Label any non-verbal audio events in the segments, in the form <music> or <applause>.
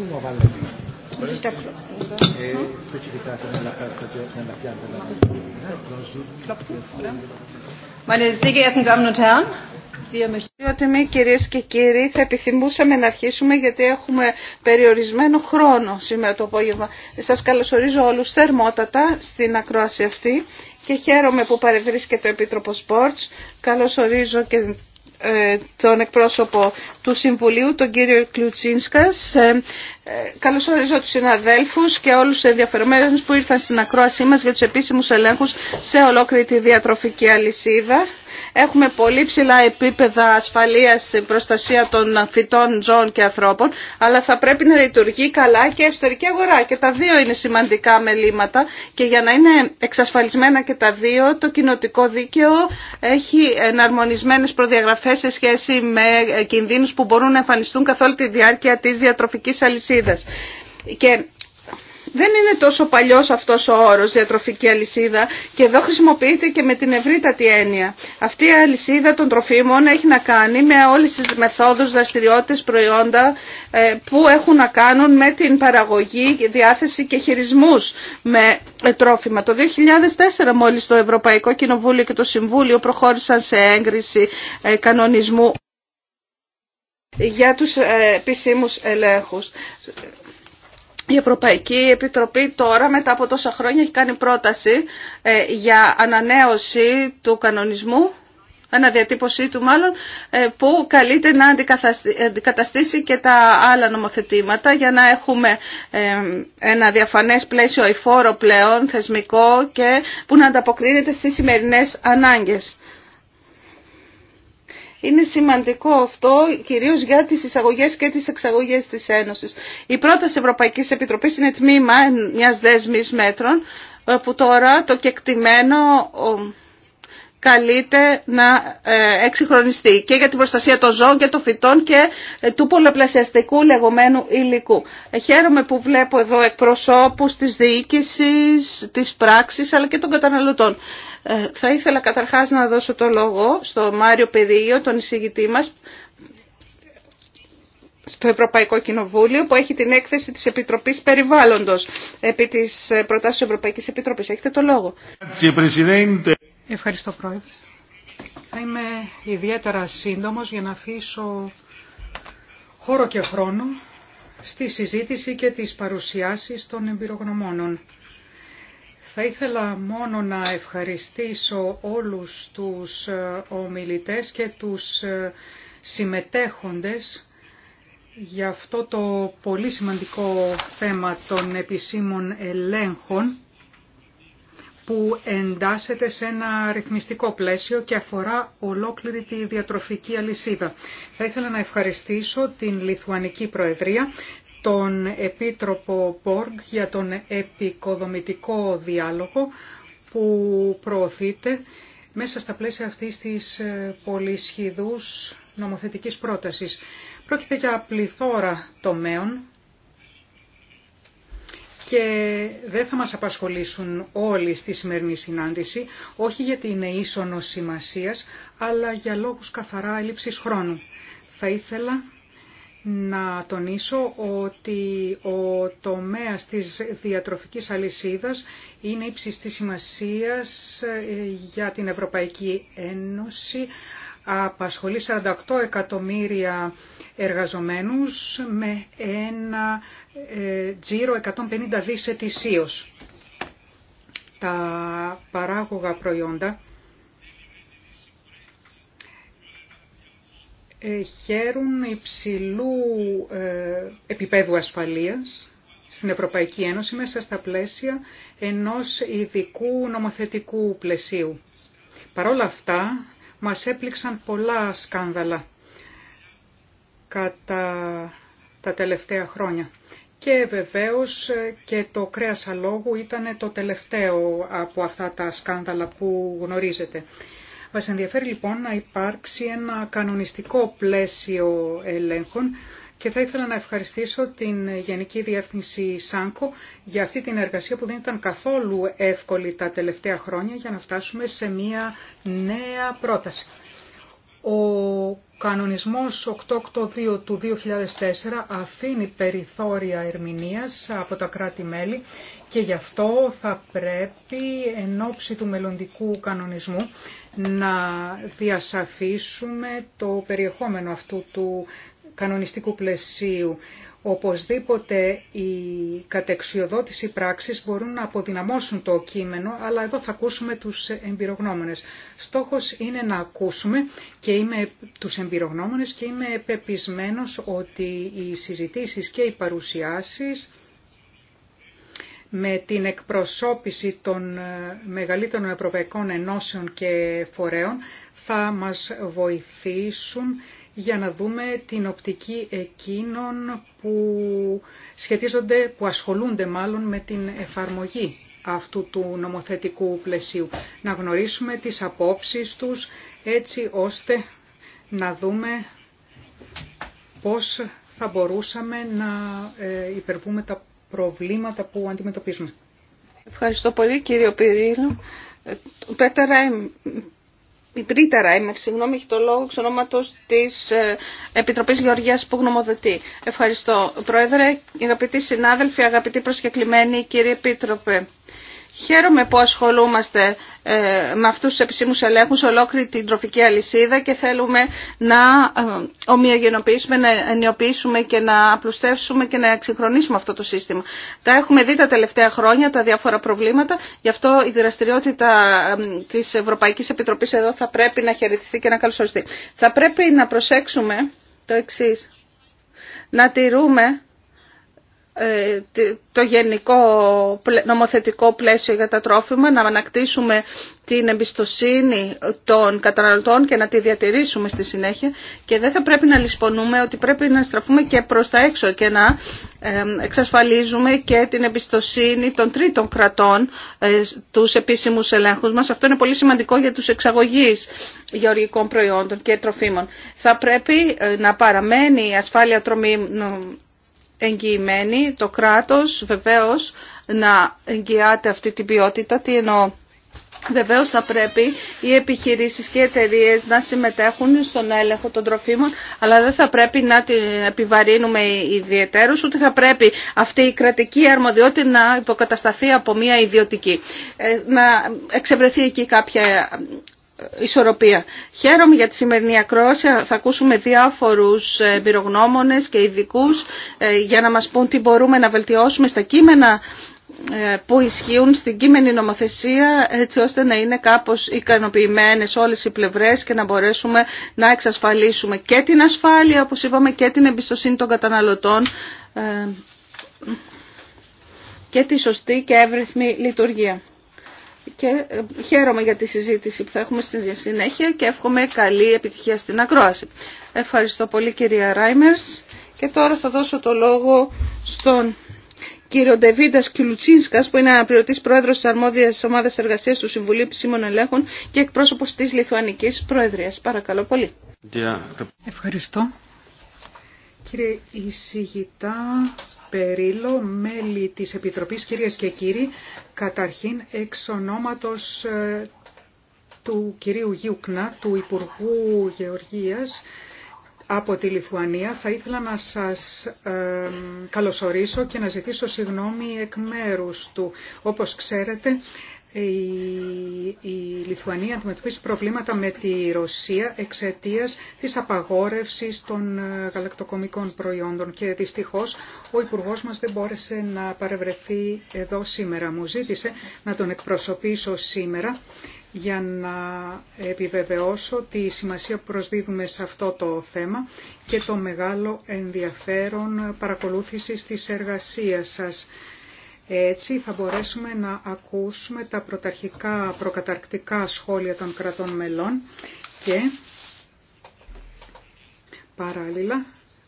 uno vale και κύριοι, θα επιθυμούσαμε να αρχίσουμε γιατί έχουμε περιορισμένο χρόνο σήμερα το απόγευμα. Σα καλωσορίζω όλου θερμότατα στην ακρόαση αυτή και χαίρομαι που παρευρίσκεται ο επίτροπο Sports. Καλωσορίζω και ε, τον εκπρόσωπο του Συμβουλίου, τον κύριο Κλουτσίνσκας. Ε, ε, καλωσορίζω ορίζω τους συναδέλφους και όλους τους ενδιαφερομένους που ήρθαν στην ακρόασή μας για του επίσημου ελέγχου σε ολόκληρη τη διατροφική αλυσίδα. Έχουμε πολύ ψηλά επίπεδα ασφαλείας στην προστασία των φυτών, ζώων και ανθρώπων, αλλά θα πρέπει να λειτουργεί καλά και η αγορά. Και τα δύο είναι σημαντικά μελήματα και για να είναι εξασφαλισμένα και τα δύο, το κοινοτικό δίκαιο έχει εναρμονισμένες προδιαγραφές σε σχέση με κινδύνους που μπορούν να εμφανιστούν καθ' όλη τη διάρκεια της διατροφικής αλυσίδας. Δεν είναι τόσο παλιός αυτός ο όρος διατροφική αλυσίδα και εδώ χρησιμοποιείται και με την ευρύτατη έννοια. Αυτή η αλυσίδα των τροφίμων έχει να κάνει με όλες τις μεθόδους, δραστηριότητες, προϊόντα ε, που έχουν να κάνουν με την παραγωγή, διάθεση και χειρισμούς με τρόφιμα. Το 2004 μόλις το Ευρωπαϊκό Κοινοβούλιο και το Συμβούλιο προχώρησαν σε έγκριση ε, κανονισμού για τους ε, επισήμους ελέγχους. Η Ευρωπαϊκή Επιτροπή τώρα μετά από τόσα χρόνια έχει κάνει πρόταση ε, για ανανέωση του κανονισμού, αναδιατύπωσή του μάλλον, ε, που καλείται να αντικαταστήσει και τα άλλα νομοθετήματα για να έχουμε ε, ένα διαφανές πλαίσιο αηφόρο πλέον θεσμικό και που να ανταποκρίνεται στις σημερινές ανάγκες. Είναι σημαντικό αυτό κυρίως για τις εισαγωγές και τις εξαγωγές της Ένωσης. Η πρόταση Ευρωπαϊκής Επιτροπής είναι τμήμα μιας δέσμης μέτρων ε, που τώρα το κεκτημένο καλείται να ε, εξυγχρονιστεί και για την προστασία των ζώων και των φυτών και ε, του πολλαπλασιαστικού λεγόμενου υλικού. Χαίρομαι που βλέπω εδώ εκπροσώπους της διοίκησης, της πράξης αλλά και των καταναλωτών. Ε, θα ήθελα καταρχάς να δώσω το λόγο στο Μάριο Πεδίο, τον εισηγητή μας, στο Ευρωπαϊκό Κοινοβούλιο που έχει την έκθεση της Επιτροπής Περιβάλλοντος επί της ε, της Ευρωπαϊκής Επιτροπής. Έχετε το λόγο. Ευχαριστώ Πρόεδρε. Θα είμαι ιδιαίτερα σύντομος για να αφήσω χώρο και χρόνο στη συζήτηση και τις παρουσιάσεις των εμπειρογνωμόνων. Θα ήθελα μόνο να ευχαριστήσω όλους τους ε, ομιλητές και τους ε, συμμετέχοντες για αυτό το πολύ σημαντικό θέμα των επισήμων ελέγχων που εντάσσεται σε ένα ρυθμιστικό πλαίσιο και αφορά ολόκληρη τη διατροφική αλυσίδα. Θα ήθελα να ευχαριστήσω την Λιθουανική Προεδρία, τον Επίτροπο Πόργ για τον επικοδομητικό διάλογο που προωθείται μέσα στα πλαίσια αυτής της ε, πολυσχηδούς νομοθετικής πρότασης. Πρόκειται για πληθώρα τομέων και δεν θα μας απασχολήσουν όλοι στη σημερινή συνάντηση, όχι γιατί είναι ίσονος σημασίας, αλλά για λόγους καθαρά έλλειψης χρόνου. Θα ήθελα να τονίσω ότι ο τομέας της διατροφικής αλυσίδας είναι ύψης της σημασίας ε, για την Ευρωπαϊκή Ένωση. Απασχολεί 48 εκατομμύρια εργαζομένους με ένα ε, τζίρο 150 δις Τα παράγωγα προϊόντα Ε, χαίρουν υψηλού ε, επίπεδου ασφαλείας στην Ευρωπαϊκή Ένωση μέσα στα πλαίσια ενός ειδικού νομοθετικού πλαισίου. Παρ' όλα αυτά, μας έπληξαν πολλά σκάνδαλα κατά τα τελευταία χρόνια. Και βεβαίως ε, και το κρέας αλόγου ήταν το τελευταίο από αυτά τα σκάνδαλα που γνωρίζετε. Μας ενδιαφέρει λοιπόν να υπάρξει ένα κανονιστικό πλαίσιο ελέγχων και θα ήθελα να ευχαριστήσω την Γενική Διεύθυνση ΣΑΝΚΟ για αυτή την εργασία που δεν ήταν καθόλου εύκολη τα τελευταία χρόνια για να φτάσουμε σε μια νέα πρόταση. Ο κανονισμός 882 του 2004 αφήνει περιθώρια ερμηνείας από τα κράτη-μέλη και γι' αυτό θα πρέπει εν ώψη του μελλοντικού κανονισμού να διασαφίσουμε το περιεχόμενο αυτού του κανονιστικού πλαισίου. Οπωσδήποτε η κατεξιοδότηση πράξης μπορούν να αποδυναμώσουν το κείμενο, αλλά εδώ θα ακούσουμε τους εμπειρογνώμονες. Στόχος είναι να ακούσουμε και είμαι τους εμπειρογνώμονες και είμαι πεπισμένος ότι οι συζητήσεις και οι παρουσιάσεις με την εκπροσώπηση των μεγαλύτερων ευρωπαϊκών ενώσεων και φορέων θα μας βοηθήσουν για να δούμε την οπτική εκείνων που σχετίζονται, που ασχολούνται μάλλον με την εφαρμογή αυτού του νομοθετικού πλαισίου. Να γνωρίσουμε τις απόψεις τους έτσι ώστε να δούμε πώς θα μπορούσαμε να ε, υπερβούμε τα προβλήματα που αντιμετωπίζουμε. Ευχαριστώ πολύ κύριο Πυρίλου. Ε, η Ράιμερ, συγγνώμη, έχει το λόγο εξ ονόματος της ε, Επιτροπής Γεωργίας που γνωμοδοτεί. Ευχαριστώ. Πρόεδρε, αγαπητοί συνάδελφοι, αγαπητοί προσκεκλημένοι, κύριε Επίτροπε. Χαίρομαι που ασχολούμαστε ε, με αυτούς τους επισήμους ελέγχους ολόκληρη την τροφική αλυσίδα και θέλουμε να ε, ομοιογενοποιήσουμε, να ενιοποιήσουμε και να απλουστεύσουμε και να εξυγχρονίσουμε αυτό το σύστημα. Τα έχουμε δει τα τελευταία χρόνια, τα διάφορα προβλήματα, γι' αυτό η δραστηριότητα ε, της Ευρωπαϊκής Επιτροπής εδώ θα πρέπει να χαιρετιστεί και να καλωσοριστεί. Θα πρέπει να προσέξουμε το εξής, να τηρούμε ε, το γενικό νομοθετικό πλαίσιο για τα τρόφιμα, να ανακτήσουμε την εμπιστοσύνη των καταναλωτών και να τη διατηρήσουμε στη συνέχεια και δεν θα πρέπει να λησπονούμε ότι πρέπει να στραφούμε και προς τα έξω και να ε, εξασφαλίζουμε και την εμπιστοσύνη των τρίτων κρατών ε, τους επίσημους ελέγχους μας. Αυτό είναι πολύ σημαντικό για τους εξαγωγείς γεωργικών προϊόντων και τροφίμων. Θα πρέπει να παραμένει η ασφάλεια τρομή εγγυημένη, το κράτος βεβαίως να εγγυάται αυτή την ποιότητα. Τι εννοώ. Βεβαίως θα πρέπει οι επιχειρήσεις και οι εταιρείε να συμμετέχουν στον έλεγχο των τροφίμων, αλλά δεν θα πρέπει να την επιβαρύνουμε ιδιαιτέρως, ούτε θα πρέπει αυτή η κρατική αρμοδιότητα να υποκατασταθεί από μια ιδιωτική. Ε, να εξευρεθεί εκεί κάποια ισορροπία. Χαίρομαι για τη σημερινή ακρόαση. Θα ακούσουμε διάφορους εμπειρογνώμονες και ειδικού ε, για να μας πούν τι μπορούμε να βελτιώσουμε στα κείμενα ε, που ισχύουν στην κείμενη νομοθεσία έτσι ώστε να είναι κάπως ικανοποιημένες όλες οι πλευρές και να μπορέσουμε να εξασφαλίσουμε και την ασφάλεια όπως είπαμε και την εμπιστοσύνη των καταναλωτών ε, και τη σωστή και εύρυθμη λειτουργία και ε, χαίρομαι για τη συζήτηση που θα έχουμε στη συνέχεια και εύχομαι καλή επιτυχία στην ακρόαση. Ευχαριστώ πολύ κυρία Ράιμερς και τώρα θα δώσω το λόγο στον κύριο Ντεβίντα Κιλουτσίνσκα, που είναι αναπληρωτή πρόεδρο τη Αρμόδιας ομάδα εργασία του Συμβουλίου Ψήμων Ελέγχων και εκπρόσωπο τη Λιθουανικής Προεδρία. Παρακαλώ πολύ. Ευχαριστώ. Κύριε Ισηγητά, Περίλο, μέλη της Επιτροπής, κυρίες και κύριοι, καταρχήν εξ ονόματος ε, του κυρίου Γιούκνα, του Υπουργού Γεωργίας από τη Λιθουανία, θα ήθελα να σας ε, καλωσορίσω και να ζητήσω συγγνώμη εκ μέρους του. Όπως ξέρετε, η Λιθουανία αντιμετωπίζει προβλήματα με τη Ρωσία εξαιτίας της απαγόρευσης των ε, γαλακτοκομικών προϊόντων και δυστυχώς ο Υπουργός μας δεν μπόρεσε να παρευρεθεί εδώ σήμερα. Μου ζήτησε να τον εκπροσωπήσω σήμερα για να επιβεβαιώσω τη σημασία που προσδίδουμε σε αυτό το θέμα και το μεγάλο ενδιαφέρον παρακολούθησης της εργασίας σας έτσι θα μπορέσουμε να ακούσουμε τα πρωταρχικά προκαταρκτικά σχόλια των κρατών μελών και παράλληλα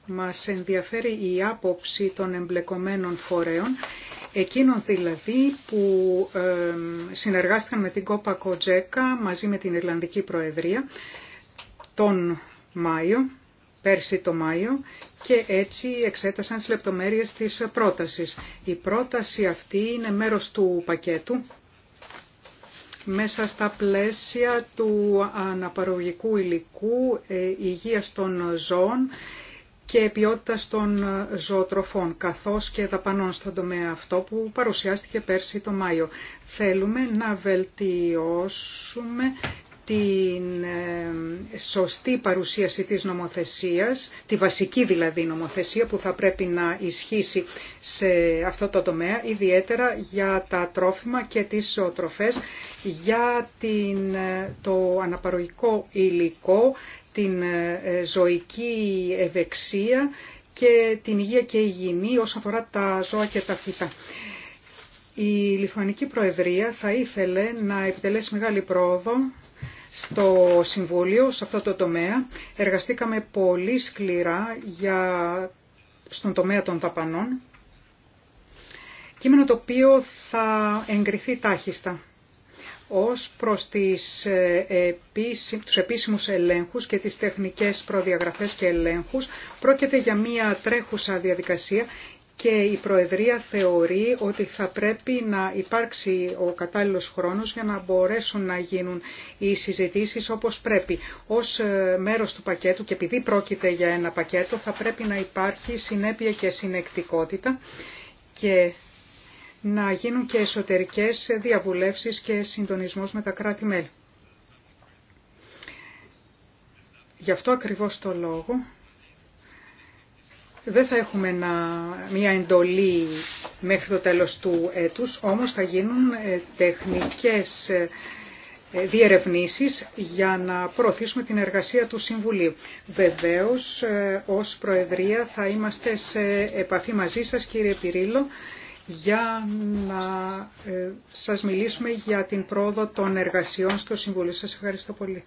μας ενδιαφέρει η άποψη των εμπλεκομένων φορέων, εκείνων δηλαδή που συνεργάστηκαν με την Κόπα Κοτζέκα μαζί με την Ιρλανδική Προεδρία τον Μάιο, πέρσι το Μάιο και έτσι εξέτασαν τις λεπτομέρειες της πρότασης. Η πρόταση αυτή είναι μέρος του πακέτου μέσα στα πλαίσια του αναπαραγωγικού υλικού, ε, υγείας των ζώων και ποιότητας των ζωοτροφών, καθώς και δαπανών στον τομέα αυτό που παρουσιάστηκε πέρσι το Μάιο. Θέλουμε να βελτιώσουμε την ε, σωστή παρουσίαση της νομοθεσίας, τη βασική δηλαδή νομοθεσία που θα πρέπει να ισχύσει σε αυτό το τομέα, ιδιαίτερα για τα τρόφιμα και τις τροφές, για την, ε, το αναπαρογικό υλικό, την ε, ζωική ευεξία και την υγεία και υγιεινή όσον αφορά τα ζώα και τα φύτα. Η Λιθουανική Προεδρία θα ήθελε να επιτελέσει μεγάλη πρόοδο στο Συμβούλιο, σε αυτό το τομέα, εργαστήκαμε πολύ σκληρά για... στον τομέα των ταπανών, κείμενο το οποίο θα εγκριθεί τάχιστα ως προς τις, ε, επίση, τους επίσημους ελέγχους και τις τεχνικές προδιαγραφές και ελέγχους. Πρόκειται για μία τρέχουσα διαδικασία και η Προεδρία θεωρεί ότι θα πρέπει να υπάρξει ο κατάλληλος χρόνος για να μπορέσουν να γίνουν οι συζητήσεις όπως πρέπει. Ως ε, μέρος του πακέτου και επειδή πρόκειται για ένα πακέτο θα πρέπει να υπάρχει συνέπεια και συνεκτικότητα και να γίνουν και εσωτερικές διαβουλεύσεις και συντονισμός με τα κράτη-μέλη. Γι' αυτό ακριβώς το λόγο δεν θα έχουμε μια εντολή μέχρι το τέλος του έτους, όμως θα γίνουν ε, τεχνικές ε, ε, διερευνήσεις για να προωθήσουμε την εργασία του Συμβουλίου. Βεβαίως, ως Προεδρία θα είμαστε σε επαφή μαζί σας, κύριε Πυρίλο, για να σας μιλήσουμε για την πρόοδο των εργασιών στο Συμβουλίο. Σας ευχαριστώ πολύ.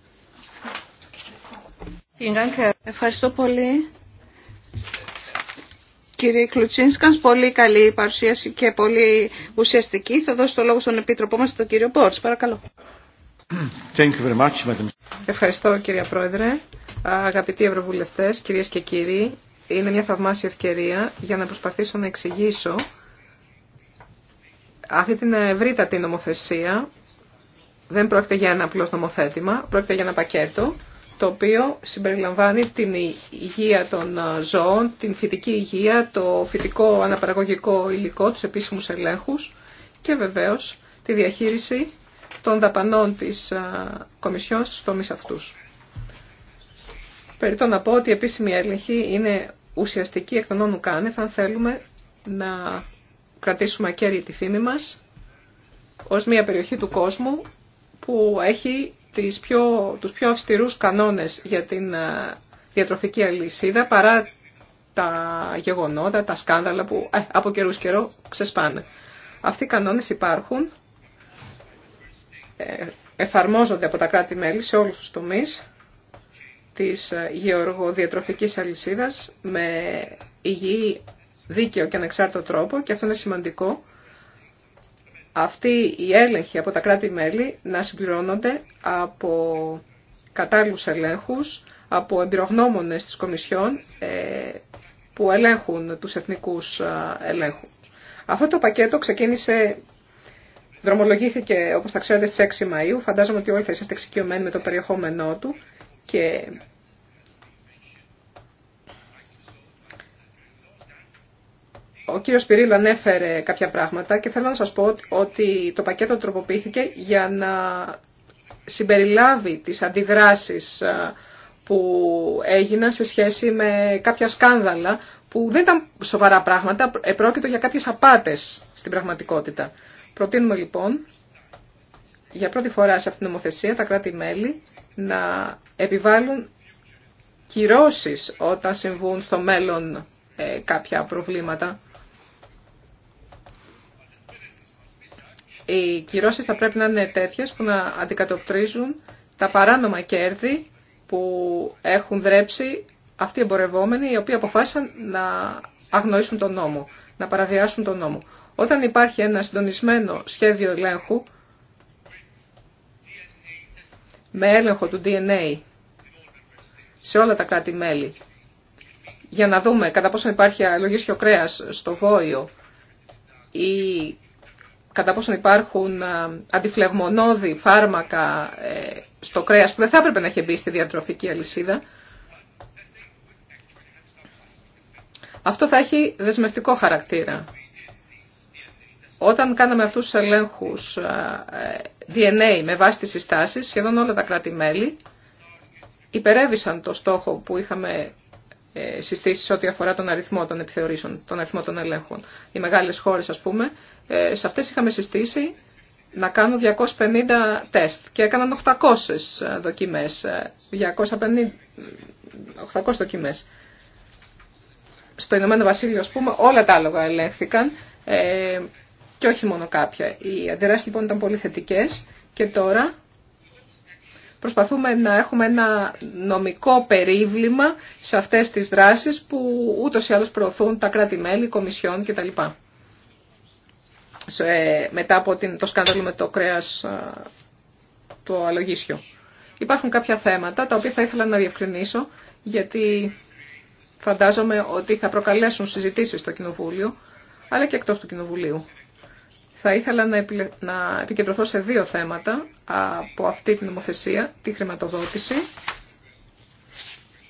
Ευχαριστώ πολύ. Κύριε Κλουτσίνσκαν, πολύ καλή παρουσίαση και πολύ ουσιαστική. Θα δώσω το λόγο στον Επίτροπό μας, τον κύριο Μπόρτς. Παρακαλώ. Ευχαριστώ κύριε Πρόεδρε, αγαπητοί Ευρωβουλευτές, κυρίες και κύριοι. Είναι μια θαυμάσια ευκαιρία για να προσπαθήσω να εξηγήσω αυτή την ευρύτατη νομοθεσία. Δεν πρόκειται για ένα απλό νομοθέτημα, πρόκειται για ένα πακέτο το οποίο συμπεριλαμβάνει την υγεία των ε, ζώων, την φυτική υγεία, το φυτικό αναπαραγωγικό υλικό, τους επίσημους ελέγχους και βεβαίως τη διαχείριση των δαπανών της ε, Κομισιόν στους τομείς αυτούς. Περιτώ να πω ότι η επίσημη έλεγχη είναι ουσιαστική εκ των όνου κάνε, αν θέλουμε να κρατήσουμε ακέραιη τη φήμη μας ως μια περιοχή του κόσμου που έχει τις πιο, τους πιο αυστηρούς κανόνες για την ε, διατροφική αλυσίδα παρά τα γεγονότα, τα σκάνδαλα που ε, από καιρούς καιρό ξεσπάνε. Αυτοί οι κανόνες υπάρχουν, ε, εφαρμόζονται από τα κράτη-μέλη σε όλους τους τομείς της γεωργοδιατροφικής αλυσίδας με υγιή, δίκαιο και ανεξάρτητο τρόπο και αυτό είναι σημαντικό αυτοί οι έλεγχοι από τα κράτη-μέλη να συμπληρώνονται από κατάλληλους ελέγχους, από εμπειρογνώμονες της Κομισιόν ε, που ελέγχουν τους εθνικούς ε, ελέγχους. Αυτό το πακέτο ξεκίνησε, δρομολογήθηκε όπως τα ξέρετε στις 6 Μαΐου, φαντάζομαι ότι όλοι θα είστε εξοικειωμένοι με το περιεχόμενό του και Ο κύριος Πυρίλα ανέφερε κάποια πράγματα και θέλω να σας πω ότι το πακέτο τροποποιήθηκε για να συμπεριλάβει τις αντιδράσεις που έγιναν σε σχέση με κάποια σκάνδαλα που δεν ήταν σοβαρά πράγματα, επρόκειτο για κάποιες απάτες στην πραγματικότητα. Προτείνουμε λοιπόν για πρώτη φορά σε αυτήν την νομοθεσία τα κράτη-μέλη να επιβάλλουν κυρώσεις όταν συμβούν στο μέλλον ε, κάποια προβλήματα οι κυρώσεις θα πρέπει να είναι τέτοιες που να αντικατοπτρίζουν τα παράνομα κέρδη που έχουν δρέψει αυτοί οι εμπορευόμενοι οι οποίοι αποφάσισαν να αγνοήσουν τον νόμο, να παραβιάσουν τον νόμο. Όταν υπάρχει ένα συντονισμένο σχέδιο ελέγχου με έλεγχο του DNA σε όλα τα κράτη-μέλη για να δούμε κατά πόσο υπάρχει αλογίσιο κρέας στο βόλιο ή κατά πόσον υπάρχουν ε, αντιφλεγμονώδη φάρμακα ε, στο κρέας που δεν θα έπρεπε να έχει μπει στη διατροφική αλυσίδα. Αυτό θα έχει δεσμευτικό χαρακτήρα. Όταν κάναμε αυτούς τους ελέγχους ε, DNA με βάση τις συστάσεις, σχεδόν όλα τα κράτη-μέλη υπερέβησαν το στόχο που είχαμε ε, συστήσεις ό,τι αφορά τον αριθμό των επιθεωρήσεων, τον αριθμό των ελέγχων. Οι μεγάλες χώρες, ας πούμε, ε, σε αυτές είχαμε συστήσει να κάνουν 250 τεστ και έκαναν 800 ε, δοκιμές, 250, 800 δοκιμές. Στο Ηνωμένο Βασίλειο, ας πούμε, όλα τα άλογα ελέγχθηκαν και όχι μόνο κάποια. Οι αντιδράσει λοιπόν ήταν πολύ θετικές και τώρα προσπαθούμε να έχουμε ένα νομικό περίβλημα σε αυτές τις δράσεις που ούτως ή άλλως προωθούν τα κράτη-μέλη, κομισιόν κτλ. μετά από το σκάνδαλο με το κρέας του αλογίσιο. Υπάρχουν κάποια θέματα τα οποία θα ήθελα να διευκρινίσω γιατί φαντάζομαι ότι θα προκαλέσουν συζητήσεις στο Κοινοβούλιο αλλά και εκτός του Κοινοβουλίου. Θα ήθελα να επικεντρωθώ σε δύο θέματα από αυτή την νομοθεσία, τη χρηματοδότηση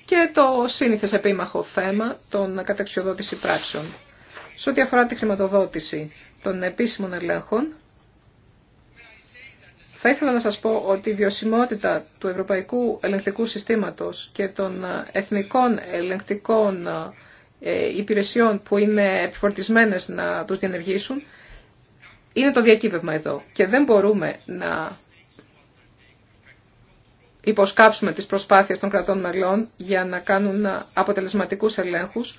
και το σύνηθες επίμαχο θέμα των καταξιοδότηση πράξεων. Σε ό,τι αφορά τη χρηματοδότηση των επίσημων ελέγχων, θα ήθελα να σας πω ότι η βιωσιμότητα του Ευρωπαϊκού Ελεγκτικού Συστήματος και των εθνικών ελεγκτικών ε, υπηρεσιών που είναι επιφορτισμένες να τους διενεργήσουν είναι το διακύβευμα εδώ και δεν μπορούμε να υποσκάψουμε τις προσπάθειες των κρατών μελών για να κάνουν ε, αποτελεσματικούς ελέγχους,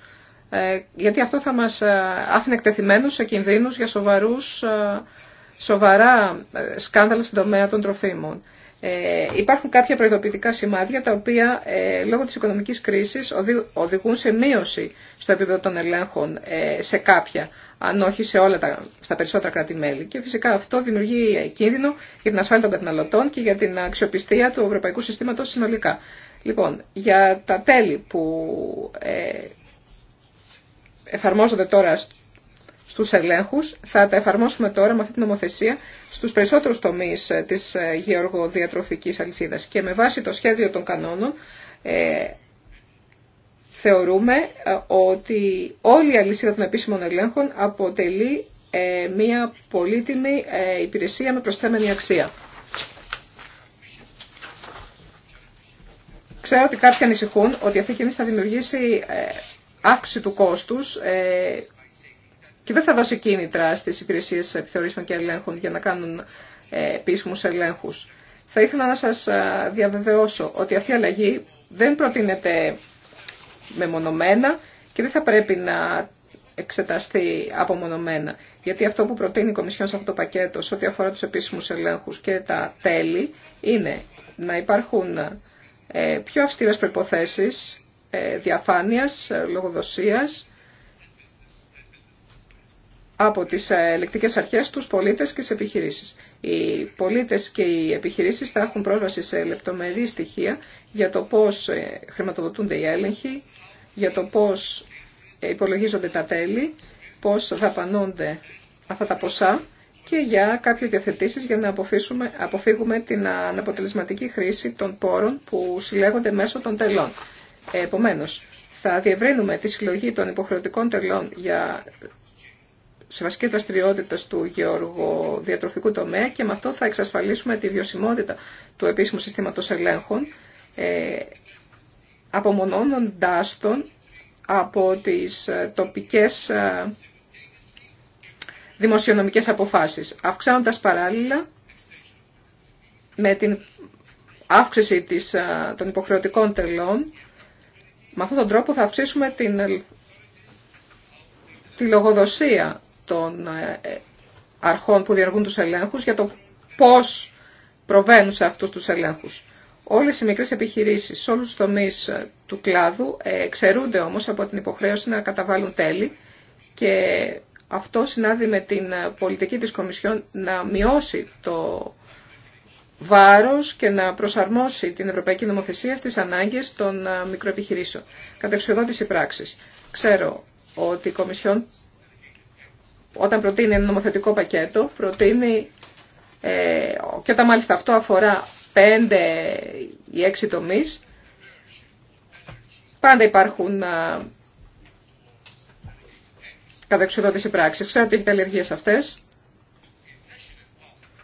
ε, γιατί αυτό θα μας ε, άφηνε εκτεθειμένους σε κινδύνους για σοβαρούς, σοβαρά σκάνδαλα στον τομέα των τροφίμων. Ε, υπάρχουν κάποια προειδοποιητικά σημάδια τα οποία ε, λόγω της οικονομικής κρίσης οδηγούν σε μείωση στο επίπεδο των ελέγχων ε, σε κάποια, αν όχι σε όλα τα, στα περισσότερα κράτη-μέλη. Και φυσικά αυτό δημιουργεί κίνδυνο για την ασφάλεια των καταναλωτών και για την αξιοπιστία του ευρωπαϊκού συστήματος συνολικά. Λοιπόν, για τα τέλη που ε, εφαρμόζονται τώρα στους ελέγχους. Θα τα εφαρμόσουμε τώρα με αυτή την νομοθεσία στους περισσότερους τομείς ε, της ε, γεωργοδιατροφικής αλυσίδας. Και με βάση το σχέδιο των κανόνων ε, θεωρούμε ε, ότι όλη η αλυσίδα των επίσημων ελέγχων αποτελεί μια πολύτιμη υπηρεσία με προσθέμενη αξία. Ξέρω ότι κάποιοι ανησυχούν ότι αυτή η κίνηση θα δημιουργήσει αύξηση του κόστους και δεν θα δώσει κίνητρα στις υπηρεσίες επιθεωρήσεων και ελέγχων για να κάνουν ε, επίσημους ελέγχους. Θα ήθελα να σας διαβεβαιώσω ότι αυτή η αλλαγή δεν προτείνεται μεμονωμένα και δεν θα πρέπει να εξεταστεί απομονωμένα. Γιατί αυτό που προτείνει η Κομισιόν σε αυτό το πακέτο σε ό,τι αφορά τους επίσημους ελέγχους και τα τέλη είναι να υπάρχουν ε, πιο αυστηρές προϋποθέσεις ε, διαφάνειας, λογοδοσίας, από τις ε, ελεκτικές αρχές τους πολίτες και τις επιχειρήσεις. Οι πολίτες και οι επιχειρήσεις θα έχουν πρόσβαση σε λεπτομερή στοιχεία για το πώς ε, χρηματοδοτούνται οι έλεγχοι, για το πώς ε, υπολογίζονται τα τέλη, πώς δαπανώνται αυτά τα ποσά και για κάποιες διαθετήσεις για να αποφύγουμε την αναποτελεσματική χρήση των πόρων που συλλέγονται μέσω των τελών. Επομένως, θα διευρύνουμε τη συλλογή των υποχρεωτικών τελών για σε βασικές δραστηριότητες του γεωργοδιατροφικού τομέα και με αυτό θα εξασφαλίσουμε τη βιωσιμότητα του επίσημου συστήματος ελέγχων, ε, απομονώνοντάς τον από τις ε, τοπικές ε, δημοσιονομικές αποφάσεις, αυξάνοντας παράλληλα με την αύξηση της, ε, των υποχρεωτικών τελών, με αυτόν τον τρόπο θα αυξήσουμε την, τη λογοδοσία των ε, αρχών που διεργούν τους ελέγχους για το πώς προβαίνουν σε αυτούς τους ελέγχους. Όλες οι μικρές επιχειρήσεις σε όλους τους τομείς ε, του κλάδου ε, εξαιρούνται όμως από την υποχρέωση να καταβάλουν τέλη και αυτό συνάδει με την πολιτική της Κομισιόν να μειώσει το βάρος και να προσαρμόσει την Ευρωπαϊκή Νομοθεσία στις ανάγκες των μικροεπιχειρήσεων. Κατεξοδότηση πράξης. Ξέρω ότι η Κομισιόν όταν προτείνει ένα νομοθετικό πακέτο, προτείνει, ε, και όταν μάλιστα αυτό αφορά πέντε ή έξι τομείς, πάντα υπάρχουν α, ε, κατεξοδότηση πράξη. Ξέρετε τι αλλεργίες αυτές,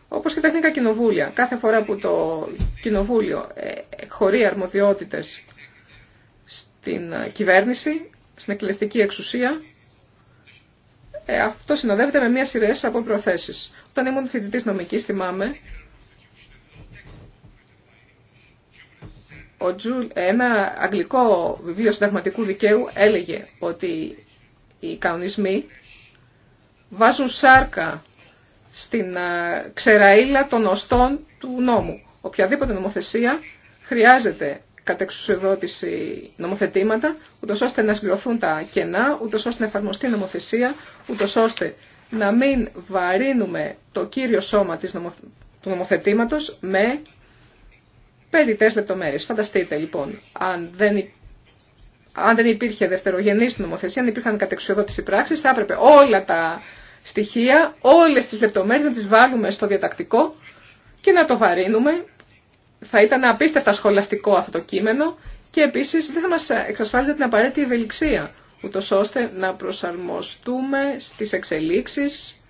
όπως και τα εθνικά κοινοβούλια. Κάθε φορά που το κοινοβούλιο ε, χωρεί αρμοδιότητες στην ε, κυβέρνηση, στην εκτελεστική εξουσία, ε, αυτό συνοδεύεται με μια σειρά από προθέσει. Όταν ήμουν φοιτητή νομική θυμάμαι, ο Τζουλ, ένα αγγλικό βιβλίο συνταγματικού δικαίου έλεγε ότι οι κανονισμοί βάζουν σάρκα στην ξεραήλα των οστών του νόμου. Οποιαδήποτε νομοθεσία χρειάζεται κατεξουσιοδότηση νομοθετήματα, ούτω ώστε να συμπληρωθούν τα κενά, ούτω ώστε να εφαρμοστεί η νομοθεσία, ούτω ώστε να μην βαρύνουμε το κύριο σώμα της του νομοθετήματος με περιττές λεπτομέρειες. Φανταστείτε λοιπόν, αν δεν, αν δεν υπήρχε δευτερογενή νομοθεσία, αν υπήρχαν κατεξουσιοδότηση πράξης, θα έπρεπε όλα τα στοιχεία, όλες τις λεπτομέρειες να τις βάλουμε στο διατακτικό και να το βαρύνουμε θα ήταν απίστευτα σχολαστικό αυτό το κείμενο και επίσης δεν θα μας εξασφάλιζε την απαραίτητη ευελιξία, ούτω ώστε να προσαρμοστούμε στις εξελίξεις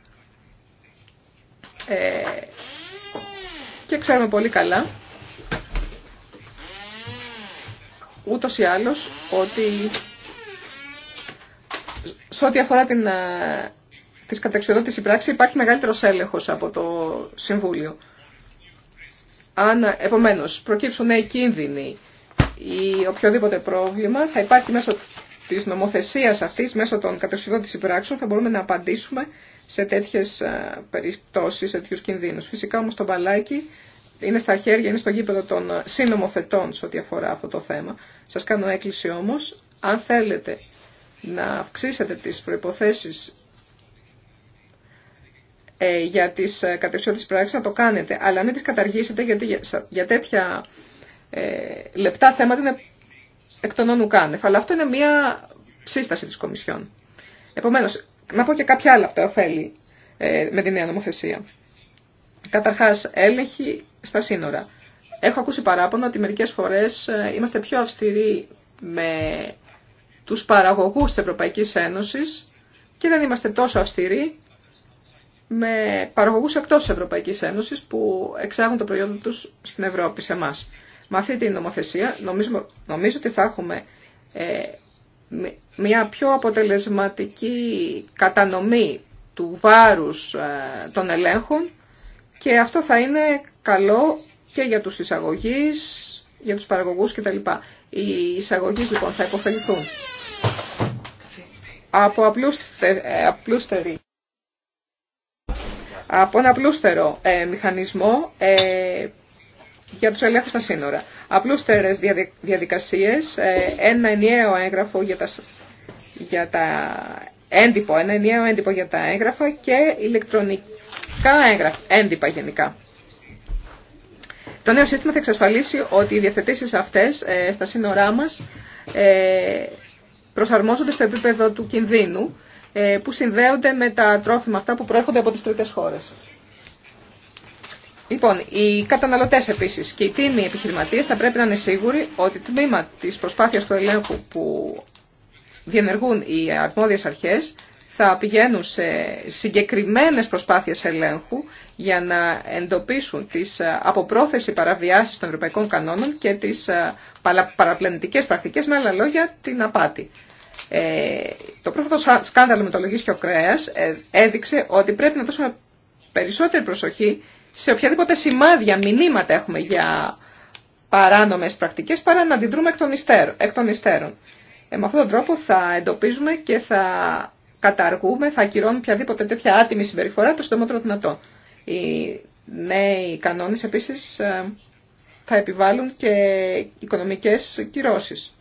ε, και ξέρουμε πολύ καλά ούτως ή άλλως ότι σε ό,τι αφορά την, ε, της πράξη υπάρχει μεγαλύτερος έλεγχος από το Συμβούλιο. Αν επομένως προκύψουν νέοι κίνδυνοι ή οποιοδήποτε πρόβλημα, θα υπάρχει μέσω της νομοθεσίας αυτής, μέσω των κατευθυντών της υπράξεων, θα μπορούμε να απαντήσουμε σε τέτοιες περιπτώσεις, σε τέτοιους κινδύνους. Φυσικά όμως το μπαλάκι είναι στα χέρια, είναι στο γήπεδο των συνομοθετών σε ό,τι αφορά αυτό το θέμα. Σας κάνω έκκληση όμως, αν θέλετε να αυξήσετε τις προϋποθέσεις ε, για τις ε, κατευθυντικές πράξεις να το κάνετε, αλλά αν τις καταργήσετε γιατί για τέτοια ε, λεπτά θέματα είναι εκ των όνου κάνευ. Αλλά αυτό είναι μία σύσταση της Κομισιόν. Επομένως, να πω και κάποια άλλα από τα ωφέλη με τη νέα νομοθεσία. Καταρχάς, έλεγχη στα σύνορα. Έχω ακούσει παράπονο ότι μερικές φορές είμαστε πιο αυστηροί με τους παραγωγούς της Ευρωπαϊκής Ένωσης και δεν είμαστε τόσο αυστηροί με παραγωγούς εκτός Ευρωπαϊκής Ένωσης που εξάγουν το προϊόν τους στην Ευρώπη, σε εμά. Με αυτή την νομοθεσία νομίζω, νομίζω ότι θα έχουμε ε, μια πιο αποτελεσματική κατανομή του βάρους ε, των ελέγχων και αυτό θα είναι καλό και για τους εισαγωγείς, για τους παραγωγούς κτλ. Οι εισαγωγείς λοιπόν θα υποφεληθούν από απλούστερη ε, από ένα απλούστερο ε, μηχανισμό ε, για τους ελέγχους στα σύνορα. Απλούστερες διαδικασίες, ε, ένα ενιαίο έγγραφο για τα, για τα ένα ενιαίο έντυπο για τα έγγραφα και ηλεκτρονικά έγγραφα, έντυπα γενικά. Το νέο σύστημα θα εξασφαλίσει ότι οι διαθετήσεις αυτές στα σύνορά μας προσαρμόζονται στο επίπεδο του κινδύνου ε, που συνδέονται με τα τρόφιμα αυτά που προέρχονται από τις τρίτες χώρες. Λοιπόν, οι καταναλωτές επίσης και οι τίμοι επιχειρηματίες θα πρέπει να είναι σίγουροι ότι το τμήμα της προσπάθειας του ελέγχου που διενεργούν οι αρμόδιες αρχές θα πηγαίνουν σε συγκεκριμένες προσπάθειες ελέγχου για να εντοπίσουν τις αποπρόθεση παραβιάσεις των ευρωπαϊκών κανόνων και τις παραπλανητικές πρακτικές, με άλλα λόγια την απάτη. Ε, το πρόσφατο σκάνδαλο με το λογίσιο κρέας ε, έδειξε ότι πρέπει να δώσουμε περισσότερη προσοχή σε οποιαδήποτε σημάδια, μηνύματα έχουμε για παράνομες πρακτικές παρά να αντιδρούμε εκ των, υστέρων. Ε, με αυτόν τον τρόπο θα εντοπίζουμε και θα καταργούμε, θα ακυρώνουμε οποιαδήποτε τέτοια άτιμη συμπεριφορά το συντομότερο δυνατό. Οι νέοι κανόνες επίσης θα επιβάλλουν και οικονομικές κυρώσεις.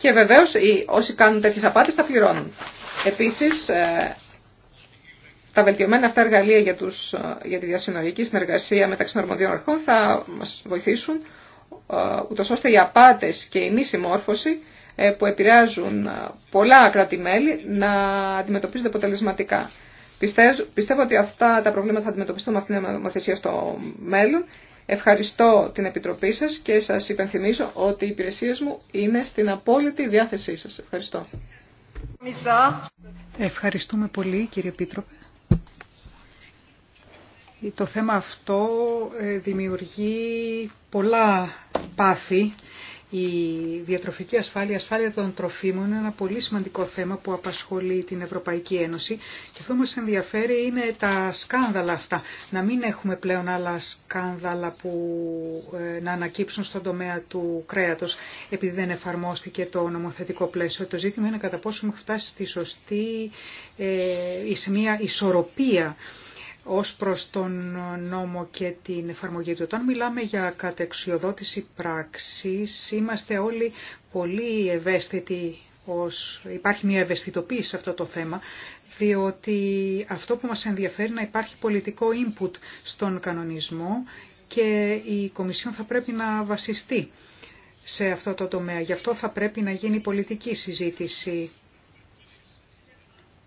Και βεβαίω, όσοι κάνουν τέτοιε απάτες τα πληρώνουν. Επίσης, ε, τα βελτιωμένα αυτά εργαλεία για, τους, ε, τη διασυνοριακή συνεργασία μεταξύ των αρμοδίων αρχών θα μας βοηθήσουν ε, ούτω ώστε οι απάτε και η μη συμμόρφωση που επηρεάζουν πολλά κράτη-μέλη να αντιμετωπίζονται αποτελεσματικά. Πιστεύω, πιστεύω ότι αυτά τα προβλήματα θα αντιμετωπιστούν με αυτήν την νομοθεσία στο μέλλον Ευχαριστώ την Επιτροπή σας και σας υπενθυμίζω ότι οι υπηρεσίες μου είναι στην απόλυτη διάθεσή σας. Ευχαριστώ. Ευχαριστούμε πολύ κύριε Επίτροπε. Το θέμα αυτό ε, δημιουργεί πολλά πάθη η διατροφική ασφάλεια, η ασφάλεια των τροφίμων είναι ένα πολύ σημαντικό θέμα που απασχολεί την Ευρωπαϊκή Ένωση και αυτό μας ενδιαφέρει είναι τα σκάνδαλα αυτά. Να μην έχουμε πλέον άλλα σκάνδαλα που ε, να ανακύψουν στον τομέα του κρέατος επειδή δεν εφαρμόστηκε το νομοθετικό πλαίσιο. Το ζήτημα είναι κατά πόσο έχουμε φτάσει στη σωστή, ε, σε μια ισορροπία ως προς τον νόμο και την εφαρμογή του. Όταν μιλάμε για κατεξιοδότηση πράξης, είμαστε όλοι πολύ ευαίσθητοι, ως... υπάρχει μια ευαισθητοποίηση σε αυτό το θέμα, διότι αυτό που μας ενδιαφέρει να υπάρχει πολιτικό input στον κανονισμό και η Κομισιόν θα πρέπει να βασιστεί σε αυτό το τομέα. Γι' αυτό θα πρέπει να γίνει πολιτική συζήτηση.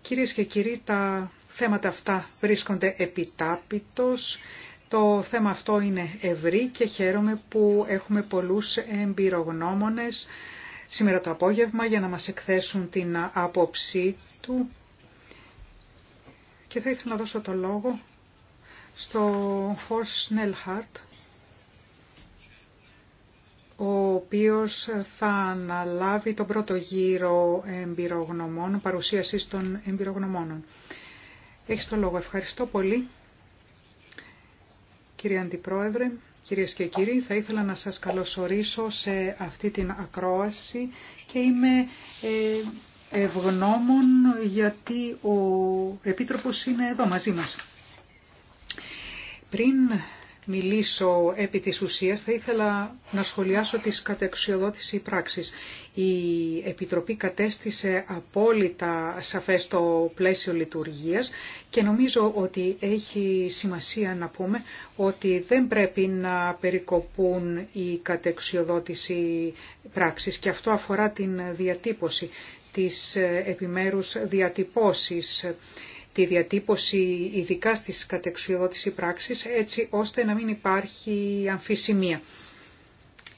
Κυρίες και κύριοι, τα θέματα αυτά βρίσκονται επιτάπητος. Το θέμα αυτό είναι ευρύ και χαίρομαι που έχουμε πολλούς εμπειρογνώμονες σήμερα το απόγευμα για να μας εκθέσουν την άποψή του. Και θα ήθελα να δώσω το λόγο στο Horst Σνέλχαρτ, ο οποίος θα αναλάβει τον πρώτο γύρο εμπειρογνωμών, παρουσίασης των εμπειρογνωμόνων. Έχεις τον λόγο. Ευχαριστώ πολύ. Κύριε Αντιπρόεδρε, κυρίες και κύριοι, θα ήθελα να σας καλωσορίσω σε αυτή την ακρόαση και είμαι ε, ευγνώμων γιατί ο Επίτροπος είναι εδώ μαζί μας. Πριν μιλήσω επί της ουσίας, θα ήθελα να σχολιάσω τις κατεξιοδότηση πράξης. Η Επιτροπή κατέστησε απόλυτα σαφές το πλαίσιο λειτουργίας και νομίζω ότι έχει σημασία να πούμε ότι δεν πρέπει να περικοπούν οι κατεξιοδότηση πράξεις και αυτό αφορά την διατύπωση, της επιμέρους διατυπώσεις τη διατύπωση ειδικά στις κατεξουδότηση πράξεις έτσι ώστε να μην υπάρχει αμφισημία.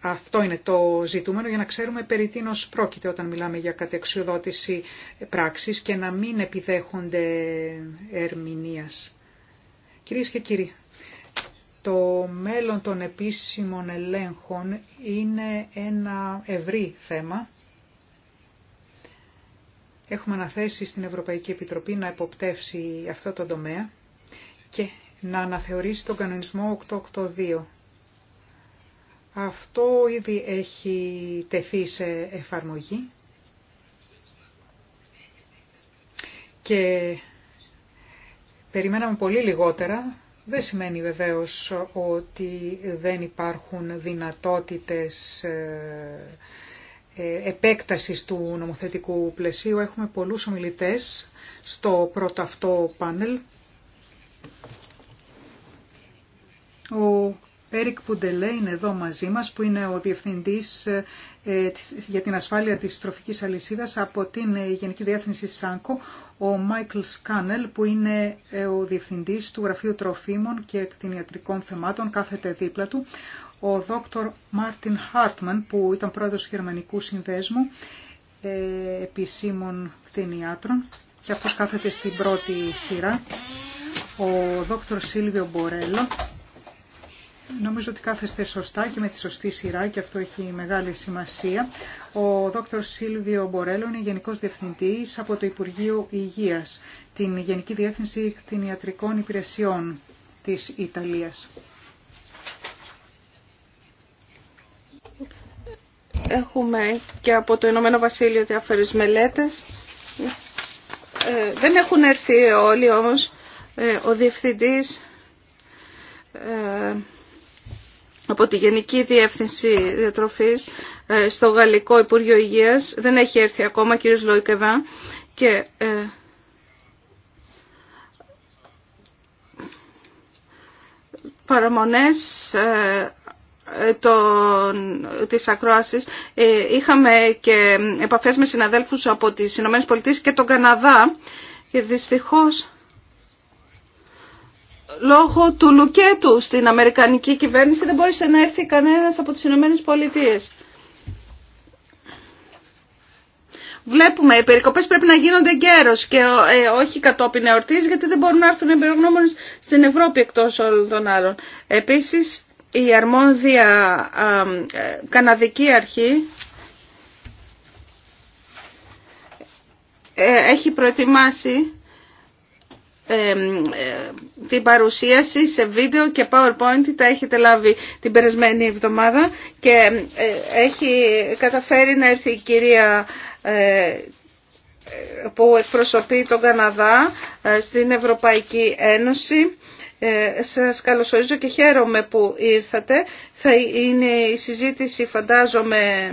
Αυτό είναι το ζητούμενο για να ξέρουμε περί τίνος πρόκειται όταν μιλάμε για κατεξουδότηση πράξης και να μην επιδέχονται ερμηνείας. Κυρίες και κύριοι, το μέλλον των επίσημων ελέγχων είναι ένα ευρύ θέμα Έχουμε αναθέσει στην Ευρωπαϊκή Επιτροπή να εποπτεύσει αυτό το τομέα και να αναθεωρήσει τον κανονισμό 882. Αυτό ήδη έχει τεθεί σε εφαρμογή και περιμέναμε πολύ λιγότερα. Δεν σημαίνει βεβαίως ότι δεν υπάρχουν δυνατότητες ε, ε, επέκτασης του νομοθετικού πλαισίου. Έχουμε πολλούς ομιλητές στο πρώτο αυτό πάνελ. Ο Έρικ Πουντελέ είναι εδώ μαζί μας που είναι ο Διευθυντής ε, για την ασφάλεια της τροφικής αλυσίδας από την ε, Γενική Διεύθυνση ΣΑΝΚΟ, ο Μάικλ Σκάνελ που είναι ο Διευθυντής του Γραφείου Τροφίμων και Κτηνιατρικών Θεμάτων, κάθεται δίπλα του, ο δόκτωρ Μάρτιν Χάρτμαν που ήταν πρόεδρος του Γερμανικού Συνδέσμου ε, επισήμων κτηνιάτρων και αυτός κάθεται στην πρώτη σειρά. Ο δόκτωρ Σίλβιο Μπορέλο Νομίζω ότι κάθεστε σωστά και με τη σωστή σειρά και αυτό έχει μεγάλη σημασία. Ο δόκτωρ Σίλβιο Μπορέλο είναι Γενικός Διευθυντής από το Υπουργείο Υγείας, την Γενική Διεύθυνση Κτηνιατρικών Υπηρεσιών της Ιταλίας. Έχουμε και από το Ηνωμένο Βασίλειο διάφορες μελέτες. Ε, δεν έχουν έρθει όλοι όμως. Ε, ο Διευθυντής ε, από τη Γενική Διεύθυνση Διατροφής στο Γαλλικό Υπουργείο Υγείας. Δεν έχει έρθει ακόμα κύριος Λοϊκεβά και παραμονές ε, των, της ακρόασης ε, είχαμε και επαφές με συναδέλφους από τις Ηνωμένες Πολιτείες και τον Καναδά και δυστυχώς λόγω του λουκέτου στην Αμερικανική κυβέρνηση δεν μπόρεσε να έρθει κανένας από τις Ηνωμένες Πολιτείες. Βλέπουμε, οι περικοπέ πρέπει να γίνονται γέρο και ε, όχι κατόπιν εορτή, γιατί δεν μπορούν να έρθουν εμπειρογνώμονε στην Ευρώπη εκτό όλων των άλλων. Επίση, η αρμόδια ε, καναδική αρχή ε, έχει προετοιμάσει ε, την παρουσίαση σε βίντεο και powerpoint τα έχετε λάβει την περασμένη εβδομάδα και έχει καταφέρει να έρθει η κυρία που εκπροσωπεί τον Καναδά στην Ευρωπαϊκή Ένωση ε, σας καλωσορίζω και χαίρομαι που ήρθατε. Θα είναι η συζήτηση φαντάζομαι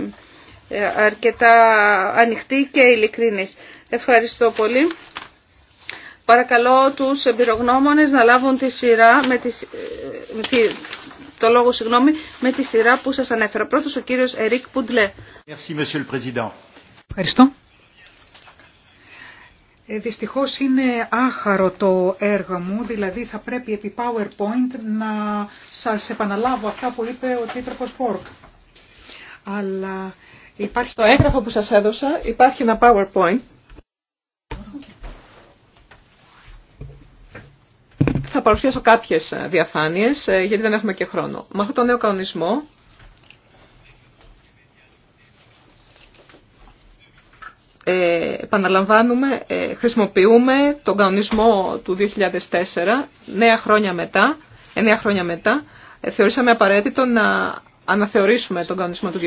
ε, αρκετά ανοιχτή και ειλικρινής. Ευχαριστώ πολύ. Παρακαλώ τους εμπειρογνώμονες να λάβουν τη σειρά με, ε, τη, με το λόγο συγγνώμη, με τη σειρά που σας ανέφερα. Πρώτος ο κύριος Ερικ Πουντλέ. Ευχαριστώ. Ε, δυστυχώς είναι άχαρο το έργο μου, δηλαδή θα πρέπει επί PowerPoint να σας επαναλάβω αυτά που είπε ο Τίτροπος Πόρκ. Αλλά υπάρχει... το έγγραφο που σας έδωσα υπάρχει ένα PowerPoint. Θα παρουσιάσω κάποιες ε, διαφάνειες ε, γιατί δεν έχουμε και χρόνο. Με αυτό το νέο κανονισμό ε, επαναλαμβάνουμε, ε, χρησιμοποιούμε τον κανονισμό του 2004, νέα χρόνια μετά, εννέα χρόνια μετά, ε, θεωρήσαμε απαραίτητο να αναθεωρήσουμε τον κανονισμό του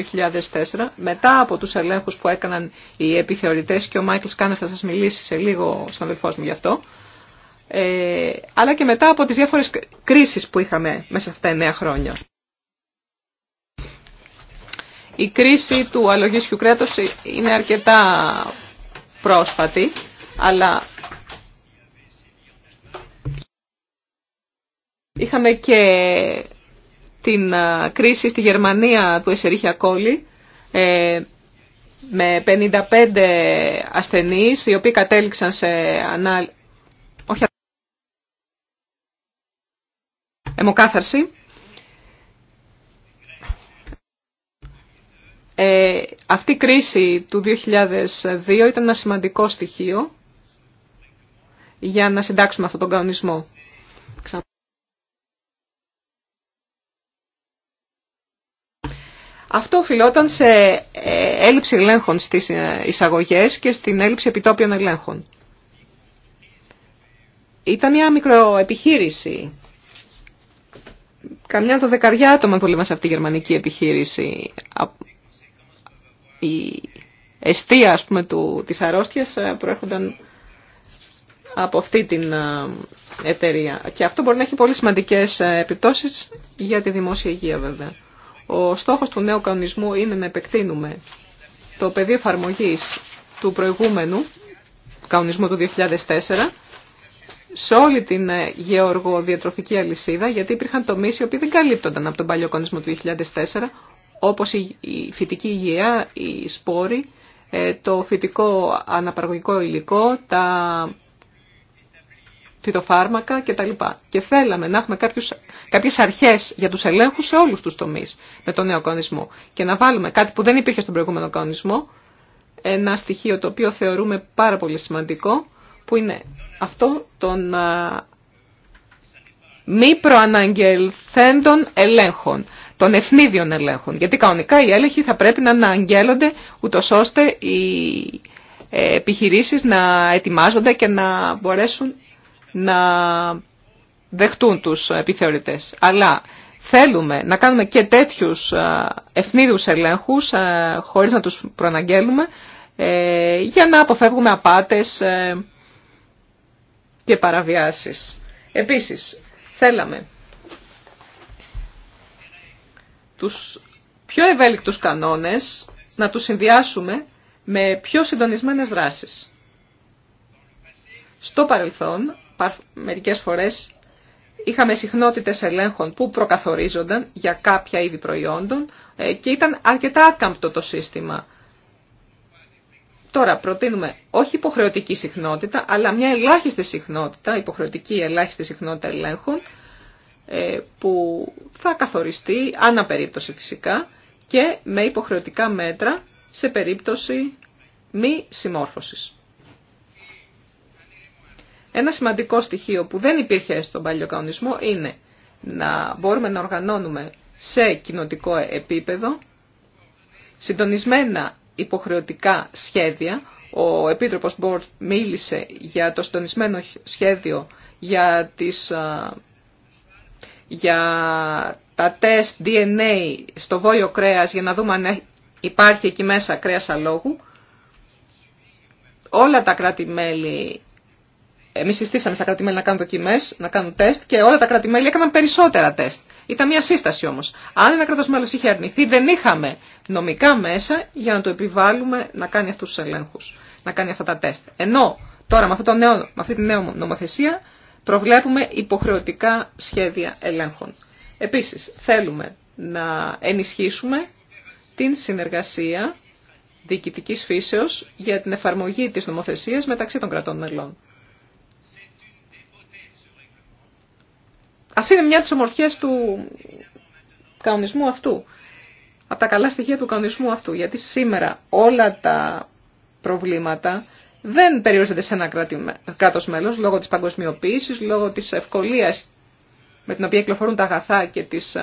2004, μετά από τους ελέγχους που έκαναν οι επιθεωρητές και ο Μάικλ Σκάνε θα σας μιλήσει σε λίγο στον αδελφός μου γι' αυτό, ε, αλλά και μετά από τις διάφορες κρίσεις που είχαμε μέσα αυτά τα εννέα χρόνια. Η κρίση του αλογίσιου κρέατος είναι αρκετά πρόσφατη, αλλά είχαμε και την κρίση στη Γερμανία του Εσερίχια Κόλλη ε, με 55 ασθενείς οι οποίοι κατέληξαν σε ανάλυση. αιμοκάθαρση. Ε, αυτή η κρίση του 2002 ήταν ένα σημαντικό στοιχείο για να συντάξουμε αυτόν τον κανονισμό. Αυτό οφειλόταν σε ε, έλλειψη ελέγχων στις ε, εισαγωγές και στην έλλειψη επιτόπιων ελέγχων. Ήταν μια μικροεπιχείρηση. Καμιά το δεκαριά άτομα πολύ σε αυτή η γερμανική επιχείρηση η αιστεία ας πούμε, του, της αρρώστιας ε, προέρχονταν από αυτή την ε, εταιρεία. Και αυτό μπορεί να έχει πολύ σημαντικές ε, επιπτώσεις για τη δημόσια υγεία βέβαια. Ο στόχος του νέου κανονισμού είναι να επεκτείνουμε το πεδίο εφαρμογή του προηγούμενου κανονισμού του 2004 σε όλη την γεωργοδιατροφική αλυσίδα, γιατί υπήρχαν τομείς οι οποίοι δεν καλύπτονταν από τον παλιό κανονισμό του 2004, όπως η φυτική υγεία, οι σπόροι, ε, το φυτικό αναπαραγωγικό υλικό, τα φυτοφάρμακα κτλ. Και θέλαμε να έχουμε κάποιους, κάποιες αρχές για τους ελέγχους σε όλους τους τομείς με τον νέο κανονισμό. Και να βάλουμε κάτι που δεν υπήρχε στον προηγούμενο κανονισμό, ένα στοιχείο το οποίο θεωρούμε πάρα πολύ σημαντικό, που είναι αυτό των μη προαναγγελθέντων ελέγχων των ευνίδιων ελέγχων. Γιατί κανονικά οι έλεγχοι θα πρέπει να αναγγέλλονται ούτω ώστε οι ε, επιχειρήσεις να ετοιμάζονται και να μπορέσουν να δεχτούν τους επιθεωρητές. Αλλά θέλουμε να κάνουμε και τέτοιους ευνίδιου ελέγχους ε, χωρίς να τους προαναγγέλουμε ε, για να αποφεύγουμε απάτες και παραβιάσεις. Επίσης, θέλαμε τους πιο ευέλικτους κανόνες, να τους συνδυάσουμε με πιο συντονισμένες δράσεις. Στο παρελθόν, μερικές φορές είχαμε συχνότητες ελέγχων που προκαθορίζονταν για κάποια είδη προϊόντων ε, και ήταν αρκετά άκαμπτο το σύστημα. Τώρα προτείνουμε όχι υποχρεωτική συχνότητα, αλλά μια ελάχιστη συχνότητα, υποχρεωτική ελάχιστη συχνότητα ελέγχων, ε, που θα καθοριστεί, ανά περίπτωση φυσικά, και με υποχρεωτικά μέτρα σε περίπτωση μη συμμόρφωσης. Ένα σημαντικό στοιχείο που δεν υπήρχε στον παλιό κανονισμό είναι να μπορούμε να οργανώνουμε σε κοινοτικό επίπεδο συντονισμένα υποχρεωτικά σχέδια. Ο Επίτροπος Μπορτ μίλησε για το συντονισμένο σχέδιο για τις για τα τεστ DNA στο βόλιο κρέας για να δούμε αν υπάρχει εκεί μέσα κρέας αλόγου. Όλα τα κράτη-μέλη, εμείς συστήσαμε στα κράτη-μέλη να κάνουν δοκιμές, να κάνουν τεστ και όλα τα κράτη-μέλη έκαναν περισσότερα τεστ. Ήταν μια σύσταση όμως. Αν ένα κράτος μέλος είχε αρνηθεί, δεν είχαμε νομικά μέσα για να το επιβάλλουμε να κάνει αυτούς τους ελέγχους, να κάνει αυτά τα τεστ. Ενώ τώρα με, το νέο, με αυτή τη νέα νομοθεσία Προβλέπουμε υποχρεωτικά σχέδια ελέγχων. Επίσης, θέλουμε να ενισχύσουμε την συνεργασία διοικητικής φύσεως για την εφαρμογή της νομοθεσίας μεταξύ των κρατών μελών. Αυτή είναι μια από τις ομορφιές του κανονισμού αυτού. Από τα καλά στοιχεία του κανονισμού αυτού. Γιατί σήμερα όλα τα προβλήματα δεν περιορίζεται σε ένα κράτος μέλος λόγω της παγκοσμιοποίησης, λόγω της ευκολίας με την οποία κυκλοφορούν τα αγαθά και της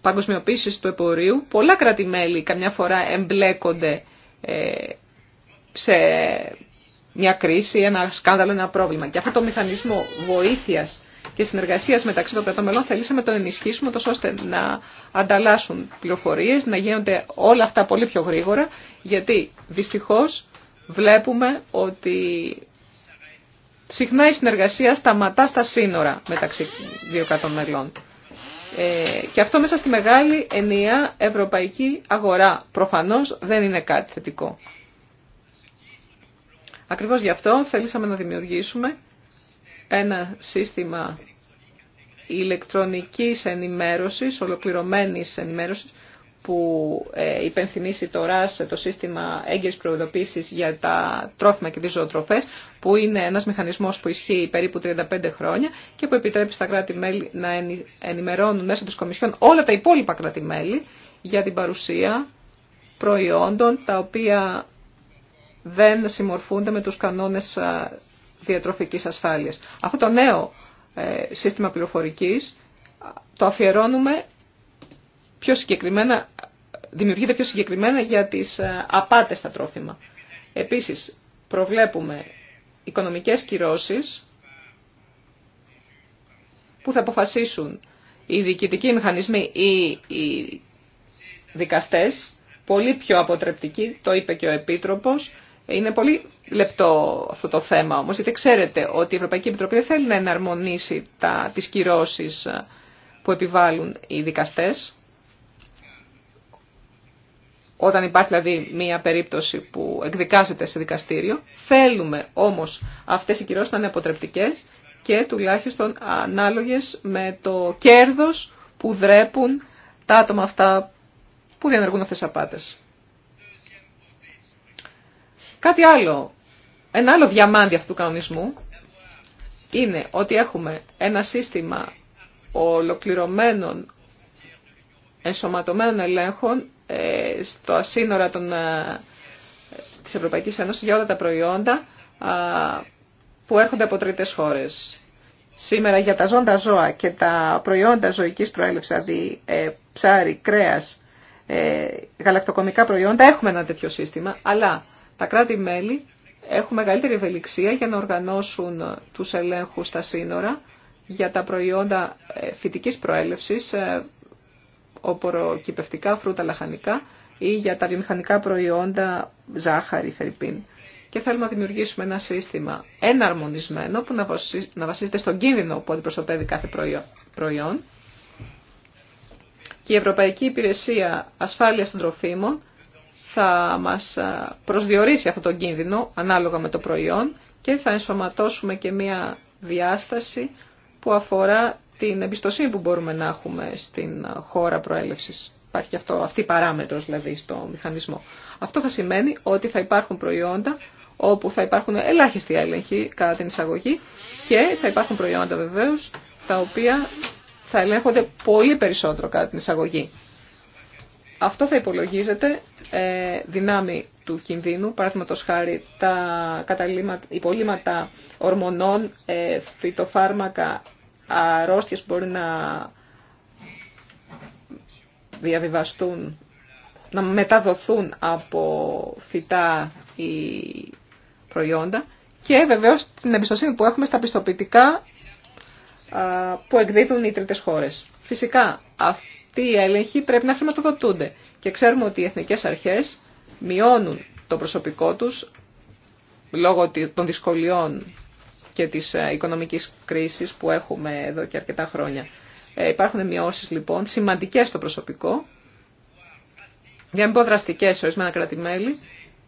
παγκοσμιοποίησης του επορίου. Πολλά κράτη-μέλη καμιά φορά εμπλέκονται ε, σε μια κρίση, ένα σκάνδαλο, ένα πρόβλημα. Και αυτό το μηχανισμό βοήθειας και συνεργασία μεταξύ των κρατών μελών θελήσαμε να τον ενισχύσουμε τόσο ώστε να ανταλλάσσουν πληροφορίε, να γίνονται όλα αυτά πολύ πιο γρήγορα, γιατί δυστυχώ βλέπουμε ότι συχνά η συνεργασία σταματά στα σύνορα μεταξύ δύο κρατών μελών. Ε, και αυτό μέσα στη μεγάλη ενιαία ευρωπαϊκή αγορά προφανώς δεν είναι κάτι θετικό. Ακριβώς γι' αυτό θέλησαμε να δημιουργήσουμε ένα σύστημα ηλεκτρονικής ενημέρωσης, ολοκληρωμένης ενημέρωσης, που ε, υπενθυμίσει το ΡΑΣ, το σύστημα έγκαιρης προειδοποίησης για τα τρόφιμα και τις ζωοτροφές, που είναι ένας μηχανισμός που ισχύει περίπου 35 χρόνια και που επιτρέπει στα κράτη-μέλη να ενημερώνουν μέσω της Κομισιόν όλα τα υπόλοιπα κράτη-μέλη για την παρουσία προϊόντων τα οποία δεν συμμορφούνται με τους κανόνες διατροφικής ασφάλειας. Αυτό το νέο ε, σύστημα πληροφορικής το αφιερώνουμε πιο συγκεκριμένα, δημιουργείται πιο συγκεκριμένα για τις ε, απάτες στα τρόφιμα. Επίσης, προβλέπουμε οικονομικές κυρώσεις που θα αποφασίσουν οι διοικητικοί μηχανισμοί ή οι δικαστές, πολύ πιο αποτρεπτικοί, το είπε και ο Επίτροπος, είναι πολύ λεπτό αυτό το θέμα όμως, γιατί ξέρετε ότι η Ευρωπαϊκή Επιτροπή δεν θέλει να εναρμονίσει τα, τις κυρώσεις ε, που επιβάλλουν οι δικαστές όταν υπάρχει δηλαδή μία περίπτωση που εκδικάζεται σε δικαστήριο. Θέλουμε όμως αυτές οι κυρώσεις να είναι αποτρεπτικές και τουλάχιστον ανάλογες με το κέρδος που δρέπουν τα άτομα αυτά που διενεργούν αυτές τις απάτες. Κάτι άλλο, ένα άλλο διαμάντι αυτού του κανονισμού είναι ότι έχουμε ένα σύστημα ολοκληρωμένων ενσωματωμένων ελέγχων ε, στο σύνορα των, ε, της Ευρωπαϊκής Ένωσης για όλα τα προϊόντα που έρχονται από τρίτες χώρες. Σήμερα για τα ζώντα ζώα και τα προϊόντα ζωικής προέλευσης, δηλαδή ψάρι, κρέας, γαλακτοκομικά προϊόντα, έχουμε ένα τέτοιο σύστημα, αλλά τα κράτη-μέλη έχουν μεγαλύτερη ευελιξία για να οργανώσουν τους ελέγχους στα σύνορα για τα προϊόντα φυτικής προέλευσης οποροκυπευτικά φρούτα λαχανικά ή για τα βιομηχανικά προϊόντα ζάχαρη, φερρυπίν. Και θέλουμε να δημιουργήσουμε ένα σύστημα εναρμονισμένο που να βασίζεται στον κίνδυνο που αντιπροσωπεύει κάθε προϊόν. Και η Ευρωπαϊκή Υπηρεσία Ασφάλειας των Τροφίμων θα μας προσδιορίσει αυτόν τον κίνδυνο ανάλογα με το προϊόν και θα ενσωματώσουμε και μία διάσταση που αφορά την εμπιστοσύνη που μπορούμε να έχουμε στην χώρα προέλευσης. Υπάρχει και αυτό, αυτή η παράμετρος δηλαδή στο μηχανισμό. Αυτό θα σημαίνει ότι θα υπάρχουν προϊόντα όπου θα υπάρχουν ελάχιστοι έλεγχοι κατά την εισαγωγή και θα υπάρχουν προϊόντα βεβαίως τα οποία θα ελέγχονται πολύ περισσότερο κατά την εισαγωγή. Αυτό θα υπολογίζεται ε, δυνάμει του κινδύνου, παραδείγματο χάρη τα υπολείμματα ορμονών, ε, φυτοφάρμακα, αρρώστιες μπορεί να διαβιβαστούν, να μεταδοθούν από φυτά ή προϊόντα και βεβαίως την εμπιστοσύνη που έχουμε στα πιστοποιητικά που εκδίδουν οι τρίτες χώρες. Φυσικά, αυτοί οι έλεγχοι πρέπει να χρηματοδοτούνται και ξέρουμε ότι οι εθνικές αρχές μειώνουν το προσωπικό τους λόγω των δυσκολιών και της ε, οικονομικής κρίσης που έχουμε εδώ και αρκετά χρόνια. Ε, υπάρχουν μειώσεις λοιπόν σημαντικές στο προσωπικό, για να πω δραστικές σε ορισμένα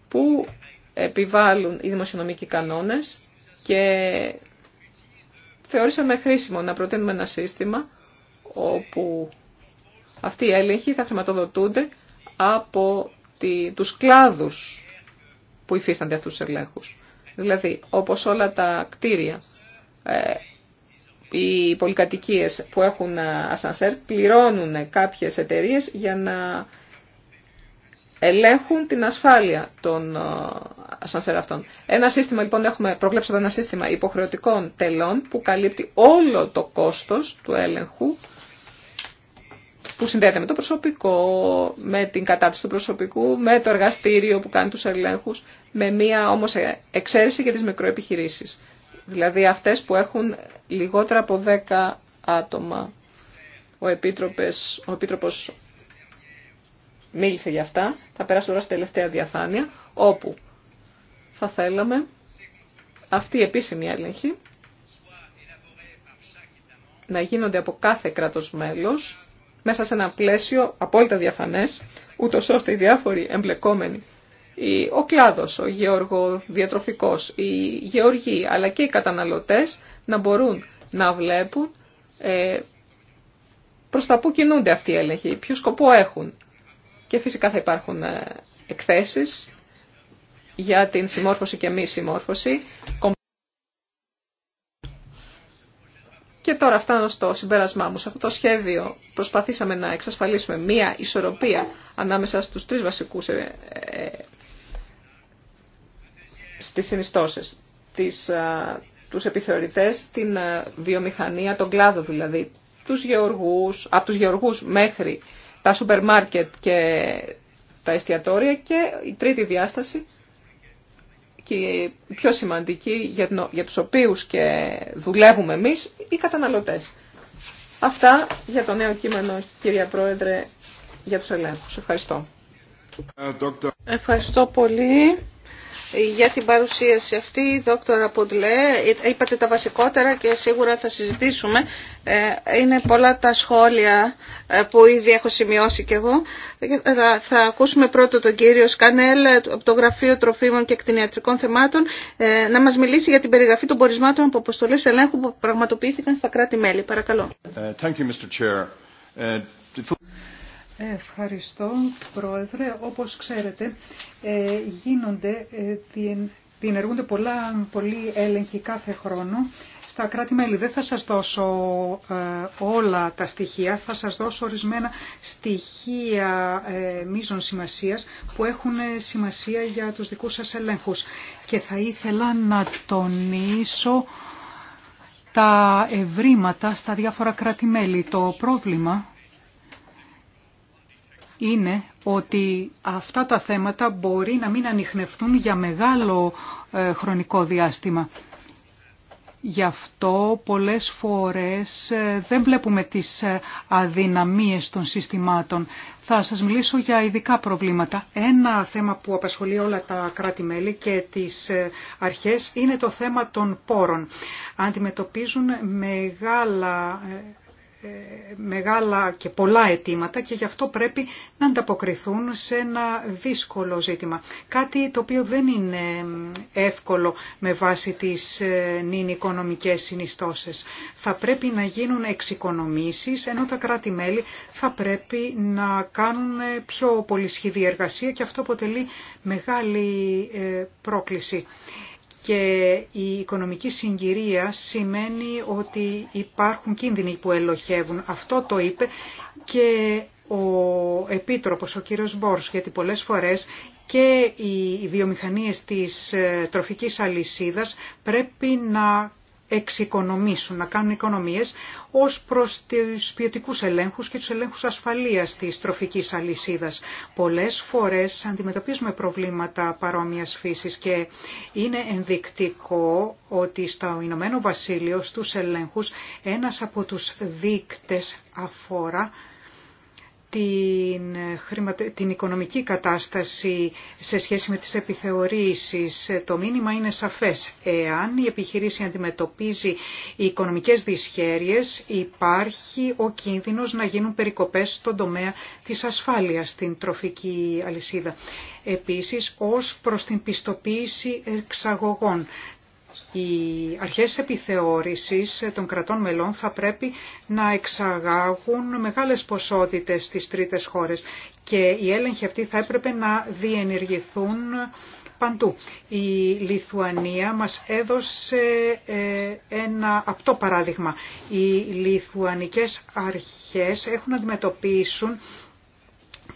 που επιβάλλουν οι δημοσιονομικοί κανόνες και θεώρησαμε χρήσιμο να προτείνουμε ένα σύστημα όπου αυτοί οι έλεγχοι θα χρηματοδοτούνται από τη, τους κλάδους που υφίστανται αυτούς τους ελέγχους. Δηλαδή, όπως όλα τα κτίρια, ε, οι πολυκατοικίες που έχουν ε, ασανσέρ πληρώνουν κάποιες εταιρείες για να ελέγχουν την ασφάλεια των ε, ασανσέρ αυτών. Ένα σύστημα, λοιπόν, έχουμε προβλέψει ένα σύστημα υποχρεωτικών τελών που καλύπτει όλο το κόστος του έλεγχου που συνδέεται με το προσωπικό, με την κατάρτιση του προσωπικού, με το εργαστήριο που κάνει τους ελέγχους, με μία όμως ε, εξαίρεση για τις μικροεπιχειρήσεις. Δηλαδή αυτές που έχουν λιγότερα από 10 άτομα. Ο, Επίτροπες, ο Επίτροπος μίλησε για αυτά. Θα περάσω τώρα στη τελευταία διαφάνεια, όπου θα θέλαμε αυτή η επίσημη έλεγχη να γίνονται από κάθε κράτος μέλος μέσα σε ένα πλαίσιο απόλυτα διαφανές, ούτω ώστε οι διάφοροι εμπλεκόμενοι, ο κλάδος, ο γεωργοδιατροφικός, οι γεωργοί, αλλά και οι καταναλωτές να μπορούν να βλέπουν ε, προς τα που κινούνται αυτοί οι έλεγχοι, ποιο σκοπό έχουν. Και φυσικά θα υπάρχουν ε, εκθέσεις για την συμμόρφωση και μη συμμόρφωση, Και τώρα φτάνω στο συμπέρασμά μου. Σε αυτό το σχέδιο προσπαθήσαμε να εξασφαλίσουμε μία ισορροπία ανάμεσα στους τρεις βασικούς ε, ε, στις συνιστώσεις. τους επιθεωρητές, την βιομηχανία, τον κλάδο δηλαδή, τους γεωργούς, από τους γεωργούς μέχρι τα σούπερ μάρκετ και τα εστιατόρια και η τρίτη διάσταση και πιο σημαντικοί για, την, για τους οποίους και δουλεύουμε εμείς, οι καταναλωτές. Αυτά για το νέο κείμενο, κυρία Πρόεδρε, για τους ελέγχους. Ευχαριστώ. Ε, Ευχαριστώ πολύ για την παρουσίαση αυτή, δόκτωρα Ποντλέ. Είπατε τα βασικότερα και σίγουρα θα συζητήσουμε. Ε, είναι πολλά τα σχόλια ε, που ήδη έχω σημειώσει κι εγώ. Θα ακούσουμε πρώτο τον κύριο Σκανέλ από το Γραφείο Τροφίμων και Εκτινιατρικών Θεμάτων ε, να μας μιλήσει για την περιγραφή των πορισμάτων από αποστολές ελέγχου που πραγματοποιήθηκαν στα κράτη-μέλη. Παρακαλώ. Ευχαριστώ, Πρόεδρε. Όπως ξέρετε, ε, γίνονται, ε, διενεργούνται πολλά, πολλοί έλεγχοι κάθε χρόνο στα κράτη-μέλη. Δεν θα σας δώσω ε, όλα τα στοιχεία, θα σας δώσω ορισμένα στοιχεία μίζων σημασίας που έχουν σημασία για τους δικούς σας ελέγχους. Και θα ήθελα να τονίσω τα ευρήματα στα διάφορα κράτη-μέλη. Το πρόβλημα είναι ότι αυτά τα θέματα μπορεί να μην ανοιχνευτούν για μεγάλο ε, χρονικό διάστημα. Γι' αυτό πολλές φορές ε, δεν βλέπουμε τις ε, αδυναμίες των συστημάτων. Θα σας μιλήσω για ειδικά προβλήματα. Ένα θέμα που απασχολεί όλα τα κράτη-μέλη και τις αρχές είναι το θέμα των πόρων. Αντιμετωπίζουν μεγάλα μεγάλα και πολλά αιτήματα και γι' αυτό πρέπει να ανταποκριθούν σε ένα δύσκολο ζήτημα. Κάτι το οποίο δεν είναι εύκολο με βάση τις ε, νυν οικονομικές συνιστώσεις. Θα πρέπει να γίνουν εξοικονομήσεις ενώ τα κράτη-μέλη θα πρέπει να κάνουν πιο πολυσχηδή εργασία και αυτό αποτελεί μεγάλη ε, πρόκληση και η οικονομική συγκυρία σημαίνει ότι υπάρχουν κίνδυνοι που ελοχεύουν. Αυτό το είπε και ο Επίτροπος, ο κύριος Μπόρς, γιατί πολλές φορές και οι βιομηχανίες της ε, τροφικής αλυσίδας πρέπει να εξοικονομήσουν, να κάνουν οικονομίες ως προς τους ποιοτικούς ελέγχους και τους ελέγχους ασφαλείας της τροφικής αλυσίδας. Πολλές φορές αντιμετωπίζουμε προβλήματα παρόμοιας φύσης και είναι ενδεικτικό ότι στο Ηνωμένο Βασίλειο στους ελέγχους ένας από τους δείκτες αφορά την, την οικονομική κατάσταση σε σχέση με τις επιθεωρήσεις. Το μήνυμα είναι σαφές. Εάν η επιχειρήση αντιμετωπίζει οι οικονομικές δυσχέρειες, υπάρχει ο κίνδυνος να γίνουν περικοπές στον τομέα της ασφάλειας στην τροφική αλυσίδα. Επίσης, ως προς την πιστοποίηση εξαγωγών. Οι αρχές επιθεώρησης των κρατών μελών θα πρέπει να εξαγάγουν μεγάλες ποσότητες στις τρίτες χώρες και οι έλεγχοι αυτοί θα έπρεπε να διενεργηθούν παντού. Η Λιθουανία μας έδωσε ε, ένα απτό παράδειγμα. Οι Λιθουανικές αρχές έχουν να αντιμετωπίσουν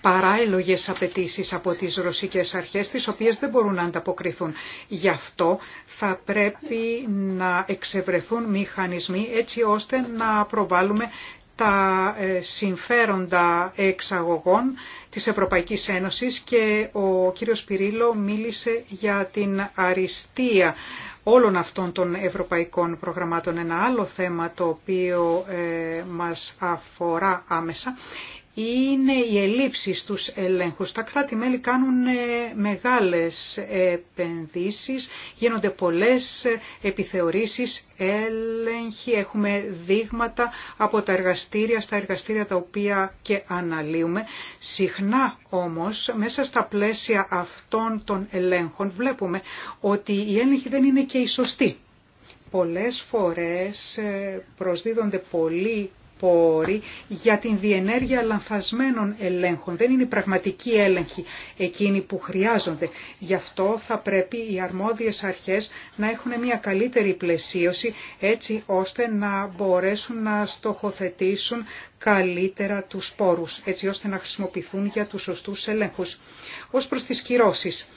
παράλογε απαιτήσει από τις ρωσικέ αρχές, τις οποίες δεν μπορούν να ανταποκριθούν. Γι' αυτό θα πρέπει να εξευρεθούν μηχανισμοί έτσι ώστε να προβάλλουμε τα ε, συμφέροντα εξαγωγών της Ευρωπαϊκής Ένωσης και ο κύριος Πυρίλο μίλησε για την αριστεία όλων αυτών των ευρωπαϊκών προγραμμάτων. Ένα άλλο θέμα το οποίο ε, μας αφορά άμεσα είναι η ελλείψη στους ελέγχους. Τα κράτη-μέλη κάνουν ε, μεγάλες επενδύσεις, γίνονται πολλές ε, επιθεωρήσεις, έλεγχοι, έχουμε δείγματα από τα εργαστήρια στα εργαστήρια τα οποία και αναλύουμε. Συχνά όμως μέσα στα πλαίσια αυτών των ελέγχων βλέπουμε ότι οι έλεγχοι δεν είναι και οι σωστοί. Πολλές φορές ε, προσδίδονται πολύ για την διενέργεια λανθασμένων ελέγχων. Δεν είναι η πραγματική έλεγχη εκείνη που χρειάζονται. Γι' αυτό θα πρέπει οι αρμόδιες αρχές να έχουν μια καλύτερη πλαισίωση έτσι ώστε να μπορέσουν να στοχοθετήσουν καλύτερα τους πόρους, έτσι ώστε να χρησιμοποιηθούν για τους σωστούς ελέγχους. Ως προς τις κυρώσεις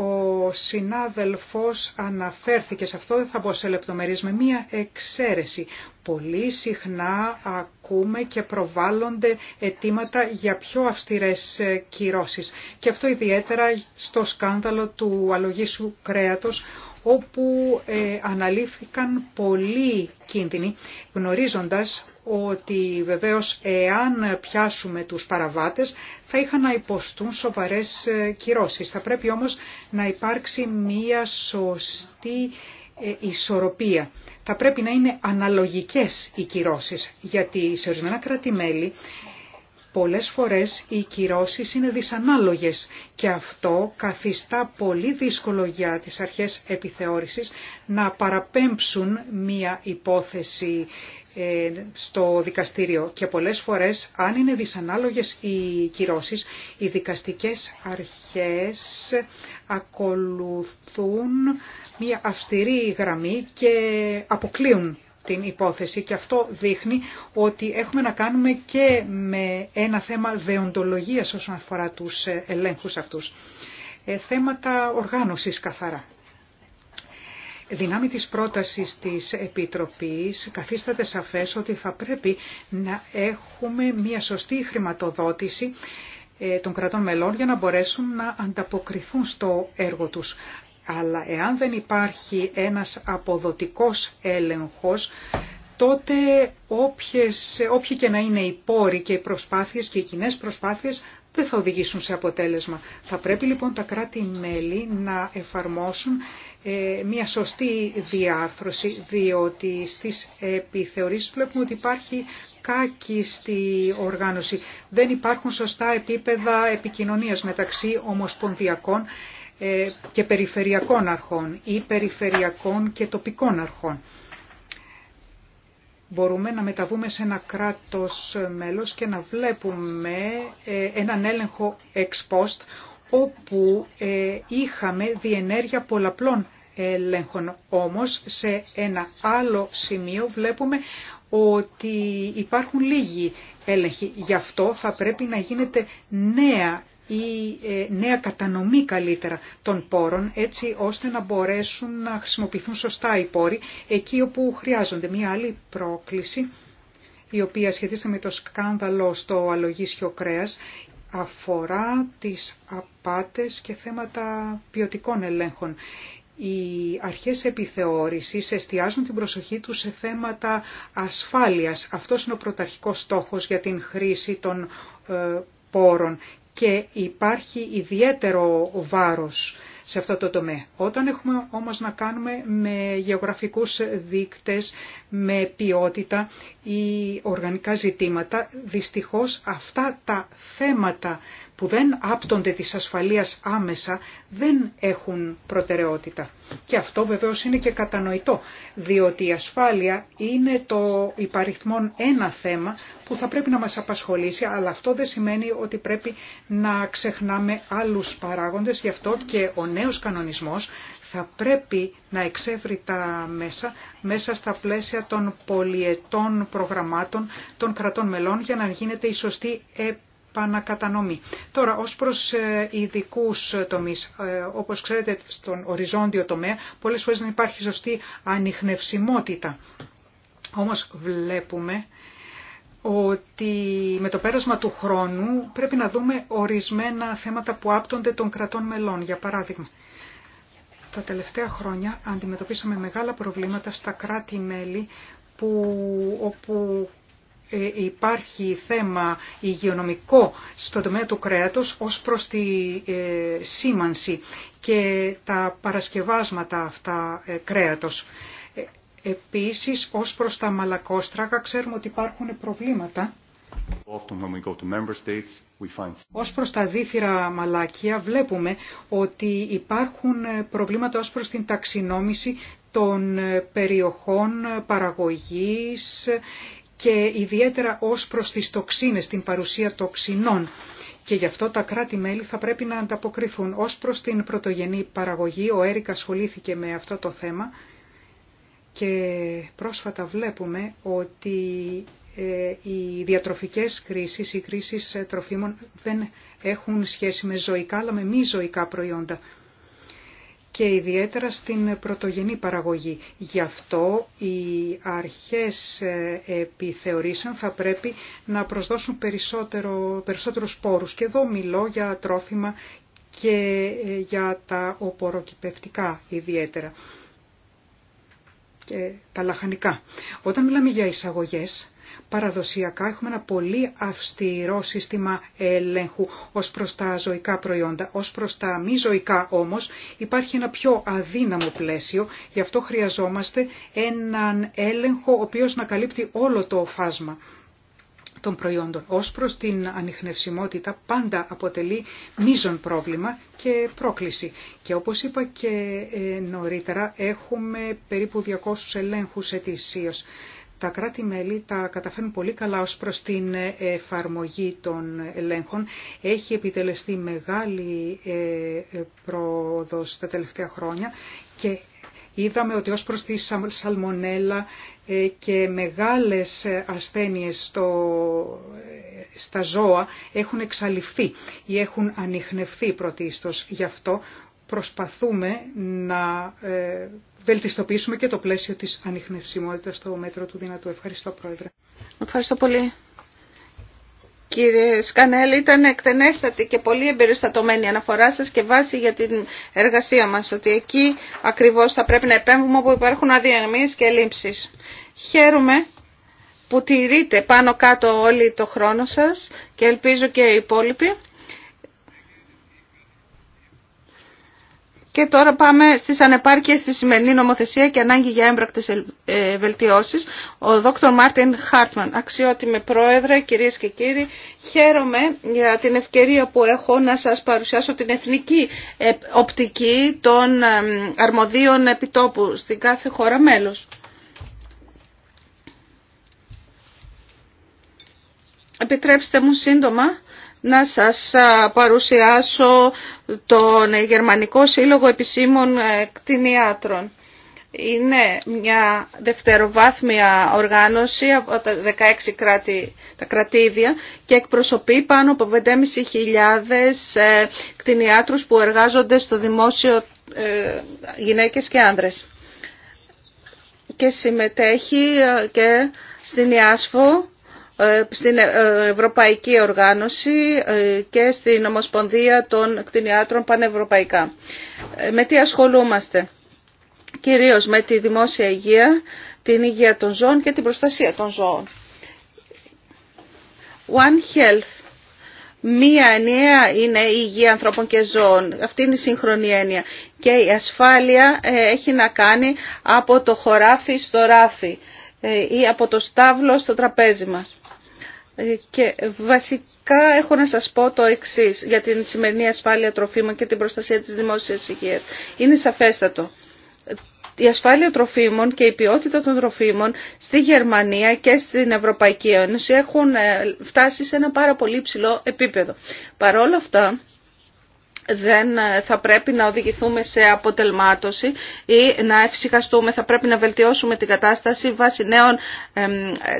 ο συνάδελφος αναφέρθηκε σε αυτό, δεν θα μπω σε λεπτομερίες, με μία εξαίρεση. Πολύ συχνά ακούμε και προβάλλονται αιτήματα για πιο αυστηρές κυρώσεις. Και αυτό ιδιαίτερα στο σκάνδαλο του αλογίσου κρέατος, όπου ε, αναλύθηκαν πολλοί κίνδυνοι, γνωρίζοντας ότι βεβαίως εάν πιάσουμε τους παραβάτες θα είχαν να υποστούν σοβαρές ε, κυρώσεις. Θα πρέπει όμως να υπάρξει μία σωστή ε, ισορροπία. Θα πρέπει να είναι αναλογικές οι κυρώσεις, γιατί σε ορισμένα κράτη-μέλη πολλές φορές οι κυρώσεις είναι δυσανάλογες και αυτό καθιστά πολύ δύσκολο για τις αρχές επιθεώρησης να παραπέμψουν μία υπόθεση ε, στο δικαστήριο και πολλές φορές αν είναι δυσανάλογες οι κυρώσεις, οι δικαστικές αρχές ακολουθούν μια αυστηρή γραμμή και αποκλείουν την υπόθεση και αυτό δείχνει ότι έχουμε να κάνουμε και με ένα θέμα δεοντολογίας όσον αφορά τους ελέγχους αυτούς. Ε, θέματα οργάνωσης καθαρά δυνάμει της πρότασης της Επιτροπής καθίσταται σαφές ότι θα πρέπει να έχουμε μια σωστή χρηματοδότηση ε, των κρατών μελών για να μπορέσουν να ανταποκριθούν στο έργο τους. Αλλά εάν δεν υπάρχει ένας αποδοτικός έλεγχος, τότε όποιες, όποιοι και να είναι οι πόροι και οι προσπάθειες και οι κοινέ προσπάθειες δεν θα οδηγήσουν σε αποτέλεσμα. Θα πρέπει λοιπόν τα κράτη-μέλη να εφαρμόσουν ε, μια σωστή διάρθρωση, διότι στις επιθεωρήσεις βλέπουμε ότι υπάρχει κάκιστη οργάνωση. Δεν υπάρχουν σωστά επίπεδα επικοινωνίας μεταξύ ομοσπονδιακών ε, και περιφερειακών αρχών ή περιφερειακών και τοπικών αρχών. Μπορούμε να μεταβούμε σε ένα κράτος μέλος και να βλέπουμε ε, έναν έλεγχο ex post όπου ε, είχαμε διενέργεια πολλαπλών ελέγχων. Όμως σε ένα άλλο σημείο βλέπουμε ότι υπάρχουν λίγοι έλεγχοι. Γι' αυτό θα πρέπει να γίνεται νέα ή ε, νέα κατανομή καλύτερα των πόρων, έτσι ώστε να μπορέσουν να χρησιμοποιηθούν σωστά οι πόροι εκεί όπου χρειάζονται. Μία άλλη πρόκληση, η οποία σχετίζεται με το σκάνδαλο στο αλογίσιο κρέας, αφορά τις απάτες και θέματα ποιοτικών ελέγχων. Οι αρχές επιθεώρησης εστιάζουν την προσοχή τους σε θέματα ασφάλειας. Αυτός είναι ο πρωταρχικός στόχος για την χρήση των ε, πόρων και υπάρχει ιδιαίτερο βάρος σε αυτό το τομέα. Όταν έχουμε όμως να κάνουμε με γεωγραφικούς δείκτες, με ποιότητα ή οργανικά ζητήματα, δυστυχώς αυτά τα θέματα που δεν άπτονται της ασφαλείας άμεσα δεν έχουν προτεραιότητα. Και αυτό βεβαίως είναι και κατανοητό, διότι η ασφάλεια είναι το υπαριθμόν ένα θέμα που θα πρέπει να μας απασχολήσει, αλλά αυτό δεν σημαίνει ότι πρέπει να ξεχνάμε άλλους παράγοντες, γι' αυτό και ο νέος κανονισμός θα πρέπει να εξεύρει τα μέσα μέσα στα πλαίσια των πολιετών προγραμμάτων των κρατών μελών για να γίνεται η σωστή Τώρα, ως προς ε, ειδικού ε, τομείς, ε, όπως ξέρετε στον οριζόντιο τομέα, πολλές φορές δεν υπάρχει ζωστή ανιχνευσιμότητα. Όμως βλέπουμε ότι με το πέρασμα του χρόνου πρέπει να δούμε ορισμένα θέματα που άπτονται των κρατών μελών. Για παράδειγμα, τα τελευταία χρόνια αντιμετωπίσαμε μεγάλα προβλήματα στα κράτη-μέλη που, όπου ε, υπάρχει θέμα υγειονομικό στο τομέα του κρέατος ως προς τη ε, σήμανση και τα παρασκευάσματα αυτά ε, κρέατος. Επίσης, ως προς τα μαλακόστραγα, ξέρουμε ότι υπάρχουν προβλήματα. Ως προς τα δίθυρα μαλάκια βλέπουμε ότι υπάρχουν προβλήματα ως προς την ταξινόμηση των περιοχών παραγωγής και ιδιαίτερα ως προς τις τοξίνες, την παρουσία τοξινών. Και γι' αυτό τα κράτη-μέλη θα πρέπει να ανταποκριθούν. Ως προς την πρωτογενή παραγωγή, ο Έρικ ασχολήθηκε με αυτό το θέμα και πρόσφατα βλέπουμε ότι ε, οι διατροφικές κρίσεις, οι κρίσεις ε, τροφίμων δεν έχουν σχέση με ζωικά αλλά με μη ζωικά προϊόντα και ιδιαίτερα στην πρωτογενή παραγωγή. Γι' αυτό οι αρχές επιθεωρήσεων θα πρέπει να προσδώσουν περισσότερο, περισσότερους σπόρους. Και εδώ μιλώ για τρόφιμα και για τα οποροκυπευτικά ιδιαίτερα και τα λαχανικά. Όταν μιλάμε για εισαγωγές, Παραδοσιακά έχουμε ένα πολύ αυστηρό σύστημα ελέγχου ως προς τα ζωικά προϊόντα. Ως προς τα μη ζωικά όμως υπάρχει ένα πιο αδύναμο πλαίσιο, γι' αυτό χρειαζόμαστε έναν έλεγχο ο οποίος να καλύπτει όλο το φάσμα των προϊόντων. Ως προς την ανιχνευσιμότητα πάντα αποτελεί μείζον πρόβλημα και πρόκληση. Και όπως είπα και ε, νωρίτερα έχουμε περίπου 200 ελέγχους ετησίως τα κράτη-μέλη τα καταφέρνουν πολύ καλά ως προς την εφαρμογή των ελέγχων. Έχει επιτελεστεί μεγάλη ε, ε, πρόοδος τα τελευταία χρόνια και είδαμε ότι ως προς τη σαλμονέλα ε, και μεγάλες ασθένειες στο, στα ζώα έχουν εξαλειφθεί ή έχουν ανοιχνευθεί πρωτίστως. Γι' αυτό προσπαθούμε να ε, βελτιστοποιήσουμε και το πλαίσιο της ανιχνευσιμότητας στο μέτρο του δυνατού. Ευχαριστώ Πρόεδρε. Ευχαριστώ πολύ. Κύριε Σκανέλη, ήταν εκτενέστατη και πολύ εμπεριστατωμένη η αναφορά σας και βάση για την εργασία μας, ότι εκεί ακριβώς θα πρέπει να επέμβουμε όπου υπάρχουν αδιανομίες και ελλείψεις. Χαίρομαι που τηρείτε πάνω κάτω όλοι το χρόνο σας και ελπίζω και οι υπόλοιποι. Και τώρα πάμε στις ανεπάρκειες στη σημερινή νομοθεσία και ανάγκη για έμπρακτε βελτιώσει. Ο Δόκτωρ Μάρτιν Χάρτμαν, αξιότιμε πρόεδρε, κυρίες και κύριοι, χαίρομαι για την ευκαιρία που έχω να σας παρουσιάσω την εθνική ε, οπτική των ε, αρμοδίων επιτόπου στην κάθε χώρα μέλος. Επιτρέψτε μου σύντομα να σας παρουσιάσω τον Γερμανικό Σύλλογο Επισήμων ε, Κτηνιάτρων. Είναι μια δευτεροβάθμια οργάνωση από τα 16 κράτη, τα κρατήδια και εκπροσωπεί πάνω από 5.500 ε, κτηνιάτρους που εργάζονται στο δημόσιο ε, γυναίκες και άνδρες. Και συμμετέχει και στην ΙΑΣΦΟ ε, στην ε, Ευρωπαϊκή Οργάνωση ε, και στην Ομοσπονδία των Κτηνιάτρων Πανευρωπαϊκά. Με τι ασχολούμαστε. Κυρίως με τη δημόσια υγεία, την υγεία των ζώων και την προστασία των ζώων. One Health. Μία ενιαία είναι η υγεία ανθρώπων και ζώων. Αυτή είναι η σύγχρονη έννοια. Και η ασφάλεια έχει να κάνει από το χωράφι στο ράφι ή από το στάβλο στο τραπέζι μας. Και βασικά έχω να σας πω το εξή για την σημερινή ασφάλεια τροφίμων και την προστασία της δημόσιας υγείας. Είναι σαφέστατο η ασφάλεια τροφίμων και η ποιότητα των τροφίμων στη Γερμανία και στην Ευρωπαϊκή Ένωση έχουν ε, φτάσει σε ένα πάρα πολύ ψηλό επίπεδο. Παρόλα αυτά, δεν ε, θα πρέπει να οδηγηθούμε σε αποτελμάτωση ή να ευσυχαστούμε. Θα πρέπει να βελτιώσουμε την κατάσταση βάσει νέων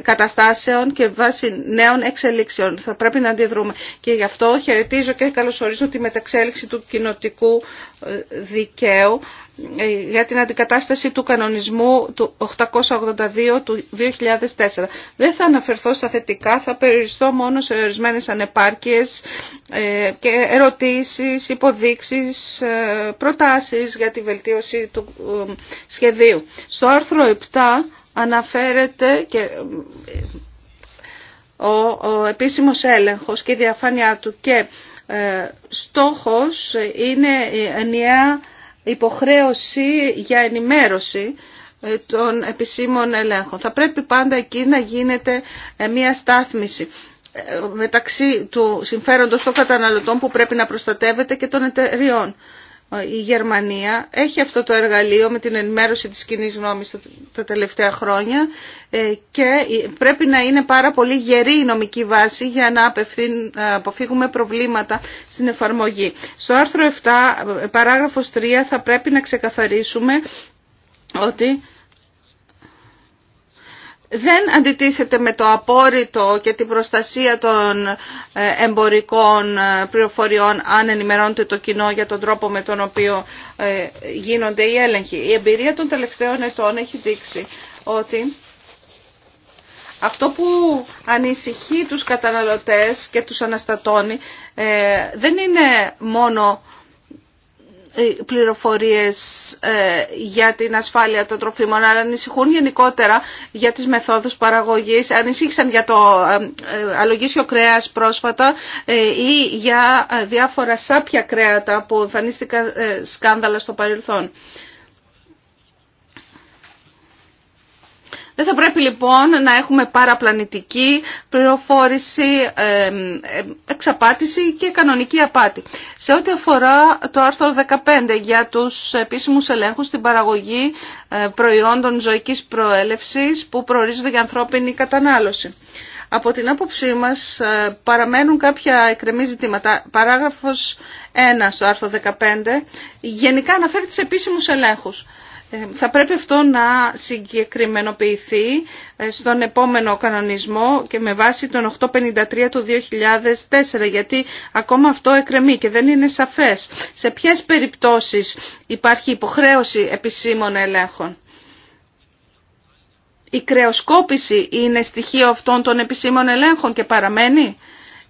καταστάσεων και βάσει νέων εξελίξεων. Θα πρέπει να αντιδρούμε. Και γι' αυτό χαιρετίζω και καλωσορίζω τη μεταξέλιξη του κοινοτικού ε, δικαίου για την αντικατάσταση του κανονισμού του 882 του 2004. Δεν θα αναφερθώ στα θετικά, θα περιοριστώ μόνο σε ορισμένες ανεπάρκειες ε, και ερωτήσεις, υποδείξεις, ε, προτάσεις για τη βελτίωση του ε, σχεδίου. Στο άρθρο 7 αναφέρεται και ο επίσημος έλεγχος και η διαφάνειά του και στόχος είναι η ενιαία υποχρέωση για ενημέρωση ε, των επισήμων ελέγχων. Θα πρέπει πάντα εκεί να γίνεται ε, μια στάθμιση ε, μεταξύ του συμφέροντος των καταναλωτών που πρέπει να προστατεύεται και των εταιριών η Γερμανία έχει αυτό το εργαλείο με την ενημέρωση της κοινή γνώμη τα τελευταία χρόνια ε, και πρέπει να είναι πάρα πολύ γερή η νομική βάση για να αποφύγουμε προβλήματα στην εφαρμογή. Στο άρθρο 7, ε, παράγραφος 3, θα πρέπει να ξεκαθαρίσουμε ότι δεν αντιτίθεται με το απόρριτο και την προστασία των ε, εμπορικών ε, πληροφοριών αν ενημερώνεται το κοινό για τον τρόπο με τον οποίο ε, γίνονται οι έλεγχοι. Η εμπειρία των τελευταίων ετών έχει δείξει ότι αυτό που ανησυχεί τους καταναλωτές και τους αναστατώνει δεν είναι μόνο ε, πληροφορίες ε, για την ασφάλεια των τροφίμων, αλλά ανησυχούν γενικότερα για τις μεθόδους παραγωγής. Ανησύχησαν για το ε, αλογίσιο κρέας πρόσφατα ή για διάφορα σάπια κρέατα που εμφανίστηκαν σκάνδαλα στο παρελθόν. Δεν θα πρέπει λοιπόν να έχουμε παραπλανητική πληροφόρηση, εξαπάτηση και κανονική απάτη. Σε ό,τι αφορά το άρθρο 15 για τους επίσημους ελέγχους στην παραγωγή ε, προϊόντων ζωικής προέλευσης που προορίζονται για ανθρώπινη κατανάλωση. Από την άποψή μας ε, παραμένουν κάποια εκκρεμή ζητήματα. Παράγραφος 1 στο άρθρο 15 γενικά αναφέρει τις επίσημους ελέγχους. Ε, θα πρέπει αυτό να συγκεκριμενοποιηθεί ε, στον επόμενο κανονισμό και με βάση τον 853 του 2004 γιατί ακόμα αυτό εκρεμεί και δεν είναι σαφές. Σε ποιες περιπτώσεις υπάρχει υποχρέωση επισήμων ελέγχων. Η κρεοσκόπηση είναι στοιχείο αυτών των επισήμων ελέγχων και παραμένει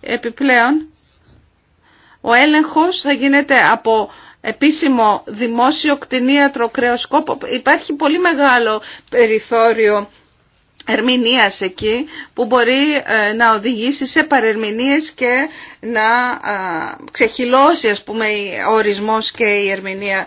επιπλέον. Ο έλεγχος θα γίνεται από επίσημο δημόσιο κτηνίατρο κρεοσκόπο. Υπάρχει πολύ μεγάλο περιθώριο ερμηνείας εκεί που μπορεί ε, να οδηγήσει σε παρερμηνείες και να ξεχυλώσει ας πούμε ο ορισμός και η ερμηνεία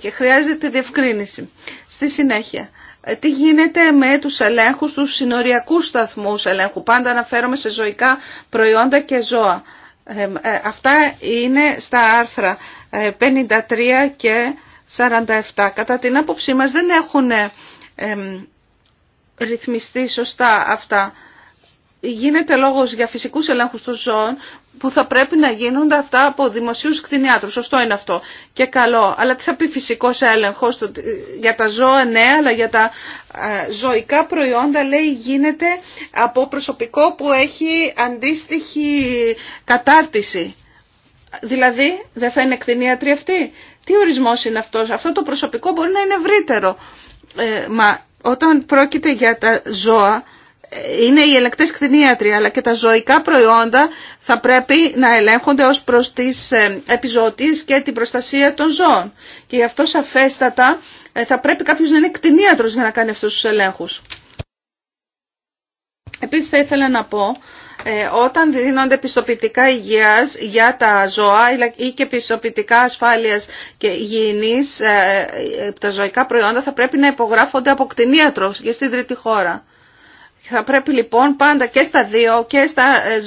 και χρειάζεται διευκρίνηση. Στη συνέχεια, ε, τι γίνεται με τους ελέγχους, τους συνοριακούς σταθμούς ελέγχου. Πάντα αναφέρομαι σε ζωικά προϊόντα και ζώα. Ε, αυτά είναι στα άρθρα 53 ε, και 47. Κατά την άποψή μας δεν έχουν ρυθμιστεί σωστά αυτά. Γίνεται λόγος για φυσικούς ελέγχους των ζώων που θα πρέπει να γίνονται αυτά από δημοσίους κτηνιάτρους. Σωστό είναι αυτό και καλό. Αλλά τι θα πει φυσικός έλεγχος για τα ζώα, ναι, αλλά για τα ε, ζωικά προϊόντα λέει γίνεται από προσωπικό που έχει αντίστοιχη κατάρτιση. Δηλαδή, δεν θα είναι κτηνίατροι αυτοί. Τι ορισμός είναι αυτός. Αυτό το προσωπικό μπορεί να είναι ευρύτερο. Ε, μα όταν πρόκειται για τα ζώα, ε, είναι οι ελεκτές κτηνίατροι, αλλά και τα ζωικά προϊόντα θα πρέπει να ελέγχονται ως προς τις ε, επιζωτίες και την προστασία των ζώων. Και γι' αυτό σαφέστατα θα πρέπει κάποιος να είναι κτηνίατρος για να κάνει αυτούς τους ελέγχους. Επίσης θα ήθελα να πω ε, όταν δίνονται πιστοποιητικά υγείας για τα ζώα ή και πιστοποιητικά ασφάλειας και υγιεινής, ε, ε, τα ζωικά προϊόντα θα πρέπει να υπογράφονται από κτηνίατρο και στην τρίτη χώρα. Θα πρέπει λοιπόν πάντα και στα δύο, και στα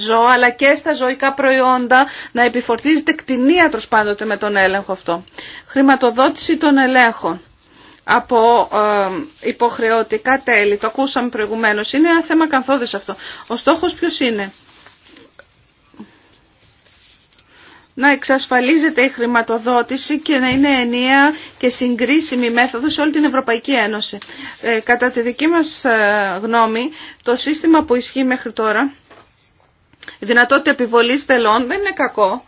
ζώα αλλά και στα ζωικά προϊόντα να επιφορτίζεται κτηνίατρος πάντοτε με τον έλεγχο αυτό. Χρηματοδότηση των ελέγχων από ε, υποχρεωτικά τέλη. Το ακούσαμε προηγουμένως. Είναι ένα θέμα καθόδες αυτό. Ο στόχος ποιος είναι. να εξασφαλίζεται η χρηματοδότηση και να είναι ενιαία και συγκρίσιμη μέθοδο σε όλη την Ευρωπαϊκή Ένωση. Ε, κατά τη δική μας ε, γνώμη, το σύστημα που ισχύει μέχρι τώρα, η δυνατότητα επιβολής τελών δεν είναι κακό.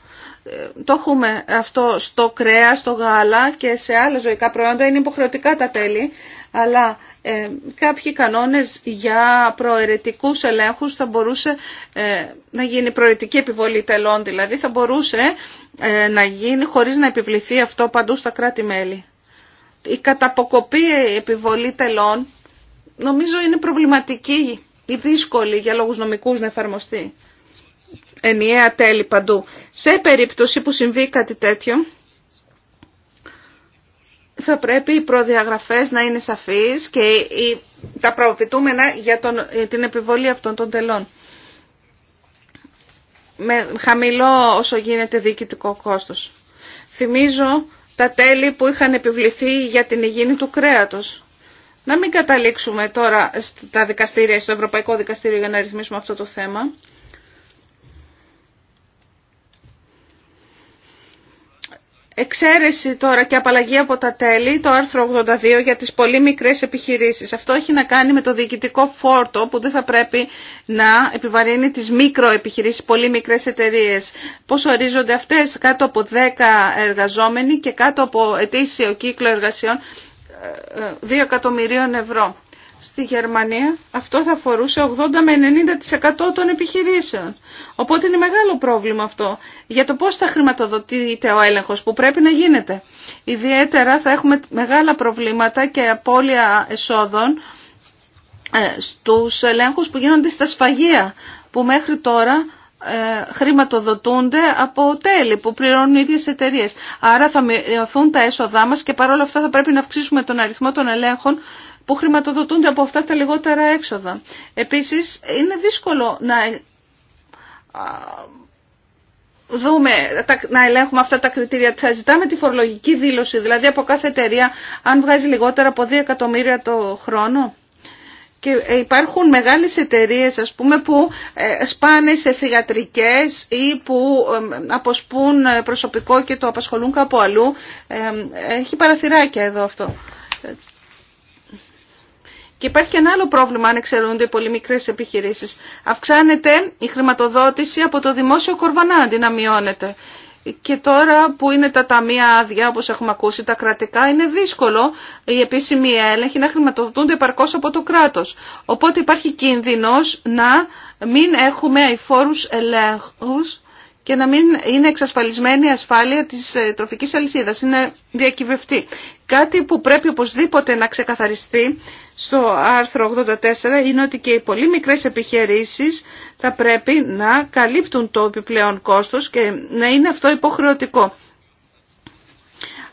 Ε, το έχουμε αυτό στο κρέα, στο γάλα και σε άλλα ζωικά προϊόντα, είναι υποχρεωτικά τα τέλη, αλλά ε, κάποιοι κανόνες για προαιρετικούς ελέγχους θα μπορούσε ε, να γίνει προαιρετική επιβολή τελών, δηλαδή θα μπορούσε ε, να γίνει χωρίς να επιβληθεί αυτό παντού στα κράτη-μέλη. Η καταποκοπή επιβολή τελών νομίζω είναι προβληματική ή δύσκολη για λόγους νομικούς να εφαρμοστεί ενιαία τέλη παντού. Σε περίπτωση που συμβεί κάτι τέτοιο, θα πρέπει οι προδιαγραφές να είναι σαφείς και τα προοπιτούμενα για τον, την επιβολή αυτών των τελών. Με χαμηλό όσο γίνεται διοικητικό κόστος. Θυμίζω τα τέλη που είχαν επιβληθεί για την υγιεινή του κρέατος. Να μην καταλήξουμε τώρα στα δικαστήρια, στο Ευρωπαϊκό Δικαστήριο για να ρυθμίσουμε αυτό το θέμα. εξαίρεση τώρα και απαλλαγή από τα τέλη, το άρθρο 82 για τις πολύ μικρές επιχειρήσεις. Αυτό έχει να κάνει με το διοικητικό φόρτο που δεν θα πρέπει να επιβαρύνει τις μικροεπιχειρήσεις, πολύ μικρές εταιρείες. Πώς ορίζονται αυτές, κάτω από 10 εργαζόμενοι και κάτω από ετήσιο κύκλο εργασιών 2 ε, ε, εκατομμυρίων ευρώ στη Γερμανία αυτό θα αφορούσε 80 με 90% των επιχειρήσεων. Οπότε είναι μεγάλο πρόβλημα αυτό για το πώς θα χρηματοδοτείται ο έλεγχος που πρέπει να γίνεται. Ιδιαίτερα θα έχουμε μεγάλα προβλήματα και απώλεια εσόδων ε, στους ελέγχους που γίνονται στα σφαγεία που μέχρι τώρα ε, χρηματοδοτούνται από τέλη που πληρώνουν οι ίδιες εταιρείες. Άρα θα μειωθούν τα έσοδά μας και παρόλα αυτά θα πρέπει να αυξήσουμε τον αριθμό των ελέγχων που χρηματοδοτούνται από αυτά τα λιγότερα έξοδα. Επίσης, είναι δύσκολο να δούμε, να ελέγχουμε αυτά τα κριτήρια. Θα ζητάμε τη φορολογική δήλωση, δηλαδή από κάθε εταιρεία, αν βγάζει λιγότερα από 2 εκατομμύρια το χρόνο. Και ε, υπάρχουν μεγάλες εταιρείες, ας πούμε, που ε, σπάνε σε θηγατρικές ή που ε, αποσπούν προσωπικό και το απασχολούν κάπου αλλού. Έχει παραθυράκια εδώ αυτό. Και υπάρχει και ένα άλλο πρόβλημα αν εξαιρούνται οι πολύ μικρέ επιχειρήσει. Αυξάνεται η χρηματοδότηση από το δημόσιο κορβανά αντί να μειώνεται. Και τώρα που είναι τα ταμεία άδεια, όπως έχουμε ακούσει, τα κρατικά, είναι δύσκολο η επίσημη έλεγχη να χρηματοδοτούνται επαρκώς από το κράτος. Οπότε υπάρχει κίνδυνος να μην έχουμε αηφόρους ελέγχους και να μην είναι εξασφαλισμένη η ασφάλεια της ε, τροφικής αλυσίδας. Είναι διακυβευτή. Κάτι που πρέπει οπωσδήποτε να ξεκαθαριστεί στο άρθρο 84 είναι ότι και οι πολύ μικρές επιχειρήσεις θα πρέπει να καλύπτουν το επιπλέον κόστος και να είναι αυτό υποχρεωτικό.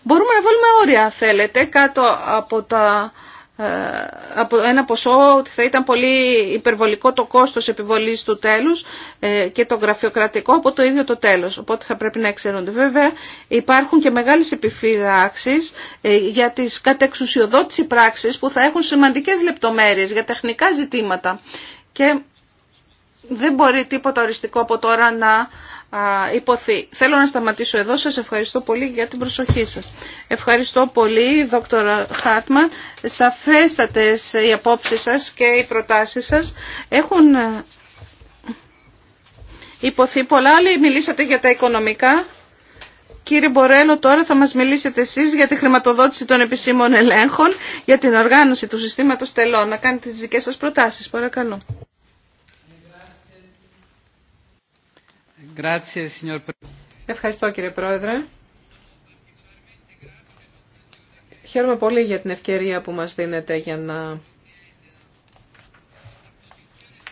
Μπορούμε να βάλουμε όρια, αν θέλετε, κάτω από τα ε, από ένα ποσό ότι θα ήταν πολύ υπερβολικό το κόστος επιβολής του τέλους ε, και το γραφειοκρατικό από το ίδιο το τέλος. Οπότε θα πρέπει να εξαιρούνται. Βέβαια υπάρχουν και μεγάλες επιφυράξεις ε, για τις κατεξουσιοδότηση πράξεις που θα έχουν σημαντικές λεπτομέρειες για τεχνικά ζητήματα. Και δεν μπορεί τίποτα οριστικό από τώρα να υποθεί. Θέλω να σταματήσω εδώ. Σας ευχαριστώ πολύ για την προσοχή σας. Ευχαριστώ πολύ, δόκτωρα Χάρτμαν. Σαφέστατες οι απόψεις σας και οι προτάσεις σας. Έχουν ε, υποθεί πολλά. Άλλοι μιλήσατε για τα οικονομικά. Κύριε Μπορέλο, τώρα θα μας μιλήσετε εσείς για τη χρηματοδότηση των επισήμων ελέγχων, για την οργάνωση του συστήματος τελών. Να κάνετε τις δικές σας προτάσεις, παρακαλώ. Ευχαριστώ κύριε Πρόεδρε. Χαίρομαι πολύ για την ευκαιρία που μας δίνετε για να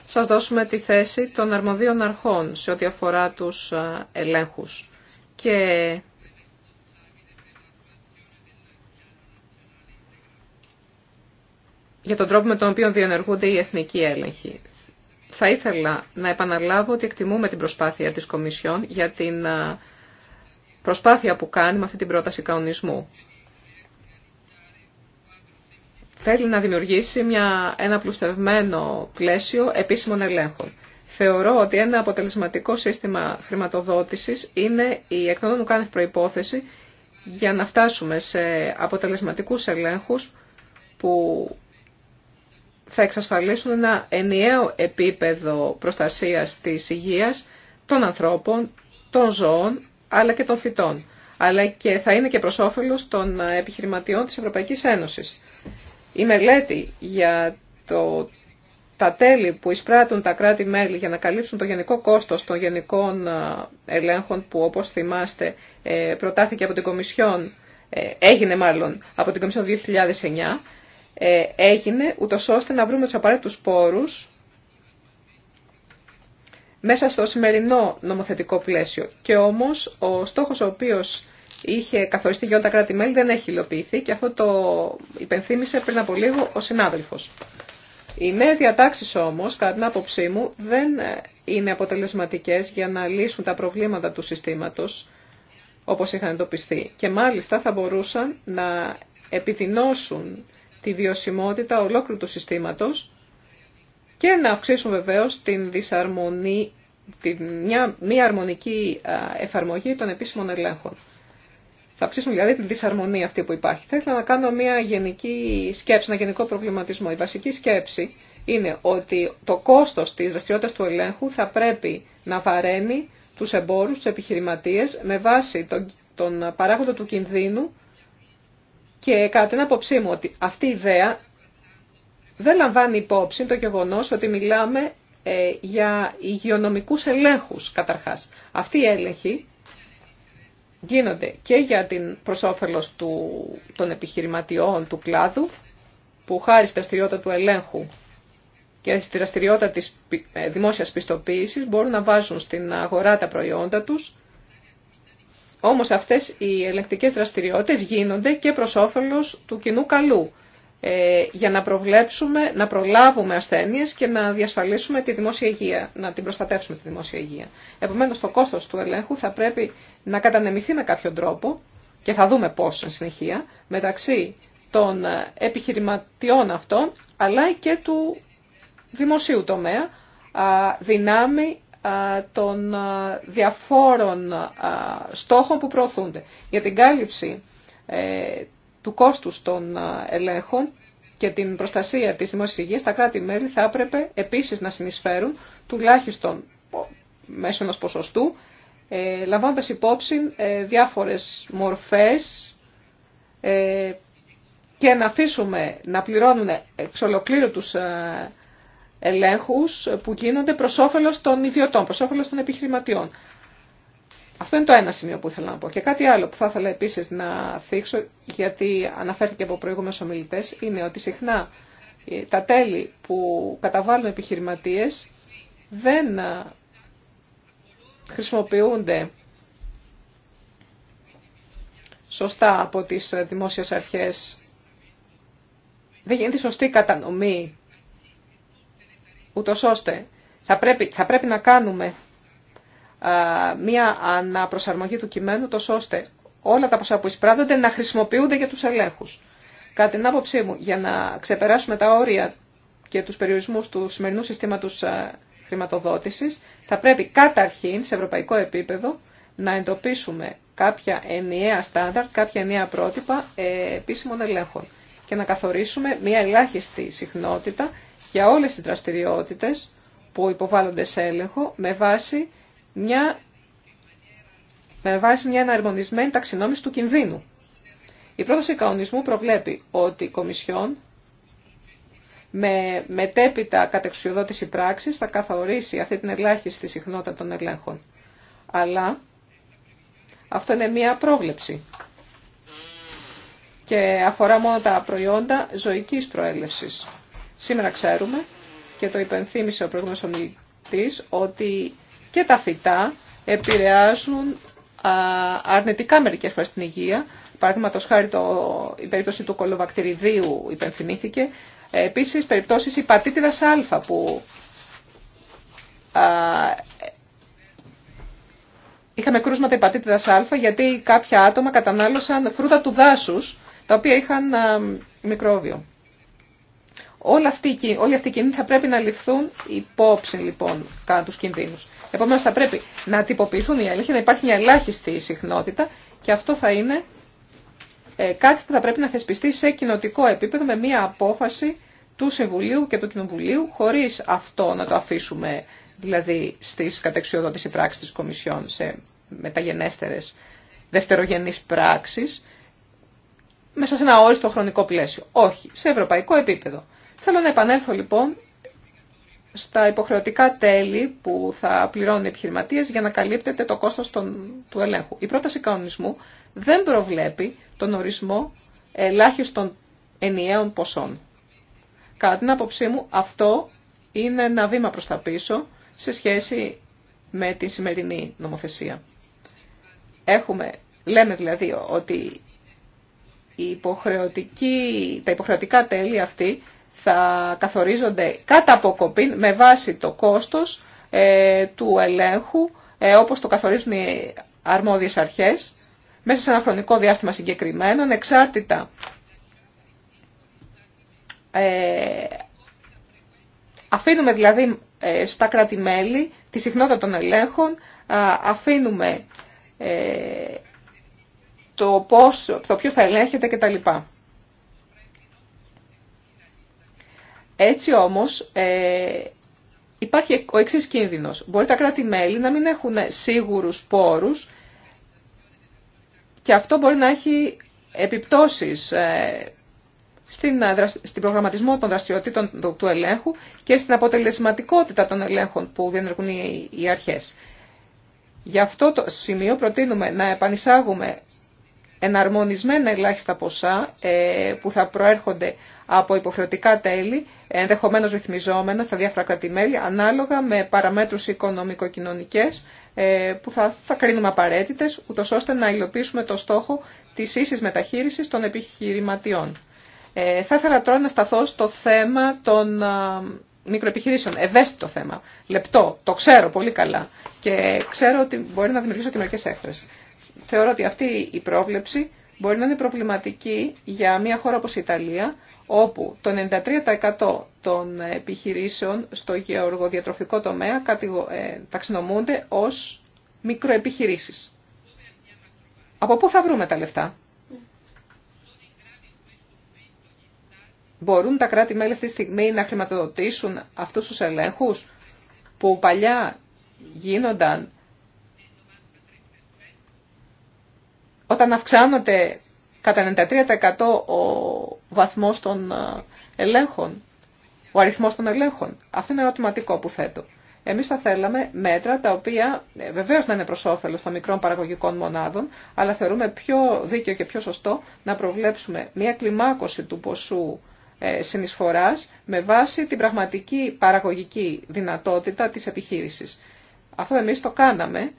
σας δώσουμε τη θέση των αρμοδίων αρχών σε ό,τι αφορά τους ελέγχους και για τον τρόπο με τον οποίο διενεργούνται οι εθνικοί έλεγχοι. Θα ήθελα να επαναλάβω ότι εκτιμούμε την προσπάθεια της Κομισιόν για την προσπάθεια που κάνει με αυτή την πρόταση κανονισμού. Θέλει να δημιουργήσει μια, ένα πλουστευμένο πλαίσιο επίσημων ελέγχων. Θεωρώ ότι ένα αποτελεσματικό σύστημα χρηματοδότησης είναι η εκ κάνευ προϋπόθεση για να φτάσουμε σε αποτελεσματικούς ελέγχους που θα εξασφαλίσουν ένα ενιαίο επίπεδο προστασίας της υγείας των ανθρώπων, των ζώων, αλλά και των φυτών. Αλλά και θα είναι και προς όφελος των επιχειρηματιών της Ευρωπαϊκής Ένωσης. Η μελέτη για το, τα τέλη που εισπράττουν τα κράτη-μέλη για να καλύψουν το γενικό κόστος των γενικών ελέγχων που όπως θυμάστε ε, προτάθηκε από την Κομισιόν, ε, έγινε μάλλον από την Κομισιόν 2009, ε, έγινε ούτως ώστε να βρούμε τους απαραίτητους πόρους μέσα στο σημερινό νομοθετικό πλαίσιο. Και όμως ο στόχος ο οποίος είχε καθοριστεί για όλα τα κράτη-μέλη δεν έχει υλοποιηθεί και αυτό το υπενθύμησε πριν από λίγο ο συνάδελφος. Οι νέε διατάξεις όμως, κατά την άποψή μου, δεν είναι αποτελεσματικές για να λύσουν τα προβλήματα του συστήματος όπως είχαν εντοπιστεί. Και μάλιστα θα μπορούσαν να επιδεινώσουν τη βιωσιμότητα ολόκληρου του συστήματος και να αυξήσουν βεβαίως την δυσαρμονή, μια, αρμονική εφαρμογή των επίσημων ελέγχων. Θα αυξήσουν δηλαδή τη δυσαρμονία αυτή που υπάρχει. Θα ήθελα να κάνω μια γενική σκέψη, ένα γενικό προβληματισμό. Η βασική σκέψη είναι ότι το κόστος της δραστηριότητα του ελέγχου θα πρέπει να βαραίνει τους εμπόρους, τους επιχειρηματίες με βάση τον, τον παράγοντα του κινδύνου και κατά την άποψή μου ότι αυτή η ιδέα δεν λαμβάνει υπόψη το γεγονός ότι μιλάμε ε, για υγειονομικούς ελέγχους καταρχάς. Αυτοί οι έλεγχοι γίνονται και για την προσόφελος του, των επιχειρηματιών του κλάδου, που χάρη στη δραστηριότητα του ελέγχου και στη δραστηριότητα της ε, δημόσιας πιστοποίησης μπορούν να βάζουν στην αγορά τα προϊόντα τους όμως αυτές οι ελεγκτικές δραστηριότητες γίνονται και προς όφελος του κοινού καλού ε, για να προβλέψουμε, να προλάβουμε ασθένειες και να διασφαλίσουμε τη δημόσια υγεία, να την προστατεύσουμε τη δημόσια υγεία. Επομένως το κόστος του ελέγχου θα πρέπει να κατανεμηθεί με κάποιον τρόπο και θα δούμε πώς στην συνεχεία μεταξύ των επιχειρηματιών αυτών αλλά και του δημοσίου τομέα δυνάμει των διαφόρων στόχων που προωθούνται. Για την κάλυψη ε, του κόστους των ελέγχων και την προστασία της δημόσιας υγείας, τα κράτη-μέλη θα έπρεπε επίσης να συνεισφέρουν τουλάχιστον μέσω ενός ποσοστού, ε, λαμβάνοντας υπόψη ε, διάφορες μορφές και να αφήσουμε να πληρώνουν εξ ολοκλήρου τους ελέγχους που γίνονται προς όφελος των ιδιωτών, προς όφελος των επιχειρηματιών. Αυτό είναι το ένα σημείο που ήθελα να πω. Και κάτι άλλο που θα ήθελα επίσης να θίξω, γιατί αναφέρθηκε από προηγούμενους ομιλητές, είναι ότι συχνά ε, τα τέλη που καταβάλουν επιχειρηματίες δεν ε, χρησιμοποιούνται σωστά από τις ε, δημόσιες αρχές. Δεν γίνεται σωστή κατανομή ούτως ώστε θα πρέπει, θα πρέπει να κάνουμε μία αναπροσαρμογή του κειμένου, τόσο ώστε όλα τα ποσά που εισπράττονται να χρησιμοποιούνται για τους ελέγχους. Κατά την άποψή μου, για να ξεπεράσουμε τα όρια και τους περιορισμούς του σημερινού συστήματος α, χρηματοδότησης, θα πρέπει καταρχήν σε ευρωπαϊκό επίπεδο να εντοπίσουμε κάποια ενιαία στάνταρ, κάποια ενιαία πρότυπα ε, επίσημων ελέγχων και να καθορίσουμε μία ελάχιστη συχνότητα για όλες τις δραστηριότητες που υποβάλλονται σε έλεγχο με βάση μια, με βάση μια εναρμονισμένη ταξινόμηση του κινδύνου. Η πρόταση κανονισμού προβλέπει ότι η Κομισιόν με μετέπειτα κατεξουδότηση πράξης θα καθορίσει αυτή την ελάχιστη συχνότητα των ελέγχων. Αλλά αυτό είναι μία πρόβλεψη και αφορά μόνο τα προϊόντα ζωικής προέλευσης. Σήμερα ξέρουμε και το υπενθύμισε ο προηγούμενος ομιλητής ότι και τα φυτά επηρεάζουν αρνητικά μερικές φορές την υγεία. Παραδείγματος χάρη το, η περίπτωση του κολοβακτηριδίου υπενθυμήθηκε. Ε, επίσης περιπτώσεις υπατήτηδας α που α, είχαμε κρούσματα υπατήτηδας α γιατί κάποια άτομα κατανάλωσαν φρούτα του δάσους τα οποία είχαν μικρόβιο. Όλα αυτοί, όλοι αυτοί οι κινδύνοι θα πρέπει να ληφθούν υπόψη λοιπόν κατά τους κινδύνους. Επομένως θα πρέπει να τυποποιηθούν η έλεγχοι, να υπάρχει μια ελάχιστη συχνότητα και αυτό θα είναι ε, κάτι που θα πρέπει να θεσπιστεί σε κοινοτικό επίπεδο με μια απόφαση του Συμβουλίου και του Κοινοβουλίου χωρίς αυτό να το αφήσουμε δηλαδή στις κατεξιοδότηση πράξεις της Κομισιόν σε μεταγενέστερες δευτερογενείς πράξεις μέσα σε ένα όριστο χρονικό πλαίσιο. Όχι, σε ευρωπαϊκό επίπεδο. Θέλω να επανέλθω λοιπόν στα υποχρεωτικά τέλη που θα πληρώνουν οι επιχειρηματίε για να καλύπτεται το κόστο του ελέγχου. Η πρόταση κανονισμού δεν προβλέπει τον ορισμό ελάχιστων ενιαίων ποσών. Κατά την άποψή μου, αυτό είναι ένα βήμα προς τα πίσω σε σχέση με τη σημερινή νομοθεσία. Έχουμε, λέμε δηλαδή ότι τα υποχρεωτικά τέλη αυτή θα καθορίζονται κατά αποκοπή με βάση το κόστος ε, του ελέγχου, ε, όπως το καθορίζουν οι αρμόδιες αρχές, μέσα σε ένα χρονικό διάστημα συγκεκριμένο, εξάρτητα ε, αφήνουμε δηλαδή ε, στα κράτη-μέλη τη συχνότητα των ελέγχων, αφήνουμε το, πώς, το ποιος θα ελέγχεται κτλ. Έτσι όμως ε, υπάρχει ο εξής κίνδυνος. Μπορεί τα κράτη-μέλη να μην έχουν σίγουρους πόρους και αυτό μπορεί να έχει επιπτώσεις ε, στην, ε, στην προγραμματισμό των δραστηριοτήτων του ελέγχου και στην αποτελεσματικότητα των ελέγχων που διενεργούν οι αρχές. Γι' αυτό το σημείο προτείνουμε να επανεισάγουμε εναρμονισμένα ελάχιστα ποσά ε, που θα προέρχονται από υποχρεωτικά τέλη, ενδεχομένως ρυθμιζόμενα στα διάφορα κρατημέλη, ανάλογα με παραμέτρους οικονομικοκοινωνικές ε, που θα, θα κρίνουμε απαραίτητε, ούτω ώστε να υλοποιήσουμε το στόχο της ίσης μεταχείρισης των επιχειρηματιών. Ε, θα ήθελα τώρα να σταθώ στο θέμα των μικροεπιχειρήσεων, ευαίσθητο θέμα, λεπτό, το ξέρω πολύ καλά και ξέρω ότι μπορεί να δημιουργήσω και μερικές έκφρασεις θεωρώ ότι αυτή η πρόβλεψη μπορεί να είναι προβληματική για μια χώρα όπως η Ιταλία, όπου το 93% των επιχειρήσεων στο γεωργοδιατροφικό τομέα ε, ταξινομούνται ως μικροεπιχειρήσεις. Από πού θα βρούμε τα λεφτά? Μπορούν τα κράτη-μέλη αυτή τη στιγμή να χρηματοδοτήσουν αυτούς τους ελέγχους που παλιά γίνονταν όταν αυξάνονται κατά 93% ο βαθμός των ε, ελέγχων, ο αριθμός των ελέγχων. Αυτό είναι ερωτηματικό που θέτω. Εμείς θα θέλαμε μέτρα τα οποία ε, βεβαίως να είναι προς όφελος των μικρών παραγωγικών μονάδων, αλλά θεωρούμε πιο δίκαιο και πιο σωστό να προβλέψουμε μια κλιμάκωση του ποσού ε, συνεισφοράς με βάση την πραγματική παραγωγική δυνατότητα της επιχείρησης. Αυτό εμείς το κάναμε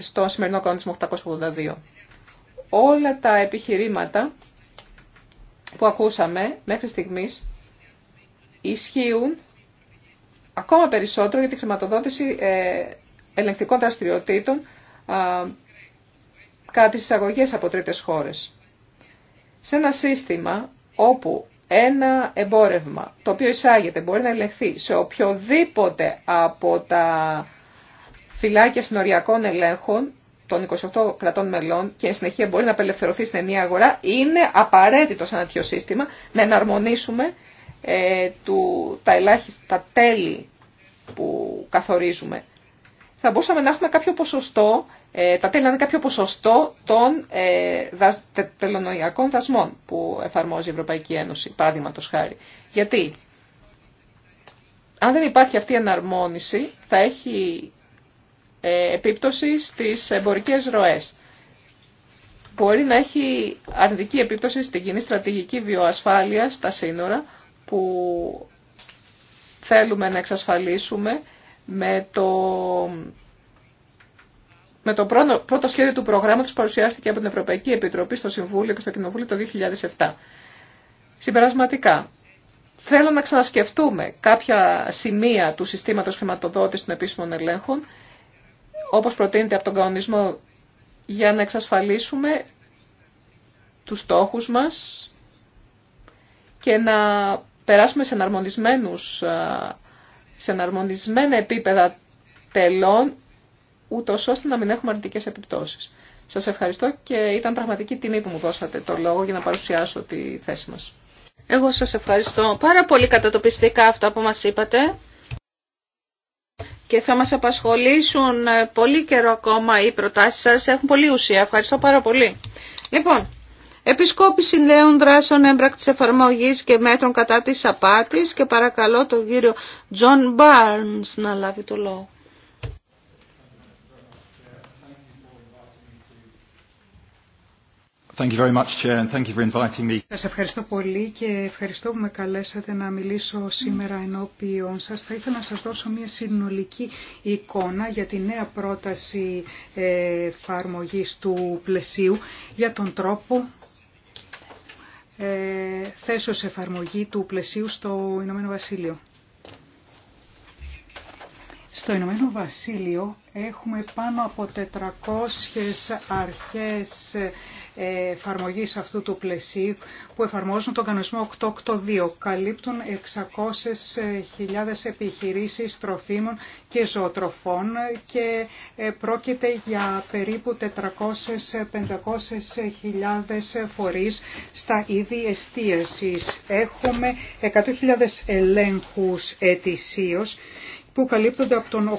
στο σημερινό κανονισμό 882. Όλα τα επιχειρήματα που ακούσαμε μέχρι στιγμής ισχύουν ακόμα περισσότερο για τη χρηματοδότηση ε, ελεγκτικών δραστηριοτήτων κατά τις εισαγωγές από τρίτες χώρες. Σε ένα σύστημα όπου ένα εμπόρευμα το οποίο εισάγεται μπορεί να ελεγχθεί σε οποιοδήποτε από τα φυλάκια συνοριακών ελέγχων των 28 κρατών μελών και η συνεχεία μπορεί να απελευθερωθεί στην ενία αγορά, είναι απαραίτητο σαν τέτοιο σύστημα να εναρμονίσουμε ε, του, τα ελάχιστα τέλη που καθορίζουμε. Θα μπορούσαμε να έχουμε κάποιο ποσοστό, ε, τα τέλη να είναι κάποιο ποσοστό των ε, δασ, δασμών που εφαρμόζει η Ευρωπαϊκή Ένωση, το χάρη. Γιατί αν δεν υπάρχει αυτή η εναρμόνιση, θα έχει ε, επίπτωση στις εμπορικές ροές. Μπορεί να έχει αρνητική επίπτωση στην κοινή στρατηγική βιοασφάλεια στα σύνορα που θέλουμε να εξασφαλίσουμε με το, πρώτο, σχέδιο του προγράμματος παρουσιάστηκε από την Ευρωπαϊκή Επιτροπή στο Συμβούλιο και στο Κοινοβούλιο το 2007. Συμπερασματικά, θέλω να ξανασκεφτούμε κάποια σημεία του συστήματος χρηματοδότησης των επίσημων ελέγχων όπως προτείνεται από τον κανονισμό, για να εξασφαλίσουμε τους στόχους μας και να περάσουμε σε, εναρμονισμένους, σε εναρμονισμένα επίπεδα τελών, ούτω ώστε να μην έχουμε αρνητικές επιπτώσεις. Σας ευχαριστώ και ήταν πραγματική τιμή που μου δώσατε το λόγο για να παρουσιάσω τη θέση μας. Εγώ σας ευχαριστώ. Πάρα πολύ κατατοπιστικά αυτά που μας είπατε και θα μας απασχολήσουν ε, πολύ καιρό ακόμα οι προτάσεις σας. Έχουν πολύ ουσία. Ευχαριστώ πάρα πολύ. Λοιπόν, επισκόπηση νέων δράσεων έμπρακτης εφαρμογής και μέτρων κατά της απάτης και παρακαλώ τον κύριο Τζον Μπάρνς να λάβει το λόγο. Thank you very much, Chair, and thank you for inviting me. Σας ευχαριστώ πολύ και ευχαριστώ που με καλέσατε να μιλήσω σήμερα ενώπιον σας. Θα ήθελα να σας δώσω μια συνολική εικόνα για τη νέα πρόταση ε, εφαρμογή του πλαισίου για τον τρόπο ε, θέσεως εφαρμογή του πλαισίου στο Ηνωμένο Βασίλειο. Στο Ηνωμένο Βασίλειο έχουμε πάνω από 400 αρχές εφαρμογή αυτού του πλαισίου που εφαρμόζουν τον κανονισμό 882. Καλύπτουν 600.000 επιχειρήσεις τροφίμων και ζωοτροφών και ε, πρόκειται για περίπου 400-500.000 φορείς στα είδη εστίασης. Έχουμε 100.000 ελέγχους ετησίως που καλύπτονται από τον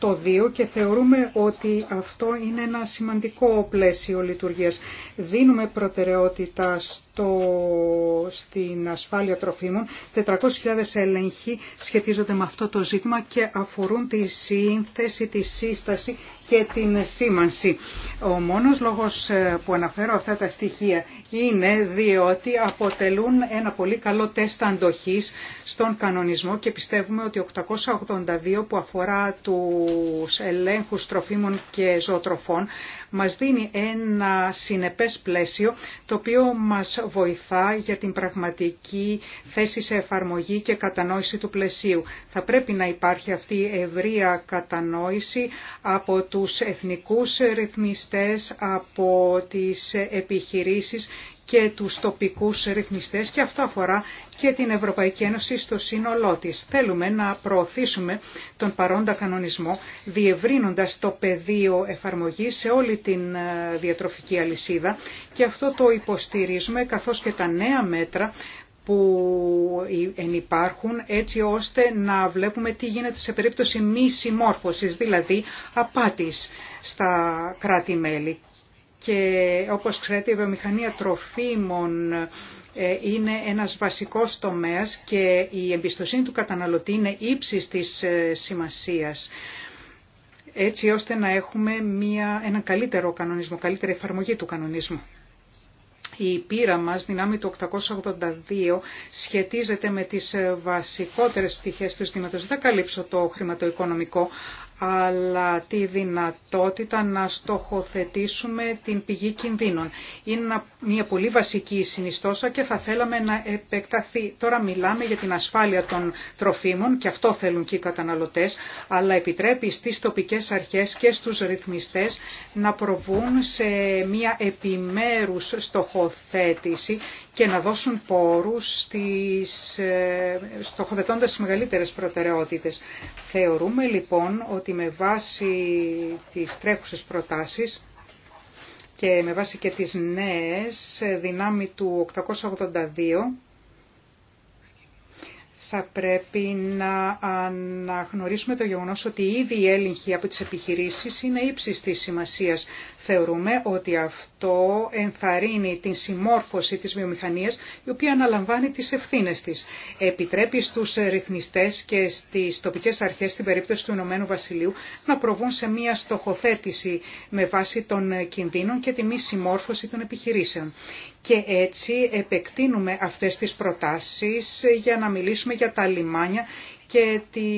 882 και θεωρούμε ότι αυτό είναι ένα σημαντικό πλαίσιο λειτουργίας. Δίνουμε προτεραιότητα το, στην ασφάλεια τροφίμων. 400.000 έλεγχοι σχετίζονται με αυτό το ζήτημα και αφορούν τη σύνθεση, τη σύσταση και την σήμανση. Ο μόνος λόγος ε, που αναφέρω αυτά τα στοιχεία είναι διότι αποτελούν ένα πολύ καλό τεστ αντοχής στον κανονισμό και πιστεύουμε ότι 882 που αφορά τους ελέγχους τροφίμων και ζωοτροφών μας δίνει ένα συνεπές πλαίσιο το οποίο μας βοηθά για την πραγματική θέση σε εφαρμογή και κατανόηση του πλαισίου. Θα πρέπει να υπάρχει αυτή η ευρεία κατανόηση από τους εθνικούς ρυθμιστές, από τις επιχειρήσεις και τους τοπικούς ρυθμιστές και αυτό αφορά και την Ευρωπαϊκή Ένωση στο σύνολό της. Θέλουμε να προωθήσουμε τον παρόντα κανονισμό διευρύνοντας το πεδίο εφαρμογής σε όλη την ε, διατροφική αλυσίδα και αυτό το υποστηρίζουμε καθώς και τα νέα μέτρα που ενυπάρχουν έτσι ώστε να βλέπουμε τι γίνεται σε περίπτωση μη συμμόρφωσης, δηλαδή απάτης στα κράτη-μέλη και όπως ξέρετε η βιομηχανία τροφίμων ε, είναι ένας βασικός τομέας και η εμπιστοσύνη του καταναλωτή είναι ύψης της ε, σημασίας έτσι ώστε να έχουμε μια, έναν καλύτερο κανονισμό, καλύτερη εφαρμογή του κανονισμού. Η πείρα μας, δυνάμει του 882, σχετίζεται με τις ε, βασικότερες πτυχές του συστήματος. Δεν θα καλύψω το χρηματοοικονομικό, αλλά τη δυνατότητα να στοχοθετήσουμε την πηγή κινδύνων. Είναι μια πολύ βασική συνιστόσα και θα θέλαμε να επεκταθεί. Τώρα μιλάμε για την ασφάλεια των τροφίμων και αυτό θέλουν και οι καταναλωτές, αλλά επιτρέπει στις τοπικές αρχές και στους ρυθμιστές να προβούν σε μια επιμέρους στοχοθέτηση και να δώσουν πόρους στις, ε, στοχοδετώντας μεγαλύτερες προτεραιότητες. Θεωρούμε λοιπόν ότι με βάση τις τρέχουσες προτάσεις και με βάση και τις νέες ε, δυνάμει του 882 θα πρέπει να αναγνωρίσουμε το γεγονός ότι ήδη η έλεγχη από τις επιχειρήσεις είναι ύψης της σημασίας. Θεωρούμε ότι αυτό ενθαρρύνει την συμμόρφωση της βιομηχανίας η οποία αναλαμβάνει τις ευθύνες της. Επιτρέπει στους ρυθμιστές και στις τοπικές αρχές στην περίπτωση του Ηνωμένου Βασιλείου να προβούν σε μια στοχοθέτηση με βάση των κινδύνων και τη μη συμμόρφωση των επιχειρήσεων και έτσι επεκτείνουμε αυτές τις προτάσεις για να μιλήσουμε για τα λιμάνια και τη,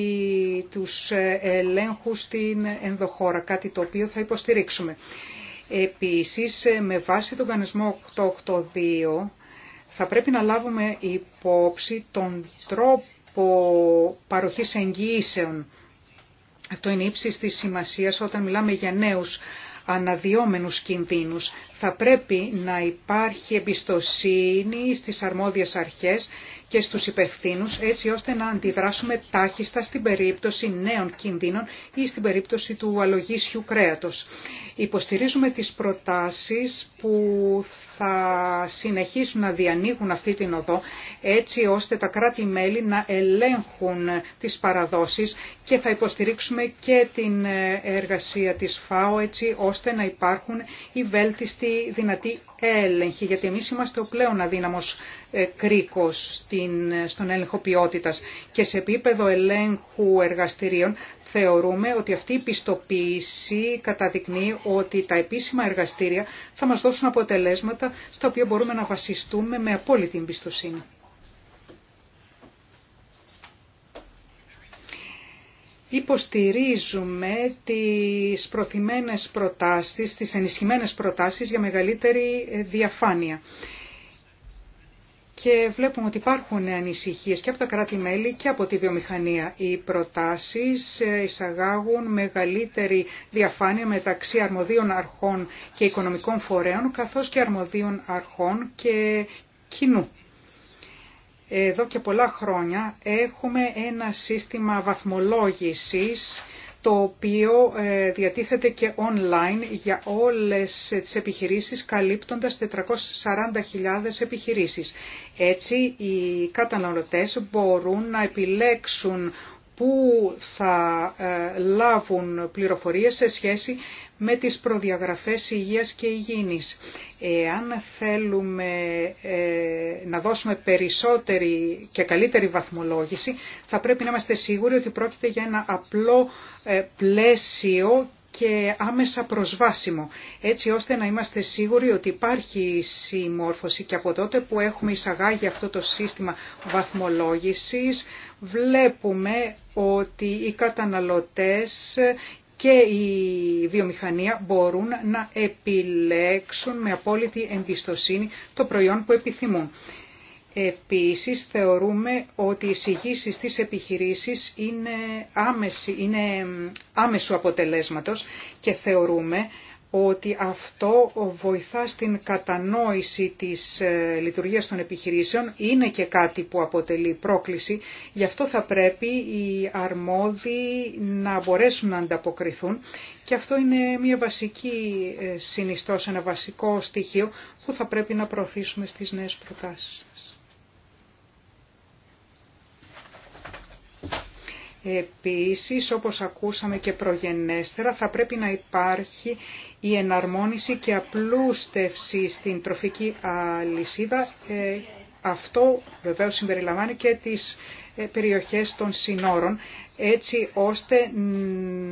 τους ελέγχους στην ενδοχώρα, κάτι το οποίο θα υποστηρίξουμε. Επίσης, με βάση τον κανονισμό 882, θα πρέπει να λάβουμε υπόψη τον τρόπο παροχής εγγυήσεων. Αυτό είναι ύψης της σημασίας όταν μιλάμε για νέους αναδιόμενους κινδύνους. Θα πρέπει να υπάρχει εμπιστοσύνη στις αρμόδιες αρχές και στους υπευθύνους έτσι ώστε να αντιδράσουμε τάχιστα στην περίπτωση νέων κινδύνων ή στην περίπτωση του αλογίσιου κρέατος. Υποστηρίζουμε τις προτάσεις που θα συνεχίσουν να διανοίγουν αυτή την οδό έτσι ώστε τα κράτη-μέλη να ελέγχουν τις παραδόσεις και θα υποστηρίξουμε και την εργασία της ΦΑΟ έτσι ώστε να υπάρχουν οι βέλτιστοι δυνατοί Έλεγχη, γιατί εμείς είμαστε ο πλέον αδύναμος ε, κρίκος στην, στον έλεγχο ποιότητας και σε επίπεδο ελέγχου εργαστηρίων θεωρούμε ότι αυτή η πιστοποίηση καταδεικνύει ότι τα επίσημα εργαστήρια θα μας δώσουν αποτελέσματα στα οποία μπορούμε να βασιστούμε με απόλυτη εμπιστοσύνη. υποστηρίζουμε τις προθυμένες προτάσεις, τις ενισχυμένες προτάσεις για μεγαλύτερη ε, διαφάνεια. Και βλέπουμε ότι υπάρχουν ανησυχίες και από τα κράτη-μέλη και από τη βιομηχανία. Οι προτάσεις ε, εισαγάγουν μεγαλύτερη διαφάνεια μεταξύ αρμοδίων αρχών και οικονομικών φορέων, καθώς και αρμοδίων αρχών και κοινού εδώ και πολλά χρόνια έχουμε ένα σύστημα βαθμολόγησης το οποίο ε, διατίθεται και online για όλες τις επιχειρήσεις καλύπτοντας 440.000 επιχειρήσεις. Έτσι οι καταναλωτές μπορούν να επιλέξουν που θα ε, λάβουν πληροφορίες σε σχέση με τις προδιαγραφές υγείας και υγιεινής. Εάν θέλουμε ε, να δώσουμε περισσότερη και καλύτερη βαθμολόγηση, θα πρέπει να είμαστε σίγουροι ότι πρόκειται για ένα απλό ε, πλαίσιο και άμεσα προσβάσιμο, έτσι ώστε να είμαστε σίγουροι ότι υπάρχει συμμόρφωση και από τότε που έχουμε εισαγάγει αυτό το σύστημα βαθμολόγησης βλέπουμε ότι οι καταναλωτές και η βιομηχανία μπορούν να επιλέξουν με απόλυτη εμπιστοσύνη το προϊόν που επιθυμούν. Επίσης θεωρούμε ότι οι εισηγήσεις της επιχειρήσης είναι, άμεση, είναι άμεσου αποτελέσματος και θεωρούμε ότι αυτό βοηθά στην κατανόηση της ε, λειτουργίας των επιχειρήσεων, είναι και κάτι που αποτελεί πρόκληση, γι' αυτό θα πρέπει οι αρμόδιοι να μπορέσουν να ανταποκριθούν και αυτό είναι μια βασική ε, συνιστός, ένα βασικό στοιχείο που θα πρέπει να προωθήσουμε στις νέες προτάσεις Επίσης, όπως ακούσαμε και προγενέστερα, θα πρέπει να υπάρχει η εναρμόνιση και απλούστευση στην τροφική αλυσίδα. Ε, αυτό βεβαίως συμπεριλαμβάνει και τις περιοχές των συνόρων, έτσι ώστε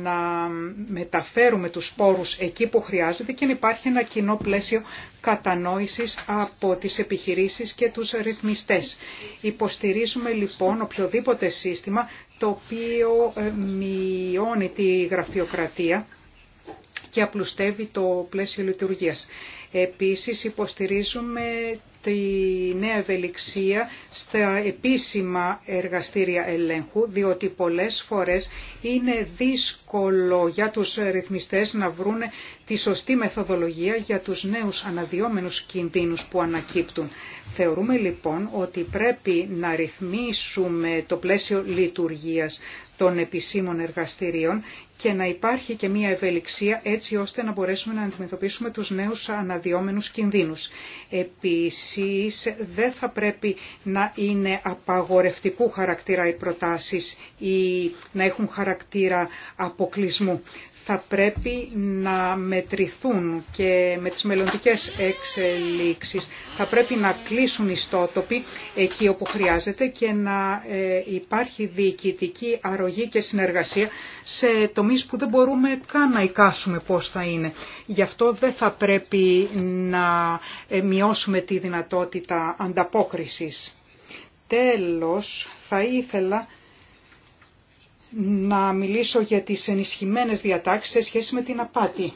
να μεταφέρουμε τους σπόρους εκεί που χρειάζονται και να υπάρχει ένα κοινό πλαίσιο κατανόησης από τις επιχειρήσεις και τους ρυθμιστές. Υποστηρίζουμε λοιπόν οποιοδήποτε σύστημα το οποίο ε, μειώνει τη γραφειοκρατία και απλουστεύει το πλαίσιο λειτουργίας. Επίσης υποστηρίζουμε τη νέα ευελιξία στα επίσημα εργαστήρια ελέγχου, διότι πολλές φορές είναι δύσκολο για τους ρυθμιστές να βρουν τη σωστή μεθοδολογία για τους νέους αναδυόμενους κινδύνους που ανακύπτουν. Θεωρούμε λοιπόν ότι πρέπει να ρυθμίσουμε το πλαίσιο λειτουργίας των επισήμων εργαστηρίων και να υπάρχει και μία ευελιξία έτσι ώστε να μπορέσουμε να αντιμετωπίσουμε τους νέους αναδιόμενους κινδύνους. Επίσης, δεν θα πρέπει να είναι απαγορευτικού χαρακτήρα οι προτάσεις ή να έχουν χαρακτήρα αποκλεισμού θα πρέπει να μετρηθούν και με τις μελλοντικές εξελίξεις. Θα πρέπει να κλείσουν οι στότοποι εκεί όπου χρειάζεται και να ε, υπάρχει διοικητική αρρωγή και συνεργασία σε τομείς που δεν μπορούμε καν να εικάσουμε πώς θα είναι. Γι' αυτό δεν θα πρέπει να ε, μειώσουμε τη δυνατότητα ανταπόκρισης. Τέλος, θα ήθελα να μιλήσω για τις ενισχυμένες διατάξεις σε σχέση με την απάτη.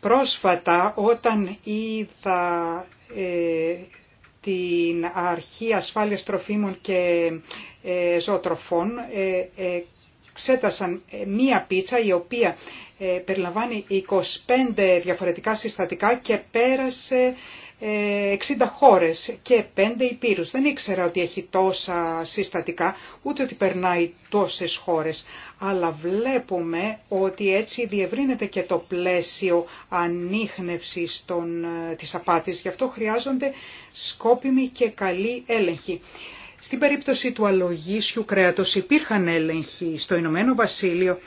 Πρόσφατα όταν είδα ε, την Αρχή Ασφάλειας Τροφίμων και ε, Ζωοτροφών ε, ξέτασαν ε, μία πίτσα η οποία περιλαμβάνει 25 διαφορετικά συστατικά και πέρασε 60 χώρες και 5 υπήρους. Δεν ήξερα ότι έχει τόσα συστατικά, ούτε ότι περνάει τόσες χώρες. Αλλά βλέπουμε ότι έτσι διευρύνεται και το πλαίσιο ανείχνευσης των, ε, της απάτης. Γι' αυτό χρειάζονται σκόπιμη και καλή έλεγχοι. Στην περίπτωση του αλογίσιου κρέατος υπήρχαν έλεγχοι στο Ηνωμένο Βασίλειο.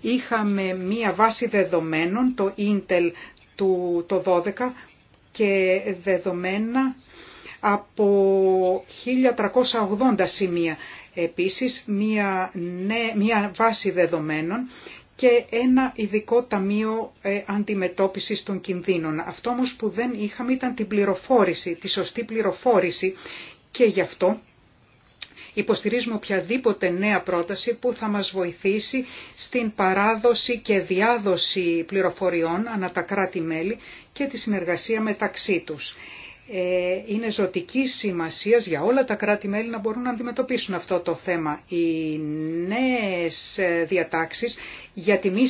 Είχαμε μία βάση δεδομένων, το Intel του το 12 και δεδομένα από 1380 σημεία. Επίσης, μία, μία βάση δεδομένων και ένα ειδικό ταμείο ε, αντιμετώπισης των κινδύνων. Αυτό όμως που δεν είχαμε ήταν την πληροφόρηση, τη σωστή πληροφόρηση και γι' αυτό υποστηρίζουμε οποιαδήποτε νέα πρόταση που θα μας βοηθήσει στην παράδοση και διάδοση πληροφοριών ανά τα κράτη-μέλη και τη συνεργασία μεταξύ τους. Ε, είναι ζωτική σημασίας για όλα τα κράτη-μέλη να μπορούν να αντιμετωπίσουν αυτό το θέμα. Οι νέες ε, διατάξεις για τη μη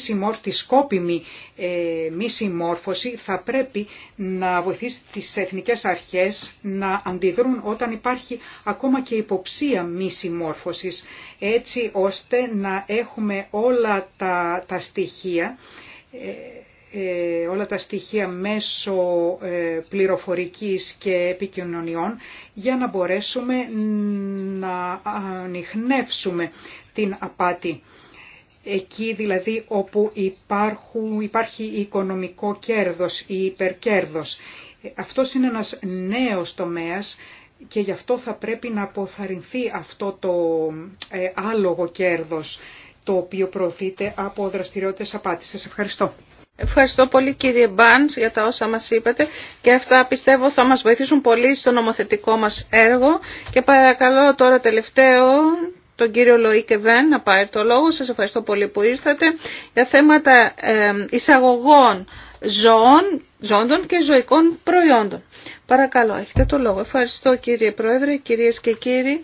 σκόπιμη ε, μη συμμόρφωση θα πρέπει να βοηθήσει τις εθνικές αρχές να αντιδρούν όταν υπάρχει ακόμα και υποψία μη συμμόρφωσης έτσι ώστε να έχουμε όλα τα, τα στοιχεία ε, όλα τα στοιχεία μέσω ε, πληροφορικής και επικοινωνιών για να μπορέσουμε να ανοιχνεύσουμε την απάτη. Εκεί δηλαδή όπου υπάρχουν, υπάρχει οικονομικό κέρδος ή υπερκέρδος. Αυτό είναι ένας νέος τομέας και γι' αυτό θα πρέπει να αποθαρρυνθεί αυτό το ε, άλογο κέρδος το οποίο προωθείται από δραστηριότητες απάτης. Σας ευχαριστώ. Ευχαριστώ πολύ κύριε Μπάνς για τα όσα μας είπατε και αυτά πιστεύω θα μας βοηθήσουν πολύ στο νομοθετικό μας έργο και παρακαλώ τώρα τελευταίο τον κύριο Λοή Κεβέν να πάρει το λόγο. Σας ευχαριστώ πολύ που ήρθατε για θέματα εισαγωγών ζώων, ζώντων και ζωικών προϊόντων. Παρακαλώ, έχετε το λόγο. Ευχαριστώ κύριε Πρόεδρε, κυρίες και κύριοι.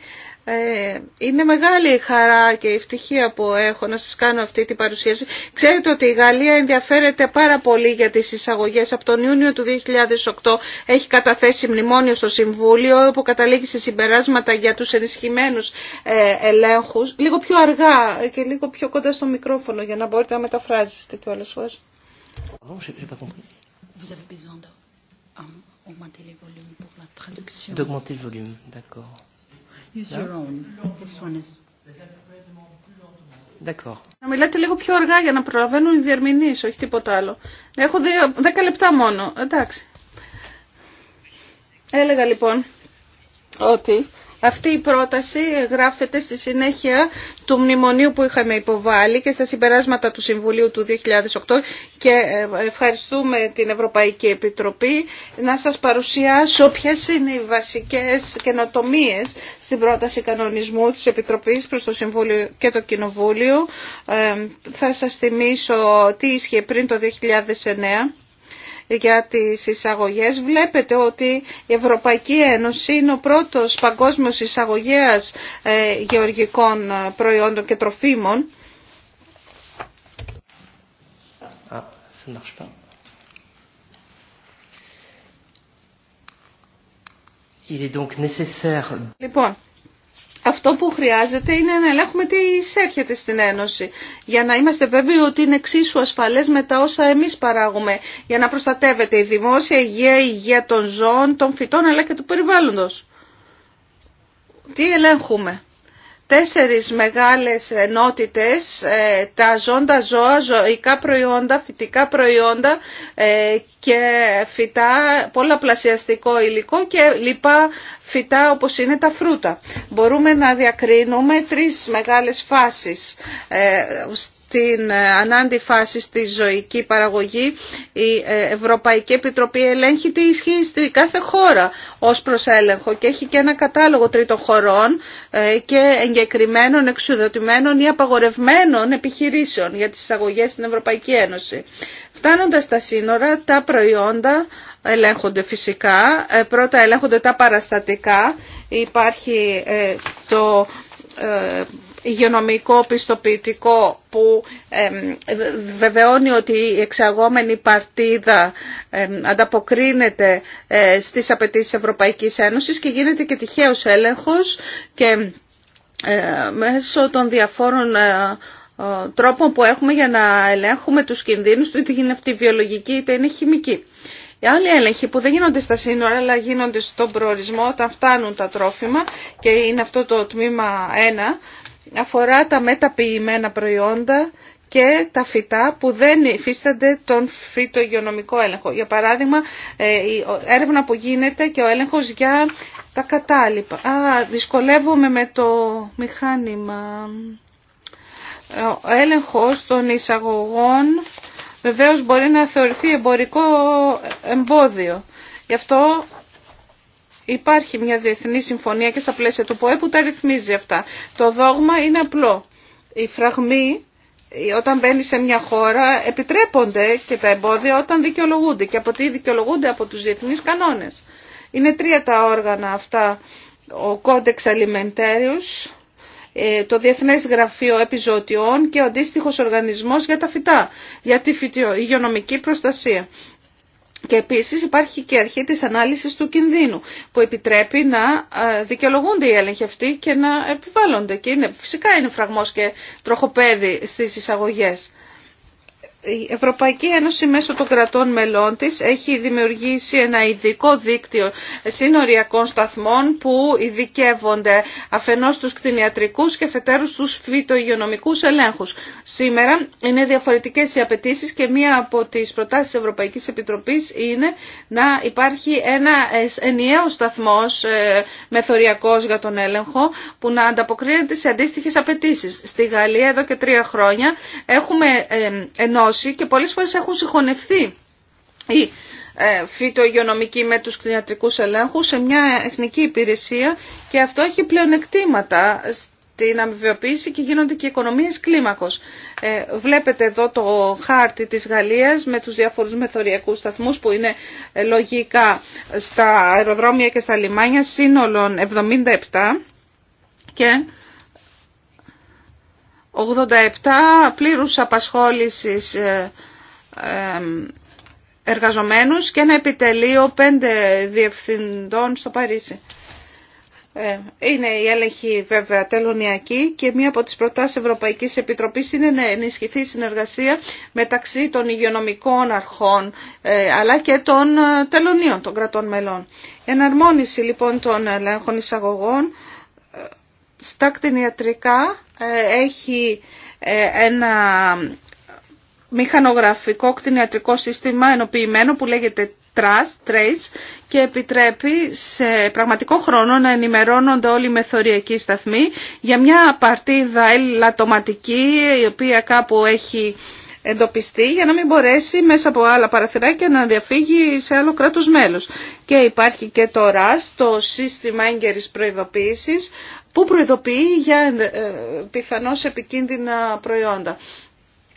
Ε, είναι μεγάλη η χαρά και η ευτυχία που έχω να σας κάνω αυτή την παρουσίαση. Ξέρετε ότι η Γαλλία ενδιαφέρεται πάρα πολύ για τις εισαγωγές. Από τον Ιούνιο του 2008 έχει καταθέσει μνημόνιο στο Συμβούλιο που καταλήγει σε συμπεράσματα για τους ενισχυμένους ε, ελέγχους. Λίγο πιο αργά και λίγο πιο κοντά στο μικρόφωνο για να μπορείτε να μεταφράζεστε κιόλας φορές. Euh, D'augmenter να μιλάτε λίγο πιο αργά για να προλαβαίνουν οι διερμηνείς, όχι τίποτα άλλο. Έχω δύο, δέκα λεπτά μόνο, εντάξει. Έλεγα λοιπόν ότι αυτή η πρόταση γράφεται στη συνέχεια του μνημονίου που είχαμε υποβάλει και στα συμπεράσματα του Συμβουλίου του 2008 και ε, ευχαριστούμε την Ευρωπαϊκή Επιτροπή να σας παρουσιάσω ποιες είναι οι βασικές καινοτομίες στην πρόταση κανονισμού της Επιτροπής προς το Συμβούλιο και το Κοινοβούλιο. Ε, θα σας θυμίσω τι ίσχυε πριν το 2009 για τις εισαγωγές. Βλέπετε ότι η Ευρωπαϊκή Ένωση είναι ο πρώτος παγκόσμιος εισαγωγέας ε, γεωργικών ε, προϊόντων και τροφίμων. Λοιπόν, αυτό που χρειάζεται είναι να ελέγχουμε τι εισέρχεται στην Ένωση. Για να είμαστε βέβαιοι ότι είναι εξίσου ασφαλές με τα όσα εμείς παράγουμε. Για να προστατεύεται η δημόσια υγεία, η υγεία των ζώων, των φυτών αλλά και του περιβάλλοντος. Τι ελέγχουμε τέσσερις μεγάλες ενότητες, ε, τα ζώντα ζώα, ζωικά προϊόντα, φυτικά προϊόντα ε, και φυτά, πολλαπλασιαστικό υλικό και λοιπά φυτά όπως είναι τα φρούτα. Μπορούμε να διακρίνουμε τρεις μεγάλες φάσεις ε, στην ε, ανάντη φάση στη ζωική παραγωγή η ε, Ευρωπαϊκή Επιτροπή ελέγχει τι ισχύει στη κάθε χώρα ως προσέλεγχο και έχει και ένα κατάλογο τρίτων χωρών ε, και εγκεκριμένων, εξουδοτημένων ή απαγορευμένων επιχειρήσεων για τις εισαγωγές στην Ευρωπαϊκή Ένωση. Φτάνοντας στα σύνορα, τα προϊόντα ελέγχονται φυσικά. Πρώτα ελέγχονται τα παραστατικά. Υπάρχει το υγειονομικό πιστοποιητικό που βεβαιώνει ότι η εξαγόμενη παρτίδα ανταποκρίνεται ε, στις απαιτήσεις της Ευρωπαϊκής Ένωσης και γίνεται και τυχαίος έλεγχος και ε, μέσω των διαφόρων ε, τρόπων που έχουμε για να ελέγχουμε τους κινδύνους του, είτε είναι αυτή η βιολογική είτε είναι χημική. Οι άλλοι έλεγχοι που δεν γίνονται στα σύνορα αλλά γίνονται στον προορισμό όταν φτάνουν τα τρόφιμα και είναι αυτό το τμήμα 1 αφορά τα μεταποιημένα προϊόντα και τα φυτά που δεν υφίστανται τον φυτογειονομικό έλεγχο. Για παράδειγμα, ε, η έρευνα που γίνεται και ο έλεγχος για τα κατάλοιπα. Α, δυσκολεύομαι με το μηχάνημα. Ε, ο έλεγχος των εισαγωγών βεβαίως μπορεί να θεωρηθεί εμπορικό εμπόδιο. Γι' αυτό Υπάρχει μια διεθνή συμφωνία και στα πλαίσια του ΠΟΕ που τα ρυθμίζει αυτά. Το δόγμα είναι απλό. Οι φραγμοί όταν μπαίνει σε μια χώρα επιτρέπονται και τα εμπόδια όταν δικαιολογούνται και από τι δικαιολογούνται από τους διεθνείς κανόνες. Είναι τρία τα όργανα αυτά, ο Κόντεξ Alimentarius, ε, το Διεθνές Γραφείο Επιζωτιών και ο αντίστοιχο Οργανισμός για τα Φυτά, για τη φυτιο, Υγειονομική Προστασία. Και επίσης υπάρχει και αρχή της ανάλυσης του κινδύνου που επιτρέπει να ε, δικαιολογούνται οι έλεγχοι αυτοί και να επιβάλλονται. Και είναι, φυσικά είναι φραγμός και τροχοπέδι στις εισαγωγές. Η Ευρωπαϊκή Ένωση μέσω των κρατών μελών της έχει δημιουργήσει ένα ειδικό δίκτυο συνοριακών σταθμών που ειδικεύονται αφενός τους κτηνιατρικούς και φετέρους τους φυτοϊγειονομικούς ελέγχους. Σήμερα είναι διαφορετικές οι απαιτήσει και μία από τις προτάσεις της Ευρωπαϊκής Επιτροπής είναι να υπάρχει ένα ενιαίο σταθμός ε, μεθοριακός για τον έλεγχο που να ανταποκρίνεται σε αντίστοιχες απαιτήσει. Στη Γαλλία εδώ και τρία χρόνια έχουμε ε, και πολλές φορές έχουν συγχωνευτεί οι ε, φυτοϊγειονομικοί με τους κτηνιατρικούς ελέγχους σε μια εθνική υπηρεσία και αυτό έχει πλεονεκτήματα την αμοιβιοποίηση και γίνονται και οικονομίες κλίμακος. Ε, βλέπετε εδώ το χάρτη της Γαλλίας με τους διάφορους μεθοριακούς σταθμούς που είναι ε, λογικά στα αεροδρόμια και στα λιμάνια σύνολων 77 και 87 πλήρους απασχόλησης ε, εργαζομένους και ένα επιτελείο 5 διευθυντών στο Παρίσι. Ε, είναι η έλεγχη βέβαια τελωνιακή και μία από τις προτάσεις Ευρωπαϊκής Επιτροπής είναι να ενισχυθεί η συνεργασία μεταξύ των υγειονομικών αρχών ε, αλλά και των τελωνίων των κρατών μελών. Εναρμόνιση λοιπόν των ελέγχων εισαγωγών στα κτηνιατρικά ε, έχει ε, ένα μηχανογραφικό κτηνιατρικό σύστημα ενοποιημένο που λέγεται Trust, Trace και επιτρέπει σε πραγματικό χρόνο να ενημερώνονται όλοι οι μεθοριακοί σταθμοί για μια παρτίδα ελαττωματική η οποία κάπου έχει εντοπιστεί για να μην μπορέσει μέσα από άλλα παραθυράκια να διαφύγει σε άλλο κράτος μέλος. Και υπάρχει και το RAS, το σύστημα έγκαιρης προειδοποίησης, που προειδοποιεί για ε, πιθανώς επικίνδυνα προϊόντα.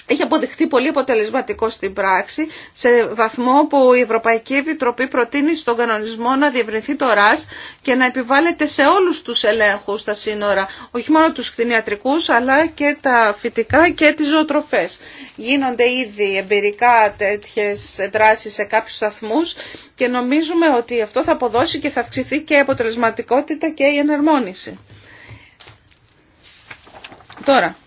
Έχει αποδειχτεί πολύ αποτελεσματικό στην πράξη σε βαθμό που η Ευρωπαϊκή Επιτροπή προτείνει στον κανονισμό να διευρυνθεί το ΡΑΣ και να επιβάλλεται σε όλους τους ελέγχους στα σύνορα, όχι μόνο τους κτηνιατρικούς αλλά και τα φυτικά και τις ζωοτροφές. Γίνονται ήδη εμπειρικά τέτοιες δράσει σε κάποιους σταθμού και νομίζουμε ότι αυτό θα αποδώσει και θα αυξηθεί και η αποτελεσματικότητα και η εναρμόνιση. Τώρα,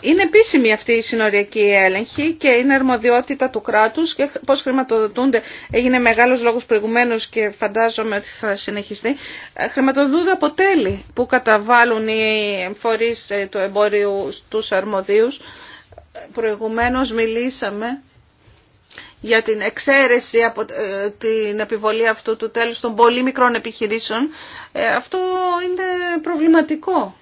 είναι επίσημη αυτή η συνοριακή έλεγχη και είναι αρμοδιότητα του κράτους και πώς χρηματοδοτούνται. Έγινε μεγάλος λόγος προηγουμένως και φαντάζομαι ότι θα συνεχιστεί. Ε, χρηματοδοτούνται από τέλη που καταβάλουν οι φορείς ε, του εμπόριου στους αρμοδίους. Προηγουμένως μιλήσαμε για την εξαίρεση από ε, την επιβολή αυτού του τέλους των πολύ μικρών επιχειρήσεων. Αυτό είναι προβληματικό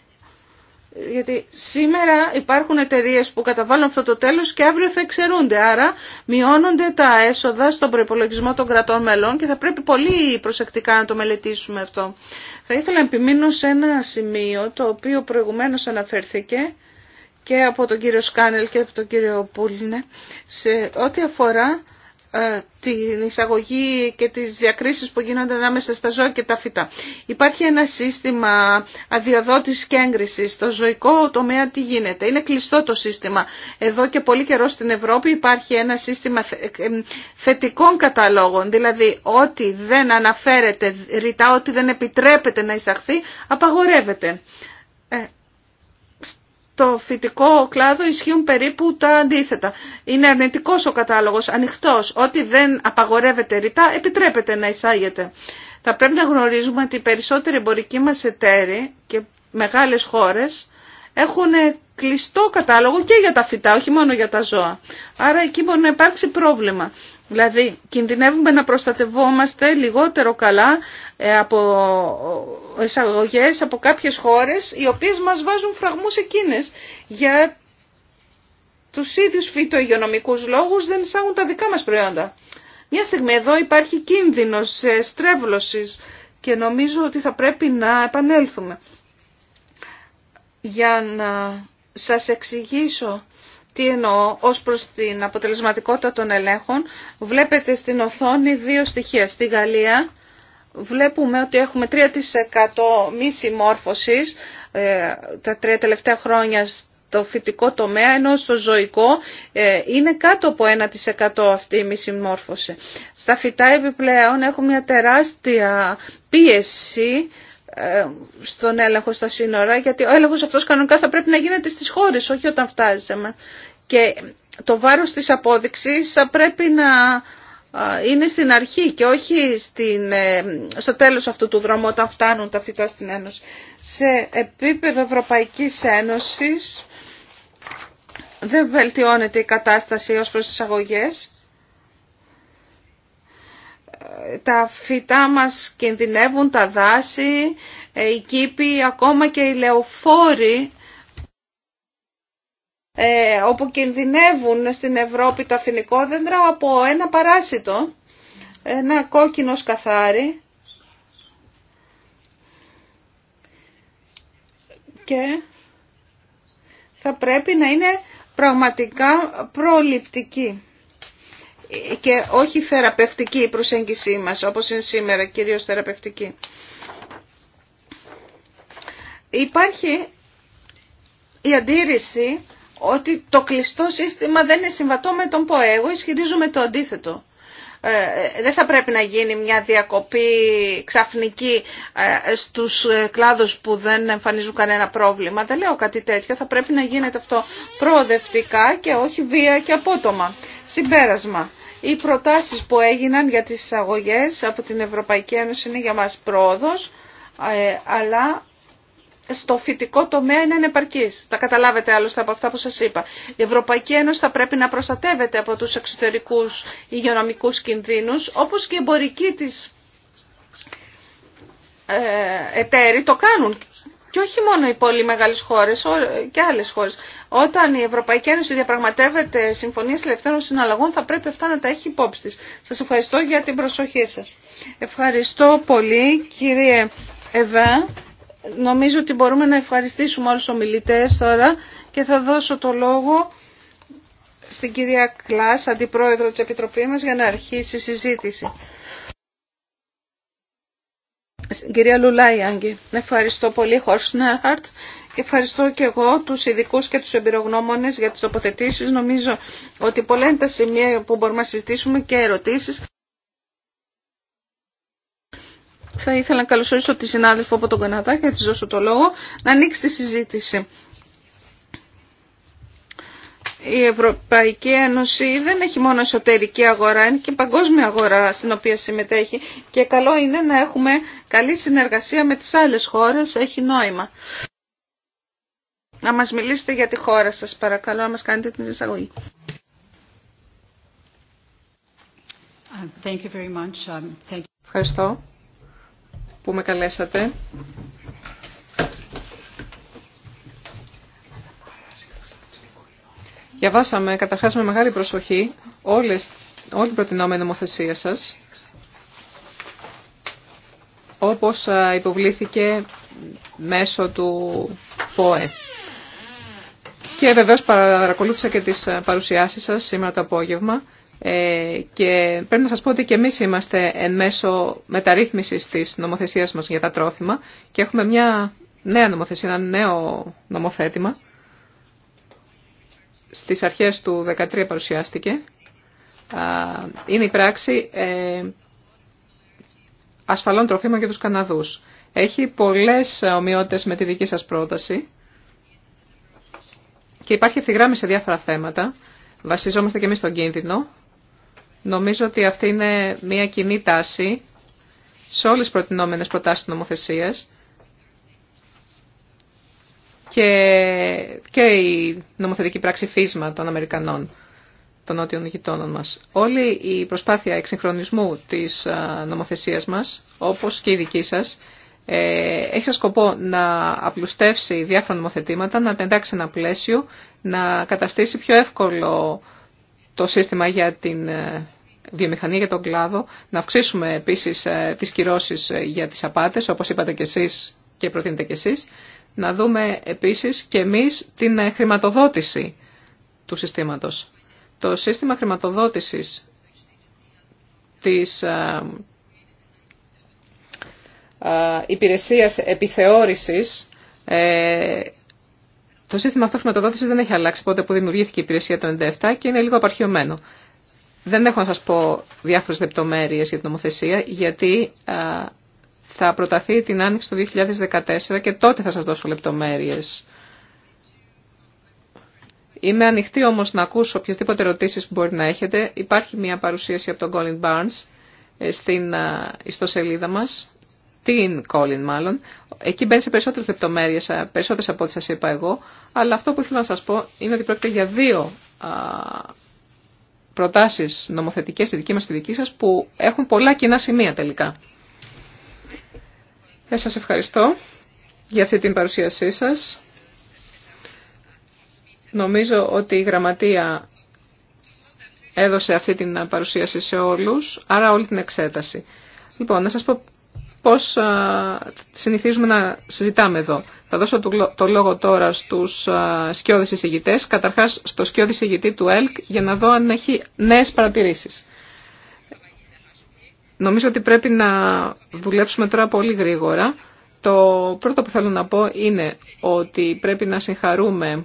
γιατί σήμερα υπάρχουν εταιρείες που καταβάλουν αυτό το τέλος και αύριο θα εξαιρούνται. Άρα μειώνονται τα έσοδα στον προπολογισμό των κρατών μελών και θα πρέπει πολύ προσεκτικά να το μελετήσουμε αυτό. Θα ήθελα να επιμείνω σε ένα σημείο το οποίο προηγουμένως αναφέρθηκε και από τον κύριο Σκάνελ και από τον κύριο Πούλινε σε ό,τι αφορά ε, την εισαγωγή και τις διακρίσεις που γίνονται ανάμεσα στα ζώα και τα φυτά. Υπάρχει ένα σύστημα αδειοδότησης και έγκρισης. Στο ζωικό τομέα τι γίνεται. Είναι κλειστό το σύστημα. Εδώ και πολύ καιρό στην Ευρώπη υπάρχει ένα σύστημα ε, θετικών καταλόγων. Δηλαδή ό,τι δεν αναφέρεται ρητά, ό,τι δεν επιτρέπεται να εισαχθεί, απαγορεύεται. Ε, στο φυτικό κλάδο ισχύουν περίπου τα αντίθετα. Είναι αρνητικό ο κατάλογος, ανοιχτός. Ό,τι δεν απαγορεύεται ρητά, επιτρέπεται να εισάγεται. Θα πρέπει να γνωρίζουμε ότι οι περισσότεροι εμπορικοί μα εταίροι και μεγάλες χώρες έχουν κλειστό κατάλογο και για τα φυτά, όχι μόνο για τα ζώα. Άρα εκεί μπορεί να υπάρξει πρόβλημα. Δηλαδή, κινδυνεύουμε να προστατευόμαστε λιγότερο καλά ε, από εισαγωγές από κάποιες χώρες οι οποίες μας βάζουν φραγμούς εκείνες για τους ίδιους φυτοϊγειονομικούς λόγους δεν εισάγουν τα δικά μας προϊόντα. Μια στιγμή εδώ υπάρχει κίνδυνος ε, στρέβλωσης και νομίζω ότι θα πρέπει να επανέλθουμε. Για να σας εξηγήσω τι εννοώ ως προς την αποτελεσματικότητα των ελέγχων. Βλέπετε στην οθόνη δύο στοιχεία. Στη Γαλλία βλέπουμε ότι έχουμε 3% μη συμμόρφωσης ε, τα τρία τελευταία χρόνια στο φυτικό τομέα, ενώ στο ζωικό ε, είναι κάτω από 1% αυτή η μη συμμόρφωση. Στα φυτά επιπλέον έχουμε μια τεράστια πίεση ε, στον έλεγχο στα σύνορα, γιατί ο έλεγχος αυτός κανονικά θα πρέπει να γίνεται στις χώρες, όχι όταν φτάζει Και το βάρος της απόδειξης θα πρέπει να ε, είναι στην αρχή και όχι στην, ε, στο τέλος αυτού του δρόμου όταν φτάνουν τα φυτά στην Ένωση. Σε επίπεδο Ευρωπαϊκής Ένωσης δεν βελτιώνεται η κατάσταση ως προς τις αγωγές τα φυτά μας κινδυνεύουν, τα δάση, ε, οι κήποι, ακόμα και οι λεωφόροι ε, όπου κινδυνεύουν στην Ευρώπη τα δέντρα από ένα παράσιτο, ένα κόκκινο σκαθάρι και θα πρέπει να είναι πραγματικά προληπτική και όχι θεραπευτική η προσέγγιση μας, όπως είναι σήμερα, κυρίως θεραπευτική. Υπάρχει η αντίρρηση ότι το κλειστό σύστημα δεν είναι συμβατό με τον ΠΟΕ. Εγώ ισχυρίζομαι το αντίθετο. Ε, δεν θα πρέπει να γίνει μια διακοπή ξαφνική ε, στους ε, κλάδους που δεν εμφανίζουν κανένα πρόβλημα. Δεν λέω κάτι τέτοιο. Θα πρέπει να γίνεται αυτό προοδευτικά και όχι βία και απότομα. Συμπέρασμα. Οι προτάσεις που έγιναν για τις εισαγωγές από την Ευρωπαϊκή Ένωση είναι για μας πρόοδος, ε, αλλά στο φυτικό τομέα είναι ανεπαρκής. Τα καταλάβετε άλλωστε από αυτά που σας είπα. Η Ευρωπαϊκή Ένωση θα πρέπει να προστατεύεται από τους εξωτερικούς υγειονομικούς κινδύνους, όπως και οι εμπορικοί της ε, εταίροι το κάνουν και όχι μόνο οι πολύ μεγάλε χώρες, και άλλες χώρες. Όταν η Ευρωπαϊκή Ένωση διαπραγματεύεται συμφωνίες ελευθέρων συναλλαγών θα πρέπει αυτά να τα έχει υπόψη τη. Σας ευχαριστώ για την προσοχή σας. Ευχαριστώ πολύ κύριε Εβά. Νομίζω ότι μπορούμε να ευχαριστήσουμε όλους τους ομιλητές τώρα και θα δώσω το λόγο στην κυρία Κλάς, αντιπρόεδρο της Επιτροπής μας, για να αρχίσει η συζήτηση. Κυρία Λουλάη Άγγι, ευχαριστώ πολύ Χόρσνεχαρτ. και ευχαριστώ και εγώ τους ειδικούς και τους εμπειρογνώμονες για τις τοποθετήσεις. Νομίζω ότι πολλά είναι τα σημεία που μπορούμε να συζητήσουμε και ερωτήσεις. Θα ήθελα να καλωσορίσω τη συνάδελφο από τον Καναδά και να της δώσω το λόγο να ανοίξει τη συζήτηση η Ευρωπαϊκή Ένωση δεν έχει μόνο εσωτερική αγορά, είναι και παγκόσμια αγορά στην οποία συμμετέχει και καλό είναι να έχουμε καλή συνεργασία με τις άλλες χώρες, έχει νόημα. Να μας μιλήσετε για τη χώρα σας παρακαλώ, να μας κάνετε την εισαγωγή. Um, Ευχαριστώ που με καλέσατε Διαβάσαμε καταρχάς με μεγάλη προσοχή όλες, όλη την προτινόμενη νομοθεσία σας, όπως υποβλήθηκε μέσω του ΠΟΕ. Και βεβαίως παρακολούθησα και τις παρουσιάσεις σας σήμερα το απόγευμα ε, και πρέπει να σας πω ότι και εμείς είμαστε εν μέσω μεταρρύθμισης της νομοθεσίας μας για τα τρόφιμα και έχουμε μια νέα νομοθεσία, ένα νέο νομοθέτημα στις αρχές του 2013 παρουσιάστηκε, είναι η πράξη ε, ασφαλών τροφίμων για τους Καναδούς. Έχει πολλές ομοιότητες με τη δική σας πρόταση και υπάρχει ευθυγράμμιση σε διάφορα θέματα. Βασιζόμαστε και εμείς στον κίνδυνο. Νομίζω ότι αυτή είναι μια κοινή τάση σε όλες τις προτινόμενες προτάσεις νομοθεσίας και, και η νομοθετική πράξη φύσμα των Αμερικανών, των νότιων γειτόνων μας. Όλη η προσπάθεια εξυγχρονισμού της νομοθεσίας μας, όπως και η δική σας, ε, έχει σαν σκοπό να απλουστεύσει διάφορα νομοθετήματα, να τα εντάξει ένα πλαίσιο, να καταστήσει πιο εύκολο το σύστημα για την ε, βιομηχανία, για τον κλάδο, να αυξήσουμε επίσης ε, τις κυρώσεις για τις απάτες, όπως είπατε και εσείς και προτείνετε και εσείς, να δούμε επίσης και εμείς την ε, χρηματοδότηση του συστήματος. Το σύστημα χρηματοδότησης της ε, ε, υπηρεσίας επιθεώρησης το σύστημα αυτό χρηματοδότηση δεν έχει αλλάξει πότε που δημιουργήθηκε η υπηρεσία το 97 και είναι λίγο απαρχιωμένο. Δεν έχω να σας πω διάφορες λεπτομέρειες για την νομοθεσία, γιατί θα προταθεί την άνοιξη του 2014 και τότε θα σας δώσω λεπτομέρειες. Είμαι ανοιχτή όμως να ακούσω οποιασδήποτε ερωτήσεις που μπορεί να έχετε. Υπάρχει μια παρουσίαση από τον Colin Barnes ε, στην ιστοσελίδα μας, την Colin μάλλον. Εκεί μπαίνει σε περισσότερες λεπτομέρειες, περισσότερες από ό,τι σας είπα εγώ. Αλλά αυτό που ήθελα να σας πω είναι ότι πρόκειται για δύο προτάσεις νομοθετικές, η δική μας και η δική σας, που έχουν πολλά κοινά σημεία τελικά. Ε, σας ευχαριστώ για αυτή την παρουσίασή σας. Νομίζω ότι η γραμματεία έδωσε αυτή την παρουσίαση σε όλους, άρα όλη την εξέταση. Λοιπόν, να σας πω πώς συνηθίζουμε να συζητάμε εδώ. Θα δώσω το λόγο τώρα στους σκιώδης εισηγητές, καταρχάς στο σκιώδης εισηγητή του ΕΛΚ, για να δω αν έχει νέες παρατηρήσεις. Νομίζω ότι πρέπει να δουλέψουμε τώρα πολύ γρήγορα. Το πρώτο που θέλω να πω είναι ότι πρέπει να συγχαρούμε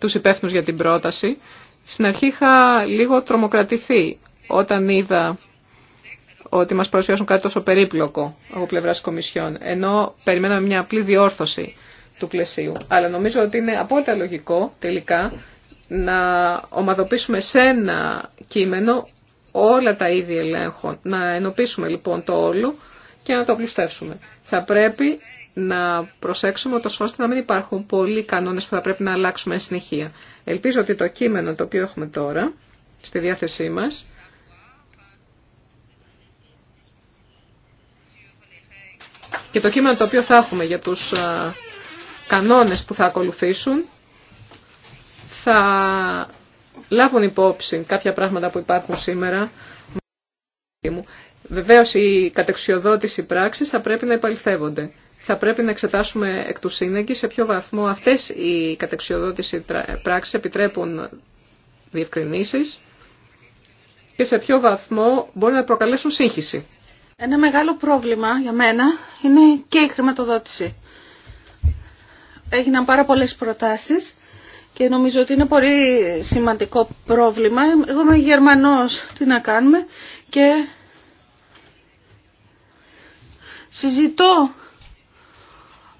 τους υπεύθυνους για την πρόταση. Στην αρχή είχα λίγο τρομοκρατηθεί όταν είδα ότι μας παρουσιάσουν κάτι τόσο περίπλοκο από πλευράς κομισιών, ενώ περιμέναμε μια απλή διόρθωση του πλαισίου. Αλλά νομίζω ότι είναι απόλυτα λογικό τελικά να ομαδοποιήσουμε σε ένα κείμενο όλα τα είδη ελέγχων, να ενοποιήσουμε λοιπόν το όλο και να το πλουστεύσουμε. Θα πρέπει να προσέξουμε ώστε να μην υπάρχουν πολλοί κανόνες που θα πρέπει να αλλάξουμε συνεχεία. Ελπίζω ότι το κείμενο το οποίο έχουμε τώρα στη διάθεσή μας και το κείμενο το οποίο θα έχουμε για τους κανόνες που θα ακολουθήσουν θα λάβουν υπόψη κάποια πράγματα που υπάρχουν σήμερα. Βεβαίως η κατεξιοδότηση πράξης θα πρέπει να επαληθεύονται, Θα πρέπει να εξετάσουμε εκ του σύνεγγυ σε ποιο βαθμό αυτές οι κατεξιοδότηση πράξεις επιτρέπουν διευκρινήσεις και σε ποιο βαθμό μπορεί να προκαλέσουν σύγχυση. Ένα μεγάλο πρόβλημα για μένα είναι και η χρηματοδότηση. Έγιναν πάρα πολλές προτάσεις και νομίζω ότι είναι πολύ σημαντικό πρόβλημα. Εγώ είμαι Γερμανός, τι να κάνουμε και συζητώ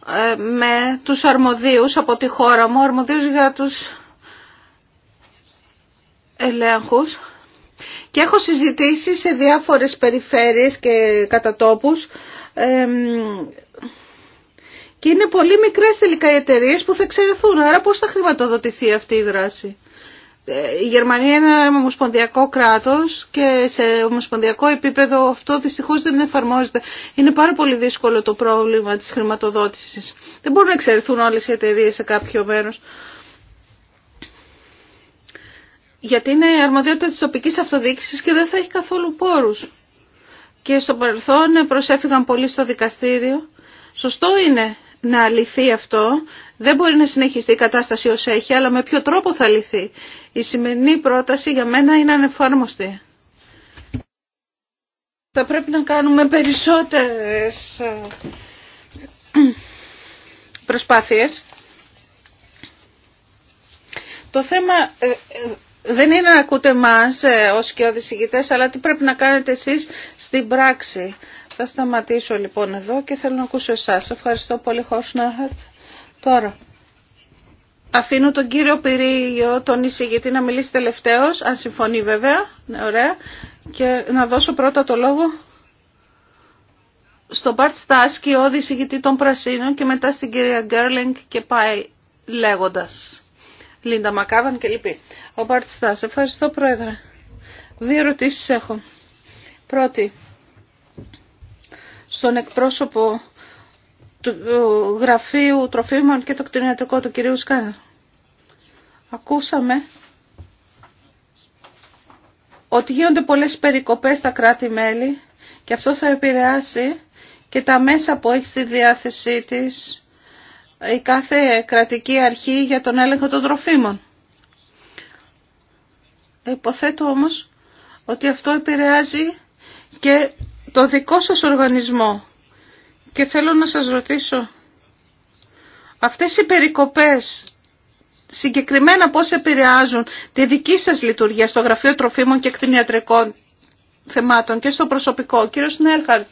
ε, με τους αρμοδίους από τη χώρα μου, αρμοδίους για τους ελέγχους και έχω συζητήσει σε διάφορες περιφέρειες και κατατόπους ε, και είναι πολύ μικρέ τελικά οι εταιρείε που θα εξαιρεθούν. Άρα πώ θα χρηματοδοτηθεί αυτή η δράση. Ε, η Γερμανία είναι ένα ομοσπονδιακό κράτο και σε ομοσπονδιακό επίπεδο αυτό δυστυχώ δεν εφαρμόζεται. Είναι πάρα πολύ δύσκολο το πρόβλημα τη χρηματοδότηση. Δεν μπορούν να εξαιρεθούν όλε οι εταιρείε σε κάποιο μέρο. Γιατί είναι η αρμοδιότητα τη τοπική αυτοδιοίκηση και δεν θα έχει καθόλου πόρου. Και στο παρελθόν προσέφηγαν πολύ στο δικαστήριο. Σωστό είναι να λυθεί αυτό. Δεν μπορεί να συνεχιστεί η κατάσταση ως έχει, αλλά με ποιο τρόπο θα λυθεί. Η σημερινή πρόταση για μένα είναι ανεφάρμοστη. Θα πρέπει να κάνουμε περισσότερες ε, <clears throat> προσπάθειες. Το θέμα ε, ε, δεν είναι να ακούτε εμά ως και οδησηγητές, αλλά τι πρέπει να κάνετε εσείς στην πράξη. Θα σταματήσω λοιπόν εδώ και θέλω να ακούσω εσάς. Ευχαριστώ πολύ Χόρσναχαρτ. Τώρα. Αφήνω τον κύριο Πυρίγιο, τον εισηγητή, να μιλήσει τελευταίος, αν συμφωνεί βέβαια. Ναι, ωραία. Και να δώσω πρώτα το λόγο στον Μπαρτ Στάσκι, ο εισηγητή των Πρασίνων και μετά στην κυρία Γκέρλινγκ και πάει λέγοντας. Λίντα Μακάβαν και λοιπή. Ο Μπαρτ Στάσκι, ευχαριστώ πρόεδρε. Δύο ερωτήσει έχω. Πρώτη, στον εκπρόσωπο του Γραφείου Τροφίμων και το κτηνιατρικό του κυρίου Σκάνα. Ακούσαμε ότι γίνονται πολλές περικοπές στα κράτη-μέλη και αυτό θα επηρεάσει και τα μέσα που έχει στη διάθεσή της η κάθε κρατική αρχή για τον έλεγχο των τροφίμων. Υποθέτω όμως ότι αυτό επηρεάζει και το δικό σας οργανισμό. Και θέλω να σας ρωτήσω, αυτές οι περικοπές συγκεκριμένα πώς επηρεάζουν τη δική σας λειτουργία στο Γραφείο Τροφίμων και Κτηνιατρικών Θεμάτων και στο προσωπικό. Ο κύριος Νέλχαρτ,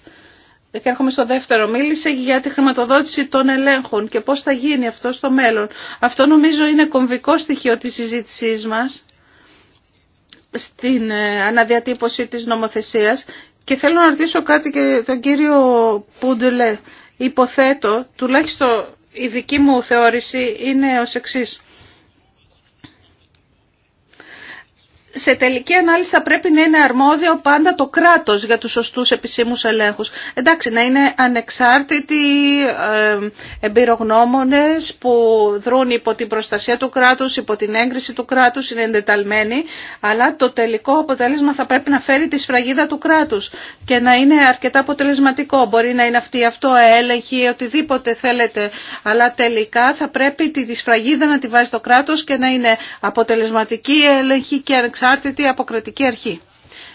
και έρχομαι στο δεύτερο, μίλησε για τη χρηματοδότηση των ελέγχων και πώς θα γίνει αυτό στο μέλλον. Αυτό νομίζω είναι κομβικό στοιχείο της συζήτησής μας στην ε, αναδιατύπωση της νομοθεσίας και θέλω να ρωτήσω κάτι και τον κύριο Πούντελε. Υποθέτω, τουλάχιστον η δική μου θεώρηση είναι ως εξής. σε τελική ανάλυση θα πρέπει να είναι αρμόδιο πάντα το κράτος για τους σωστούς επισήμους ελέγχους. Εντάξει, να είναι ανεξάρτητοι ε, εμπειρογνώμονες που δρούν υπό την προστασία του κράτους, υπό την έγκριση του κράτους, είναι εντεταλμένοι, αλλά το τελικό αποτέλεσμα θα πρέπει να φέρει τη σφραγίδα του κράτους και να είναι αρκετά αποτελεσματικό. Μπορεί να είναι αυτή η αυτοέλεγχη, οτιδήποτε θέλετε, αλλά τελικά θα πρέπει τη σφραγίδα να τη βάζει το κράτος και να είναι αποτελεσματική έλεγχη και ανεξάρτητη ανεξάρτητη αποκρατική αρχή.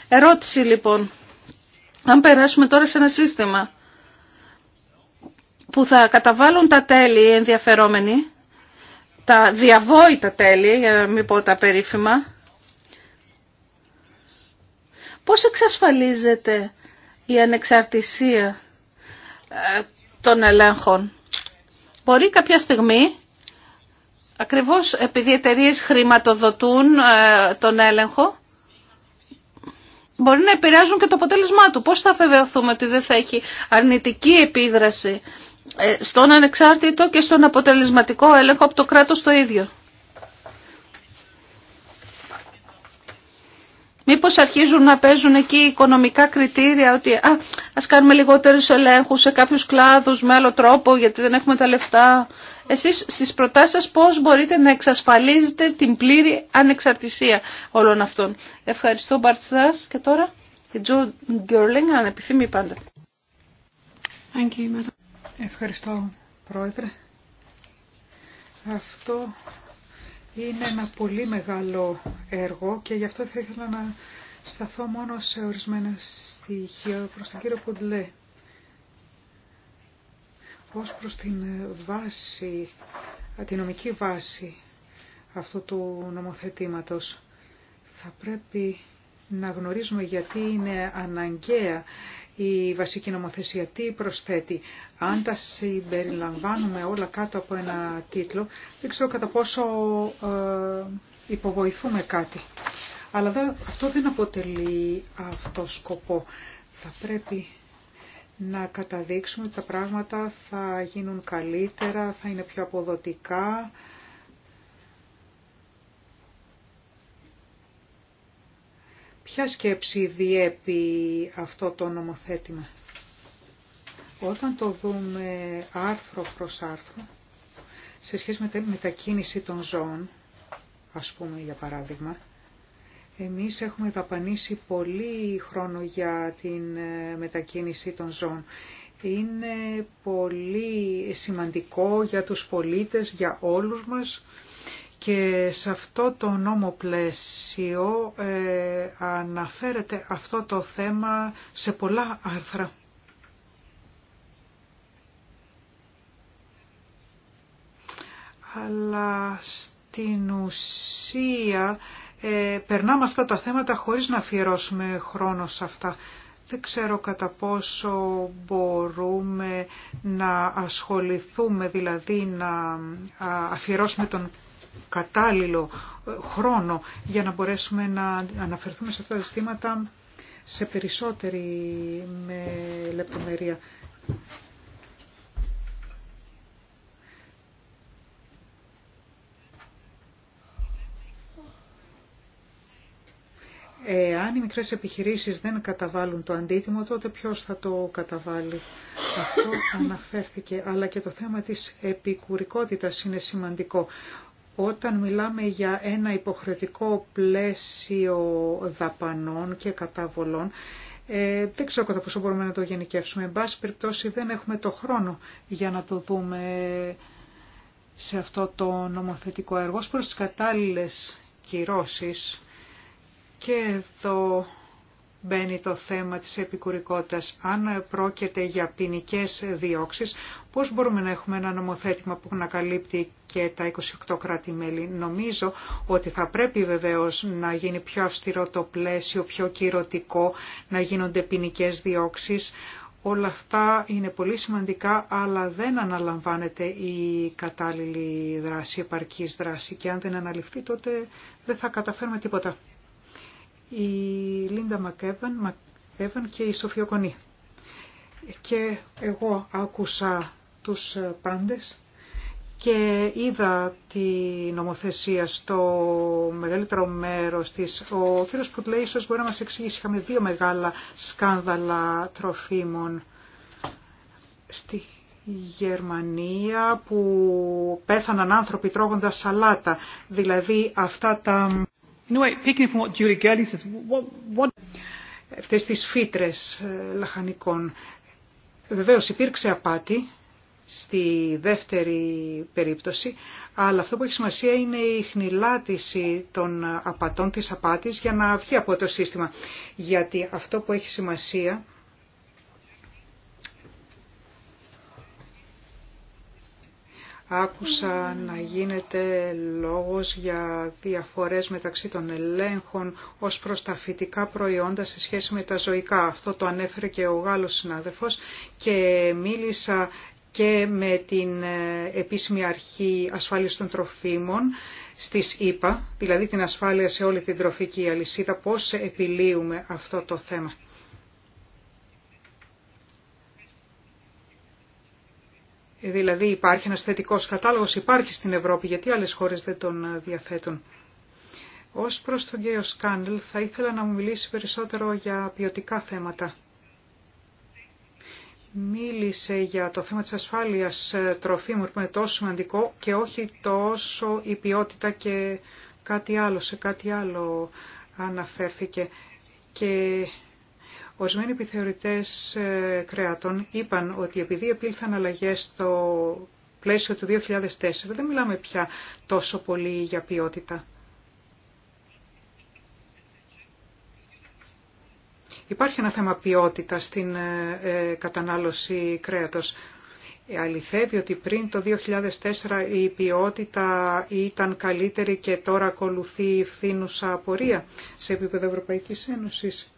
Ερώτηση λοιπόν, αν περάσουμε τώρα σε ένα σύστημα που θα καταβάλουν τα τέλη ενδιαφερόμενοι, τα διαβόητα τέλη, για να μην πω τα περίφημα, πώς εξασφαλίζεται η ανεξαρτησία ε, των ελέγχων. Μπορεί κάποια στιγμή Ακριβώς επειδή οι εταιρείε χρηματοδοτούν ε, τον έλεγχο, μπορεί να επηρεάζουν και το αποτέλεσμά του. Πώς θα βεβαιωθούμε ότι δεν θα έχει αρνητική επίδραση ε, στον ανεξάρτητο και στον αποτελεσματικό έλεγχο από το κράτος το ίδιο. Μήπως αρχίζουν να παίζουν εκεί οικονομικά κριτήρια ότι α, ας κάνουμε λιγότερους ελέγχους σε κάποιους κλάδους με άλλο τρόπο γιατί δεν έχουμε τα λεφτά εσείς στις προτάσεις σας πώς μπορείτε να εξασφαλίζετε την πλήρη ανεξαρτησία όλων αυτών. Ευχαριστώ Μπαρτσάς και τώρα η Τζο Γκιορλίνγκ αν επιθυμεί πάντα. Ευχαριστώ Πρόεδρε. Αυτό είναι ένα πολύ μεγάλο έργο και γι' αυτό θα ήθελα να σταθώ μόνο σε ορισμένα στοιχεία προς τον κύριο Κοντλέ ως προς την ε, βάση, ε, την νομική βάση αυτού του νομοθετήματος. Θα πρέπει να γνωρίζουμε γιατί είναι αναγκαία η βασική νομοθεσία, τι προσθέτει. Αν τα συμπεριλαμβάνουμε όλα κάτω από ένα τίτλο, δεν ξέρω κατά πόσο ε, υποβοηθούμε κάτι. Αλλά αυτό δεν αποτελεί αυτό σκοπό. Θα πρέπει να καταδείξουμε ότι τα πράγματα θα γίνουν καλύτερα, θα είναι πιο αποδοτικά. Ποια σκέψη διέπει αυτό το νομοθέτημα. Όταν το δούμε άρθρο προς άρθρο, σε σχέση με τα μετακίνηση των ζώων, ας πούμε για παράδειγμα, εμείς έχουμε δαπανίσει πολύ χρόνο για την ε, μετακίνηση των ζώων. Είναι πολύ σημαντικό για τους πολίτες, για όλους μας και σε αυτό το νόμο πλαίσιο ε, αναφέρεται αυτό το θέμα σε πολλά άρθρα. Αλλά στην ουσία ε, περνάμε αυτά τα θέματα χωρίς να αφιερώσουμε χρόνο σε αυτά. Δεν ξέρω κατά πόσο μπορούμε να ασχοληθούμε, δηλαδή να αφιερώσουμε τον κατάλληλο ε, χρόνο για να μπορέσουμε να αναφερθούμε σε αυτά τα ζητήματα σε περισσότερη με λεπτομερία. Ε, αν οι μικρές επιχειρήσεις δεν καταβάλουν το αντίτιμο, τότε ποιος θα το καταβάλει. Αυτό αναφέρθηκε, αλλά και το θέμα της επικουρικότητας είναι σημαντικό. Όταν μιλάμε για ένα υποχρεωτικό πλαίσιο δαπανών και καταβολών, ε, δεν ξέρω κατά πόσο μπορούμε να το γενικεύσουμε. Εν πάση περιπτώσει δεν έχουμε το χρόνο για να το δούμε σε αυτό το νομοθετικό έργο. Προς τις κατάλληλες κυρώσεις, και εδώ μπαίνει το θέμα της επικουρικότητας. Αν πρόκειται για ποινικέ διώξεις, πώς μπορούμε να έχουμε ένα νομοθέτημα που να καλύπτει και τα 28 κράτη-μέλη. Νομίζω ότι θα πρέπει βεβαίως να γίνει πιο αυστηρό το πλαίσιο, πιο κυρωτικό, να γίνονται ποινικέ διώξεις. Όλα αυτά είναι πολύ σημαντικά, αλλά δεν αναλαμβάνεται η κατάλληλη δράση, η επαρκής δράση και αν δεν αναλυφθεί τότε δεν θα καταφέρουμε τίποτα η Λίντα Μακέβαν, και η Σοφιοκονή. Και εγώ άκουσα τους πάντες και είδα τη νομοθεσία στο μεγαλύτερο μέρος της. Ο κύριος Πουτλέ ίσως μπορεί να μας εξηγήσει. Είχαμε δύο μεγάλα σκάνδαλα τροφίμων στη Γερμανία που πέθαναν άνθρωποι τρώγοντας σαλάτα. Δηλαδή αυτά τα Αυτές τις φύτρες ε, λαχανικών. Βεβαίως υπήρξε απάτη στη δεύτερη περίπτωση, αλλά αυτό που έχει σημασία είναι η χνηλάτιση των απατών της απάτης για να βγει από το σύστημα. Γιατί αυτό που έχει σημασία άκουσα να γίνεται λόγος για διαφορές μεταξύ των ελέγχων ως προς τα φυτικά προϊόντα σε σχέση με τα ζωικά. Αυτό το ανέφερε και ο Γάλλος συνάδελφος και μίλησα και με την ε, επίσημη αρχή ασφάλειας των τροφίμων στις ΕΠΑ, δηλαδή την ασφάλεια σε όλη την τροφική αλυσίδα, πώς επιλύουμε αυτό το θέμα. Δηλαδή υπάρχει ένας θετικός κατάλογος, υπάρχει στην Ευρώπη, γιατί άλλες χώρες δεν τον διαθέτουν. Ως προς τον κύριο Σκάνελ θα ήθελα να μου μιλήσει περισσότερο για ποιοτικά θέματα. Μίλησε για το θέμα της ασφάλειας ε, τροφίμων που είναι τόσο σημαντικό και όχι τόσο η ποιότητα και κάτι άλλο, σε κάτι άλλο αναφέρθηκε. Και Ορισμένοι επιθεωρητές ε, κρεατών είπαν ότι επειδή επήλθαν αλλαγές στο πλαίσιο του 2004 δεν μιλάμε πια τόσο πολύ για ποιότητα. Υπάρχει ένα θέμα ποιότητα στην ε, ε, κατανάλωση κρέατος. Αληθεύει ότι πριν το 2004 η ποιότητα ήταν καλύτερη και τώρα ακολουθεί φθήνουσα απορία σε επίπεδο Ευρωπαϊκής Ένωσης.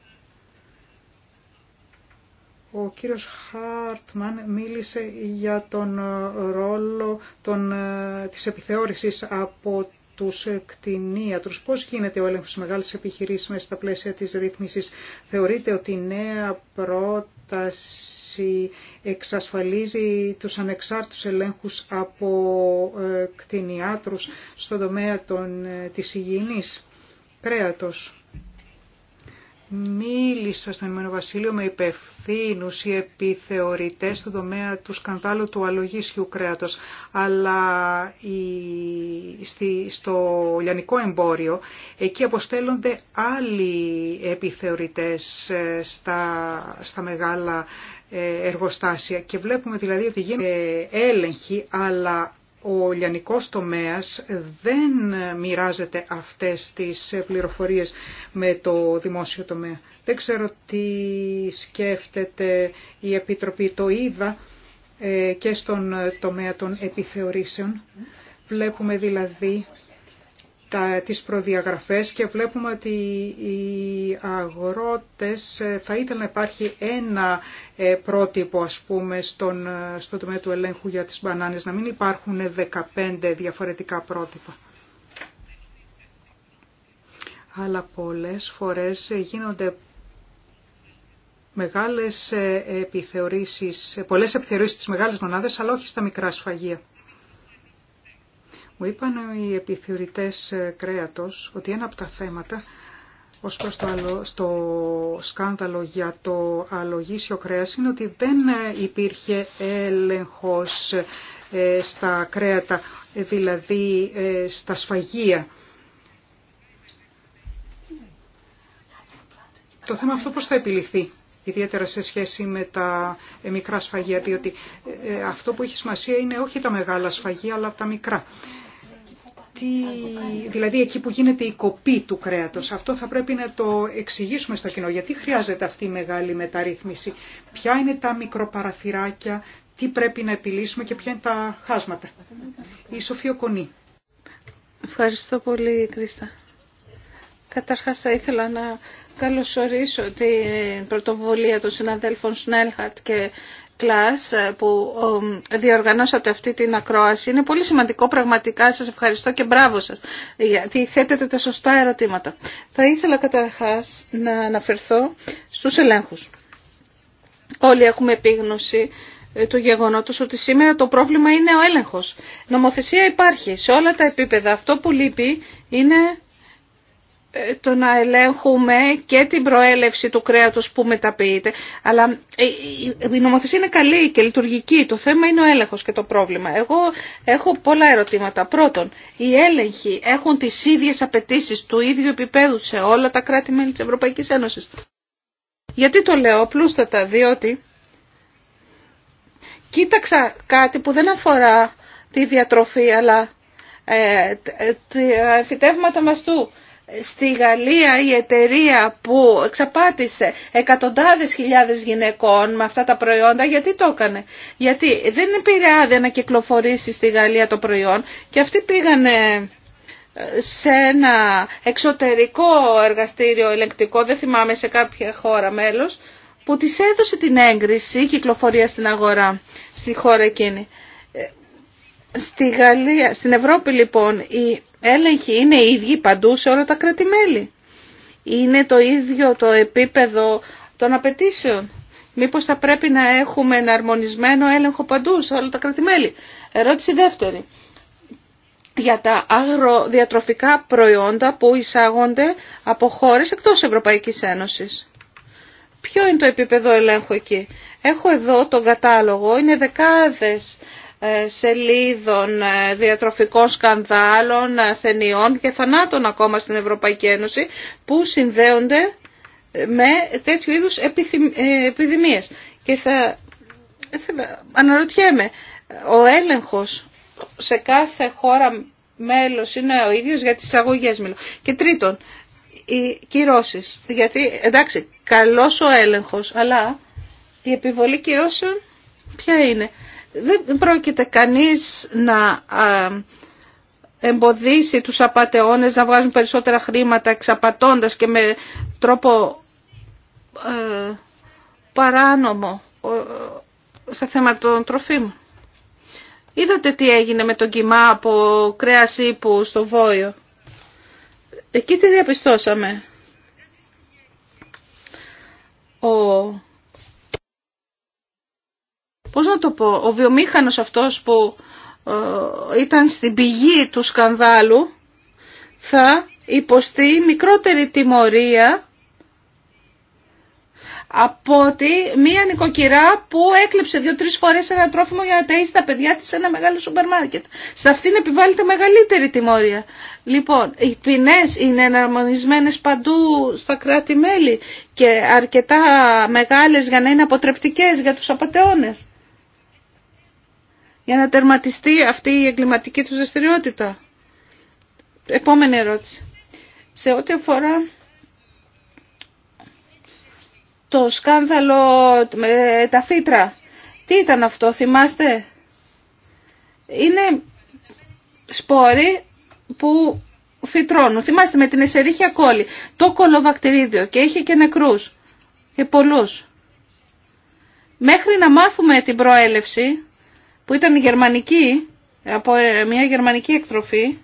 Ο κύριος Χάρτμαν μίλησε για τον ε, ρόλο των, ε, της επιθεώρησης από τους ε, κτηνίατρους. Πώς γίνεται ο έλεγχος μεγάλης επιχειρήσης μέσα στα πλαίσια της ρύθμισης. Θεωρείτε ότι η νέα πρόταση εξασφαλίζει τους ανεξάρτητους ελέγχους από κτηνίατρους στον τομέα των, της υγιεινής κρέατος. Μίλησα στον Ηνωμένο Βασίλειο με υπευθύνου ή επιθεωρητές του τομέα του σκανδάλου του αλογίσιου κρέατος, αλλά στο λιανικό εμπόριο εκεί αποστέλλονται άλλοι επιθεωρητές ε, στα, στα μεγάλα ε, εργοστάσια και βλέπουμε δηλαδή ότι γίνεται έλεγχοι αλλά ο λιανικός τομέας δεν μοιράζεται αυτές τις πληροφορίες με το δημόσιο τομέα. Δεν ξέρω τι σκέφτεται η Επιτροπή. Το είδα ε, και στον τομέα των επιθεωρήσεων. Βλέπουμε δηλαδή τα, τις προδιαγραφές και βλέπουμε ότι οι αγρότες ε, θα ήθελαν να υπάρχει ένα ε, πρότυπο ας πούμε στον, ε, στο τομέα του ελέγχου για τις μπανάνες, να μην υπάρχουν 15 διαφορετικά πρότυπα. Αλλά πολλές φορές γίνονται μεγάλες επιθεωρήσεις, πολλές επιθεωρήσεις στις μεγάλες μονάδες, αλλά όχι στα μικρά σφαγεία. Μου είπαν οι επιθεωρητές ε, κρέατος ότι ένα από τα θέματα ως προς το, στο σκάνδαλο για το αλογίσιο κρέας είναι ότι δεν ε, υπήρχε έλεγχος ε, στα κρέατα, δηλαδή στα σφαγεία. Το θέμα αυτό πώς θα επιληθεί, ιδιαίτερα σε σχέση με τα μικρά σφαγεία, διότι αυτό που έχει σημασία είναι όχι τα μεγάλα σφαγεία, αλλά τα μικρά δηλαδή εκεί που γίνεται η κοπή του κρέατος. Αυτό θα πρέπει να το εξηγήσουμε στο κοινό. Γιατί χρειάζεται αυτή η μεγάλη μεταρρύθμιση. Ποια είναι τα μικροπαραθυράκια, τι πρέπει να επιλύσουμε και ποια είναι τα χάσματα. Η Σοφία Κονή. Ευχαριστώ πολύ Κρίστα. Καταρχάς θα ήθελα να καλωσορίσω την πρωτοβουλία των συναδέλφων Σνέλχαρτ και Κλάς ε, που διοργανώσατε αυτή την ακρόαση. Είναι πολύ σημαντικό πραγματικά. Σας ευχαριστώ και μπράβο σας γιατί θέτετε τα σωστά ερωτήματα. Θα ήθελα καταρχάς να αναφερθώ στους ελέγχους. Όλοι έχουμε επίγνωση ε, του γεγονότος ότι σήμερα το πρόβλημα είναι ο έλεγχος. Νομοθεσία υπάρχει σε όλα τα επίπεδα. Αυτό που λείπει είναι ε, το να ελέγχουμε και την προέλευση του κρέατος που μεταποιείται. Αλλά ε, ε, η νομοθεσία είναι καλή και λειτουργική. Το θέμα είναι ο έλεγχος και το πρόβλημα. Εγώ έχω πολλά ερωτήματα. Πρώτον, οι έλεγχοι έχουν τις ίδιες απαιτήσει του ίδιου επίπεδου σε όλα τα κράτη-μέλη της Ευρωπαϊκής Ένωσης. Γιατί το λέω πλούστατα, διότι κοίταξα κάτι που δεν αφορά τη διατροφή, αλλά ε, τα φυτεύματα μαστού. Στη Γαλλία η εταιρεία που εξαπάτησε εκατοντάδες χιλιάδες γυναικών με αυτά τα προϊόντα, γιατί το έκανε. Γιατί δεν είναι άδεια να κυκλοφορήσει στη Γαλλία το προϊόν και αυτοί πήγανε ε, σε ένα εξωτερικό εργαστήριο ελεκτικό, δεν θυμάμαι σε κάποια χώρα μέλος, που της έδωσε την έγκριση κυκλοφορία στην αγορά, στη χώρα εκείνη. Ε, στη Γαλλία, στην Ευρώπη λοιπόν, έλεγχοι είναι οι ίδιοι παντού σε όλα τα κρατημέλη. Είναι το ίδιο το επίπεδο των απαιτήσεων. Μήπως θα πρέπει να έχουμε ένα αρμονισμένο έλεγχο παντού σε όλα τα κρατημέλη. Ερώτηση δεύτερη. Για τα αγροδιατροφικά προϊόντα που εισάγονται από χώρες εκτός Ευρωπαϊκής Ένωσης. Ποιο είναι το επίπεδο ελέγχου εκεί. Έχω εδώ τον κατάλογο, είναι δεκάδες ε, σελίδων ε, διατροφικών σκανδάλων, ασθενειών και θανάτων ακόμα στην Ευρωπαϊκή Ένωση που συνδέονται με τέτοιου είδους ε, επιδημίες. Και θα αναρωτιέμαι, ο έλεγχος σε κάθε χώρα μέλος είναι ο ίδιος για τις αγωγές μιλώ. Και τρίτον, οι κυρώσεις. Γιατί, εντάξει, καλός ο έλεγχος, αλλά η επιβολή κυρώσεων ποια είναι. Δεν πρόκειται κανείς να εμποδίσει τους απατεώνες να βγάζουν περισσότερα χρήματα εξαπατώντας και με τρόπο ε, παράνομο στα θέματα των τροφίμων. Είδατε τι έγινε με τον κοιμά από κρέας ύπου στο Βόιο. Εκεί τι διαπιστώσαμε. Ο πώς να το πω, ο βιομήχανος αυτός που ε, ήταν στην πηγή του σκανδάλου θα υποστεί μικρότερη τιμωρία από ότι μία νοικοκυρά που έκλεψε δύο-τρεις φορές ένα τρόφιμο για να ταΐσει τα παιδιά της σε ένα μεγάλο σούπερ μάρκετ. Σε αυτήν επιβάλλεται μεγαλύτερη τιμωρία. Λοιπόν, οι ποινές είναι εναρμονισμένες παντού στα κράτη-μέλη και αρκετά μεγάλες για να είναι αποτρεπτικές για τους απαταιώνες για να τερματιστεί αυτή η εγκληματική τους δραστηριότητα. Επόμενη ερώτηση. Σε ό,τι αφορά το σκάνδαλο με τα φύτρα, τι ήταν αυτό, θυμάστε. Είναι σπόροι που φυτρώνουν. Θυμάστε με την εσερίχια κόλλη, το κολοβακτηρίδιο και είχε και νεκρούς και πολλούς. Μέχρι να μάθουμε την προέλευση, που ήταν γερμανική, από ε, μια γερμανική εκτροφή.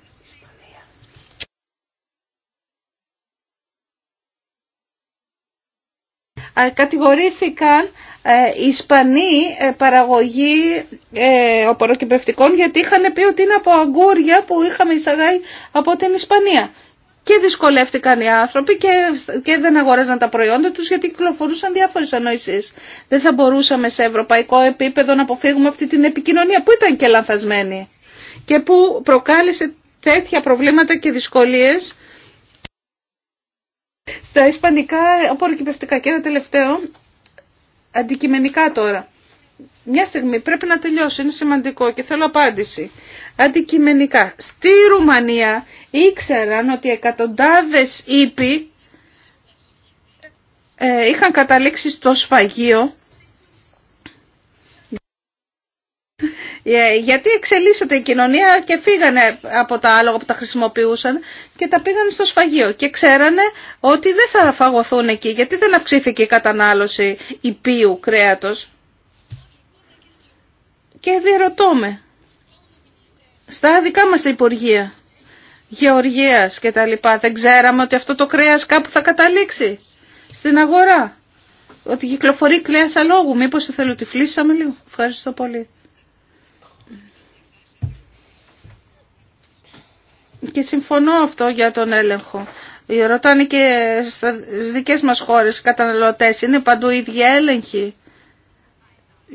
Κατηγορήθηκαν οι ε, Ισπανοί ε, παραγωγοί οπωροκυπευτικών, γιατί είχαν πει ότι είναι από αγκούρια που είχαμε εισαγάγει από την Ισπανία και δυσκολεύτηκαν οι άνθρωποι και, και δεν αγόραζαν τα προϊόντα τους γιατί κυκλοφορούσαν διάφορες ανοησίες. Δεν θα μπορούσαμε σε ευρωπαϊκό επίπεδο να αποφύγουμε αυτή την επικοινωνία που ήταν και λανθασμένη και που προκάλεσε τέτοια προβλήματα και δυσκολίες στα ισπανικά απορροκυπευτικά. Και ένα τελευταίο, αντικειμενικά τώρα. Μια στιγμή πρέπει να τελειώσει, είναι σημαντικό και θέλω απάντηση. Αντικειμενικά, στη Ρουμανία ήξεραν ότι εκατοντάδες ε, είχαν καταλήξει στο σφαγείο ε, γιατί εξελίσσεται η κοινωνία και φύγανε από τα άλογα που τα χρησιμοποιούσαν και τα πήγαν στο σφαγείο και ξέρανε ότι δεν θα φαγωθούν εκεί γιατί δεν αυξήθηκε η κατανάλωση υπείου κρέατος. Και διερωτώ με, στα δικά μας υπουργεία, γεωργίας και τα λοιπά, δεν ξέραμε ότι αυτό το κρέας κάπου θα καταλήξει στην αγορά. Ότι κυκλοφορεί κρέας αλόγου. Μήπως θέλω τη φλήσαμε λίγο. Ευχαριστώ πολύ. Και συμφωνώ αυτό για τον έλεγχο. Ρωτάνε και στις δικές μας χώρες οι καταναλωτές. Είναι παντού οι ίδιοι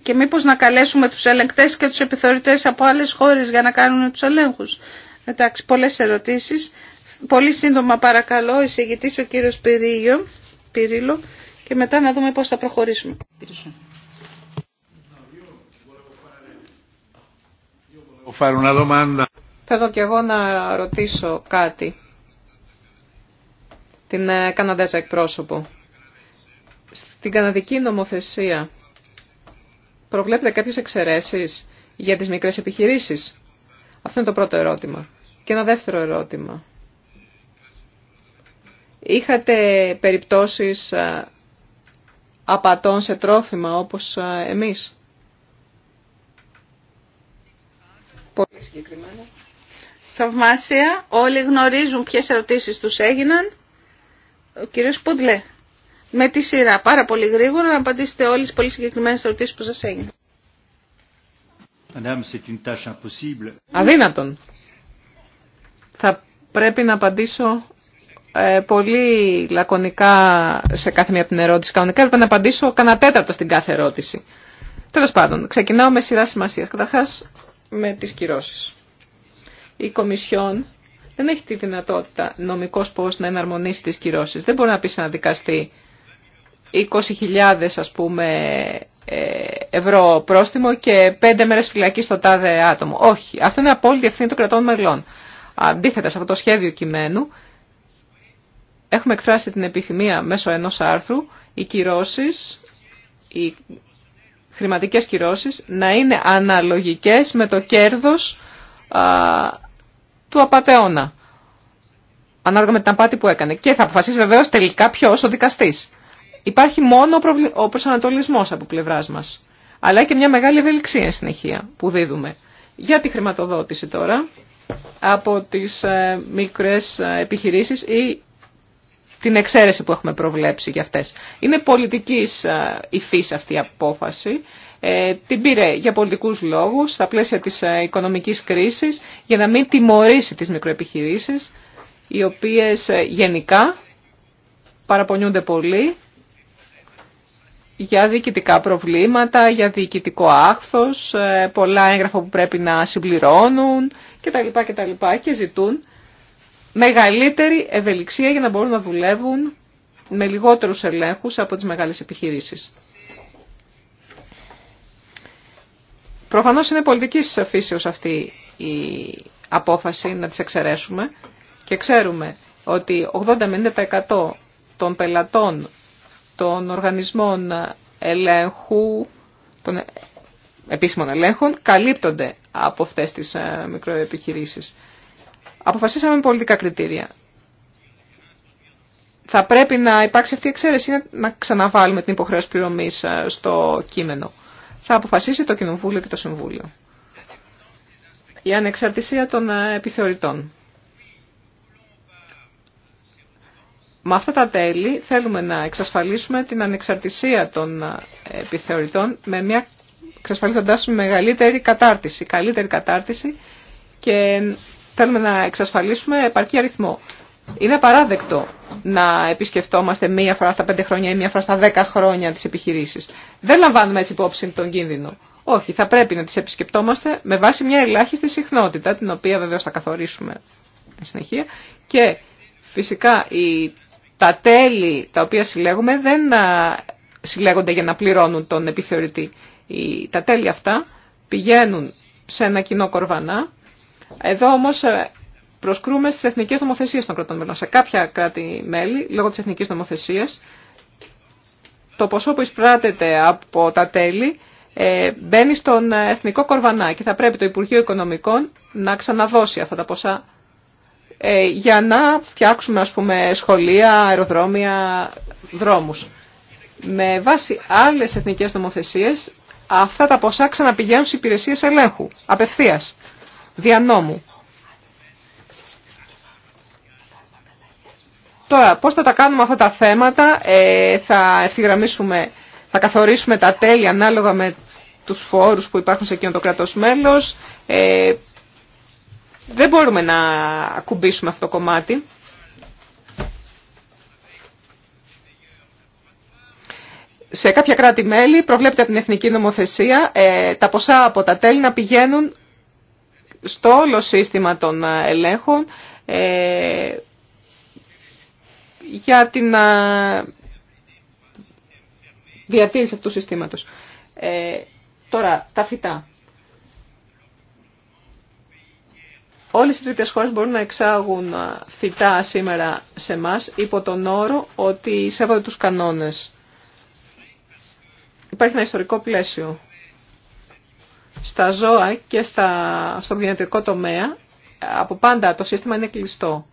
και μήπως να καλέσουμε τους ελεγκτές και τους επιθεωρητές από άλλες χώρες για να κάνουν τους ελέγχους. Εντάξει, πολλές ερωτήσεις. Πολύ σύντομα παρακαλώ, εισηγητής ο κύριος Πυρίλιο, Πυρίλο και μετά να δούμε πώς θα προχωρήσουμε. Θέλω και εγώ να ρωτήσω κάτι την ε, Καναδέζα εκπρόσωπο. Στην καναδική νομοθεσία προβλέπετε κάποιες εξαιρέσεις για τις μικρές επιχειρήσεις. Αυτό είναι το πρώτο ερώτημα. Και ένα δεύτερο ερώτημα. Είχατε περιπτώσεις απατών σε τρόφιμα όπως εμείς. Πολύ συγκεκριμένα. Θαυμάσια. Όλοι γνωρίζουν ποιες ερωτήσεις τους έγιναν. Ο κύριος Πούντλε με τη σειρά. Πάρα πολύ γρήγορα να απαντήσετε όλε τι πολύ συγκεκριμένε ερωτήσει που σας έγιναν. Αδύνατον. Θα πρέπει να απαντήσω ε, πολύ λακωνικά σε κάθε μία από την ερώτηση. Κανονικά έπρεπε να απαντήσω κανένα τέταρτο στην κάθε ερώτηση. Τέλο πάντων, ξεκινάω με σειρά σημασία. Καταρχά με τι κυρώσει. Η Κομισιόν δεν έχει τη δυνατότητα νομικό πώ να εναρμονίσει τι κυρώσει. Δεν μπορεί να πει σε ένα δικαστή 20.000 ας πούμε ε, ευρώ πρόστιμο και 5 μέρες φυλακή στο τάδε άτομο. Όχι, αυτό είναι απόλυτη ευθύνη των κρατών μελών. Αντίθετα σε αυτό το σχέδιο κειμένου έχουμε εκφράσει την επιθυμία μέσω ενός άρθρου οι κυρώσεις, οι χρηματικές κυρώσεις να είναι αναλογικές με το κέρδος του απαταιώνα. Ανάλογα με την απάτη που έκανε. Και θα αποφασίσει βεβαίως τελικά ποιος ο δικαστής υπάρχει μόνο ο προσανατολισμός από πλευράς μας, αλλά και μια μεγάλη ευελιξία συνεχεία που δίδουμε. Για τη χρηματοδότηση τώρα, από τις ε, μικρές ε, επιχειρήσεις ή την εξαίρεση που έχουμε προβλέψει για αυτές. Είναι πολιτικής ε, υφής αυτή η απόφαση. την πήρε για πολιτικούς λόγους, στα πλαίσια της οικονομικής κρίσης, για να μην τιμωρήσει τις μικροεπιχειρήσεις, οι οποίες γενικά παραπονιούνται πολύ για διοικητικά προβλήματα, για διοικητικό άχθος, ε, πολλά έγγραφα που πρέπει να συμπληρώνουν κτλ. και ζητούν μεγαλύτερη ευελιξία για να μπορούν να δουλεύουν με λιγότερους ελέγχους από τις μεγάλες επιχειρήσεις. Προφανώς είναι πολιτικής φύσεως αυτή η απόφαση να τις εξαιρέσουμε και ξέρουμε ότι 80-90% των πελατών των οργανισμών ελέγχου, των επίσημων ελέγχων, καλύπτονται από αυτές τις ε, μικροεπιχειρήσεις. Αποφασίσαμε πολιτικά κριτήρια. Θα πρέπει να υπάρξει αυτή η εξαίρεση να ξαναβάλουμε την υποχρέωση πληρωμής ε, στο κείμενο. Θα αποφασίσει το Κοινοβούλιο και το Συμβούλιο. Η ανεξαρτησία των ε, επιθεωρητών. με αυτά τα τέλη θέλουμε να εξασφαλίσουμε την ανεξαρτησία των ε, επιθεωρητών με μια εξασφαλίζοντας μεγαλύτερη κατάρτιση, καλύτερη κατάρτιση και θέλουμε να εξασφαλίσουμε επαρκή αριθμό. Είναι παράδεκτο να επισκεφτόμαστε μία φορά στα πέντε χρόνια ή μία φορά στα δέκα χρόνια τις επιχειρήσεις. Δεν λαμβάνουμε έτσι υπόψη τον κίνδυνο. Όχι, θα πρέπει να τις επισκεπτόμαστε με βάση μια ελάχιστη συχνότητα, την οποία βεβαίως θα καθορίσουμε συνεχεία. Και φυσικά η τα τέλη τα οποία συλλέγουμε δεν συλλέγονται για να πληρώνουν τον επιθεωρητή. Τα τέλη αυτά πηγαίνουν σε ένα κοινό κορβανά. Εδώ όμως ε, προσκρούμε στις εθνικές νομοθεσίες των κρατών μελών. Σε κάποια κράτη-μέλη, λόγω της εθνικής νομοθεσίας, το ποσό που εισπράτεται από τα τέλη ε, μπαίνει στον εθνικό κορβανά και θα πρέπει το Υπουργείο Οικονομικών να ξαναδώσει αυτά τα ποσά ε, για να φτιάξουμε ας πούμε σχολεία, αεροδρόμια, δρόμους. Με βάση άλλες εθνικές νομοθεσίες αυτά τα ποσά ξαναπηγαίνουν στις υπηρεσίες ελέγχου, απευθείας, διανόμου. Τώρα, πώς θα τα κάνουμε αυτά τα θέματα, ε, θα ευθυγραμμίσουμε, θα καθορίσουμε τα τέλη ανάλογα με τους φόρους που υπάρχουν σε εκείνο το κράτος μέλος, ε, δεν μπορούμε να ακουμπήσουμε αυτό το κομμάτι. Σε κάποια κράτη-μέλη προβλέπεται από την εθνική νομοθεσία ε, τα ποσά από τα τέλη να πηγαίνουν στο όλο σύστημα των ε, ελέγχων ε, για την διατήρηση αυτού του συστήματος. Τώρα, τα φυτά. Όλες οι τρίτες χώρες μπορούν να εξάγουν φυτά σήμερα σε εμά υπό τον όρο ότι σέβονται τους κανόνες. Υπάρχει ένα ιστορικό πλαίσιο. Στα ζώα και στα, στο τομέα από πάντα το σύστημα είναι κλειστό.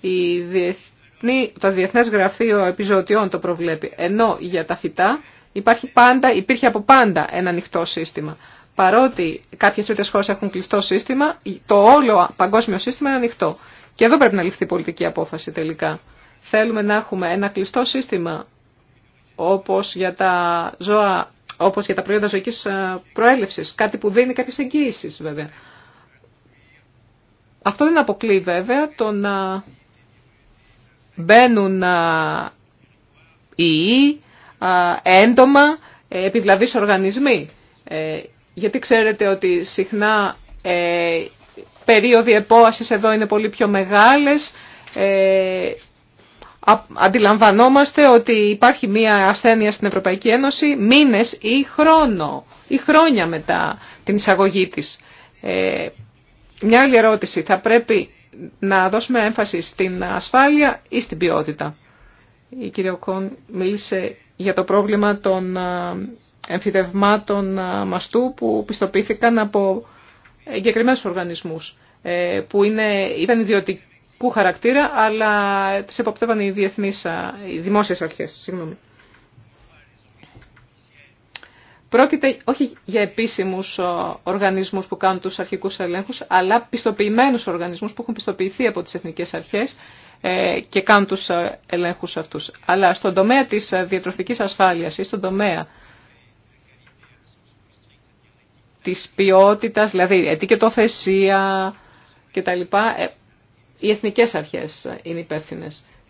Η διεθνή, το Διεθνές Γραφείο Επιζωτιών το προβλέπει. Ενώ για τα φυτά υπάρχει πάντα, υπήρχε από πάντα ένα ανοιχτό σύστημα παρότι κάποιες τρίτες χώρες έχουν κλειστό σύστημα, το όλο παγκόσμιο σύστημα είναι ανοιχτό. Και εδώ πρέπει να ληφθεί πολιτική απόφαση τελικά. Θέλουμε να έχουμε ένα κλειστό σύστημα όπως για τα, ζώα, όπως για τα προϊόντα ζωικής ε, προέλευσης, κάτι που δίνει κάποιες εγγύησεις βέβαια. Αυτό δεν αποκλεί βέβαια το να μπαίνουν ε, οι ε, έντομα επιβλαβείς οργανισμοί γιατί ξέρετε ότι συχνά ε, περίοδοι επόασης εδώ είναι πολύ πιο μεγάλες. Ε, αντιλαμβανόμαστε ότι υπάρχει μία ασθένεια στην Ευρωπαϊκή Ένωση μήνες ή χρόνο ή χρόνια μετά την εισαγωγή της. Ε, μια άλλη ερώτηση. Θα πρέπει να δώσουμε έμφαση στην ασφάλεια ή στην ποιότητα. Η κυρία Οκόν Κον μιλησε για το πρόβλημα των ε, εμφυτευμάτων ε, μαστού που πιστοποιήθηκαν από εγκεκριμένους οργανισμούς ε, που είναι, ήταν ιδιωτικού χαρακτήρα αλλά τις εποπτεύαν οι, διεθνείς, ε, οι δημόσιες αρχές. Συγγνώμη. Πρόκειται όχι για επίσημους οργανισμούς που κάνουν τους αρχικούς ελέγχους, αλλά πιστοποιημένους οργανισμούς που έχουν πιστοποιηθεί από τις εθνικές αρχές και κάνουν τους ελέγχους αυτούς. Αλλά στον τομέα της διατροφικής ασφάλειας ή στον τομέα της ποιότητας, δηλαδή ετικετοθεσία και τα λοιπά, ε, οι εθνικές αρχές είναι υπεύθυνε.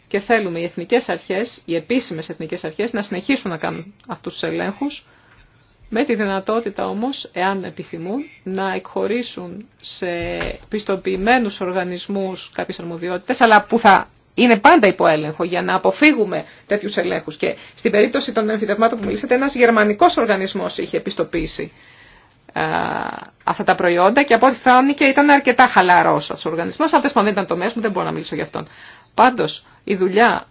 Και θέλουμε οι εθνικές αρχές, οι επίσημες εθνικές αρχές, να συνεχίσουν να κάνουν αυτούς τους ελέγχους, με τη δυνατότητα όμως, εάν επιθυμούν, να εκχωρήσουν σε πιστοποιημένους οργανισμούς κάποιες αρμοδιότητες, αλλά που θα είναι πάντα υπό έλεγχο για να αποφύγουμε τέτοιους ελέγχους. Και στην περίπτωση των εμφυτευμάτων που μιλήσατε, ένας γερμανικό οργανισμό είχε επιστοποίησει ε, αυτά τα προϊόντα και από ό,τι φάνηκε ήταν αρκετά χαλαρό ο οργανισμό. Αν δεν ήταν το μέσο μου δεν μπορώ να μιλήσω για αυτόν. Πάντω, η δουλειά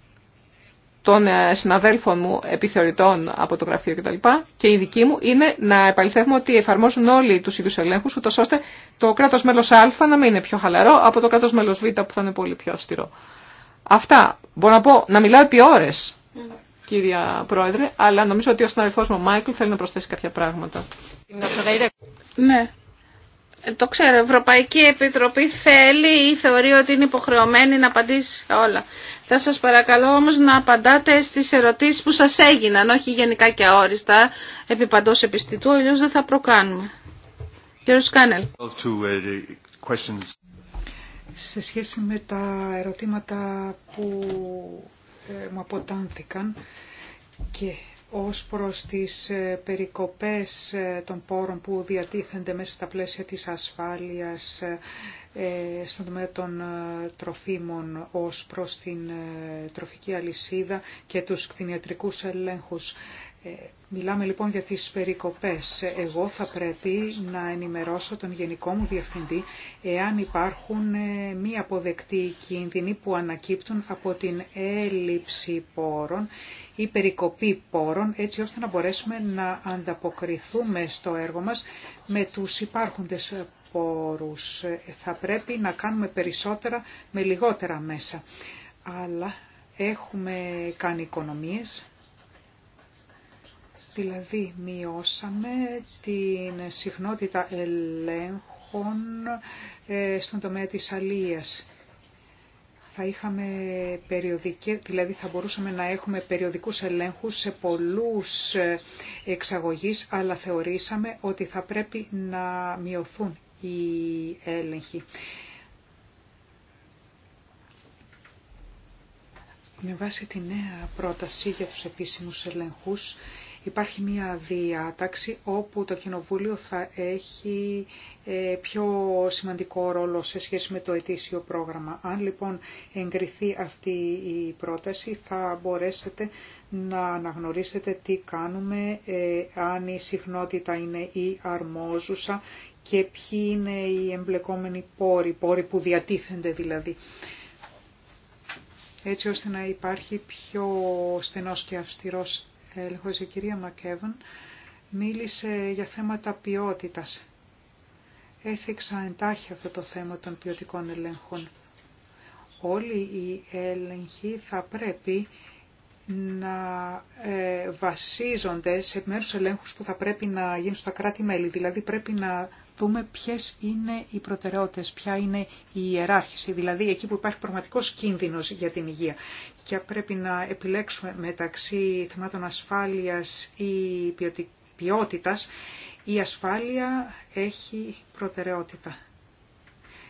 των ε, συναδέλφων μου επιθεωρητών από το γραφείο κτλ. και η δική μου είναι να επαληθεύουμε ότι εφαρμόζουν όλοι του ίδιου ελέγχου, ούτω ώστε το κράτο μέλο Α να μην είναι πιο χαλαρό από το κράτο μέλο Β που θα είναι πολύ πιο αυστηρό. Αυτά μπορώ να πω να μιλάω επί ώρε. Ναι κυρία Πρόεδρε, αλλά νομίζω ότι ο συναδελφός μου, ο Μάικλ, θέλει να προσθέσει κάποια πράγματα. Ναι. Ε, το ξέρω, η Ευρωπαϊκή Επιτροπή θέλει ή θεωρεί ότι είναι υποχρεωμένη να απαντήσει όλα. Θα σας παρακαλώ όμως να απαντάτε στις ερωτήσεις που σας έγιναν, όχι γενικά και αόριστα, επί παντός επιστητού, αλλιώς δεν θα προκάνουμε. Κύριο Σκάνελ. Σε σχέση με τα ερωτήματα που ε, μου αποτάνθηκαν και ως προς τις ε, περικοπές ε, των πόρων που διατίθενται μέσα στα πλαίσια της ασφάλειας στον τομέα των τροφίμων ως προς την τροφική αλυσίδα και τους κτηνιατρικούς ελέγχους. Ε, μιλάμε λοιπόν για τις περικοπές. Εγώ θα πρέπει να ενημερώσω τον Γενικό μου Διευθυντή εάν υπάρχουν ε, μη αποδεκτοί κίνδυνοι που ανακύπτουν από την έλλειψη πόρων ή περικοπή πόρων έτσι ώστε να μπορέσουμε να ανταποκριθούμε στο έργο μας με τους υπάρχοντες πόρους. Ε, θα πρέπει να κάνουμε περισσότερα με λιγότερα μέσα. Αλλά έχουμε κάνει οικονομίες Δηλαδή μειώσαμε την συχνότητα ελέγχων ε, στον τομέα της αλίας. Θα είχαμε περιοδικές, δηλαδή θα μπορούσαμε να έχουμε περιοδικούς ελέγχους σε πολλούς ε, εξαγωγείς, αλλά θεωρήσαμε ότι θα πρέπει να μειωθούν οι έλεγχοι. Με βάση τη νέα πρόταση για τους επίσημους ελέγχους, Υπάρχει μια διάταξη όπου το Κοινοβούλιο θα έχει ε, πιο σημαντικό ρόλο σε σχέση με το ετήσιο πρόγραμμα. Αν λοιπόν εγκριθεί αυτή η πρόταση θα μπορέσετε να αναγνωρίσετε τι κάνουμε, ε, αν η συχνότητα είναι η αρμόζουσα και ποιοι είναι οι εμπλεκόμενοι πόροι, πόροι που διατίθενται δηλαδή έτσι ώστε να υπάρχει πιο στενός και αυστηρός η κυρία Μακέβων μίλησε για θέματα ποιότητας. Έθιξα εντάχει αυτό το θέμα των ποιοτικών ελέγχων. Όλοι οι έλεγχοι θα πρέπει να ε, βασίζονται σε μέρους ελέγχους που θα πρέπει να γίνουν στα κράτη-μέλη. Δηλαδή πρέπει να δούμε ποιες είναι οι προτεραιότητες, ποια είναι η ιεράρχηση, δηλαδή εκεί που υπάρχει πραγματικός κίνδυνος για την υγεία. Και πρέπει να επιλέξουμε μεταξύ θεμάτων ασφάλειας ή ποιότητας, η ασφάλεια έχει προτεραιότητα.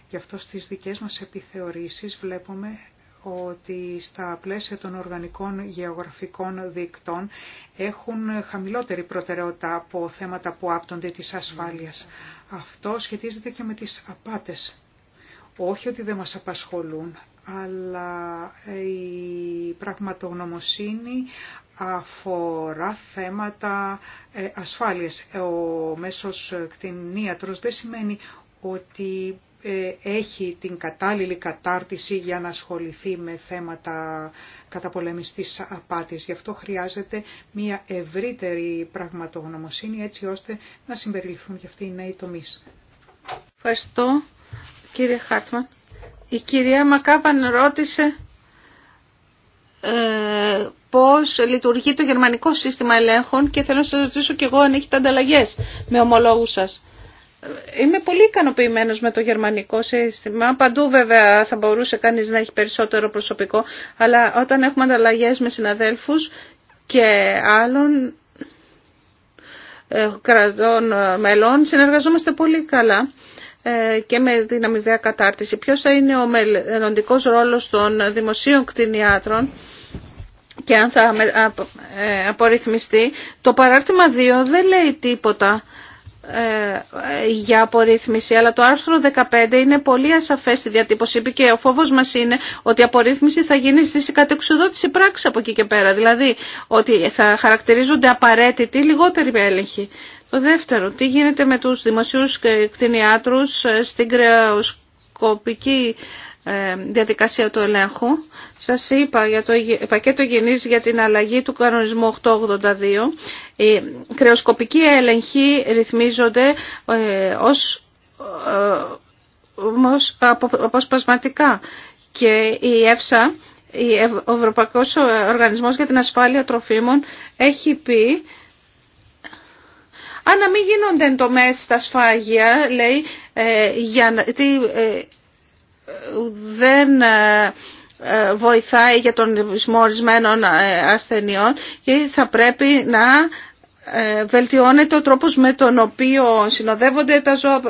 Γι' αυτό στις δικές μας επιθεωρήσεις βλέπουμε ότι στα πλαίσια των οργανικών γεωγραφικών δίκτων έχουν χαμηλότερη προτεραιότητα από θέματα που άπτονται της ασφάλειας. Αυτό σχετίζεται και με τις απάτες. Όχι ότι δεν μας απασχολούν, αλλά η πραγματογνωμοσύνη αφορά θέματα ε, ασφάλειας. Ο μέσος κτηνίατρος δεν σημαίνει ότι ε, έχει την κατάλληλη κατάρτιση για να ασχοληθεί με θέματα καταπολεμιστής απάτης. Γι' αυτό χρειάζεται μια ευρύτερη πραγματογνωμοσύνη έτσι ώστε να συμπεριληφθούν και αυτοί οι νέοι τομείς. Ευχαριστώ κύριε Χάρτμαν. Η κυρία Μακάβαν ρώτησε ε, πώς λειτουργεί το γερμανικό σύστημα ελέγχων και θέλω να σας ρωτήσω κι εγώ αν έχετε ανταλλαγές με ομολόγους σας. Είμαι πολύ ικανοποιημένο με το γερμανικό σύστημα. Παντού βέβαια θα μπορούσε κάνει να έχει περισσότερο προσωπικό, αλλά όταν έχουμε ανταλλαγέ με συναδέλφους και άλλων ε, κρατών ε, μελών συνεργαζόμαστε πολύ καλά ε, και με την αμοιβαία κατάρτιση. Ποιο θα είναι ο μελλοντικό ρόλος των δημοσίων κτηνιάτρων και αν θα απορριθμιστεί. Το παράρτημα 2 δεν λέει τίποτα ε, για απορρίθμιση, αλλά το άρθρο 15 είναι πολύ ασαφές στη διατύπωση και ο φόβος μας είναι ότι η απορρίθμιση θα γίνει στη κατεξουδότηση πράξη από εκεί και πέρα, δηλαδή ότι θα χαρακτηρίζονται απαραίτητοι λιγότεροι έλεγχοι. Το δεύτερο, τι γίνεται με τους δημοσίους κτηνιάτρους ε, στην κρεοσκοπική ε, διαδικασία του ελέγχου. Σας είπα για το πακέτο γενής για την αλλαγή του κανονισμού 882. Οι κρεοσκοπικοί έλεγχοι ρυθμίζονται ε, ως, ε, ως αποσπασματικά και η ΕΦΣΑ, ο Ευρωπαϊκός Οργανισμός για την Ασφάλεια Τροφίμων, έχει πει αν να μην γίνονται εντομές στα σφάγια, λέει, να δεν ε, ε, βοηθάει για τον δημιουργισμό ορισμένων ε, ασθενειών και θα πρέπει να βελτιώνεται ο τρόπος με τον οποίο συνοδεύονται τα ζώα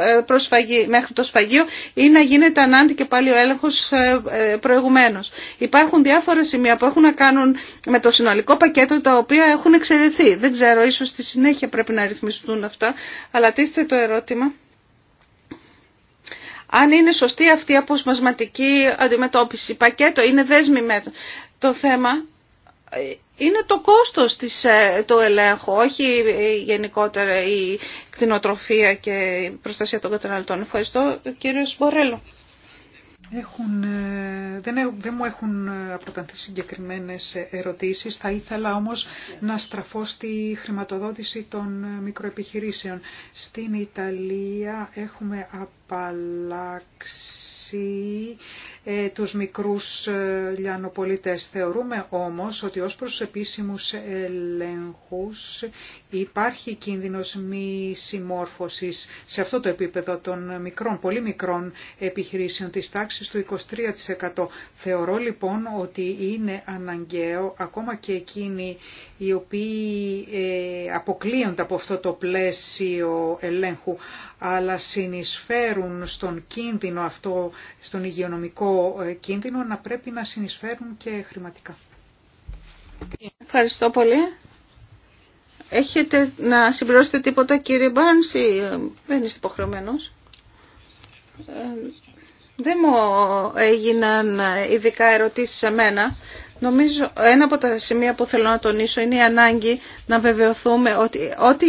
μέχρι το σφαγείο ή να γίνεται ανάντη και πάλι ο έλεγχος προηγουμένως. Υπάρχουν διάφορα σημεία που έχουν να κάνουν με το συνολικό πακέτο τα οποία έχουν εξαιρεθεί. Δεν ξέρω, ίσως στη συνέχεια πρέπει να ρυθμιστούν αυτά, αλλά τίθεται το ερώτημα αν είναι σωστή αυτή η αποσπασματική αντιμετώπιση. Πακέτο είναι δέσμη με το θέμα. Είναι το κόστος της, ε, του ελέγχου, όχι γενικότερα η κτηνοτροφία και η προστασία των καταναλωτών. Ευχαριστώ κύριο Μπορέλο. Ε, δεν, δεν μου έχουν ε, αποτανθεί συγκεκριμένες ερωτήσεις. Θα ήθελα όμως να στραφώ στη χρηματοδότηση των ε, μικροεπιχειρήσεων. Στην Ιταλία έχουμε απαλλάξει ε, τους μικρούς ε, λιανοπολίτες. Θεωρούμε όμως ότι ως προς επίσημους ελέγχους υπάρχει κίνδυνος μη συμμόρφωσης σε αυτό το επίπεδο των μικρών, πολύ μικρών επιχειρήσεων της τάξης του 23%. Θεωρώ λοιπόν ότι είναι αναγκαίο ακόμα και εκείνη οι οποίοι ε, αποκλείονται από αυτό το πλαίσιο ελέγχου, αλλά συνεισφέρουν στον κίνδυνο αυτό, στον υγειονομικό ε, κίνδυνο, να πρέπει να συνεισφέρουν και χρηματικά. Ευχαριστώ πολύ. Έχετε να συμπληρώσετε τίποτα κύριε Μπάνση, ε, δεν είστε υποχρεωμένος. Δεν μου έγιναν ειδικά ερωτήσεις σε μένα, Νομίζω ένα από τα σημεία που θέλω να τονίσω είναι η ανάγκη να βεβαιωθούμε ότι ό,τι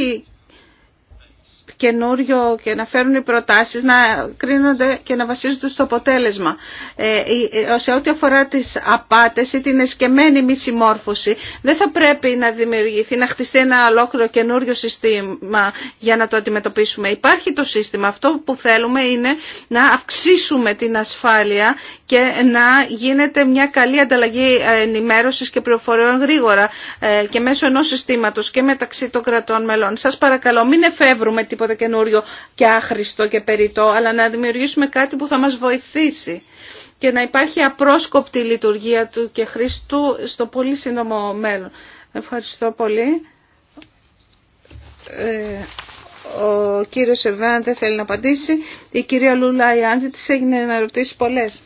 καινούριο και να φέρουν οι προτάσεις να κρίνονται και να βασίζονται στο αποτέλεσμα. Ε, ε, σε ό,τι αφορά τις απάτες ή την εσκεμμένη μη συμμόρφωση δεν θα πρέπει να δημιουργηθεί, να χτιστεί ένα ολόκληρο καινούριο σύστημα για να το αντιμετωπίσουμε. Υπάρχει το σύστημα. Αυτό που θέλουμε είναι να αυξήσουμε την ασφάλεια και να γίνεται μια καλή ανταλλαγή ε, ενημέρωσης και πληροφοριών γρήγορα ε, και μέσω ενός συστήματος και μεταξύ των κρατών μελών. Σας παρακαλώ μην εφεύρουμε τίποτα καινούριο και άχρηστο και περιττό, αλλά να δημιουργήσουμε κάτι που θα μας βοηθήσει και να υπάρχει απρόσκοπτη λειτουργία του και χρήση του στο πολύ σύντομο μέλλον. Ευχαριστώ πολύ. Ε, ο κύριος Σεβάν δεν θέλει να απαντήσει. Η κυρία Λούλα Ιάντζη της έγινε να ρωτήσει πολλές.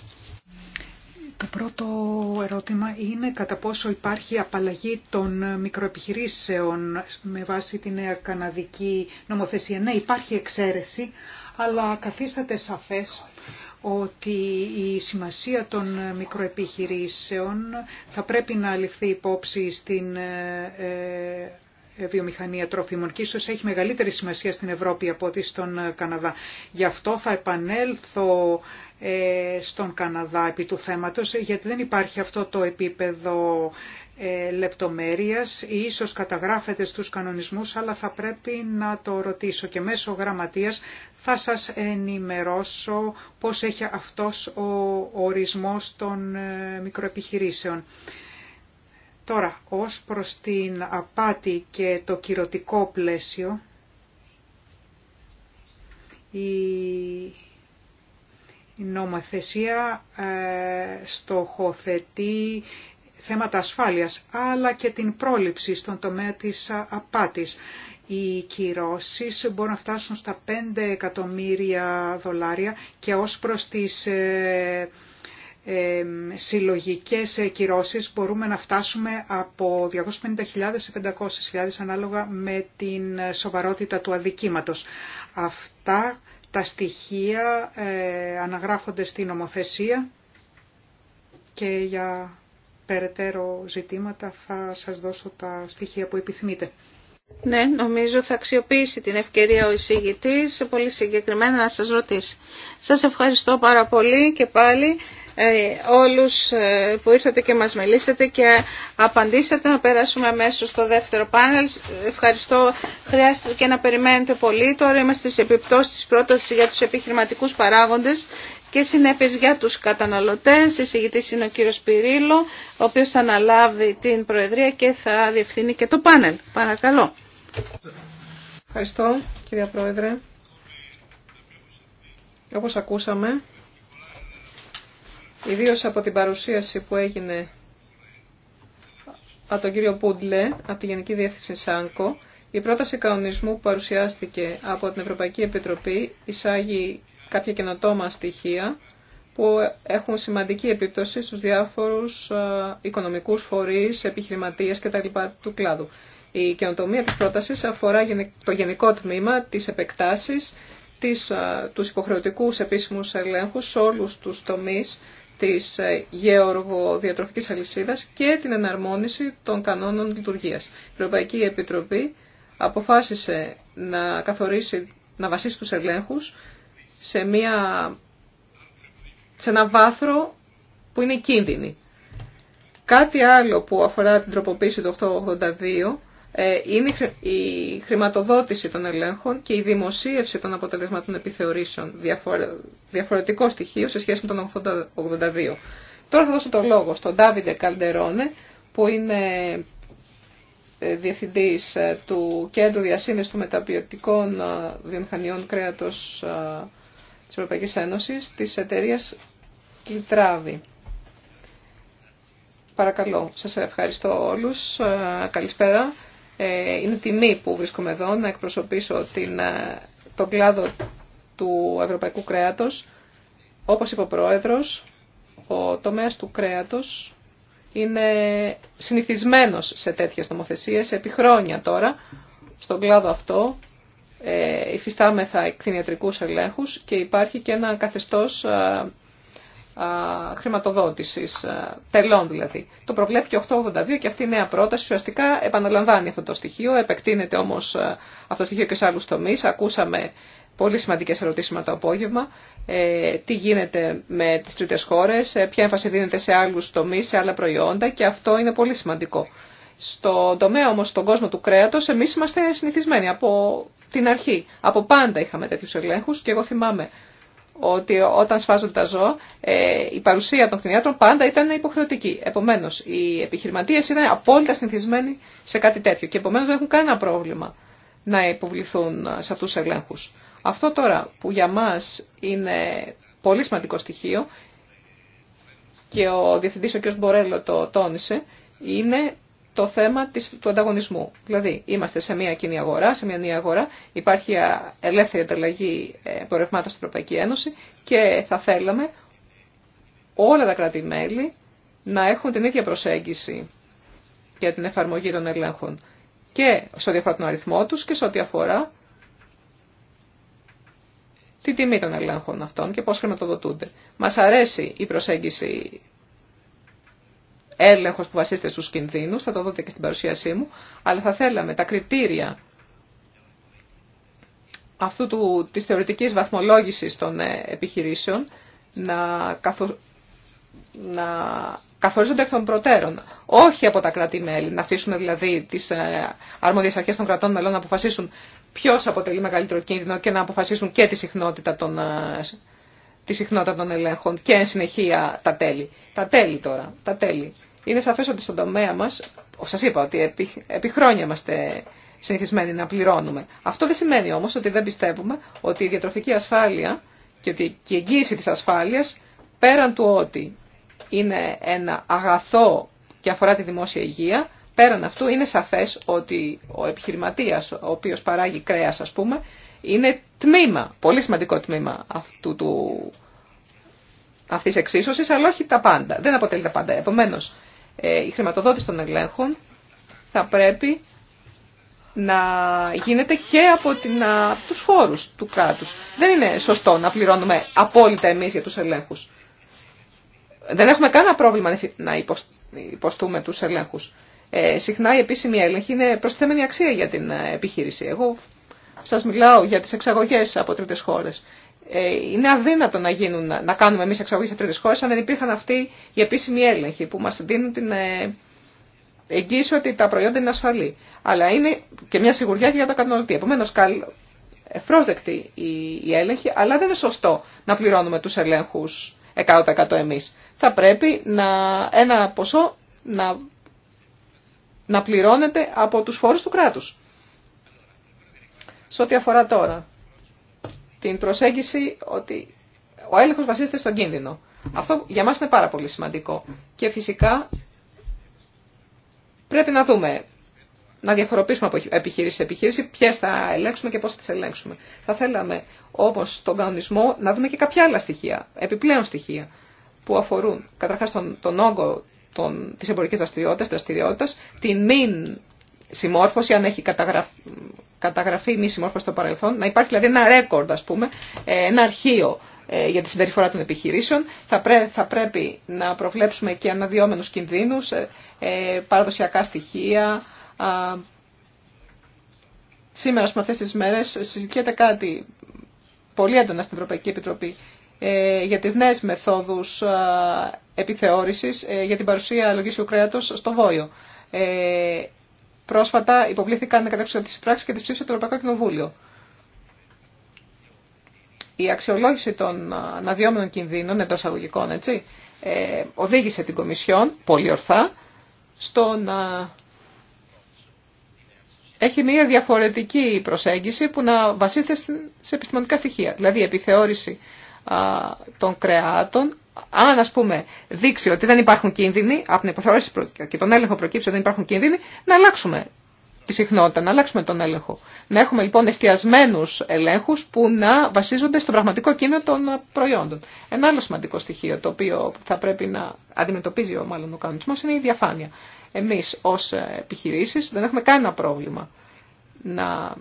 Το πρώτο ερώτημα είναι κατά πόσο υπάρχει απαλλαγή των μικροεπιχειρήσεων με βάση τη νέα καναδική νομοθεσία. Ναι, υπάρχει εξαίρεση, αλλά καθίσταται σαφές ότι η σημασία των μικροεπιχειρήσεων θα πρέπει να ληφθεί υπόψη στην ε, ε, βιομηχανία τροφίμων και ίσως έχει μεγαλύτερη σημασία στην Ευρώπη από ό,τι στον Καναδά. Γι' αυτό θα επανέλθω ε, στον Καναδά επί του θέματος, γιατί δεν υπάρχει αυτό το επίπεδο ε, λεπτομέρειας, ίσως καταγράφεται στους κανονισμούς, αλλά θα πρέπει να το ρωτήσω και μέσω γραμματείας θα σας ενημερώσω πώς έχει αυτός ο ορισμός των ε, μικροεπιχειρήσεων. Τώρα, ως προς την απάτη και το κυρωτικό πλαίσιο, η η νομοθεσία ε, στοχοθετεί θέματα ασφάλειας, αλλά και την πρόληψη στον τομέα της απάτης. Οι κυρώσεις μπορούν να φτάσουν στα 5 εκατομμύρια δολάρια και ως προς τις ε, ε, συλλογικές κυρώσεις μπορούμε να φτάσουμε από 250.000 σε 500.000 ανάλογα με την σοβαρότητα του αδικήματος. Αυτά τα στοιχεία ε, αναγράφονται στην ομοθεσία και για περαιτέρω ζητήματα θα σας δώσω τα στοιχεία που επιθυμείτε. Ναι, νομίζω θα αξιοποιήσει την ευκαιρία ο εισηγητής πολύ συγκεκριμένα να σας ρωτήσει. Σας ευχαριστώ πάρα πολύ και πάλι. Ε, όλους ε, που ήρθατε και μας μιλήσατε και απαντήσατε να περάσουμε αμέσως στο δεύτερο πάνελ. Ευχαριστώ. Χρειάστηκε και να περιμένετε πολύ. Τώρα είμαστε σε επιπτώσεις της πρότασης για τους επιχειρηματικούς παράγοντες και συνέπειες για τους καταναλωτές. Εισηγητής είναι ο κύριος Πυρίλο, ο οποίος θα αναλάβει την Προεδρία και θα διευθύνει και το πάνελ. Παρακαλώ. Ευχαριστώ, κυρία Πρόεδρε. Όπως ακούσαμε, ιδίως από την παρουσίαση που έγινε από τον κύριο Πούντλε, από τη Γενική Διεύθυνση ΣΑΝΚΟ, η πρόταση κανονισμού που παρουσιάστηκε από την Ευρωπαϊκή Επιτροπή εισάγει κάποια καινοτόμα στοιχεία που έχουν σημαντική επίπτωση στους διάφορους οικονομικούς φορείς, επιχειρηματίες κτλ. του κλάδου. Η καινοτομία της πρότασης αφορά το γενικό τμήμα, τις επεκτάσεις, τις, τους υποχρεωτικούς επίσημους ελέγχους σε όλους τους τομείς της ε, διατροφικής αλυσίδας και την εναρμόνιση των κανόνων λειτουργίας. Η Ευρωπαϊκή Επιτροπή αποφάσισε να καθορίσει, να βασίσει τους ελέγχους σε, μια, σε ένα βάθρο που είναι κίνδυνοι. Κάτι άλλο που αφορά την τροποποίηση του 882 ε, είναι η χρηματοδότηση των ελέγχων και η δημοσίευση των αποτελεσμάτων επιθεωρήσεων διαφορετικό στοιχείο σε σχέση με τον 82. Τώρα θα δώσω το λόγο στον Ντάβιντε Καλντερόνε που είναι ε, διευθυντής ε, του Κέντρου Διασύνδεσης του Μεταποιωτικών Βιομηχανιών Κρέατος της Ευρωπαϊκής Ένωσης της εταιρείας Κιτράβη. Παρακαλώ, σας ευχαριστώ όλους. Καλησπέρα. Ε, είναι τιμή που βρίσκομαι εδώ να εκπροσωπήσω την, ε, τον κλάδο του ευρωπαϊκού κρέατος. Όπως είπε ο Πρόεδρος, ο τομέας του κρέατος είναι συνηθισμένος σε τέτοιες νομοθεσίες επί χρόνια τώρα. Στον κλάδο αυτό ε, υφιστάμεθα εκτινιατρικούς ελέγχους και υπάρχει και ένα καθεστώς ε, χρηματοδότησης, τελών δηλαδή. Το προβλέπει και 882 και αυτή η νέα πρόταση ουσιαστικά επαναλαμβάνει αυτό το στοιχείο, επεκτείνεται όμως αυτό το στοιχείο και σε άλλους τομείς. Ακούσαμε πολύ σημαντικές ερωτήσεις με το απόγευμα, ε, τι γίνεται με τις τρίτες χώρες, ε, ποια έμφαση δίνεται σε άλλους τομείς, σε άλλα προϊόντα και αυτό είναι πολύ σημαντικό. Στον τομέα όμως, στον κόσμο του κρέατος, εμείς είμαστε συνηθισμένοι από την αρχή. Από πάντα είχαμε τέτοιου ελέγχου και εγώ θυμάμαι ότι όταν σφάζονται τα ζώα ε, η παρουσία των κτηνιάτρων πάντα ήταν υποχρεωτική. Επομένω, οι επιχειρηματίε ήταν απόλυτα συνηθισμένοι σε κάτι τέτοιο και επομένω δεν έχουν κανένα πρόβλημα να υποβληθούν ε, σε αυτού του ελέγχου. Αυτό τώρα που για μα είναι πολύ σημαντικό στοιχείο και ο διευθυντή ο κ. Μπορέλο το τόνισε, είναι το θέμα του ανταγωνισμού. Δηλαδή, είμαστε σε μια κοινή αγορά, σε μια νέα αγορά, υπάρχει ελεύθερη ανταλλαγή εμπορευμάτων στην Ευρωπαϊκή Ένωση και θα θέλαμε όλα τα κράτη-μέλη να έχουν την ίδια προσέγγιση για την εφαρμογή των ελέγχων και σε ό,τι αφορά τον αριθμό τους και σε ό,τι αφορά τη τιμή των ελέγχων αυτών και πώς χρηματοδοτούνται. Μας αρέσει η προσέγγιση Έλεγχο που βασίζεται στου κινδύνους, θα το δείτε και στην παρουσίασή μου, αλλά θα θέλαμε τα κριτήρια αυτού του, της θεωρητικής βαθμολόγησης των ε, επιχειρήσεων να, καθο, να καθορίζονται εκ των προτέρων, όχι από τα κράτη-μέλη, να αφήσουμε δηλαδή τις ε, αρμόδιες αρχές των κρατών μελών να αποφασίσουν ποιος αποτελεί μεγαλύτερο κίνδυνο και να αποφασίσουν και τη συχνότητα των ε, τη συχνότητα των ελέγχων και εν συνεχεία τα τέλη. Τα τέλη τώρα, τα τέλη. Είναι σαφές ότι στον τομέα μας, σας είπα ότι επί, επί χρόνια είμαστε συνηθισμένοι να πληρώνουμε. Αυτό δεν σημαίνει όμως ότι δεν πιστεύουμε ότι η διατροφική ασφάλεια και ότι η εγγύηση της ασφάλειας πέραν του ότι είναι ένα αγαθό και αφορά τη δημόσια υγεία, πέραν αυτού είναι σαφές ότι ο επιχειρηματίας ο οποίος παράγει κρέας ας πούμε είναι τμήμα, πολύ σημαντικό τμήμα αυτού του, αυτής εξίσωσης, αλλά όχι τα πάντα. Δεν αποτελεί τα πάντα. Επομένως, ε, η χρηματοδότηση των ελέγχων θα πρέπει να γίνεται και από την, α, τους φόρους του κράτους. Δεν είναι σωστό να πληρώνουμε απόλυτα εμείς για τους ελέγχους. Δεν έχουμε κανένα πρόβλημα να υποστούμε τους ελέγχους. Ε, συχνά η επίσημη έλεγχη είναι προσθέμενη αξία για την ε, επιχείρηση. Εγώ σας μιλάω για τις εξαγωγές από τρίτες χώρες. Ε, είναι αδύνατο να, γίνουν, να κάνουμε εμείς εξαγωγές σε τρίτες χώρες αν δεν υπήρχαν αυτοί οι επίσημοι έλεγχοι που μας δίνουν την ε, εγγύηση ότι τα προϊόντα είναι ασφαλή. Αλλά είναι και μια σιγουριά και για τα καταναλωτή. Επομένως, ευπρόσδεκτη η έλεγχη, αλλά δεν είναι σωστό να πληρώνουμε τους ελέγχους 100% εμείς. Θα πρέπει να, ένα ποσό να, να πληρώνεται από τους φόρους του κράτους. Σε ό,τι αφορά τώρα την προσέγγιση ότι ο έλεγχος βασίζεται στον κίνδυνο. Αυτό για μας είναι πάρα πολύ σημαντικό. Και φυσικά πρέπει να δούμε, να διαφοροποιήσουμε από επιχείρηση σε επιχείρηση ποιε θα ελέγξουμε και πώς θα τις ελέγξουμε. Θα θέλαμε όπως τον κανονισμό να δούμε και κάποια άλλα στοιχεία, επιπλέον στοιχεία, που αφορούν καταρχά τον, τον όγκο τη εμπορική δραστηριότητα, δραστηριότητας, την μην συμμόρφωση, αν έχει καταγραφεί μη συμμόρφωση στο παρελθόν, να υπάρχει δηλαδή ένα ρέκορντ, ας πούμε, ε, ένα αρχείο ε, για τη συμπεριφορά των επιχειρήσεων. Θα, θα πρέπει να προβλέψουμε και αναδυόμενους κινδύνους, ε, παραδοσιακά στοιχεία. Σήμερα, με αυτές τις μέρες, συζητιέται κάτι πολύ έντονα στην Ευρωπαϊκή Επιτροπή για τις νέες μεθόδους επιθεώρησης για την παρουσία λογίσιου κρέατος στο Βόλιο. Πρόσφατα υποβλήθηκαν κατά της πράξη και τη ψήφισε του Ευρωπαϊκό Κοινοβούλιο. Η αξιολόγηση των αναδυόμενων κινδύνων εντό αγωγικών έτσι, ε, οδήγησε την Κομισιόν, πολύ ορθά, στο να έχει μια διαφορετική προσέγγιση που να βασίζεται σε επιστημονικά στοιχεία. Δηλαδή η επιθεώρηση των κρεάτων αν α πούμε δείξει ότι δεν υπάρχουν κίνδυνοι, από την υποθεώρηση και τον έλεγχο προκύψει ότι δεν υπάρχουν κίνδυνοι, να αλλάξουμε τη συχνότητα, να αλλάξουμε τον έλεγχο. Να έχουμε λοιπόν εστιασμένου ελέγχου που να βασίζονται στο πραγματικό κίνδυνο των προϊόντων. Ένα άλλο σημαντικό στοιχείο το οποίο θα πρέπει να αντιμετωπίζει ο, μάλλον ο κανονισμός είναι η διαφάνεια. Εμεί ω επιχειρήσει δεν έχουμε κανένα πρόβλημα να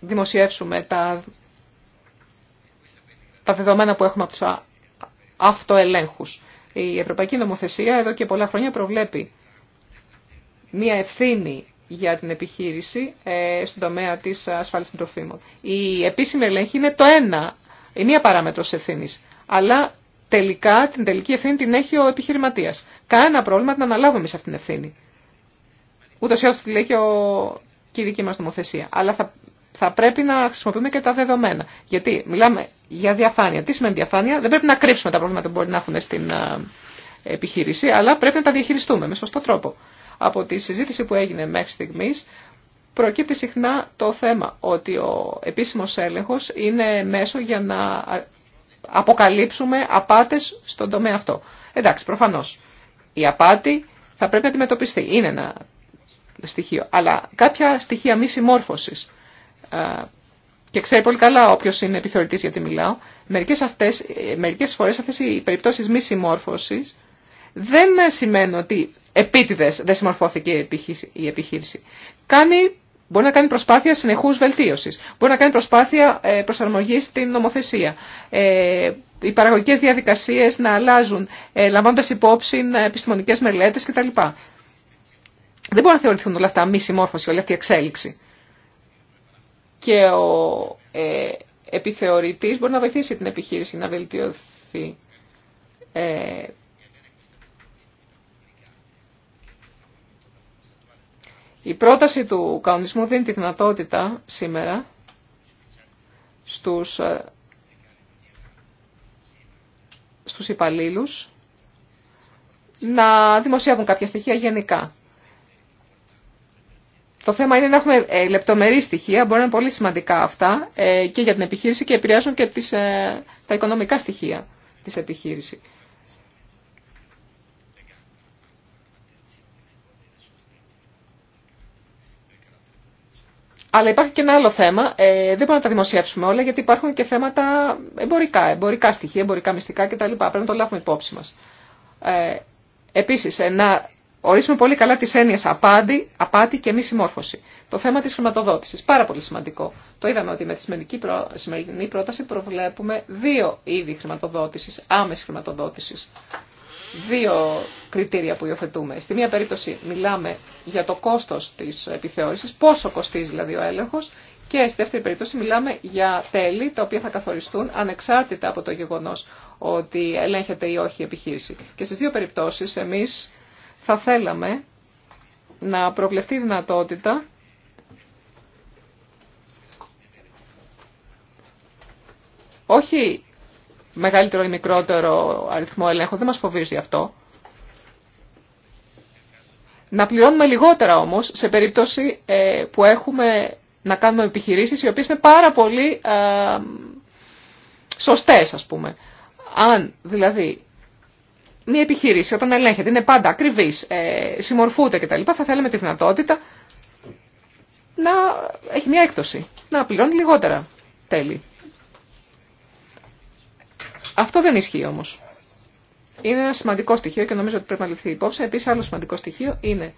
δημοσιεύσουμε τα τα δεδομένα που έχουμε από του αυτοελέγχου. Η Ευρωπαϊκή Νομοθεσία εδώ και πολλά χρόνια προβλέπει μία ευθύνη για την επιχείρηση ε, στον τομέα της ασφάλισης των τροφίμων. Η επίσημη ελέγχη είναι το ένα, η μία παράμετρος ευθύνη. Αλλά τελικά την τελική ευθύνη την έχει ο επιχειρηματίας. Κανένα πρόβλημα την αναλάβουμε σε αυτήν την ευθύνη. Ούτω ή άλλω τη λέει και, η δική μα νομοθεσία. Αλλά θα θα πρέπει να χρησιμοποιούμε και τα δεδομένα. Γιατί μιλάμε για διαφάνεια. Τι σημαίνει διαφάνεια, δεν πρέπει να κρύψουμε τα προβλήματα που μπορεί να έχουν στην επιχείρηση, αλλά πρέπει να τα διαχειριστούμε με σωστό τρόπο. Από τη συζήτηση που έγινε μέχρι στιγμή, προκύπτει συχνά το θέμα ότι ο επίσημο έλεγχος είναι μέσο για να αποκαλύψουμε απάτε στον τομέα αυτό. Εντάξει, προφανώ, Η απάτη θα πρέπει να αντιμετωπιστεί. Είναι ένα στοιχείο. Αλλά κάποια στοιχεία μη συμμόρφωση και ξέρει πολύ καλά όποιο είναι επιθεωρητής γιατί μιλάω, Μερικέ αυτές, μερικές φορές αυτές οι περιπτώσεις μη συμμόρφωσης δεν σημαίνουν ότι επίτηδες δεν συμμορφώθηκε η επιχείρηση. Κάνει, μπορεί να κάνει προσπάθεια συνεχούς βελτίωσης, μπορεί να κάνει προσπάθεια ε, προσαρμογής στην νομοθεσία. Ε, οι παραγωγικές διαδικασίες να αλλάζουν, λαμβάνοντα ε, λαμβάνοντας υπόψη επιστημονικές μελέτες κτλ. Δεν μπορεί να θεωρηθούν όλα αυτά μη συμμόρφωση, όλη αυτή η εξέλιξη και ο ε, επιθεωρητής μπορεί να βοηθήσει την επιχείρηση να βελτιωθεί. Ε, η πρόταση του κανονισμού δίνει τη δυνατότητα σήμερα στους, ε, στους υπαλλήλους να δημοσιεύουν κάποια στοιχεία γενικά. Το θέμα είναι να έχουμε ε, λεπτομερή στοιχεία, μπορεί να είναι πολύ σημαντικά αυτά ε, και για την επιχείρηση και επηρεάζουν και τις, ε, τα οικονομικά στοιχεία της επιχείρησης. Αλλά υπάρχει και ένα άλλο θέμα. δεν μπορούμε να τα δημοσιεύσουμε όλα γιατί υπάρχουν και θέματα εμπορικά, εμπορικά στοιχεία, εμπορικά μυστικά κτλ. Πρέπει να το λάβουμε υπόψη μας. Ε, να Ορίσουμε πολύ καλά τις έννοιες απάντη, απάτη και μη συμμόρφωση. Το θέμα της χρηματοδότησης, πάρα πολύ σημαντικό. Το είδαμε ότι με τη σημερινή πρόταση προβλέπουμε δύο είδη χρηματοδότησης, άμεση χρηματοδότησης. Δύο κριτήρια που υιοθετούμε. Στη μία περίπτωση μιλάμε για το κόστος της επιθεώρησης, πόσο κοστίζει δηλαδή ο έλεγχος, και στη δεύτερη περίπτωση μιλάμε για τέλη τα οποία θα καθοριστούν ανεξάρτητα από το γεγονός ότι ελέγχεται ή όχι η επιχείρηση. Και στις δύο περιπτώσεις εμείς θα θέλαμε να προβλεφτεί η δυνατότητα όχι μεγαλύτερο ή μικρότερο αριθμό ελέγχου, δεν μας φοβίζει αυτό. Να πληρώνουμε λιγότερα όμως σε περίπτωση ε, που έχουμε να κάνουμε επιχειρήσεις οι οποίες είναι πάρα πολύ ε, σωστές ας πούμε. Αν δηλαδή μια επιχείρηση όταν ελέγχεται είναι πάντα ακριβή, ε, συμμορφούται κτλ. Θα θέλαμε τη δυνατότητα να έχει μια έκπτωση, να πληρώνει λιγότερα τέλη. Αυτό δεν ισχύει όμω. Είναι ένα σημαντικό στοιχείο και νομίζω ότι πρέπει να ληφθεί υπόψη. Επίση άλλο σημαντικό στοιχείο είναι,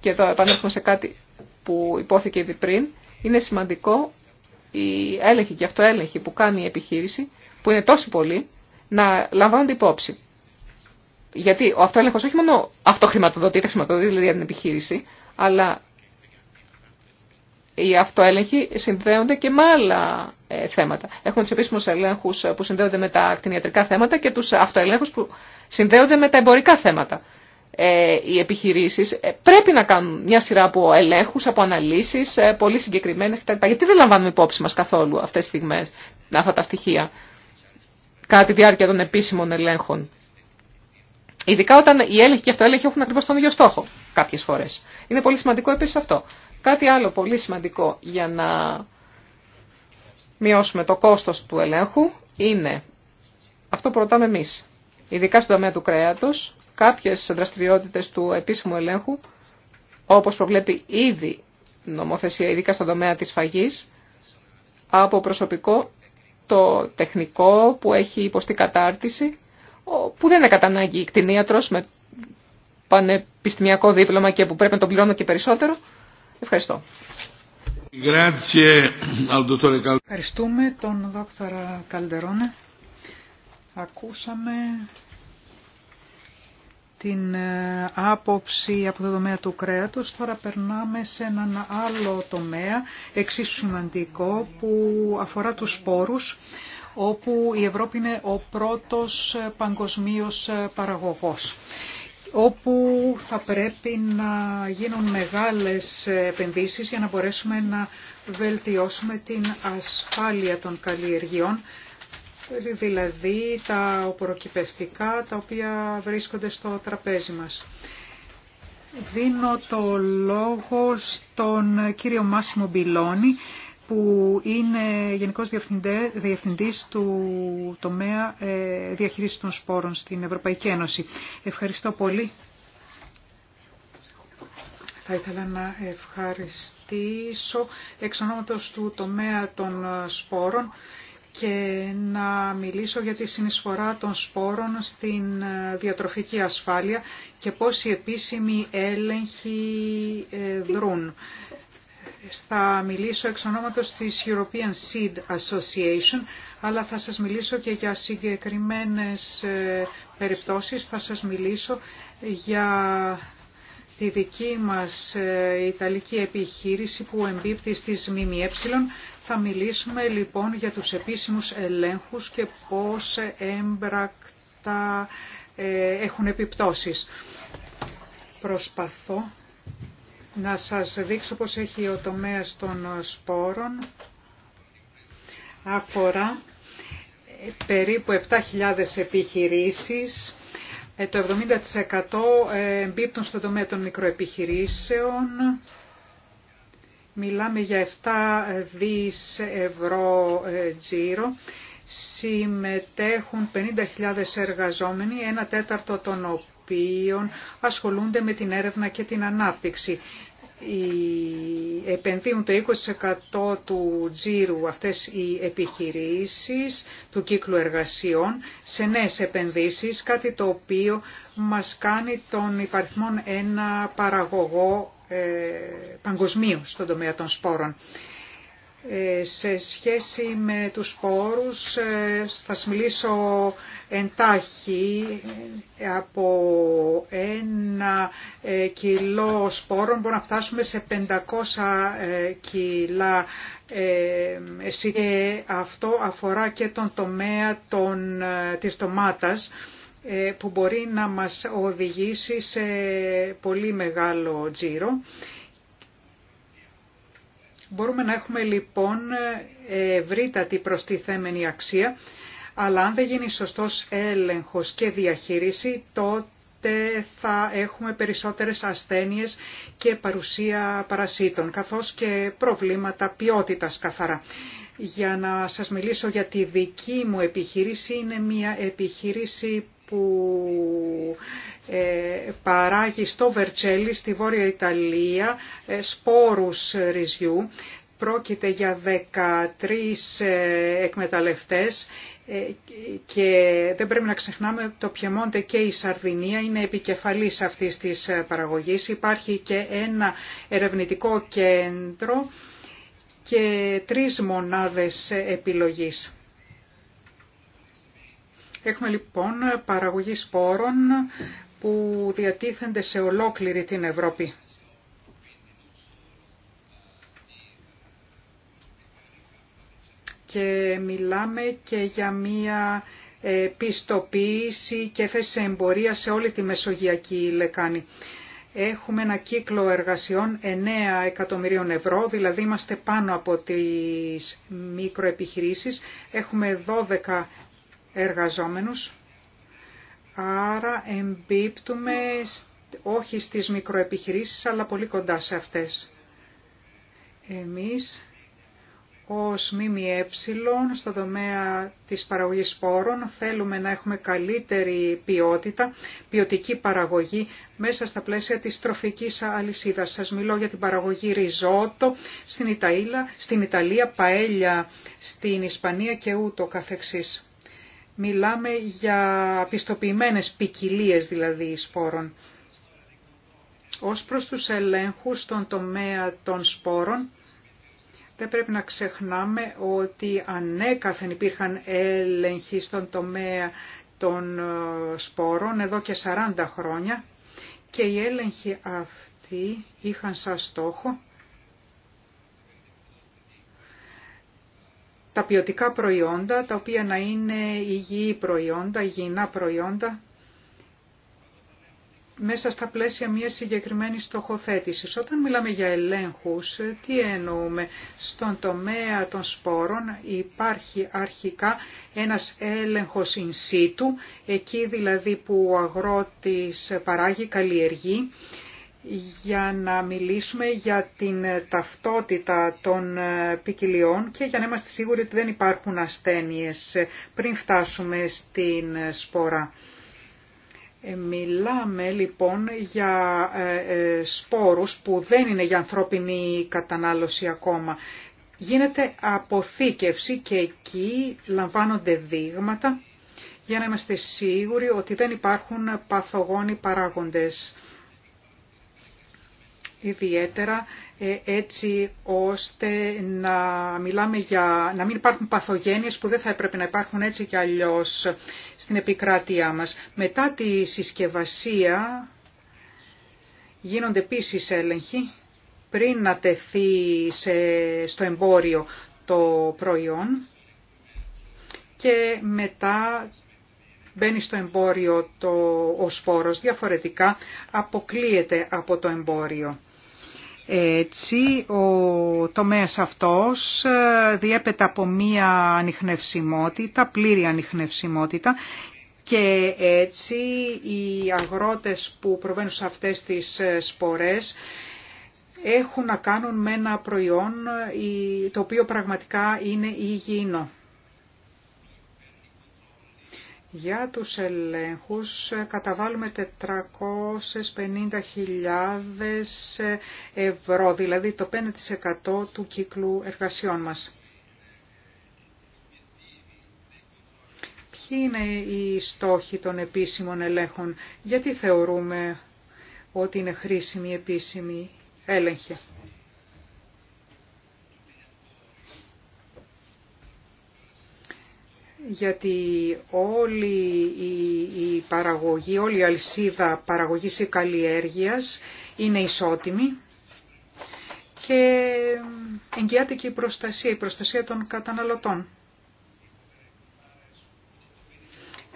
και εδώ επανέρχομαι σε κάτι που υπόθηκε ήδη πριν, είναι σημαντικό η έλεγχη και αυτοέλεγχη που κάνει η επιχείρηση, που είναι τόσο πολύ, να λαμβάνονται υπόψη. Γιατί ο αυτοέλεγχο όχι μόνο αυτοχρηματοδοτείται, χρηματοδοτεί δηλαδή την επιχείρηση, αλλά οι αυτοέλεγχοι συνδέονται και με άλλα ε, θέματα. Έχουμε του επίσημου ελέγχου ε, που συνδέονται με τα κτηνιατρικά θέματα και του αυτοελέγχου που συνδέονται με τα εμπορικά θέματα. Ε, οι επιχειρήσει ε, πρέπει να κάνουν μια σειρά από ελέγχου, από αναλύσεις, πολύ συγκεκριμένε κτλ. Γιατί δεν λαμβάνουμε υπόψη μα καθόλου αυτέ τις στιγμέ αυτά τα στοιχεία, κατά τη διάρκεια των επίσημων ελέγχων. Ειδικά όταν η έλεγχη και η αυτοέλεγχη έχουν ακριβώ τον ίδιο στόχο κάποιε φορέ. Είναι πολύ σημαντικό επίση αυτό. Κάτι άλλο πολύ σημαντικό για να μειώσουμε το κόστο του ελέγχου είναι αυτό που ρωτάμε εμεί. Ειδικά στον τομέα του κρέατο, κάποιε δραστηριότητε του επίσημου ελέγχου, όπω προβλέπει ήδη νομοθεσία, ειδικά στον τομέα τη φαγή, από προσωπικό το τεχνικό που έχει υποστεί κατάρτιση που δεν είναι κατά ανάγκη κτηνίατρος με πανεπιστημιακό δίπλωμα και που πρέπει να τον πληρώνω και περισσότερο. Ευχαριστώ. Ευχαριστούμε τον δόκτωρα Καλντερόνε. Ακούσαμε την ε, άποψη από το τομέα του κρέατος. Τώρα περνάμε σε έναν άλλο τομέα, εξίσου σημαντικό, που αφορά τους σπόρους όπου η Ευρώπη είναι ο πρώτος παγκοσμίος παραγωγός όπου θα πρέπει να γίνουν μεγάλες επενδύσεις για να μπορέσουμε να βελτιώσουμε την ασφάλεια των καλλιεργειών, δηλαδή τα οποροκυπευτικά τα οποία βρίσκονται στο τραπέζι μας. Δίνω το λόγο στον κύριο Μάσιμο Μπιλόνι, που είναι Γενικός Διευθυντής του τομέα ε, διαχείρισης των σπόρων στην Ευρωπαϊκή Ένωση. Ευχαριστώ πολύ. Θα ήθελα να ευχαριστήσω εξ του τομέα των σπόρων και να μιλήσω για τη συνεισφορά των σπόρων στην διατροφική ασφάλεια και πώς οι επίσημοι έλεγχοι ε, δρούν θα μιλήσω εξ ονόματος της European Seed Association, αλλά θα σας μιλήσω και για συγκεκριμένες ε, περιπτώσεις. Θα σας μιλήσω για τη δική μας ε, Ιταλική επιχείρηση που εμπίπτει στις ΜΜΕ. Θα μιλήσουμε λοιπόν για τους επίσημους ελέγχους και πώς έμπρακτα ε, έχουν επιπτώσεις. Προσπαθώ να σας δείξω πως έχει ο τομέας των σπόρων. Αφορά ε, περίπου 7.000 επιχειρήσεις. Ε, το 70% ε, εμπίπτουν στον τομέα των μικροεπιχειρήσεων. Μιλάμε για 7 δις ευρώ τζίρο. Συμμετέχουν 50.000 εργαζόμενοι, ένα τέταρτο των οποίων οποίων ασχολούνται με την έρευνα και την ανάπτυξη. Οι, επενδύουν το 20% του τζίρου αυτές οι επιχειρήσεις του κύκλου εργασιών σε νέες επενδύσεις, κάτι το οποίο μας κάνει τον υπαριθμόν ένα παραγωγό ε, παγκοσμίου στον τομέα των σπόρων. Ε, σε σχέση με τους πόρους ε, θα σας μιλήσω εντάχει ε, από ένα κιλό σπόρων μπορούμε να φτάσουμε σε 500 κιλά και αυτό αφορά και τον τομέα των, της ντομάτας που μπορεί να μας οδηγήσει σε πολύ μεγάλο τζίρο Μπορούμε να έχουμε λοιπόν ευρύτατη προστιθέμενη αξία, αλλά αν δεν γίνει σωστός έλεγχος και διαχείριση, τότε θα έχουμε περισσότερες ασθένειες και παρουσία παρασίτων, καθώς και προβλήματα ποιότητας καθαρά. Για να σας μιλήσω για τη δική μου επιχείρηση, είναι μια επιχείρηση που ε, παράγει στο Βερτσέλι στη Βόρεια Ιταλία ε, σπόρους ρυζιού. Πρόκειται για 13 ε, εκμεταλλευτές και δεν πρέπει να ξεχνάμε το Πιεμόντε και η Σαρδινία είναι επικεφαλής αυτής της παραγωγής. Υπάρχει και ένα ερευνητικό κέντρο και τρεις μονάδες επιλογής. Έχουμε λοιπόν παραγωγή σπόρων που διατίθενται σε ολόκληρη την Ευρώπη. Και μιλάμε και για μία ε, πιστοποίηση και θέση εμπορία σε όλη τη Μεσογειακή Λεκάνη. Έχουμε ένα κύκλο εργασιών 9 εκατομμυρίων ευρώ, δηλαδή είμαστε πάνω από τις μικροεπιχειρήσεις. Έχουμε 12 εργαζόμενους, άρα εμπίπτουμε όχι στις μικροεπιχειρήσεις αλλά πολύ κοντά σε αυτές. Εμείς ως ΜΜΕ στο τομέα της παραγωγής σπόρων θέλουμε να έχουμε καλύτερη ποιότητα, ποιοτική παραγωγή μέσα στα πλαίσια της τροφικής αλυσίδας. Σας μιλώ για την παραγωγή ριζότο στην, στην Ιταλία, παέλια στην Ισπανία και ούτω καθεξής. Μιλάμε για πιστοποιημένες ποικιλίε δηλαδή σπόρων. Ως προς τους ελέγχους στον τομέα των σπόρων, δεν πρέπει να ξεχνάμε ότι ανέκαθεν υπήρχαν έλεγχοι στον τομέα των ε, σπόρων εδώ και 40 χρόνια και οι έλεγχοι αυτοί είχαν σαν στόχο τα ποιοτικά προϊόντα, τα οποία να είναι υγιή προϊόντα, υγιεινά προϊόντα, μέσα στα πλαίσια μία συγκεκριμένη στοχοθέτηση. Όταν μιλάμε για ελέγχους, ε, τι εννοούμε. Στον τομέα των σπόρων υπάρχει αρχικά ένας έλεγχος in situ, εκεί δηλαδή που ο αγρότης παράγει, καλλιεργεί, για να μιλήσουμε για την ταυτότητα των ε, ποικιλιών και για να είμαστε σίγουροι ότι δεν υπάρχουν ασθένειες πριν φτάσουμε στην ε, σπορά. Ε, μιλάμε λοιπόν για σπόρους που δεν είναι για ανθρώπινη κατανάλωση ακόμα. Γίνεται αποθήκευση και εκεί λαμβάνονται δείγματα για να είμαστε σίγουροι ότι δεν υπάρχουν παθογόνοι παράγοντες ιδιαίτερα ε, έτσι ώστε να μιλάμε για να μην υπάρχουν παθογένειες που δεν θα έπρεπε να υπάρχουν έτσι και αλλιώς στην επικράτειά μας. Μετά τη συσκευασία γίνονται επίσης έλεγχοι πριν να τεθεί σε, στο εμπόριο το προϊόν και μετά μπαίνει στο εμπόριο το, ο σπόρος, διαφορετικά αποκλείεται από το εμπόριο. Έτσι, ο τομέας αυτός ε, διέπεται από μία ανιχνευσιμότητα, πλήρη ανιχνευσιμότητα και έτσι οι αγρότες που προβαίνουν σε αυτές τις ε, σπορές έχουν να κάνουν με ένα προϊόν ε, το οποίο πραγματικά είναι υγιεινό. Για τους ελέγχους ε, καταβάλουμε 450.000 ε, ευρώ, δηλαδή το 5% του κύκλου εργασιών μας. Ποιοι είναι οι στόχοι των επίσημων ελέγχων, γιατί θεωρούμε ότι είναι χρήσιμοι επίσημοι έλεγχοι. γιατί όλη η, παραγωγή, όλη η αλυσίδα παραγωγής ή καλλιέργειας είναι ισότιμη και εγγυάται και η προστασία, η προστασία των καταναλωτών.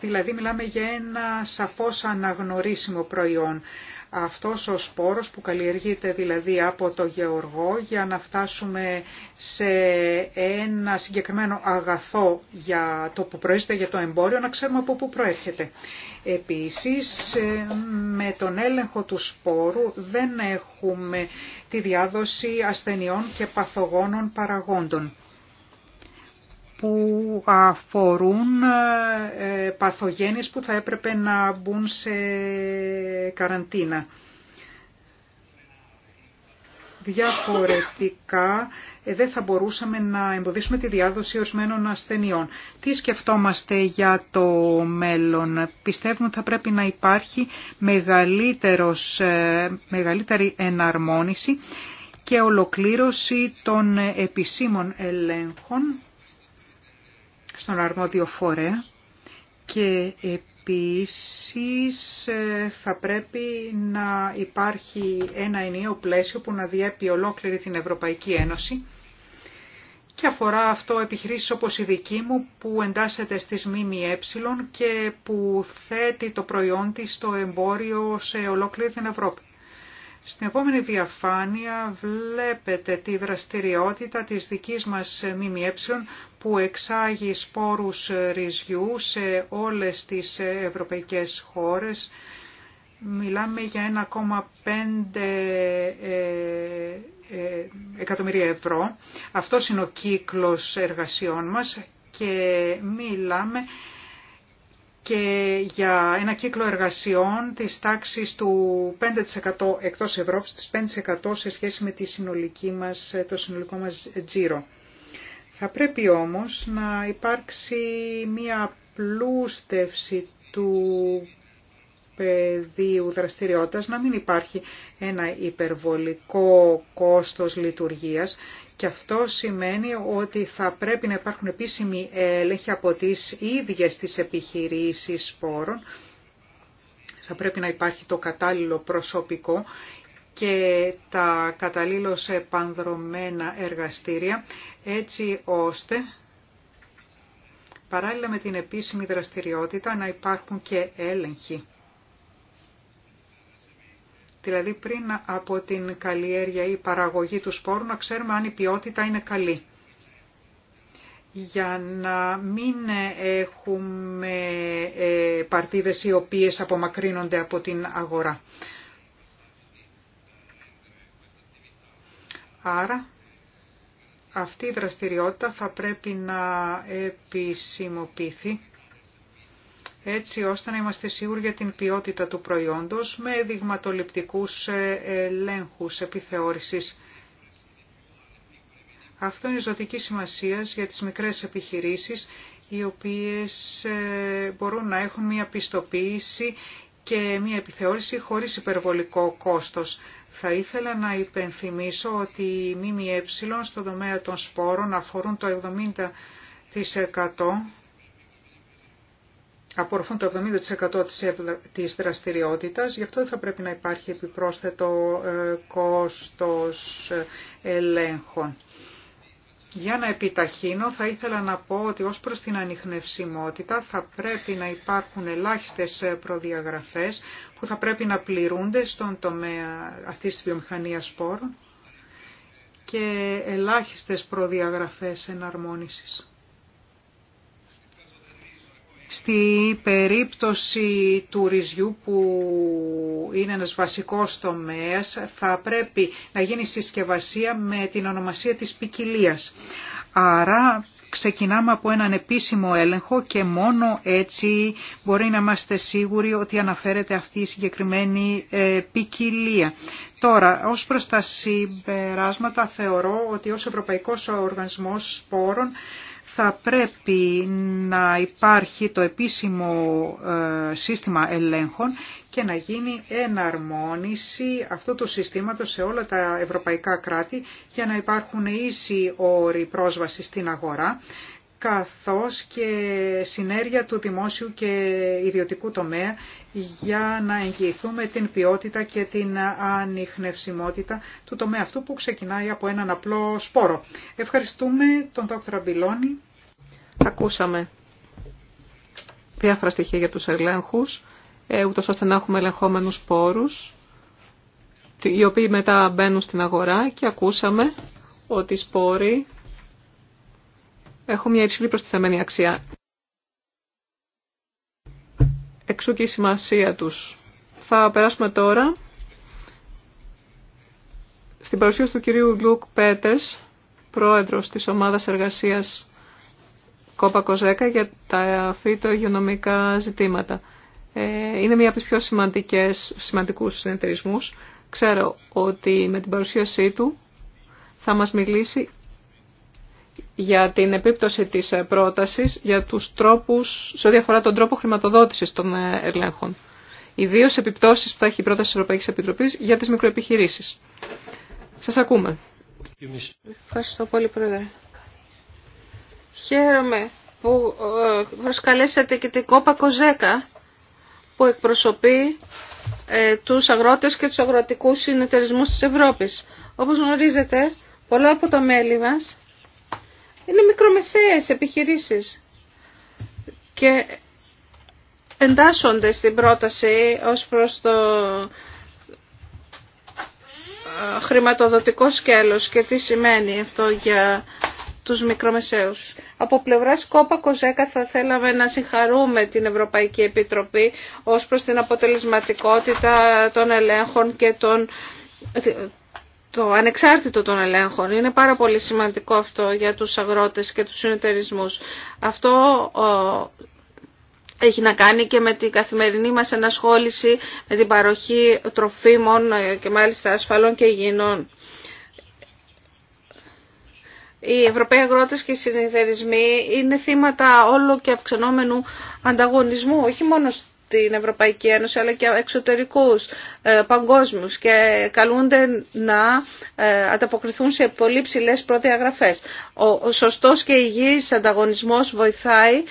Δηλαδή μιλάμε για ένα σαφώς αναγνωρίσιμο προϊόν αυτός ο σπόρος που καλλιεργείται δηλαδή από το γεωργό για να φτάσουμε σε ένα συγκεκριμένο αγαθό για το που προέρχεται για το εμπόριο να ξέρουμε από πού προέρχεται. Επίσης ε, με τον έλεγχο του σπόρου δεν έχουμε τη διάδοση ασθενειών και παθογόνων παραγόντων που αφορούν ε, παθογένειες που θα έπρεπε να μπουν σε καραντίνα. Διαφορετικά ε, δεν θα μπορούσαμε να εμποδίσουμε τη διάδοση ορισμένων ασθενειών. Τι σκεφτόμαστε για το μέλλον. Πιστεύουμε ότι θα πρέπει να υπάρχει μεγαλύτερος, ε, μεγαλύτερη εναρμόνιση και ολοκλήρωση των επισήμων ελέγχων στον αρμόδιο φορέα και επίσης ε, θα πρέπει να υπάρχει ένα ενιαίο πλαίσιο που να διέπει ολόκληρη την Ευρωπαϊκή Ένωση και αφορά αυτό επιχειρήσεις όπως η δική μου που εντάσσεται στις ΜΜΕ και που θέτει το προϊόν της στο εμπόριο σε ολόκληρη την Ευρώπη. Στην επόμενη διαφάνεια βλέπετε τη δραστηριότητα της δικής μας ΜΜΕ που εξάγει σπόρους ρυζιού σε όλες τις ευρωπαϊκές χώρες. Μιλάμε για 1,5 ε, ε, εκατομμύρια ευρώ. Αυτό είναι ο κύκλος εργασιών μας και μιλάμε και για ένα κύκλο εργασιών της τάξης του 5% εκτός Ευρώπης, της 5% σε σχέση με τη συνολική μας, το συνολικό μας τζίρο. Θα πρέπει όμως να υπάρξει μία πλούστευση του πεδίου δραστηριότητας, να μην υπάρχει ένα υπερβολικό κόστος λειτουργίας και αυτό σημαίνει ότι θα πρέπει να υπάρχουν επίσημοι έλεγχοι από τις ίδιες τις επιχειρήσεις σπόρων. Θα πρέπει να υπάρχει το κατάλληλο προσωπικό και τα σε επανδρομένα εργαστήρια, έτσι ώστε παράλληλα με την επίσημη δραστηριότητα να υπάρχουν και έλεγχοι Δηλαδή πριν από την καλλιέργεια ή παραγωγή του σπόρου να ξέρουμε αν η ποιότητα είναι καλή. Για να μην έχουμε ε, παρτίδες οι οποίες απομακρύνονται από την αγορά. Άρα αυτή η δραστηριότητα θα πρέπει να επισημοποιηθεί έτσι ώστε να είμαστε σίγουροι για την ποιότητα του προϊόντος με δειγματοληπτικούς ε, ελέγχους επιθεώρησης. Αυτό είναι ζωτική σημασία για τις μικρές επιχειρήσεις οι οποίες ε, μπορούν να έχουν μια πιστοποίηση και μια επιθεώρηση χωρίς υπερβολικό κόστος. Θα ήθελα να υπενθυμίσω ότι οι ΜΜΕ στον τομέα των σπόρων αφορούν το 70% απορροφούν το 70% της δραστηριότητας, γι' αυτό θα πρέπει να υπάρχει επιπρόσθετο ε, κόστος ε, ελέγχων. Για να επιταχύνω θα ήθελα να πω ότι ως προς την ανιχνευσιμότητα θα πρέπει να υπάρχουν ελάχιστες ε, προδιαγραφές που θα πρέπει να πληρούνται στον τομέα αυτής της βιομηχανίας σπόρων και ελάχιστες προδιαγραφές εναρμόνισης. Στη περίπτωση του ρυζιού που είναι ένας βασικός τομέας θα πρέπει να γίνει συσκευασία με την ονομασία της ποικιλία. Άρα ξεκινάμε από έναν επίσημο έλεγχο και μόνο έτσι μπορεί να είμαστε σίγουροι ότι αναφέρεται αυτή η συγκεκριμένη ε, ποικιλία. Τώρα, ως προς τα συμπεράσματα θεωρώ ότι ως Ευρωπαϊκός Οργανισμός Σπόρων θα πρέπει να υπάρχει το επίσημο ε, σύστημα ελέγχων και να γίνει εναρμόνιση αυτού του συστήματος σε όλα τα ευρωπαϊκά κράτη για να υπάρχουν ίσοι όροι πρόσβαση στην αγορά καθώς και συνέργεια του δημόσιου και ιδιωτικού τομέα για να εγγυηθούμε την ποιότητα και την ανιχνευσιμότητα του τομέα αυτού που ξεκινάει από έναν απλό σπόρο. Ευχαριστούμε τον Δόκτωρα Μπιλόνι. Ακούσαμε διάφορα στοιχεία για τους ελέγχους, ε, ούτως ώστε να έχουμε ελεγχόμενους σπόρους, οι οποίοι μετά μπαίνουν στην αγορά και ακούσαμε ότι οι σπόροι Έχω μια υψηλή προστιθεμένη αξία. Εξού και η σημασία τους. Θα περάσουμε τώρα στην παρουσίαση του κυρίου Λουκ Πέτερς, πρόεδρος της ομάδας εργασίας Κόπα Κοζέκα για τα φυτο ζητήματα. Ε, είναι μία από τις πιο σημαντικές, σημαντικούς συνεταιρισμούς. Ξέρω ότι με την παρουσίασή του θα μας μιλήσει για την επίπτωση της πρότασης για τους τρόπους, σε ό,τι αφορά τον τρόπο χρηματοδότησης των ελέγχων. Ιδίω επιπτώσεις που θα έχει η πρόταση της Ευρωπαϊκής Επιτροπής για τις μικροεπιχειρήσεις. Σας ακούμε. Ευχαριστώ πολύ, Πρόεδρε. Χαίρομαι που ε, προσκαλέσατε και την κόπα Κοζέκα που εκπροσωπεί ε, τους αγρότες και τους αγροτικούς συνεταιρισμούς της Ευρώπης. Όπως γνωρίζετε, πολλά από τα μέλη μας είναι μικρομεσαίες επιχειρήσεις και εντάσσονται στην πρόταση ως προς το ε, χρηματοδοτικό σκέλος και τι σημαίνει αυτό για τους μικρομεσαίους. Από πλευράς Κόπα Κοζέκα θα θέλαμε να συγχαρούμε την Ευρωπαϊκή Επιτροπή ως προς την αποτελεσματικότητα των ελέγχων και των το ανεξάρτητο των ελέγχων. Είναι πάρα πολύ σημαντικό αυτό για τους αγρότες και τους συνεταιρισμούς. Αυτό έχει να κάνει και με την καθημερινή μας ενασχόληση με την παροχή τροφίμων ε, και μάλιστα ασφαλών και υγιεινών. Οι Ευρωπαίοι αγρότες και οι συνεταιρισμοί είναι θύματα όλο και αυξανόμενου ανταγωνισμού, όχι μόνο την Ευρωπαϊκή Ένωση αλλά και εξωτερικούς ε, παγκόσμιους και καλούνται να ε, ανταποκριθούν σε πολύ ψηλές προδιαγραφές. Ο σωστός και υγιής ανταγωνισμός βοηθάει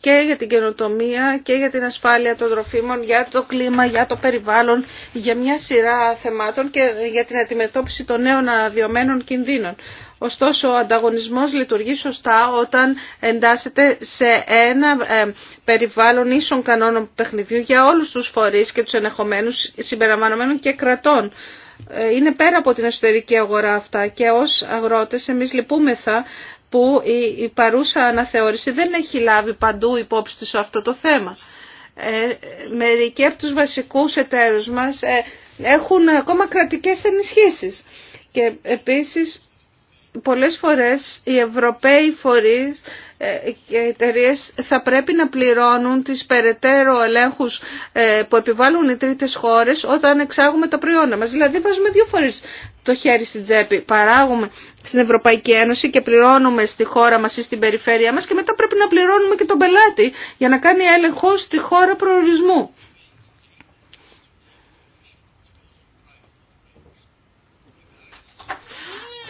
και για την καινοτομία και για την ασφάλεια των τροφίμων, για το κλίμα, για το περιβάλλον, για μια σειρά θεμάτων και για την αντιμετώπιση των νέων αδειωμένων κινδύνων. Ωστόσο, ο ανταγωνισμός λειτουργεί σωστά όταν εντάσσεται σε ένα ε, περιβάλλον ίσων κανόνων παιχνιδιού για όλους τους φορείς και τους ενεχομένους συμπεριλαμβανομένων και κρατών. Ε, είναι πέρα από την εσωτερική αγορά αυτά και ως αγρότες εμείς λυπούμεθα που η παρούσα αναθεώρηση δεν έχει λάβει παντού υπόψη της αυτό το θέμα. Ε, μερικοί από τους βασικούς εταίρους μας έχουν ακόμα κρατικές ενισχύσεις και επίσης πολλές φορές οι Ευρωπαίοι φορείς ε, και εταιρείε θα πρέπει να πληρώνουν τις περαιτέρω ελέγχους ε, που επιβάλλουν οι τρίτες χώρες όταν εξάγουμε τα προϊόντα μας. Δηλαδή βάζουμε δύο φορές το χέρι στην τσέπη. Παράγουμε στην Ευρωπαϊκή Ένωση και πληρώνουμε στη χώρα μας ή στην περιφέρεια μας και μετά πρέπει να πληρώνουμε και τον πελάτη για να κάνει έλεγχο στη χώρα προορισμού.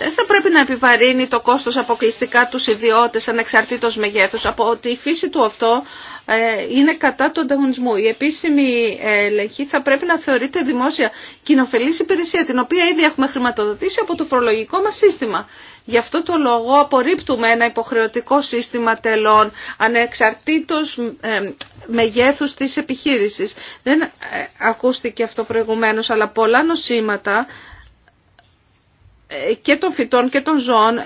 δεν θα πρέπει να επιβαρύνει το κόστος αποκλειστικά τους ιδιώτες ανεξαρτήτως μεγέθους. Από ότι η φύση του αυτό ε, είναι κατά του ανταγωνισμού. Η επίσημη ε, ελεγχή θα πρέπει να θεωρείται δημόσια κοινοφελής υπηρεσία, την οποία ήδη έχουμε χρηματοδοτήσει από το φορολογικό μας σύστημα. Γι' αυτό το λόγο απορρίπτουμε ένα υποχρεωτικό σύστημα τελών ανεξαρτήτως ε, μεγέθους της επιχείρησης. Δεν ακούστηκε αυτό προηγουμένως, αλλά πολλά νοσήματα ε, και των φυτών και των ζώων ε,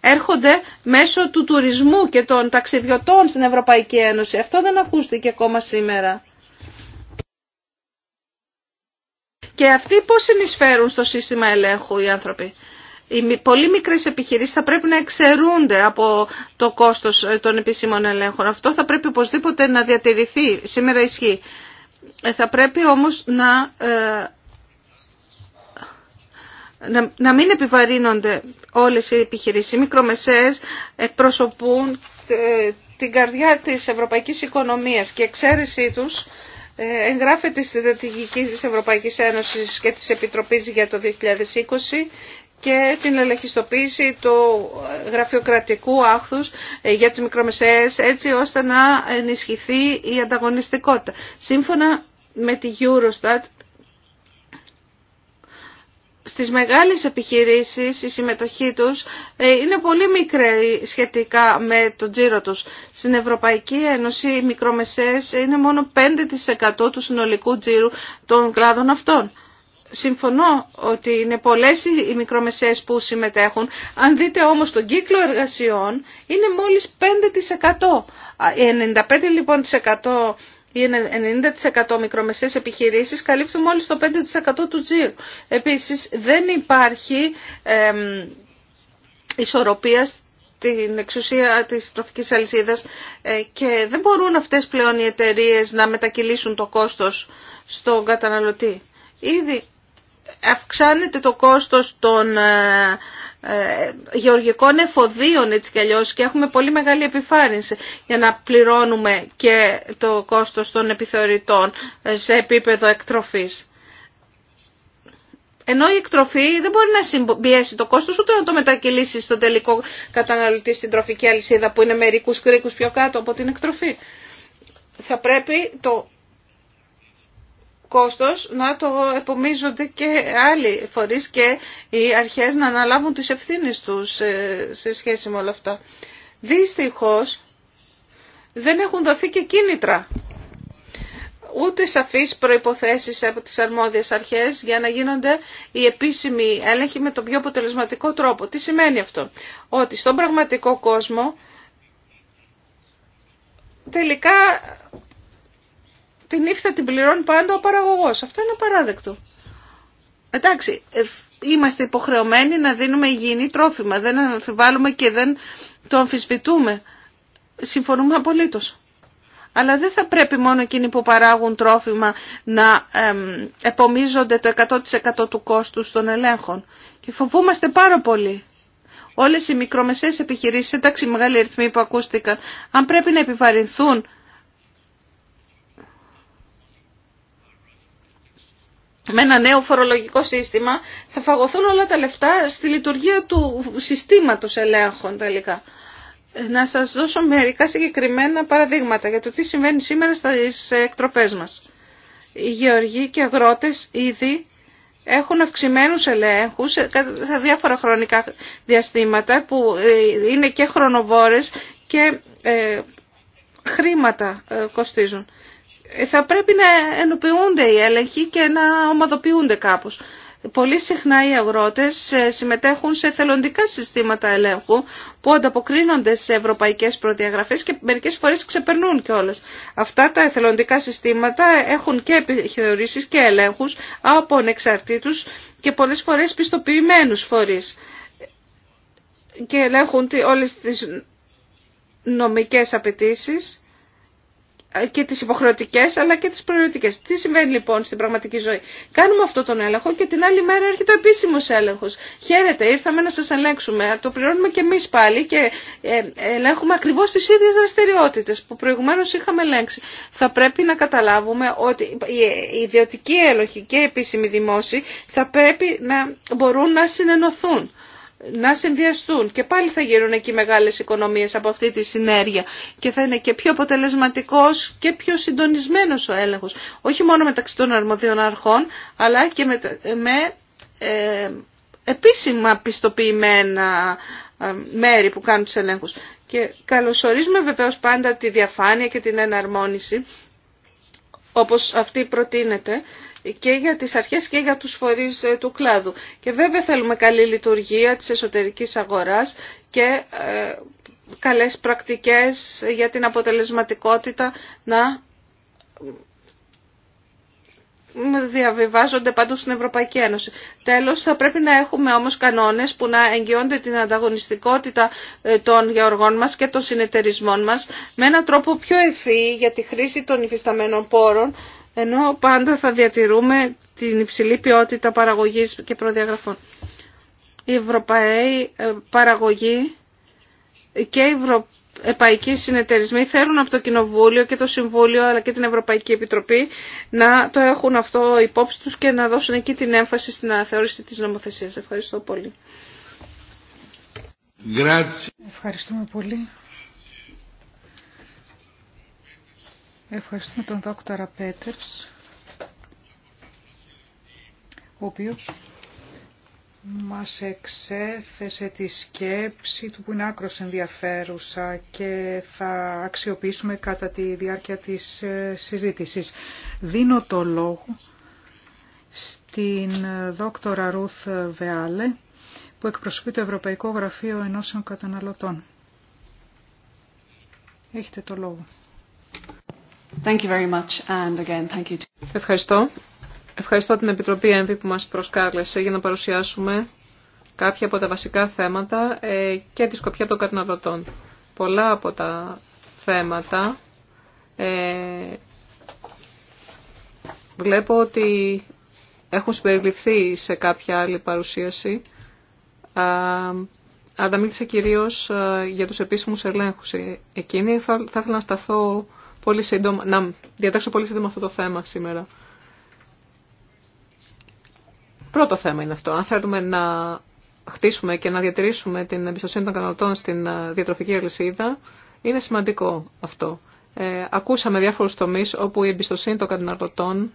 έρχονται μέσω του τουρισμού και των ταξιδιωτών στην Ευρωπαϊκή Ένωση. Αυτό δεν ακούστηκε ακόμα σήμερα. Και αυτοί πώς συνεισφέρουν στο σύστημα ελέγχου οι άνθρωποι. Οι πολύ μικρές επιχειρήσεις θα πρέπει να εξαιρούνται από το κόστος ε, των επίσημων ελέγχων. Αυτό θα πρέπει οπωσδήποτε να διατηρηθεί. Σήμερα ισχύει. Θα πρέπει όμως να να, μην επιβαρύνονται όλες οι επιχειρήσεις. Οι μικρομεσαίες εκπροσωπούν ε, την καρδιά της ευρωπαϊκής οικονομίας και εξαίρεσή τους ε, εγγράφεται στη στρατηγική της Ευρωπαϊκής Ένωσης και της Επιτροπής για το 2020 και την ελεγχιστοποίηση του γραφειοκρατικού άχθους ε, για τις μικρομεσαίες έτσι ώστε να ενισχυθεί η ανταγωνιστικότητα. Σύμφωνα με τη Eurostat στις μεγάλες επιχειρήσεις η συμμετοχή τους ε, είναι πολύ μικρή σχετικά με τον τζίρο τους. Στην Ευρωπαϊκή Ένωση οι μικρομεσαίες είναι μόνο 5% του συνολικού τζίρου των κλάδων αυτών. Συμφωνώ ότι είναι πολλές οι μικρομεσαίες που συμμετέχουν. Αν δείτε όμως τον κύκλο εργασιών είναι μόλις 5%. 95% λοιπόν οι 90% μικρομεσαίες επιχειρήσεις καλύπτουν μόλις το 5% του τζίρου. Επίσης δεν υπάρχει ισορροπία την εξουσία της τροφικής αλυσίδας ε, και δεν μπορούν αυτές πλέον οι εταιρείε να μετακυλήσουν το κόστος στον καταναλωτή. Ήδη αυξάνεται το κόστος των ε, ε, γεωργικών εφοδίων έτσι κι αλλιώς και έχουμε πολύ μεγάλη επιφάνηση για να πληρώνουμε και το κόστος των επιθεωρητών ε, σε επίπεδο εκτροφής. Ενώ η εκτροφή δεν μπορεί να συμπιέσει το κόστος ούτε να το μετακυλήσει στον τελικό καταναλωτή στην τροφική αλυσίδα που είναι μερικούς κρίκους πιο κάτω από την εκτροφή. Θα πρέπει το κόστος να το επομίζονται και άλλοι φορείς και οι αρχές να αναλάβουν τις ευθύνες τους σε σχέση με όλα αυτά. Δυστυχώς δεν έχουν δοθεί και κίνητρα ούτε σαφείς προϋποθέσεις από τις αρμόδιες αρχές για να γίνονται οι επίσημοι έλεγχοι με τον πιο αποτελεσματικό τρόπο. Τι σημαίνει αυτό. Ότι στον πραγματικό κόσμο τελικά την ύφθα την πληρώνει πάντα ο παραγωγό. Αυτό είναι παράδεκτο. Εντάξει, είμαστε υποχρεωμένοι να δίνουμε υγιεινή τρόφιμα. Δεν αμφιβάλλουμε και δεν το αμφισβητούμε. Συμφωνούμε απολύτω. Αλλά δεν θα πρέπει μόνο εκείνοι που παράγουν τρόφιμα να επομίζονται το 100% του κόστου των ελέγχων. Και φοβούμαστε πάρα πολύ. Όλες οι μικρομεσαίες επιχειρήσεις, εντάξει οι μεγάλοι αριθμοί που ακούστηκαν, αν πρέπει να επιβαρυνθούν με ένα νέο φορολογικό σύστημα θα φαγωθούν όλα τα λεφτά στη λειτουργία του συστήματος ελέγχων τελικά. Να σας δώσω μερικά συγκεκριμένα παραδείγματα για το τι συμβαίνει σήμερα στις εκτροπές μας. Οι γεωργοί και αγρότες ήδη έχουν αυξημένους ελέγχους σε διάφορα χρονικά διαστήματα που ε, είναι και χρονοβόρες και ε, χρήματα ε, κοστίζουν θα πρέπει να ενοποιούνται οι έλεγχοι και να ομαδοποιούνται κάπως. Πολύ συχνά οι αγρότες ε, συμμετέχουν σε θελοντικά συστήματα ελέγχου που ανταποκρίνονται σε ευρωπαϊκές προδιαγραφές και μερικές φορές ξεπερνούν κιόλας. Αυτά τα εθελοντικά συστήματα έχουν και επιχειρήσεις και ελέγχους από ανεξαρτήτους και πολλές φορές πιστοποιημένους φορείς και ελέγχουν όλες τις νομικές απαιτήσεις ε, και τις υποχρεωτικές αλλά και τις προαιρετικές. Τι συμβαίνει λοιπόν στην πραγματική ζωή. Κάνουμε αυτό τον έλεγχο και την άλλη μέρα έρχεται ο επίσημος έλεγχος. Χαίρετε, ήρθαμε να σας ελέγξουμε. Το πληρώνουμε και εμείς πάλι και ε, ελέγχουμε ακριβώς τις ίδιες δραστηριότητες που προηγουμένως είχαμε ελέγξει. Θα πρέπει να καταλάβουμε ότι οι ιδιωτικοί έλεγχοι και επίσημοι δημόσιοι θα πρέπει να μπορούν να συνενωθούν να συνδυαστούν και πάλι θα γίνουν εκεί μεγάλες οικονομίες από αυτή τη συνέργεια και θα είναι και πιο αποτελεσματικός και πιο συντονισμένος ο έλεγχος. Όχι μόνο μεταξύ των αρμοδίων αρχών αλλά και με, με ε, επίσημα πιστοποιημένα ε, μέρη που κάνουν τους ελέγχους. Και καλωσορίζουμε βεβαίως πάντα τη διαφάνεια και την εναρμόνιση όπως αυτή προτείνεται και για τις αρχές και για τους φορείς ε, του κλάδου. Και βέβαια θέλουμε καλή λειτουργία της εσωτερικής αγοράς και ε, καλές πρακτικές για την αποτελεσματικότητα να διαβιβάζονται παντού στην Ευρωπαϊκή Ένωση. Τέλος, θα πρέπει να έχουμε όμως κανόνες που να εγγυώνται την ανταγωνιστικότητα ε, των γεωργών μας και των συνεταιρισμών μας με έναν τρόπο πιο ευφύ για τη χρήση των υφισταμένων πόρων ενώ πάντα θα διατηρούμε την υψηλή ποιότητα παραγωγής και προδιαγραφών. Η Ευρωπαϊκή ε, παραγωγή και οι Ευρωπαϊκοί συνεταιρισμοί θέλουν από το Κοινοβούλιο και το Συμβούλιο αλλά και την Ευρωπαϊκή Επιτροπή να το έχουν αυτό υπόψη τους και να δώσουν εκεί την έμφαση στην αναθεώρηση της νομοθεσίας. Ευχαριστώ πολύ. Ευχαριστούμε πολύ. Ευχαριστούμε τον δόκτωρα Πέτερς, ο οποίος μας εξέθεσε τη σκέψη του που είναι άκρος ενδιαφέρουσα και θα αξιοποιήσουμε κατά τη διάρκεια της ε, συζήτησης. Δίνω το λόγο στην ε, δόκτωρα Ρουθ Βεάλε που εκπροσωπεί το Ευρωπαϊκό Γραφείο Ενώσεων Καταναλωτών. Έχετε το λόγο. Ευχαριστώ. Ευχαριστώ την Επιτροπή ΕΜΒΗ που μας προσκάλεσε για να παρουσιάσουμε κάποια από τα βασικά θέματα ε, και τη σκοπιά των καταναλωτών. Πολλά από τα θέματα ε, βλέπω ότι έχουν συμπεριληφθεί σε κάποια άλλη παρουσίαση. Αλλά μίλησε κυρίως ε, για τους επίσημους ελέγχους. Εκείνη θα ήθελα να σταθώ πολύ σύντομα, να διατάξω πολύ σύντομα αυτό το θέμα σήμερα. Πρώτο θέμα είναι αυτό. Αν θέλουμε να χτίσουμε και να διατηρήσουμε την εμπιστοσύνη των καταναλωτών στην ε, διατροφική αλυσίδα, είναι σημαντικό αυτό. Ε, ακούσαμε διάφορους τομείς όπου η εμπιστοσύνη των καταναλωτών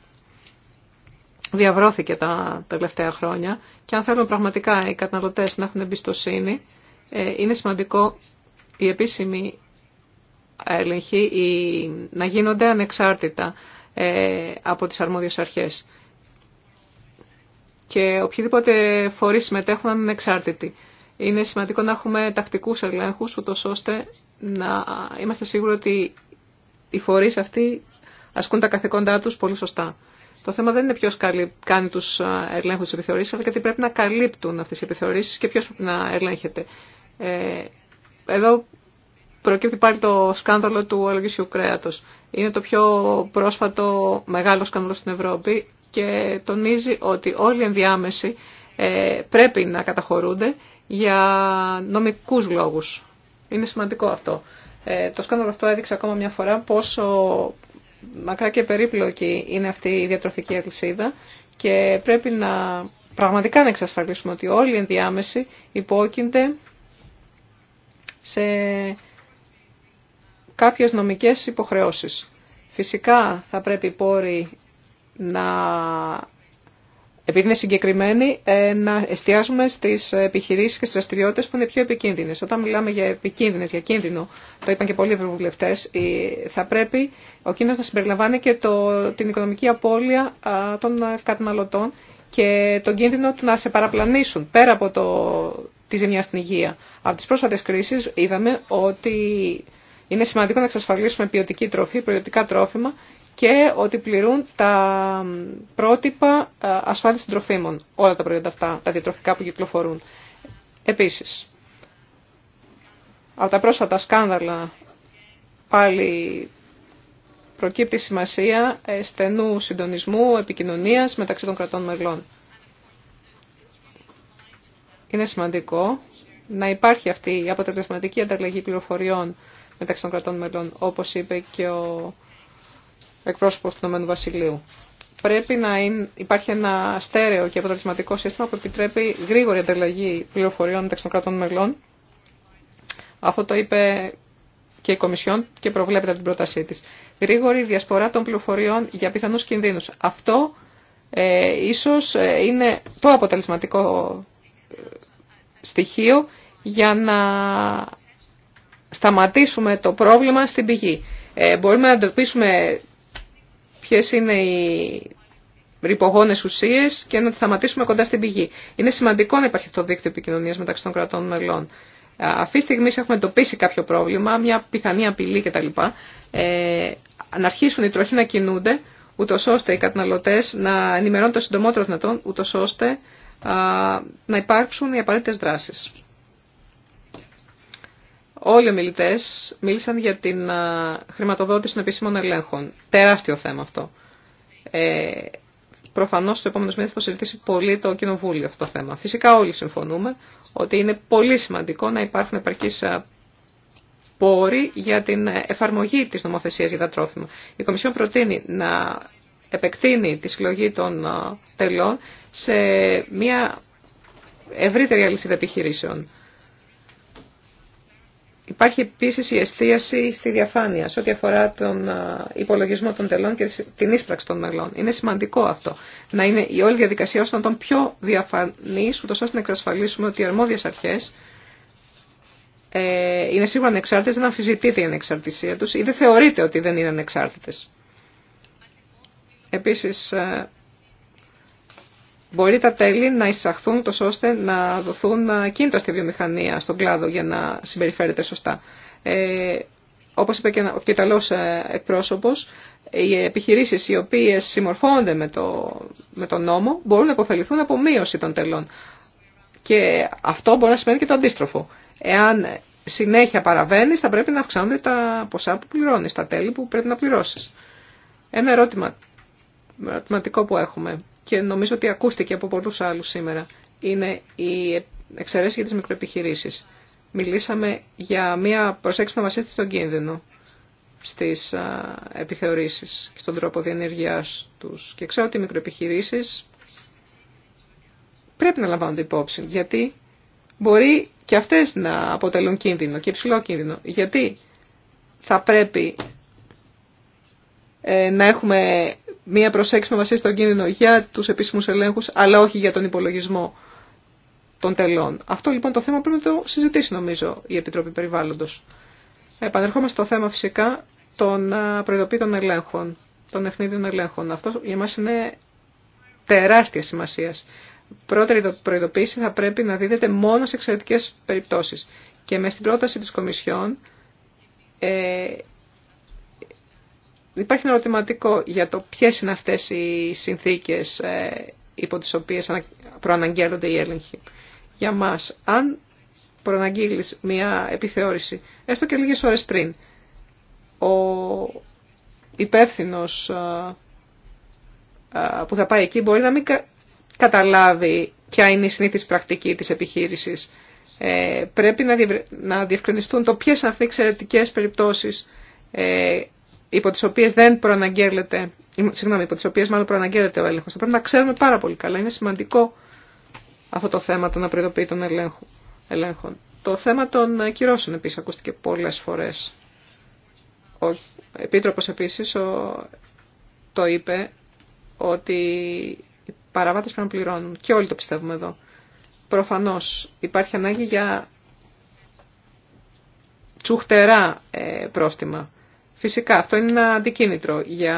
διαβρώθηκε τα τελευταία χρόνια και αν θέλουμε πραγματικά οι καταναλωτές να έχουν εμπιστοσύνη, ε, είναι σημαντικό η επίσημη έλεγχοι ή να γίνονται ανεξάρτητα ε, από τις αρμόδιες αρχές. Και οποιοδήποτε φορείς συμμετέχουν είναι Είναι σημαντικό να έχουμε τακτικούς ελέγχους, ούτως ώστε να είμαστε σίγουροι ότι οι φορείς αυτοί ασκούν τα καθηκόντά τους πολύ σωστά. Το θέμα δεν είναι ποιο κάνει του ελέγχου τη αλλά γιατί πρέπει να καλύπτουν αυτέ οι επιθεωρήσει και ποιο πρέπει να ελέγχεται. Ε, εδώ προκύπτει πάλι το σκάνδαλο του αλογισιού κρέατος. Είναι το πιο πρόσφατο μεγάλο σκάνδαλο στην Ευρώπη και τονίζει ότι όλοι οι ενδιάμεσοι ε, πρέπει να καταχωρούνται για νομικούς λόγους. Είναι σημαντικό αυτό. Ε, το σκάνδαλο αυτό έδειξε ακόμα μια φορά πόσο μακρά και περίπλοκη είναι αυτή η διατροφική αλυσίδα και πρέπει να πραγματικά να εξασφαλίσουμε ότι όλοι οι ενδιάμεσοι υπόκεινται σε κάποιες νομικές υποχρεώσεις. Φυσικά θα πρέπει οι πόροι να, επειδή είναι συγκεκριμένοι, ε, να εστιάζουμε στις επιχειρήσεις και στις δραστηριότητες που είναι πιο επικίνδυνες. Όταν μιλάμε για επικίνδυνες, για κίνδυνο, το είπαν και πολλοί ευρωβουλευτές, θα πρέπει ο κίνδυνος να συμπεριλαμβάνει και το, την οικονομική απώλεια των καταναλωτών και τον κίνδυνο του να σε παραπλανήσουν πέρα από το, τη ζημιά στην υγεία. Από τις πρόσφατες κρίσεις είδαμε ότι είναι σημαντικό να εξασφαλίσουμε ποιοτική τροφή, ποιοτικά τρόφιμα και ότι πληρούν τα πρότυπα ε, ασφάλισης των τροφίμων, όλα τα προϊόντα αυτά, τα διατροφικά που κυκλοφορούν. Επίσης, από τα πρόσφατα σκάνδαλα πάλι προκύπτει σημασία ε, στενού συντονισμού, επικοινωνίας μεταξύ των κρατών μελών. Είναι σημαντικό να υπάρχει αυτή η αποτελεσματική ανταλλαγή πληροφοριών μεταξύ των κρατών μελών, όπω είπε και ο εκπρόσωπο του Ηνωμένου Βασιλείου. Πρέπει να είναι, υπάρχει ένα στέρεο και αποτελεσματικό σύστημα που επιτρέπει γρήγορη ανταλλαγή πληροφοριών μεταξύ των κρατών μελών. Αυτό το είπε και η Κομισιόν και προβλέπεται από την πρότασή τη. Γρήγορη διασπορά των πληροφοριών για πιθανού κινδύνου. Αυτό ε, ίσως ε, είναι το αποτελεσματικό ε, στοιχείο για να σταματήσουμε το πρόβλημα στην πηγή. Ε, μπορούμε να εντοπίσουμε ποιες είναι οι ρηπογόνε ουσίε και να τι σταματήσουμε κοντά στην πηγή. Είναι σημαντικό να υπάρχει το δίκτυο επικοινωνία μεταξύ των κρατών μελών. Ε, αυτή τη στιγμή έχουμε εντοπίσει κάποιο πρόβλημα, μια πιθανή απειλή κτλ. Ε, να αρχίσουν οι τροχοί να κινούνται, ούτω ώστε οι καταναλωτέ να ενημερώνουν το συντομότερο δυνατόν, ούτω ώστε να υπάρξουν οι απαραίτητε δράσει. Όλοι οι μιλητέ μίλησαν για την χρηματοδότηση των επίσημων ελέγχων. Τεράστιο θέμα αυτό. Ε, Προφανώ το επόμενο μήνε θα συζητήσει πολύ το Κοινοβούλιο αυτό το θέμα. Φυσικά όλοι συμφωνούμε ότι είναι πολύ σημαντικό να υπάρχουν επαρκεί πόροι για την εφαρμογή τη νομοθεσία για τα τρόφιμα. Η Κομισιόν προτείνει να επεκτείνει τη συλλογή των τελών σε μια ευρύτερη αλυσίδα επιχειρήσεων. Υπάρχει επίσης η εστίαση στη διαφάνεια σε ό,τι αφορά τον υπολογισμό των τελών και την ίσπραξη των μελών. Είναι σημαντικό αυτό, να είναι η όλη διαδικασία ώστε να τον πιο διαφανή, ούτω ώστε να εξασφαλίσουμε ότι οι αρμόδιες αρχέ ε, είναι σίγουρα ανεξάρτητε, δεν αμφισβητείται η ανεξαρτησία τους ή δεν θεωρείται ότι δεν είναι ανεξάρτητε. Επίσης, ε, μπορεί τα τέλη να εισαχθούν τόσο ώστε να δοθούν ε, κίνητρα στη βιομηχανία στον κλάδο για να συμπεριφέρεται σωστά. Ε, όπως είπε και ο Ιταλός ε, εκπρόσωπος, οι επιχειρήσεις οι οποίες συμμορφώνονται με, το, με τον νόμο μπορούν να υποφεληθούν από μείωση των τελών. Και αυτό μπορεί να σημαίνει και το αντίστροφο. Εάν συνέχεια παραβαίνει, θα πρέπει να αυξάνονται τα ποσά που πληρώνεις, τα τέλη που πρέπει να πληρώσεις. Ένα ερώτημα ερωτηματικό που έχουμε και νομίζω ότι ακούστηκε από πολλούς άλλους σήμερα. Είναι η εξαιρέση για τις μικροεπιχειρήσεις. Μιλήσαμε για μια προσέξη να βασίζεται στον κίνδυνο στις επιθεωρήσεις και στον τρόπο διενεργειάς τους. Και ξέρω ότι οι μικροεπιχειρήσεις πρέπει να λαμβάνονται υπόψη, γιατί μπορεί και αυτές να αποτελούν κίνδυνο και υψηλό κίνδυνο. Γιατί θα πρέπει ε, να έχουμε μία προσέγγιση με στον κίνδυνο για τους επίσημους ελέγχους, αλλά όχι για τον υπολογισμό των τελών. Αυτό λοιπόν το θέμα πρέπει να το συζητήσει νομίζω η Επιτροπή Περιβάλλοντος. Επανερχόμαστε στο θέμα φυσικά των προειδοποίητων ελέγχων, των ευθύντων ελέγχων. Αυτό για μας είναι τεράστια σημασία. Πρώτερη προειδοποίηση θα πρέπει να δίδεται μόνο σε εξαιρετικέ περιπτώσεις. Και με στην πρόταση της Κομισιόν ε, Υπάρχει ένα ερωτηματικό για το ποιες είναι αυτές οι συνθήκες ε, υπό τις οποίες προαναγγέλλονται οι έλεγχοι. Για μας, αν προαναγγείλεις μια επιθεώρηση, έστω και λίγες ώρες πριν, ο υπεύθυνο ε, ε, που θα πάει εκεί μπορεί να μην καταλάβει ποια είναι η συνήθιση πρακτική της επιχείρησης. πρέπει να, διευκρινιστούν το ποιες αυτές οι εξαιρετικές περιπτώσεις υπό τις οποίες δεν προαναγγέλλεται, συγγνώμη, υπό τις οποίες μάλλον προαναγγέλλεται ο έλεγχος. Θα πρέπει να ξέρουμε πάρα πολύ καλά. Είναι σημαντικό αυτό το θέμα να των απροειδοποιητών ελέγχων. Το θέμα των κυρώσεων επίσης ακούστηκε πολλές φορές. Ο Επίτροπος επίσης το είπε ότι οι παραβάτες πρέπει να πληρώνουν και όλοι το πιστεύουμε εδώ. Προφανώς υπάρχει ανάγκη για τσουχτερά ε, πρόστιμα. Φυσικά αυτό είναι ένα αντικίνητρο για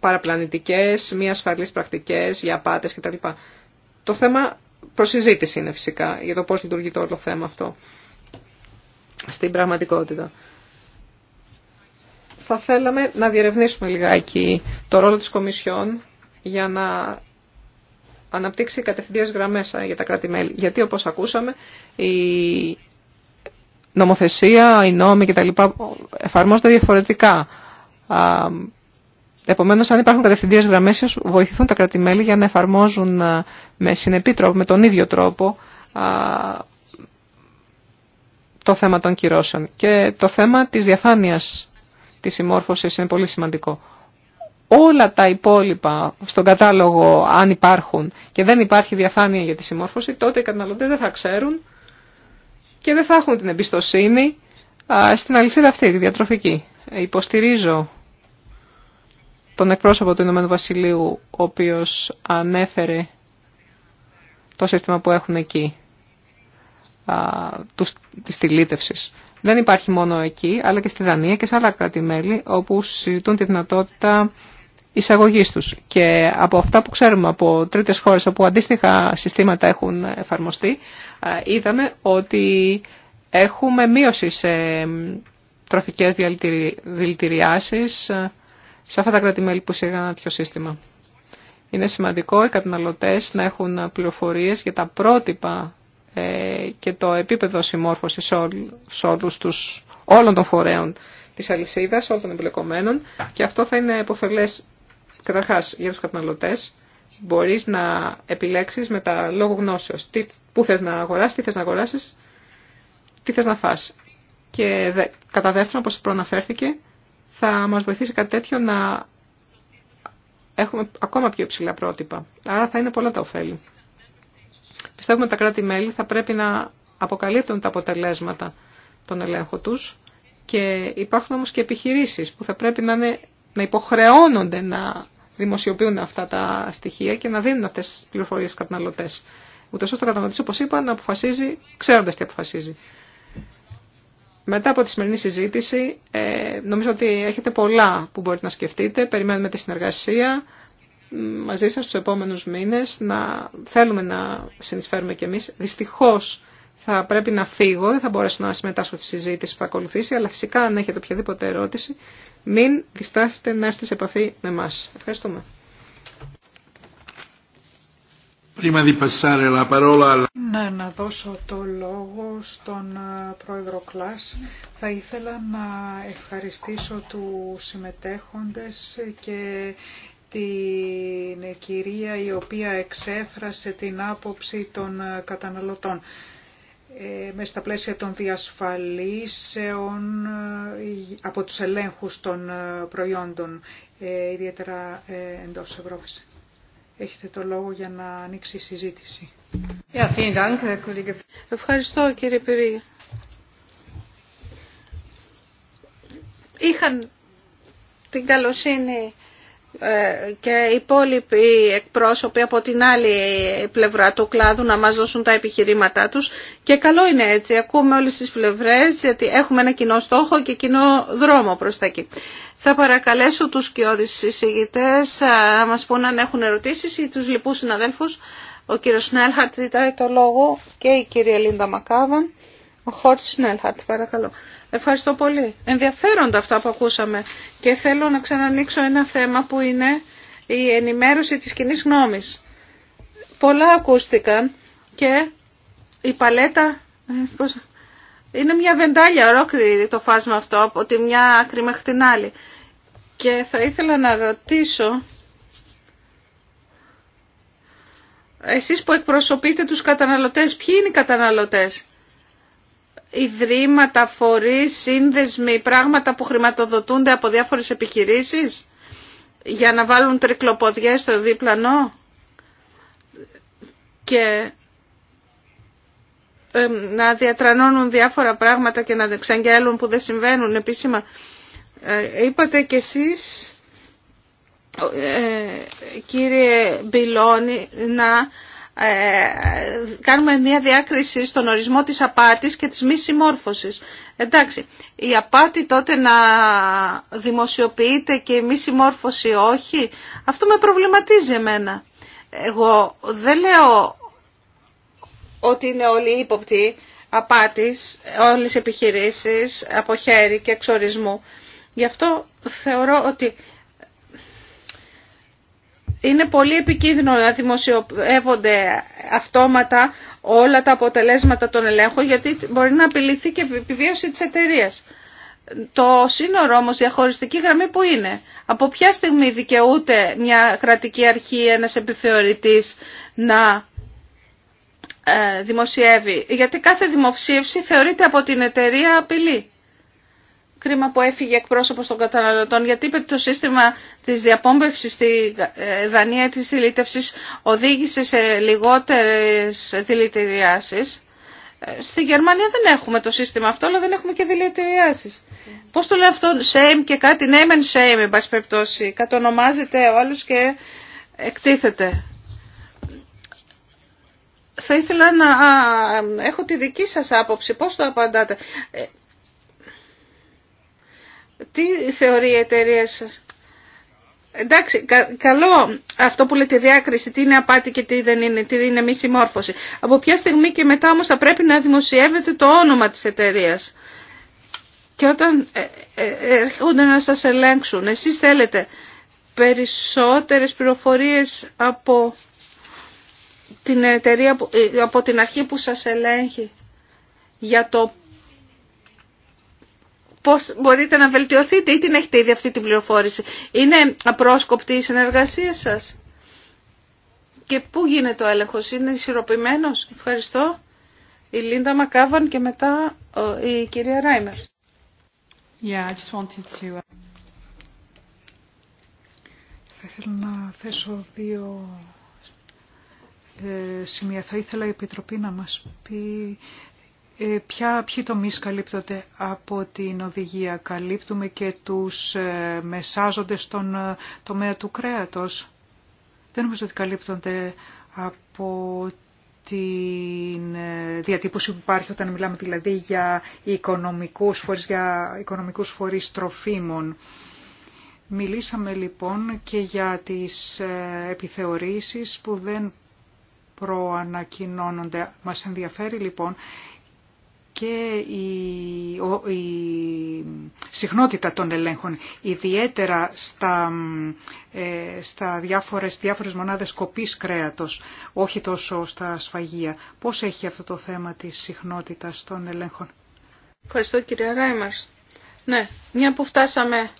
παραπλανητικές, μη ασφαλείς πρακτικές, για απάτες κτλ. Το θέμα προσυζήτηση είναι φυσικά για το πώς λειτουργεί το όλο θέμα αυτό στην πραγματικότητα. Θα θέλαμε να διερευνήσουμε λιγάκι το ρόλο της Κομισιόν για να αναπτύξει κατευθυντήρες γραμμές ε, για τα κράτη-μέλη. Γιατί όπως ακούσαμε η νομοθεσία, οι νόμοι λοιπά εφαρμόζονται διαφορετικά. Επομένω, αν υπάρχουν κατευθυντήρε γραμμέ, βοηθηθούν τα κρατη για να εφαρμόζουν με συνεπή τρόπο, με τον ίδιο τρόπο, το θέμα των κυρώσεων. Και το θέμα της διαφάνειας της συμμόρφωσης είναι πολύ σημαντικό. Όλα τα υπόλοιπα στον κατάλογο, αν υπάρχουν και δεν υπάρχει διαφάνεια για τη συμμόρφωση, τότε οι καταναλωτέ δεν θα ξέρουν και δεν θα έχουν την εμπιστοσύνη στην αλυσίδα αυτή, τη διατροφική. Υποστηρίζω τον εκπρόσωπο του Ηνωμένου Βασιλείου, ο οποίος ανέφερε το σύστημα που έχουν εκεί, της τηλίτευσης. Δεν υπάρχει μόνο εκεί, αλλά και στη Δανία και σε άλλα κράτη-μέλη, όπου συζητούν τη δυνατότητα εισαγωγή του. Και από αυτά που ξέρουμε από τρίτε χώρε όπου αντίστοιχα συστήματα έχουν εφαρμοστεί, είδαμε ότι έχουμε μείωση σε τροφικές δηλητηριάσεις ε, σε αυτά τα κράτη-μέλη που ένα τέτοιο σύστημα. Είναι σημαντικό οι καταναλωτές να έχουν πληροφορίες για τα πρότυπα ε, και το επίπεδο συμμόρφωσης όλους τους, όλων των φορέων της αλυσίδας, όλων των εμπλεκομένων και αυτό θα είναι επωφελές καταρχάς για τους καταναλωτές. Μπορείς να επιλέξεις με τα λόγω γνώσεως τι Πού θες να αγοράσεις, τι θες να αγοράσεις, τι θες να φας. Και κατά δεύτερον, όπως προαναφέρθηκε, θα μας βοηθήσει κάτι τέτοιο να έχουμε ακόμα πιο υψηλά πρότυπα. Άρα θα είναι πολλά τα ωφέλη. Πιστεύουμε ότι τα κράτη-μέλη θα πρέπει να αποκαλύπτουν τα αποτελέσματα των ελέγχων τους και υπάρχουν όμως και επιχειρήσεις που θα πρέπει να, είναι, να υποχρεώνονται να δημοσιοποιούν αυτά τα στοιχεία και να δίνουν αυτές τις πληροφορίες στους καταναλωτές ούτω ώστε ο καταναλωτή, όπω είπα, να αποφασίζει ξέροντα τι αποφασίζει. Μετά από τη σημερινή συζήτηση, ε, νομίζω ότι έχετε πολλά που μπορείτε να σκεφτείτε. Περιμένουμε τη συνεργασία μαζί σας τους επόμενους μήνες. Να, θέλουμε να συνεισφέρουμε κι εμείς. Δυστυχώς θα πρέπει να φύγω, δεν θα μπορέσω να συμμετάσχω στη συζήτηση που θα ακολουθήσει, αλλά φυσικά αν έχετε οποιαδήποτε ερώτηση, μην διστάσετε να έρθετε σε επαφή με εμάς. Ευχαριστούμε. Ναι, να δώσω το λόγο στον ε, πρόεδρο Κλάς. Θα ήθελα να ευχαριστήσω του συμμετέχοντες και την κυρία η οποία εξέφρασε την άποψη των ε, καταναλωτών ε, με στα πλαίσια των διασφαλίσεων από τους ελέγχους των προϊόντων, ιδιαίτερα εντός Ευρώπης. Έχετε το λόγο για να ανοίξει η συζήτηση. Ευχαριστώ κύριε Πυρή. Είχαν την καλοσύνη ε, και οι υπόλοιποι εκπρόσωποι από την άλλη πλευρά του κλάδου να μας δώσουν τα επιχειρήματά τους και καλό είναι έτσι, ακούμε όλες τις πλευρές γιατί έχουμε ένα κοινό στόχο και κοινό δρόμο προς τα εκεί. Θα παρακαλέσω τους κοιόδης συζητητές να μας πούν αν έχουν ερωτήσεις ή τους λοιπούς συναδέλφους. Ο κύριος Σνέλχαρτ ζητάει το λόγο και η κυρία Λίντα Μακάβαν. Ο Χόρτ Σνέλχαρτ, παρακαλώ. Ευχαριστώ πολύ. Ενδιαφέροντα αυτά που ακούσαμε και θέλω να ξανανοίξω ένα θέμα που είναι η ενημέρωση της κοινή γνώμης. Πολλά ακούστηκαν και η παλέτα ε, είναι μια βεντάλια ολόκληρη το φάσμα αυτό από τη μια άκρη μέχρι την άλλη. Και θα ήθελα να ρωτήσω εσείς που εκπροσωπείτε τους καταναλωτές, ποιοι είναι οι καταναλωτές. Ιδρύματα, φορείς, σύνδεσμοι, πράγματα που χρηματοδοτούνται από διάφορες επιχειρήσεις για να βάλουν τρικλοποδιές στο δίπλανο. Και να διατρανώνουν διάφορα πράγματα και να εξαγγέλουν που δεν συμβαίνουν επίσημα. Ε, είπατε κι εσείς, ε, κύριε Μπιλόνι, να ε, κάνουμε μια διάκριση στον ορισμό της απάτης και της μη συμμόρφωσης. Εντάξει, η απάτη τότε να δημοσιοποιείται και η μη συμμόρφωση όχι, αυτό με προβληματίζει εμένα. Εγώ δεν λέω ότι είναι όλοι ύποπτοι απάτης, όλες οι επιχειρήσεις από χέρι και εξορισμού. Γι' αυτό θεωρώ ότι είναι πολύ επικίνδυνο να δημοσιεύονται αυτόματα όλα τα αποτελέσματα των ελέγχων γιατί μπορεί να απειληθεί και η επιβίωση της εταιρεία. Το σύνορο όμως αχωριστική γραμμή που είναι. Από ποια στιγμή δικαιούται μια κρατική αρχή, ένας επιθεωρητής να ε, δημοσιεύει. Γιατί κάθε δημοσίευση θεωρείται από την εταιρεία απειλή. Κρίμα που έφυγε εκπρόσωπο των καταναλωτών, γιατί είπε το σύστημα της διαπόμπευσης στη ε, Δανία της δηλήτευσης οδήγησε σε λιγότερες δηλητηριάσεις. Ε, στη Γερμανία δεν έχουμε το σύστημα αυτό, αλλά δεν έχουμε και δηλητηριάσει. Mm. Πώς το λένε αυτό, shame και κάτι, name ναι, and shame, εν πάση περιπτώσει. Κατονομάζεται ο και εκτίθεται θα ήθελα να έχω τη δική σας άποψη. Πώς το απαντάτε. Ε, τι θεωρεί η εταιρεία σας. Εντάξει, καλό αυτό που λέτε διάκριση, τι είναι απάτη και τι δεν είναι, τι είναι μη συμμόρφωση. Από ποια στιγμή και μετά όμως θα πρέπει να δημοσιεύεται το όνομα της εταιρείας. Και όταν ε, ε, έρχονται να σας ελέγξουν, εσείς θέλετε περισσότερες πληροφορίες από την εταιρεία ε, από την αρχή που σας ελέγχει για το πώς μπορείτε να βελτιωθείτε ή την έχετε ήδη αυτή την πληροφόρηση. Είναι απρόσκοπτη η συνεργασία σας. Και πού γίνεται ο έλεγχος, είναι ισορροπημένος. Ευχαριστώ. Η Λίντα Μακάβαν και μετά η κυρία Ράιμερ. Yeah, to... Uh, θα ήθελα να θέσω δύο ε, σημεία. Θα ήθελα η Επιτροπή να μας πει ε, ποια, ποιοι τομείς καλύπτονται από την οδηγία. Καλύπτουμε και τους ε, μεσάζοντες στον τομέα του κρέατος. Δεν νομίζω ότι καλύπτονται από την διατύπωση που υπάρχει όταν μιλάμε δηλαδή για οικονομικούς φορείς, για οικονομικούς φορείς τροφίμων. Μιλήσαμε λοιπόν και για τις επιθεωρήσεις που δεν προανακοινώνονται. Μας ενδιαφέρει λοιπόν και η, η συχνότητα των ελέγχων, ιδιαίτερα στα, ε, στα διάφορες, διάφορες μονάδες κοπής κρέατος, όχι τόσο στα σφαγεία. Πώς έχει αυτό το θέμα της συχνότητας των ελέγχων. Ευχαριστώ κυρία Ράιμαρς. Ναι, μια που φτάσαμε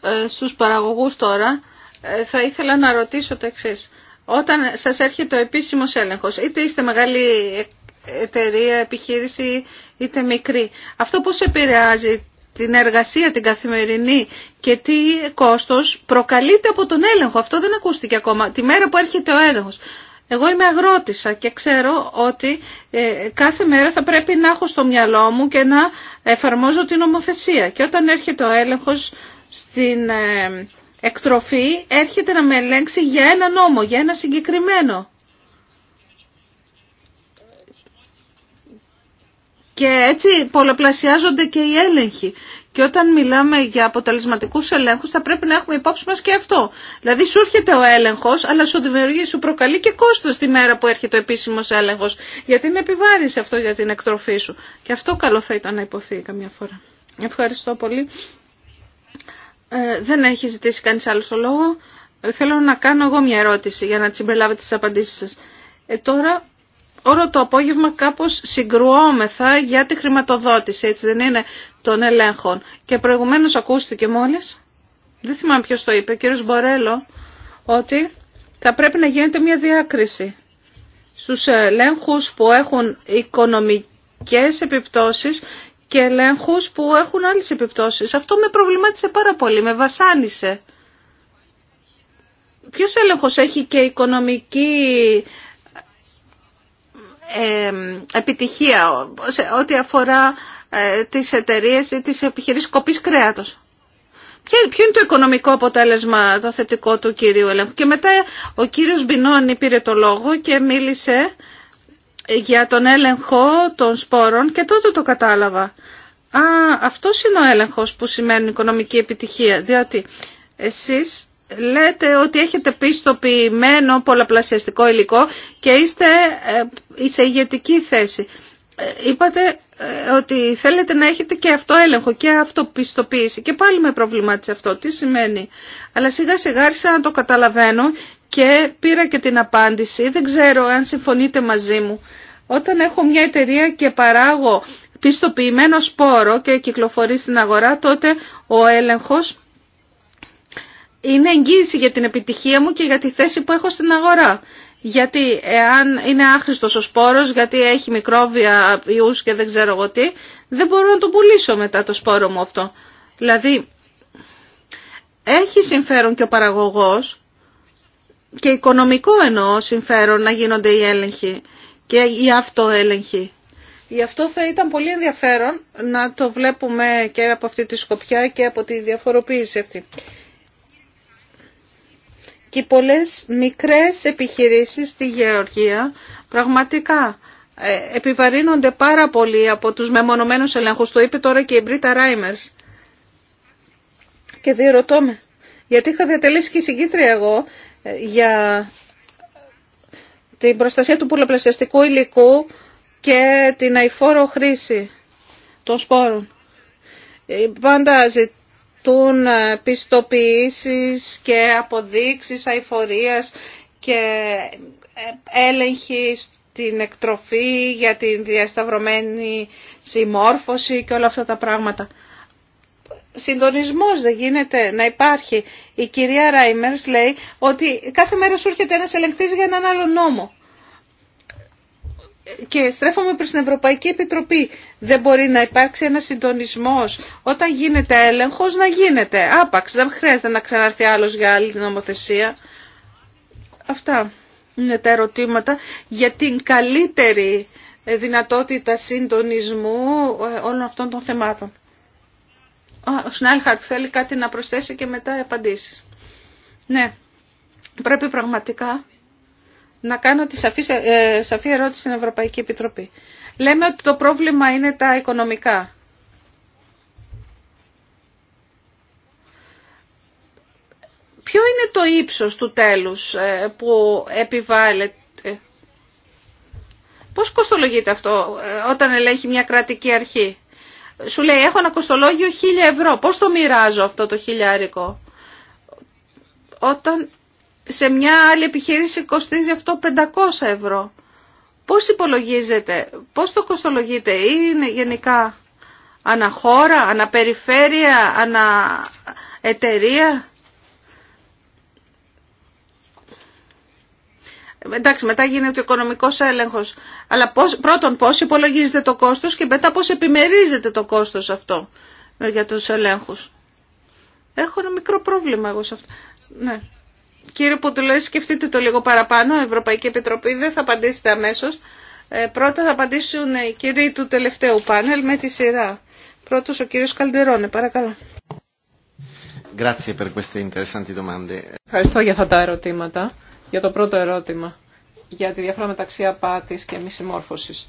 ε, στους παραγωγούς τώρα, ε, θα ήθελα να ρωτήσω το εξής. Όταν σας έρχεται ο επίσημο έλεγχος, είτε είστε μεγάλη εταιρεία, επιχείρηση, είτε μικρή. Αυτό πώς επηρεάζει την εργασία, την καθημερινή και τι κόστος προκαλείται από τον έλεγχο. Αυτό δεν ακούστηκε ακόμα. Τη μέρα που έρχεται ο έλεγχος. Εγώ είμαι αγρότησα και ξέρω ότι ε, κάθε μέρα θα πρέπει να έχω στο μυαλό μου και να εφαρμόζω την ομοθεσία. Και όταν έρχεται ο έλεγχος στην ε, εκτροφή έρχεται να με ελέγξει για ένα νόμο, για ένα συγκεκριμένο. Και έτσι πολλαπλασιάζονται και οι έλεγχοι. Και όταν μιλάμε για αποτελεσματικού ελέγχου, θα πρέπει να έχουμε υπόψη μα και αυτό. Δηλαδή, σου έρχεται ο έλεγχο, αλλά σου δημιουργεί, σου προκαλεί και κόστο τη μέρα που έρχεται ο επίσημο έλεγχο. Γιατί είναι επιβάρηση αυτό για την εκτροφή σου. Και αυτό καλό θα ήταν να υποθεί καμιά φορά. Ευχαριστώ πολύ. Ε, δεν έχει ζητήσει κανεί άλλο το λόγο. Ε, θέλω να κάνω εγώ μια ερώτηση για να συμπεριλάβετε τις απαντήσεις σας. Ε, τώρα, όλο το απόγευμα κάπως συγκρουόμεθα για τη χρηματοδότηση, έτσι δεν είναι, των ελέγχων. Και προηγουμένω ακούστηκε μόλις, δεν θυμάμαι ποιο το είπε, κύριος Μπορέλο, ότι θα πρέπει να γίνεται μια διάκριση στους ελέγχους που έχουν οικονομικές επιπτώσεις και ελέγχους που έχουν άλλες επιπτώσεις. Αυτό με προβλημάτισε πάρα πολύ, με βασάνισε. Ποιος έλεγχος έχει και οικονομική ε, επιτυχία σε ό,τι αφορά ε, τις εταιρείες ή τις επιχειρήσεις κοπής κρέατος. Ποιο είναι το οικονομικό αποτέλεσμα το θετικό του κύριου ελέγχου. Και μετά ο κύριος Μπινόνι πήρε το λόγο και μίλησε για τον έλεγχο των σπόρων και τότε το κατάλαβα. Α, αυτός είναι ο έλεγχος που σημαίνει οικονομική επιτυχία, διότι εσείς λέτε ότι έχετε πιστοποιημένο πολλαπλασιαστικό υλικό και είστε ε, σε ηγετική θέση. Ε, είπατε ε, ότι θέλετε να έχετε και αυτό έλεγχο και αυτοπιστοποίηση και πάλι με προβλημάτισε αυτό. Τι σημαίνει. Αλλά σιγά σιγά άρχισα να το καταλαβαίνω και πήρα και την απάντηση, δεν ξέρω αν συμφωνείτε μαζί μου. Όταν έχω μια εταιρεία και παράγω πιστοποιημένο σπόρο και κυκλοφορεί στην αγορά, τότε ο έλεγχος είναι εγγύηση για την επιτυχία μου και για τη θέση που έχω στην αγορά. Γιατί εάν είναι άχρηστος ο σπόρος, γιατί έχει μικρόβια, ιούς και δεν ξέρω εγώ τι, δεν μπορώ να το πουλήσω μετά το σπόρο μου αυτό. Δηλαδή, έχει συμφέρον και ο παραγωγός και οικονομικό εννοώ συμφέρον να γίνονται οι έλεγχοι και οι αυτοέλεγχοι. Γι' αυτό θα ήταν πολύ ενδιαφέρον να το βλέπουμε και από αυτή τη σκοπιά και από τη διαφοροποίηση αυτή. Και πολλές μικρές επιχειρήσεις στη Γεωργία πραγματικά ε, επιβαρύνονται πάρα πολύ από τους μεμονωμένους ελέγχους. Το είπε τώρα και η Μπρίτα Ράιμερς. Και διερωτώ με. Γιατί είχα διατελέσει και συγκήτρια εγώ ε, για την προστασία του πολλαπλασιαστικού υλικού και την αηφόρο χρήση των σπόρων. Πάντα ζητούν ε, πιστοποιήσεις και αποδείξεις αηφορίας και ε, έλεγχη στην εκτροφή, για την διασταυρωμένη συμμόρφωση και όλα αυτά τα πράγματα συντονισμός δεν γίνεται να υπάρχει. Η κυρία Ράιμερς λέει ότι κάθε μέρα σου έρχεται ένας ελεγκτής για έναν άλλο νόμο. Και στρέφομαι προς την Ευρωπαϊκή Επιτροπή. Δεν μπορεί να υπάρξει ένας συντονισμός όταν γίνεται έλεγχος να γίνεται. Άπαξ, δεν χρειάζεται να ξαναρθεί άλλος για άλλη νομοθεσία. Αυτά είναι τα ερωτήματα για την καλύτερη δυνατότητα συντονισμού ε, όλων αυτών των θεμάτων. Ο Σνάιχαρτ θέλει κάτι να προσθέσει και μετά απαντήσεις. Ναι, πρέπει πραγματικά να κάνω τη ε, σαφή, ερώτηση στην Ευρωπαϊκή Επιτροπή. Λέμε ότι το πρόβλημα είναι τα οικονομικά. Ποιο είναι το ύψος του τέλους ε, που επιβάλλεται. Πώς κοστολογείται αυτό ε, όταν ελέγχει μια κρατική αρχή σου λέει έχω ένα κοστολόγιο 1000 ευρώ. Πώς το μοιράζω αυτό το χιλιάρικο. Όταν σε μια άλλη επιχείρηση κοστίζει αυτό 500 ευρώ. Πώς υπολογίζετε πώς το κοστολογείτε, είναι γενικά αναχώρα, αναπεριφέρεια, ανα εταιρεία. Εντάξει, μετά γίνεται ο οικονομικό έλεγχο. Αλλά πώς, πρώτον πώ υπολογίζεται το κόστο και μετά πώ επιμερίζεται το κόστο αυτό για του ελέγχου. Έχω ένα μικρό πρόβλημα εγώ σε αυτό. Ναι. Κύριε Ποντουλέ, σκεφτείτε το λίγο παραπάνω. Η Ευρωπαϊκή Επιτροπή δεν θα απαντήσετε αμέσω. Ε, πρώτα θα απαντήσουν οι κύριοι του τελευταίου πάνελ με τη σειρά. Πρώτο ο κύριο Καλντερόνε, παρακαλώ. Ευχαριστώ για αυτά τα ερωτήματα για το πρώτο ερώτημα, για τη διαφορά μεταξύ απάτης και μη συμμόρφωσης.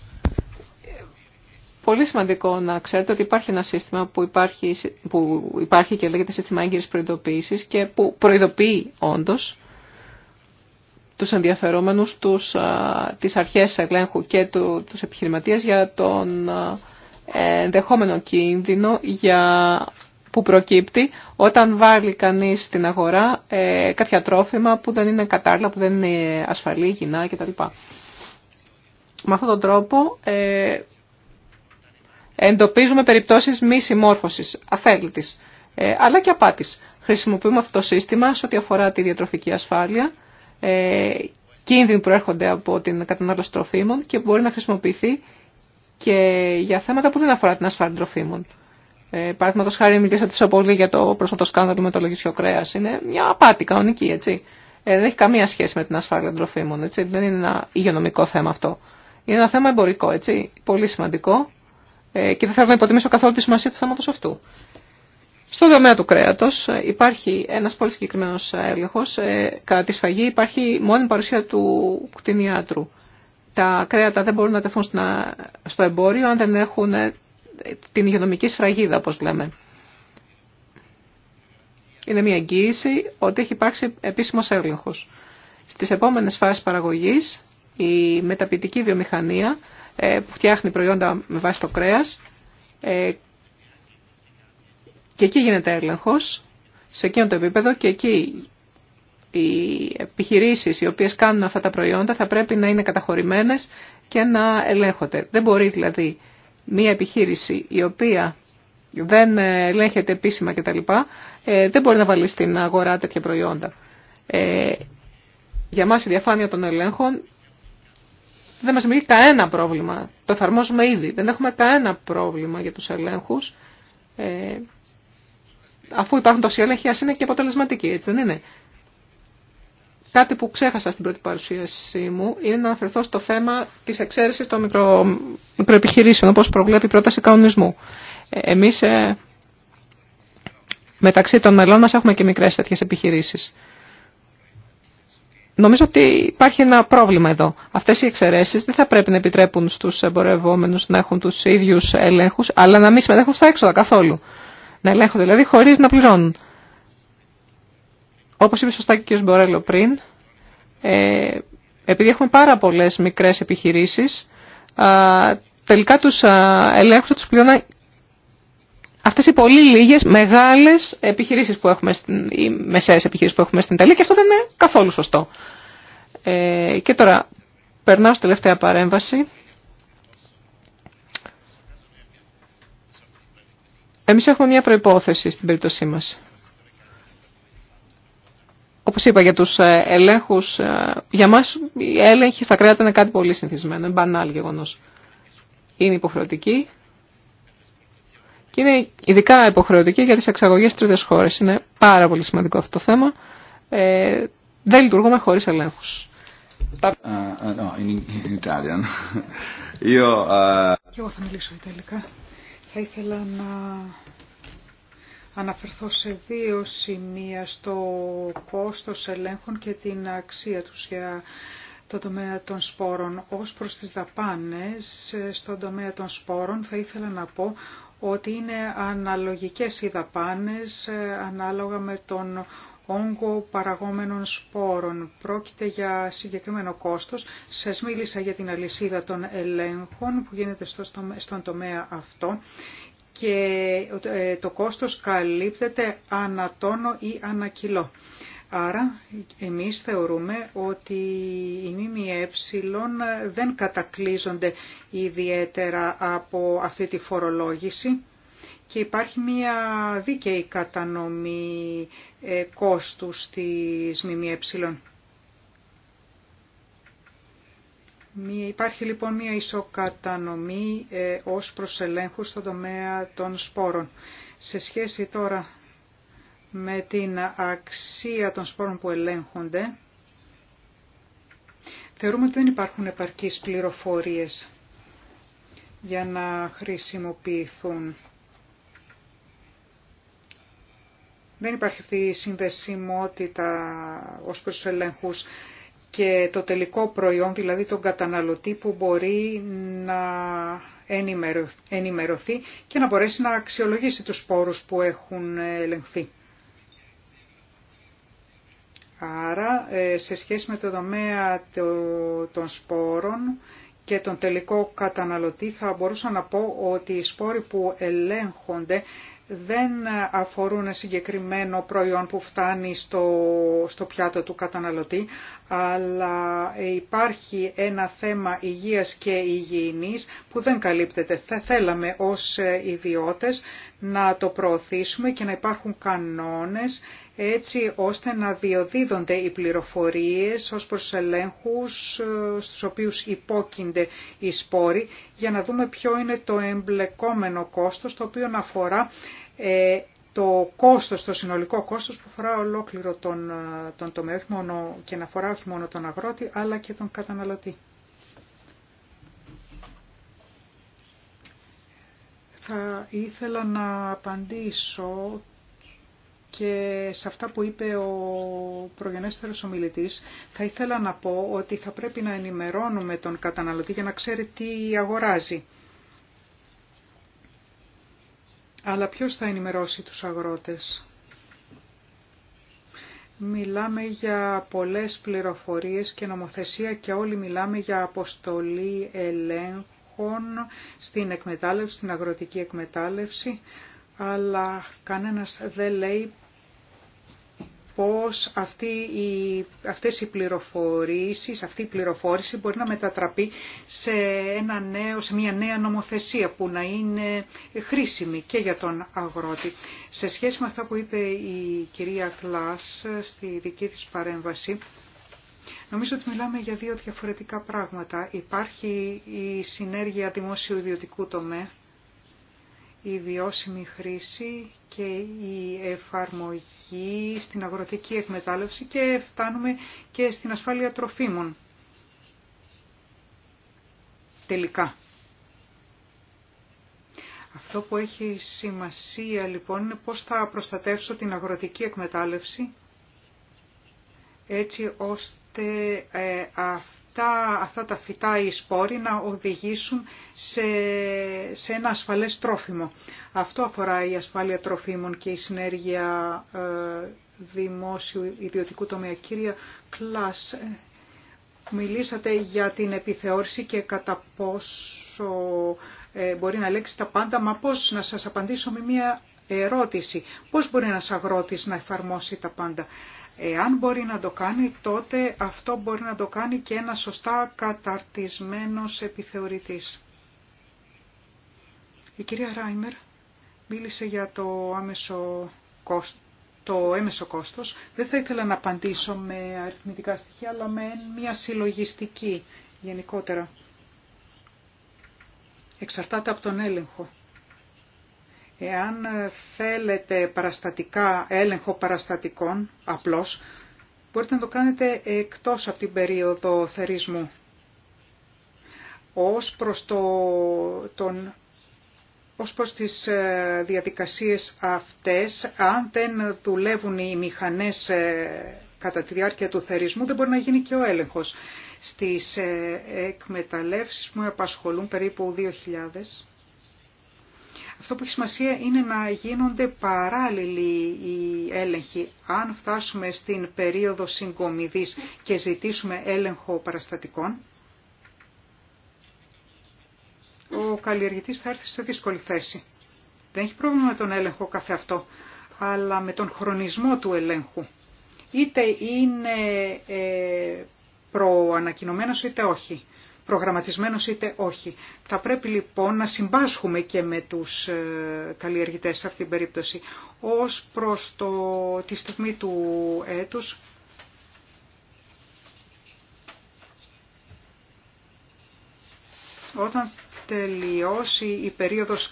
Πολύ σημαντικό να ξέρετε ότι υπάρχει ένα σύστημα που υπάρχει, που υπάρχει και λέγεται σύστημα έγκυρης προειδοποίησης και που προειδοποιεί όντως τους ενδιαφερόμενους, τους, α, τις αρχές ελέγχου και του, τους επιχειρηματίες για τον ενδεχόμενο κίνδυνο για που προκύπτει όταν βάλει κανείς στην αγορά ε, κάποια τρόφιμα που δεν είναι κατάλληλα, που δεν είναι ασφαλή, υγιεινά κτλ. Με αυτόν τον τρόπο ε, εντοπίζουμε περιπτώσεις μη συμμόρφωσης, αθέλητης, ε, αλλά και απάτης. Χρησιμοποιούμε αυτό το σύστημα σε ό,τι αφορά τη διατροφική ασφάλεια, ε, κίνδυνοι που από την κατανάλωση τροφίμων και μπορεί να χρησιμοποιηθεί και για θέματα που δεν αφορά την ασφάλεια τροφίμων. Ε, Παραδείγματο χάρη, μιλήσατε τόσο πολύ για το πρόσφατο σκάνδαλο με το λογιστικό κρέα. Είναι μια απάτη κανονική, έτσι. Ε, δεν έχει καμία σχέση με την ασφάλεια των τροφίμων, έτσι. Δεν είναι ένα υγειονομικό θέμα αυτό. Είναι ένα θέμα εμπορικό, έτσι. Πολύ σημαντικό. Ε, και δεν θέλω να υποτιμήσω καθόλου τη σημασία του θέματο αυτού. Στο δομέα του κρέατο ε, υπάρχει ένα πολύ συγκεκριμένο έλεγχο. κατά τη σφαγή υπάρχει μόνη παρουσία του κτηνιάτρου. Τα κρέατα δεν μπορούν να τεθούν στο εμπόριο αν δεν έχουν την υγειονομική σφραγίδα, όπως λέμε. Είναι μια εγγύηση ότι έχει υπάρξει επίσημος έλεγχος. Στις επόμενες φάσεις παραγωγής, η μεταπητική βιομηχανία ε, που φτιάχνει προϊόντα με βάση το κρέας ε, και εκεί γίνεται έλεγχος σε εκείνο το επίπεδο και εκεί οι επιχειρήσεις οι οποίες κάνουν αυτά τα προϊόντα θα πρέπει να είναι καταχωρημένες και να ελέγχονται. Δεν μπορεί δηλαδή μία επιχείρηση η οποία δεν ελέγχεται επίσημα κτλ. Ε, δεν μπορεί να βάλει στην αγορά τέτοια προϊόντα. Ε, για μας η διαφάνεια των ελέγχων δεν μας δημιουργεί κανένα πρόβλημα. Το εφαρμόζουμε ήδη. Δεν έχουμε κανένα πρόβλημα για τους ελέγχους. Ε, αφού υπάρχουν τόσοι έλεγχοι, ας είναι και αποτελεσματικοί, έτσι δεν είναι. Κάτι που ξέχασα στην πρώτη παρουσίασή μου είναι να αναφερθώ στο θέμα τη εξαίρεση των μικρο... μικροεπιχειρήσεων, όπως προβλέπει η πρόταση κανονισμού. Ε, Εμεί ε... μεταξύ των μελών μα έχουμε και μικρέ τέτοιε επιχειρήσει. Νομίζω ότι υπάρχει ένα πρόβλημα εδώ. Αυτέ οι εξαιρεσει δεν θα πρέπει να επιτρέπουν στου εμπορευόμενου να έχουν του ίδιου ελέγχου, αλλά να μην συμμετέχουν στα έξοδα καθόλου. Να ελέγχονται δηλαδή χωρί να πληρώνουν. Όπως είπε σωστά και ο κ. Μπορέλο πριν, ε, επειδή έχουμε πάρα πολλές μικρές επιχειρήσεις, τελικά τους ελέγχου τους πλέον αυτές οι πολύ λίγες μεγάλες επιχειρήσεις που έχουμε, στην, οι μεσαίες επιχειρήσεις που έχουμε στην Ιταλία και αυτό δεν είναι καθόλου σωστό. Ε, και τώρα περνάω στη τελευταία παρέμβαση. Εμείς έχουμε μια προϋπόθεση στην περίπτωσή μας όπως είπα για τους ε, ελέγχους, ε, για μας οι έλεγχοι στα κράτη είναι κάτι πολύ συνηθισμένο, είναι μπανάλ γεγονός. Είναι υποχρεωτική και είναι ειδικά υποχρεωτική για τις εξαγωγές τρίτες χώρες. Είναι πάρα πολύ σημαντικό αυτό το θέμα. Ε, δεν λειτουργούμε χωρίς ελέγχους. εγώ θα μιλήσω Ιταλικά. Θα ήθελα να αναφερθώ σε δύο σημεία στο κόστος ελέγχων και την αξία τους για το τομέα των σπόρων. Ως προς τις δαπάνες στον τομέα των σπόρων θα ήθελα να πω ότι είναι αναλογικές οι δαπάνες ανάλογα με τον όγκο παραγόμενων σπόρων. Πρόκειται για συγκεκριμένο κόστος. Σας μίλησα για την αλυσίδα των ελέγχων που γίνεται στον τομέα αυτό και ε, το κόστος καλύπτεται ανατόνο ή κιλό. Άρα εμείς θεωρούμε ότι οι ΜΜΕ δεν κατακλείζονται ιδιαίτερα από αυτή τη φορολόγηση και υπάρχει μια δίκαιη κατανομή ε, κόστου στις ΜΜΕ. Υπάρχει λοιπόν μία ισοκατανομή ε, ως προς ελέγχου στον τομέα των σπόρων. Σε σχέση τώρα με την αξία των σπόρων που ελέγχονται, θεωρούμε ότι δεν υπάρχουν επαρκείς πληροφορίες για να χρησιμοποιηθούν. Δεν υπάρχει αυτή η συνδεσιμότητα ως προς τους ελέγχους και το τελικό προϊόν, δηλαδή τον καταναλωτή που μπορεί να ενημερωθεί και να μπορέσει να αξιολογήσει τους σπόρους που έχουν ελεγχθεί. Άρα, ε, σε σχέση με το τομέα των σπόρων και τον τελικό καταναλωτή, θα μπορούσα να πω ότι οι σπόροι που ελέγχονται δεν αφορούν συγκεκριμένο προϊόν που φτάνει στο, στο πιάτο του καταναλωτή, αλλά υπάρχει ένα θέμα υγείας και υγιεινής που δεν καλύπτεται. Θα θέλαμε ως ιδιώτες να το προωθήσουμε και να υπάρχουν κανόνες έτσι ώστε να διοδίδονται οι πληροφορίες ως προς ελέγχους ε, στους οποίους υπόκεινται οι σπόροι για να δούμε ποιο είναι το εμπλεκόμενο κόστος το οποίο αφορά ε, το κόστος, το συνολικό κόστος που αφορά ολόκληρο τον, ε, τον τομέα μόνο, και να αφορά όχι μόνο τον αγρότη αλλά και τον καταναλωτή. Θα ήθελα να απαντήσω και σε αυτά που είπε ο προγενέστερος ομιλητής, θα ήθελα να πω ότι θα πρέπει να ενημερώνουμε τον καταναλωτή για να ξέρει τι αγοράζει. Αλλά ποιος θα ενημερώσει τους αγρότες. Μιλάμε για πολλές πληροφορίες και νομοθεσία και όλοι μιλάμε για αποστολή ελέγχων στην εκμετάλλευση, στην αγροτική εκμετάλλευση, αλλά κανένας δεν λέει πώς αυτή η, αυτές οι πληροφορίες, αυτή η πληροφόρηση μπορεί να μετατραπεί σε, ένα νέο, σε μια νέα νομοθεσία που να είναι χρήσιμη και για τον αγρότη. Σε σχέση με αυτά που είπε η κυρία Κλάς στη δική της παρέμβαση, Νομίζω ότι μιλάμε για δύο διαφορετικά πράγματα. Υπάρχει η συνέργεια δημόσιο-ιδιωτικού τομέα η βιώσιμη χρήση και η εφαρμογή στην αγροτική εκμετάλλευση και φτάνουμε και στην ασφάλεια τροφίμων. Τελικά. Αυτό που έχει σημασία λοιπόν είναι πώς θα προστατεύσω την αγροτική εκμετάλλευση έτσι ώστε ε, αυτά, αυτά τα φυτά ή σπόροι να οδηγήσουν σε, σε ένα ασφαλές τρόφιμο. Αυτό αφορά η ασφάλεια τροφίμων και η συνέργεια ε, δημόσιου ιδιωτικού τομέα. Κύριε Κλάς, ε, μιλήσατε για την επιθεώρηση και κατά πόσο ε, μπορεί να λέξει τα πάντα, μα πώς να σας απαντήσω με μια ερώτηση. Πώς μπορεί ένας αγρότης να εφαρμόσει τα πάντα. Εάν μπορεί να το κάνει, τότε αυτό μπορεί να το κάνει και ένα σωστά καταρτισμένος επιθεωρητής. Η κυρία Ράιμερ μίλησε για το, το έμεσο κόστος. Δεν θα ήθελα να απαντήσω με αριθμητικά στοιχεία, αλλά με μια συλλογιστική γενικότερα. Εξαρτάται από τον έλεγχο. Εάν ε, θέλετε παραστατικά, έλεγχο παραστατικών, απλώς, μπορείτε να το κάνετε εκτός από την περίοδο θερισμού. Ως προς, το, τον, ως προς τις ε, διαδικασίες αυτές, αν δεν δουλεύουν οι μηχανές ε, κατά τη διάρκεια του θερισμού, δεν μπορεί να γίνει και ο έλεγχος. Στις εκμεταλλεύσεις μου απασχολούν περίπου 2.000 αυτό που έχει σημασία είναι να γίνονται παράλληλοι οι έλεγχοι. Αν φτάσουμε στην περίοδο συγκομιδής και ζητήσουμε έλεγχο παραστατικών, ο καλλιεργητής θα έρθει σε δύσκολη θέση. Δεν έχει πρόβλημα με τον έλεγχο καθε αυτό, αλλά με τον χρονισμό του ελέγχου. Είτε είναι ε, προανακοινωμένος είτε όχι προγραμματισμένος είτε όχι. Θα πρέπει λοιπόν να συμπάσχουμε και με τους ε, καλλιεργητές σε αυτήν την περίπτωση. Ως προς το, τη στιγμή του έτους όταν τελειώσει η περίοδος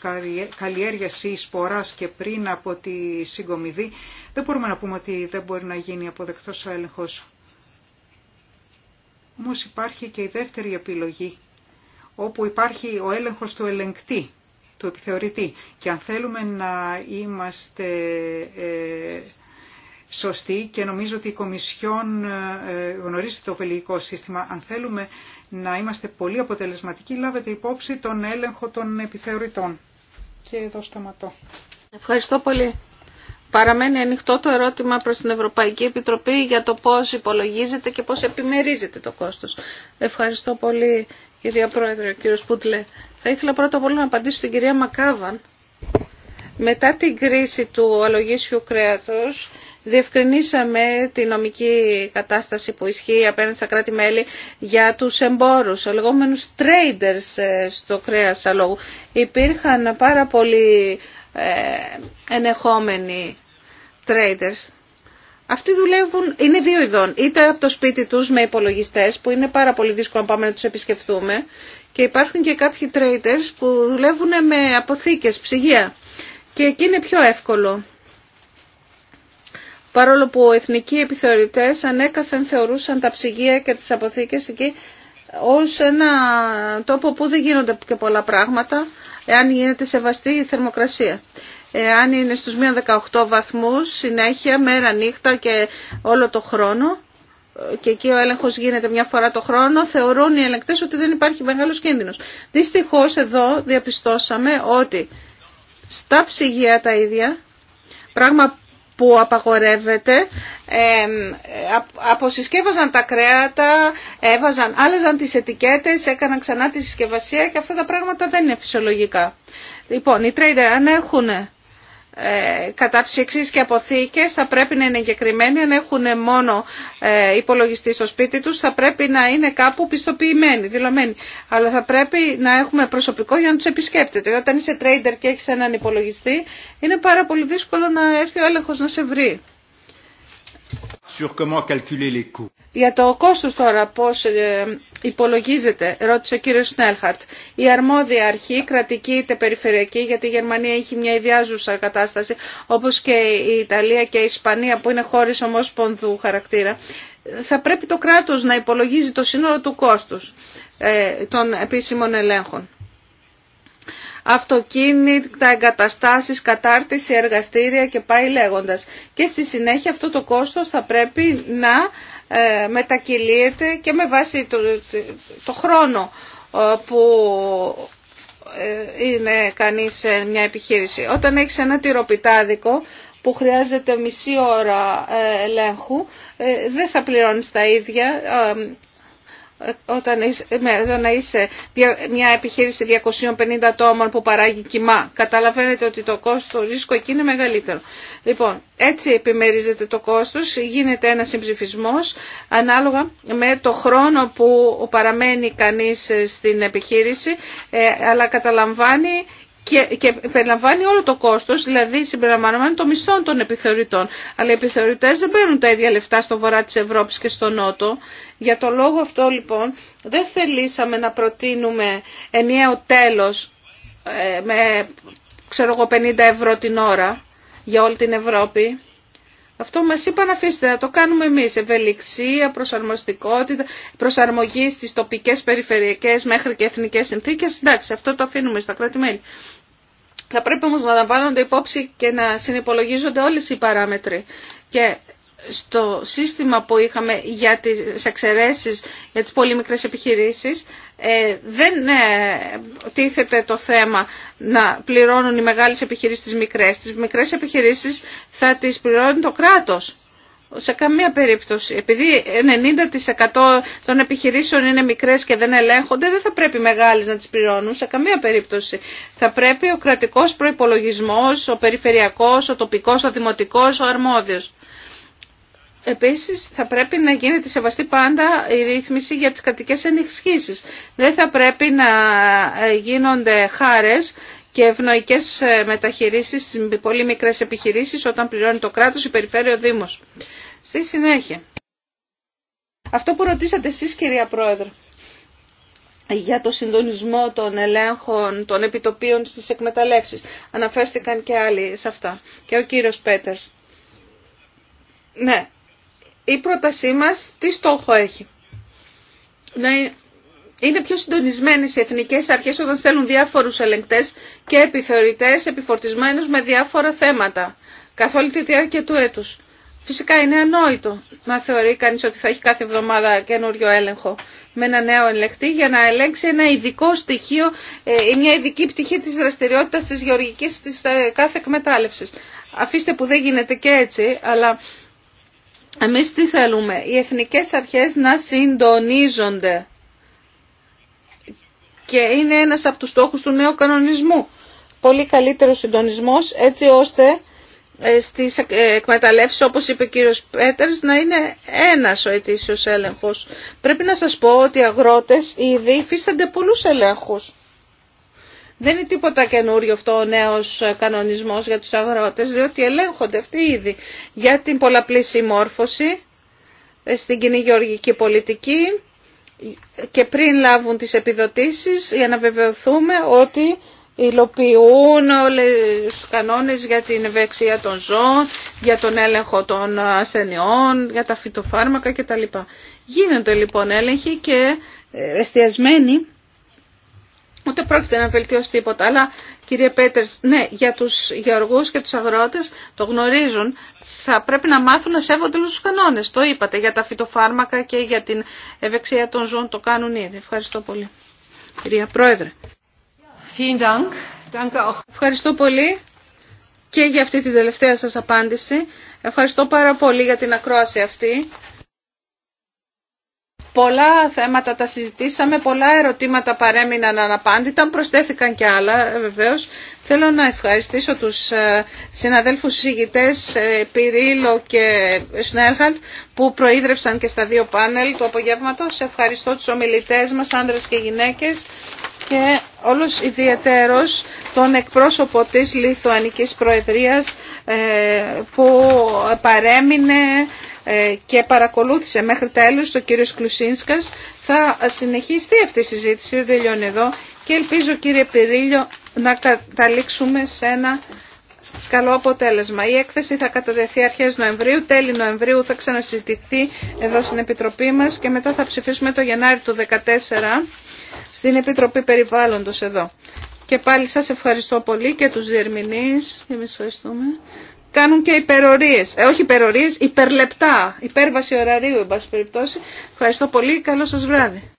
καλλιέργειας ή σποράς και πριν από τη συγκομιδή, δεν μπορούμε να πούμε ότι δεν μπορεί να γίνει αποδεκτός ο έλεγχος. Όμως υπάρχει και η δεύτερη επιλογή, όπου υπάρχει ο έλεγχος του ελεγκτή, του επιθεωρητή. Και αν θέλουμε να είμαστε ε, σωστοί και νομίζω ότι η Κομισιόν ε, γνωρίζει το βελγικό σύστημα, αν θέλουμε να είμαστε πολύ αποτελεσματικοί, λάβετε υπόψη τον έλεγχο των επιθεωρητών. Και εδώ σταματώ. Ευχαριστώ πολύ. Παραμένει ανοιχτό το ερώτημα προς την Ευρωπαϊκή Επιτροπή για το πώς υπολογίζεται και πώς επιμερίζεται το κόστος. Ευχαριστώ πολύ κυρία Πρόεδρε, κύριο Σπούτλε. Θα ήθελα πρώτα απ' όλα να απαντήσω στην κυρία Μακάβαν. Μετά την κρίση του αλογίσιου κρέατος, διευκρινίσαμε τη νομική κατάσταση που ισχύει απέναντι στα κράτη-μέλη για τους εμπόρους, λεγόμενους traders ε, στο κρέας αλόγου. Υπήρχαν πάρα πολλοί ε, ενεχόμενοι traders. Αυτοί δουλεύουν, είναι δύο ειδών, είτε από το σπίτι τους με υπολογιστές που είναι πάρα πολύ δύσκολο να πάμε να τους επισκεφθούμε και υπάρχουν και κάποιοι traders που δουλεύουν με αποθήκες, ψυγεία και εκεί είναι πιο εύκολο. Παρόλο που οι εθνικοί επιθεωρητές ανέκαθεν θεωρούσαν τα ψυγεία και τις αποθήκες εκεί ως ένα τόπο που δεν γίνονται και πολλά πράγματα εάν γίνεται σεβαστή η θερμοκρασία. Ε, αν είναι στους μείον 18 βαθμούς συνέχεια, μέρα, νύχτα και όλο το χρόνο ε, και εκεί ο έλεγχος γίνεται μια φορά το χρόνο, θεωρούν οι ελεγκτές ότι δεν υπάρχει μεγάλος κίνδυνος. Δυστυχώς εδώ διαπιστώσαμε ότι στα ψυγεία τα ίδια, πράγμα που απαγορεύεται, αποσυσκεύαζαν τα κρέατα, έβαζαν, άλλαζαν τις ετικέτες, έκαναν ξανά τη συσκευασία και αυτά τα πράγματα δεν είναι φυσιολογικά. Λοιπόν, οι trader αν έχουν ε, κατάψυξης και αποθήκες θα πρέπει να είναι εγκεκριμένοι, αν έχουν μόνο ε, υπολογιστή στο σπίτι τους θα πρέπει να είναι κάπου πιστοποιημένοι, δηλωμένοι. Αλλά θα πρέπει να έχουμε προσωπικό για να τους επισκέπτεται. Όταν είσαι trader και έχεις έναν υπολογιστή είναι πάρα πολύ δύσκολο να έρθει ο έλεγχος να σε βρει. Για το κόστος τώρα πώς ε, υπολογίζεται, ρώτησε ο κύριος Σνέλχαρτ. Η αρμόδια αρχή, κρατική είτε περιφερειακή, γιατί η Γερμανία έχει μια ιδιάζουσα κατάσταση, όπως και η Ιταλία και η Ισπανία που είναι χώρες όμως πονδού χαρακτήρα, θα πρέπει το κράτος να υπολογίζει το σύνολο του κόστους ε, των επίσημων ελέγχων αυτοκίνητα, εγκαταστάσεις, κατάρτιση, εργαστήρια και πάει λέγοντας. Και στη συνέχεια αυτό το κόστος θα πρέπει να ε, μετακυλίεται και με βάση το χρόνο ε, που ε, είναι κανείς σε μια επιχείρηση. Όταν έχεις ένα τυροπιτάδικο που χρειάζεται μισή ώρα ελέγχου, δεν θα πληρώνεις τα ίδια όταν είσαι, να είσαι μια επιχείρηση 250 ατόμων που παράγει κοιμά. Καταλαβαίνετε ότι το κόστος, το ρίσκο εκεί είναι μεγαλύτερο. Λοιπόν, έτσι επιμερίζεται το κόστος, γίνεται ένας συμψηφισμός ανάλογα με το χρόνο που παραμένει κανείς στην επιχείρηση, ε, αλλά καταλαμβάνει και, και περιλαμβάνει όλο το κόστος, δηλαδή συμπεριλαμβάνει το μισό των επιθεωρητών. Αλλά οι επιθεωρητές δεν παίρνουν τα ίδια λεφτά στο βορρά της Ευρώπης και στο νότο. Για το λόγο αυτό λοιπόν δεν θελήσαμε να προτείνουμε ενιαίο τέλος ε, με ξέρω εγώ 50 ευρώ την ώρα για όλη την Ευρώπη. Αυτό μας είπαν αφήστε να το κάνουμε εμείς. Ευελιξία, προσαρμοστικότητα, προσαρμογή στις τοπικές, περιφερειακές μέχρι και εθνικές συνθήκες. Εντάξει, αυτό το αφήνουμε στα κράτη-μέλη. Θα πρέπει όμως να λαμβάνονται υπόψη και να συνυπολογίζονται όλες οι παράμετροι. Και στο σύστημα που είχαμε για τις εξαιρέσεις για τις πολύ μικρές επιχειρήσεις ε, δεν ε, τίθεται το θέμα να πληρώνουν οι μεγάλες επιχειρήσεις τις μικρές. Τις μικρές επιχειρήσεις θα τις πληρώνει το κράτος σε καμία περίπτωση. Επειδή 90% των επιχειρήσεων είναι μικρές και δεν ελέγχονται, δεν θα πρέπει μεγάλες να τις πληρώνουν, σε καμία περίπτωση. Θα πρέπει ο κρατικός προϋπολογισμός, ο περιφερειακός, ο τοπικός, ο δημοτικός, ο αρμόδιος. Επίσης θα πρέπει να γίνεται σεβαστή πάντα η ρύθμιση για τις κρατικές ενισχύσεις. Δεν θα πρέπει να γίνονται χάρες και ευνοϊκές μεταχειρήσεις στις πολύ μικρές επιχειρήσεις όταν πληρώνει το κράτος, η περιφέρει ο Δήμος. Στη συνέχεια, αυτό που ρωτήσατε εσείς κυρία Πρόεδρε, για το συντονισμό των ελέγχων των επιτοπίων στις εκμεταλλεύσεις. Αναφέρθηκαν και άλλοι σε αυτά. Και ο κύριος Πέτερς. Ναι. Η πρότασή μας τι στόχο έχει. Να είναι πιο συντονισμένες οι εθνικές αρχές όταν στέλνουν διάφορους ελεγκτές και επιθεωρητές επιφορτισμένους με διάφορα θέματα καθ' όλη τη διάρκεια του έτους. Φυσικά είναι ανόητο να θεωρεί κανείς ότι θα έχει κάθε εβδομάδα καινούριο έλεγχο με ένα νέο ελεγχτή για να ελέγξει ένα ειδικό στοιχείο, ε, μια ειδική πτυχή της δραστηριότητας της γεωργικής της ε, κάθε εκμετάλλευσης. Αφήστε που δεν γίνεται και έτσι, αλλά εμείς τι θέλουμε, οι εθνικές αρχές να συντονίζονται και είναι ένας από τους στόχους του νέου κανονισμού. Πολύ καλύτερο συντονισμός έτσι ώστε ε, στις ε, εκμεταλλεύσεις όπως είπε ο κύριος Πέτερς να είναι ένας ο ετήσιος έλεγχος. Πρέπει να σας πω ότι οι αγρότες ήδη υφίστανται πολλούς ελέγχους. Δεν είναι τίποτα καινούριο αυτό ο νέος ε, κανονισμός για τους αγρότες διότι ελέγχονται αυτοί ήδη για την πολλαπλή συμμόρφωση στην κοινή γεωργική πολιτική και πριν λάβουν τις επιδοτήσεις για να βεβαιωθούμε ότι υλοποιούν όλες τους κανόνες για την ευεξία των ζώων, για τον έλεγχο των ασθενειών, για τα φυτοφάρμακα κτλ. Γίνονται λοιπόν έλεγχοι και εστιασμένοι, ούτε πρόκειται να βελτιώσει τίποτα, αλλά κύριε Πέτερς, ναι, για τους γεωργούς και τους αγρότες το γνωρίζουν, θα πρέπει να μάθουν να σέβονται τους κανόνες, το είπατε, για τα φυτοφάρμακα και για την ευεξία των ζώων το κάνουν ήδη. Ευχαριστώ πολύ. Κυρία Πρόεδρε. Ευχαριστώ πολύ και για αυτή την τελευταία σας απάντηση. Ευχαριστώ πάρα πολύ για την ακρόαση αυτή. Πολλά θέματα τα συζητήσαμε, πολλά ερωτήματα παρέμειναν αναπάντητα, προσθέθηκαν και άλλα ε, βεβαίως. Θέλω να ευχαριστήσω τους ε, συναδέλφους συζητητές ε, Πυρίλο και Σνέρχαλτ που προείδρευσαν και στα δύο πάνελ του απογεύματος. Ευχαριστώ τους ομιλητές μας, άνδρες και γυναίκες και όλος ιδιαίτερος τον εκπρόσωπο της Λιθουανικής Προεδρίας ε, που παρέμεινε ε, και παρακολούθησε μέχρι τέλους το κύριο Κλουσίνσκας. Θα συνεχιστεί αυτή η συζήτηση, δεν τελειώνει εδώ και ελπίζω κύριε Πυρίλιο να καταλήξουμε σε ένα καλό αποτέλεσμα. Η έκθεση θα καταδεθεί αρχές Νοεμβρίου, τέλη Νοεμβρίου θα ξανασυζητηθεί εδώ στην Επιτροπή μας και μετά θα ψηφίσουμε το Γενάρη του 2014 στην Επιτροπή Περιβάλλοντος εδώ. Και πάλι σας ευχαριστώ πολύ και τους διερμηνείς. εμείς ευχαριστούμε. Κάνουν και υπερορίες, ε, όχι υπερορίες, υπερλεπτά, υπέρβαση ωραρίου, εν πάση περιπτώσει. Ευχαριστώ πολύ, καλό σας βράδυ.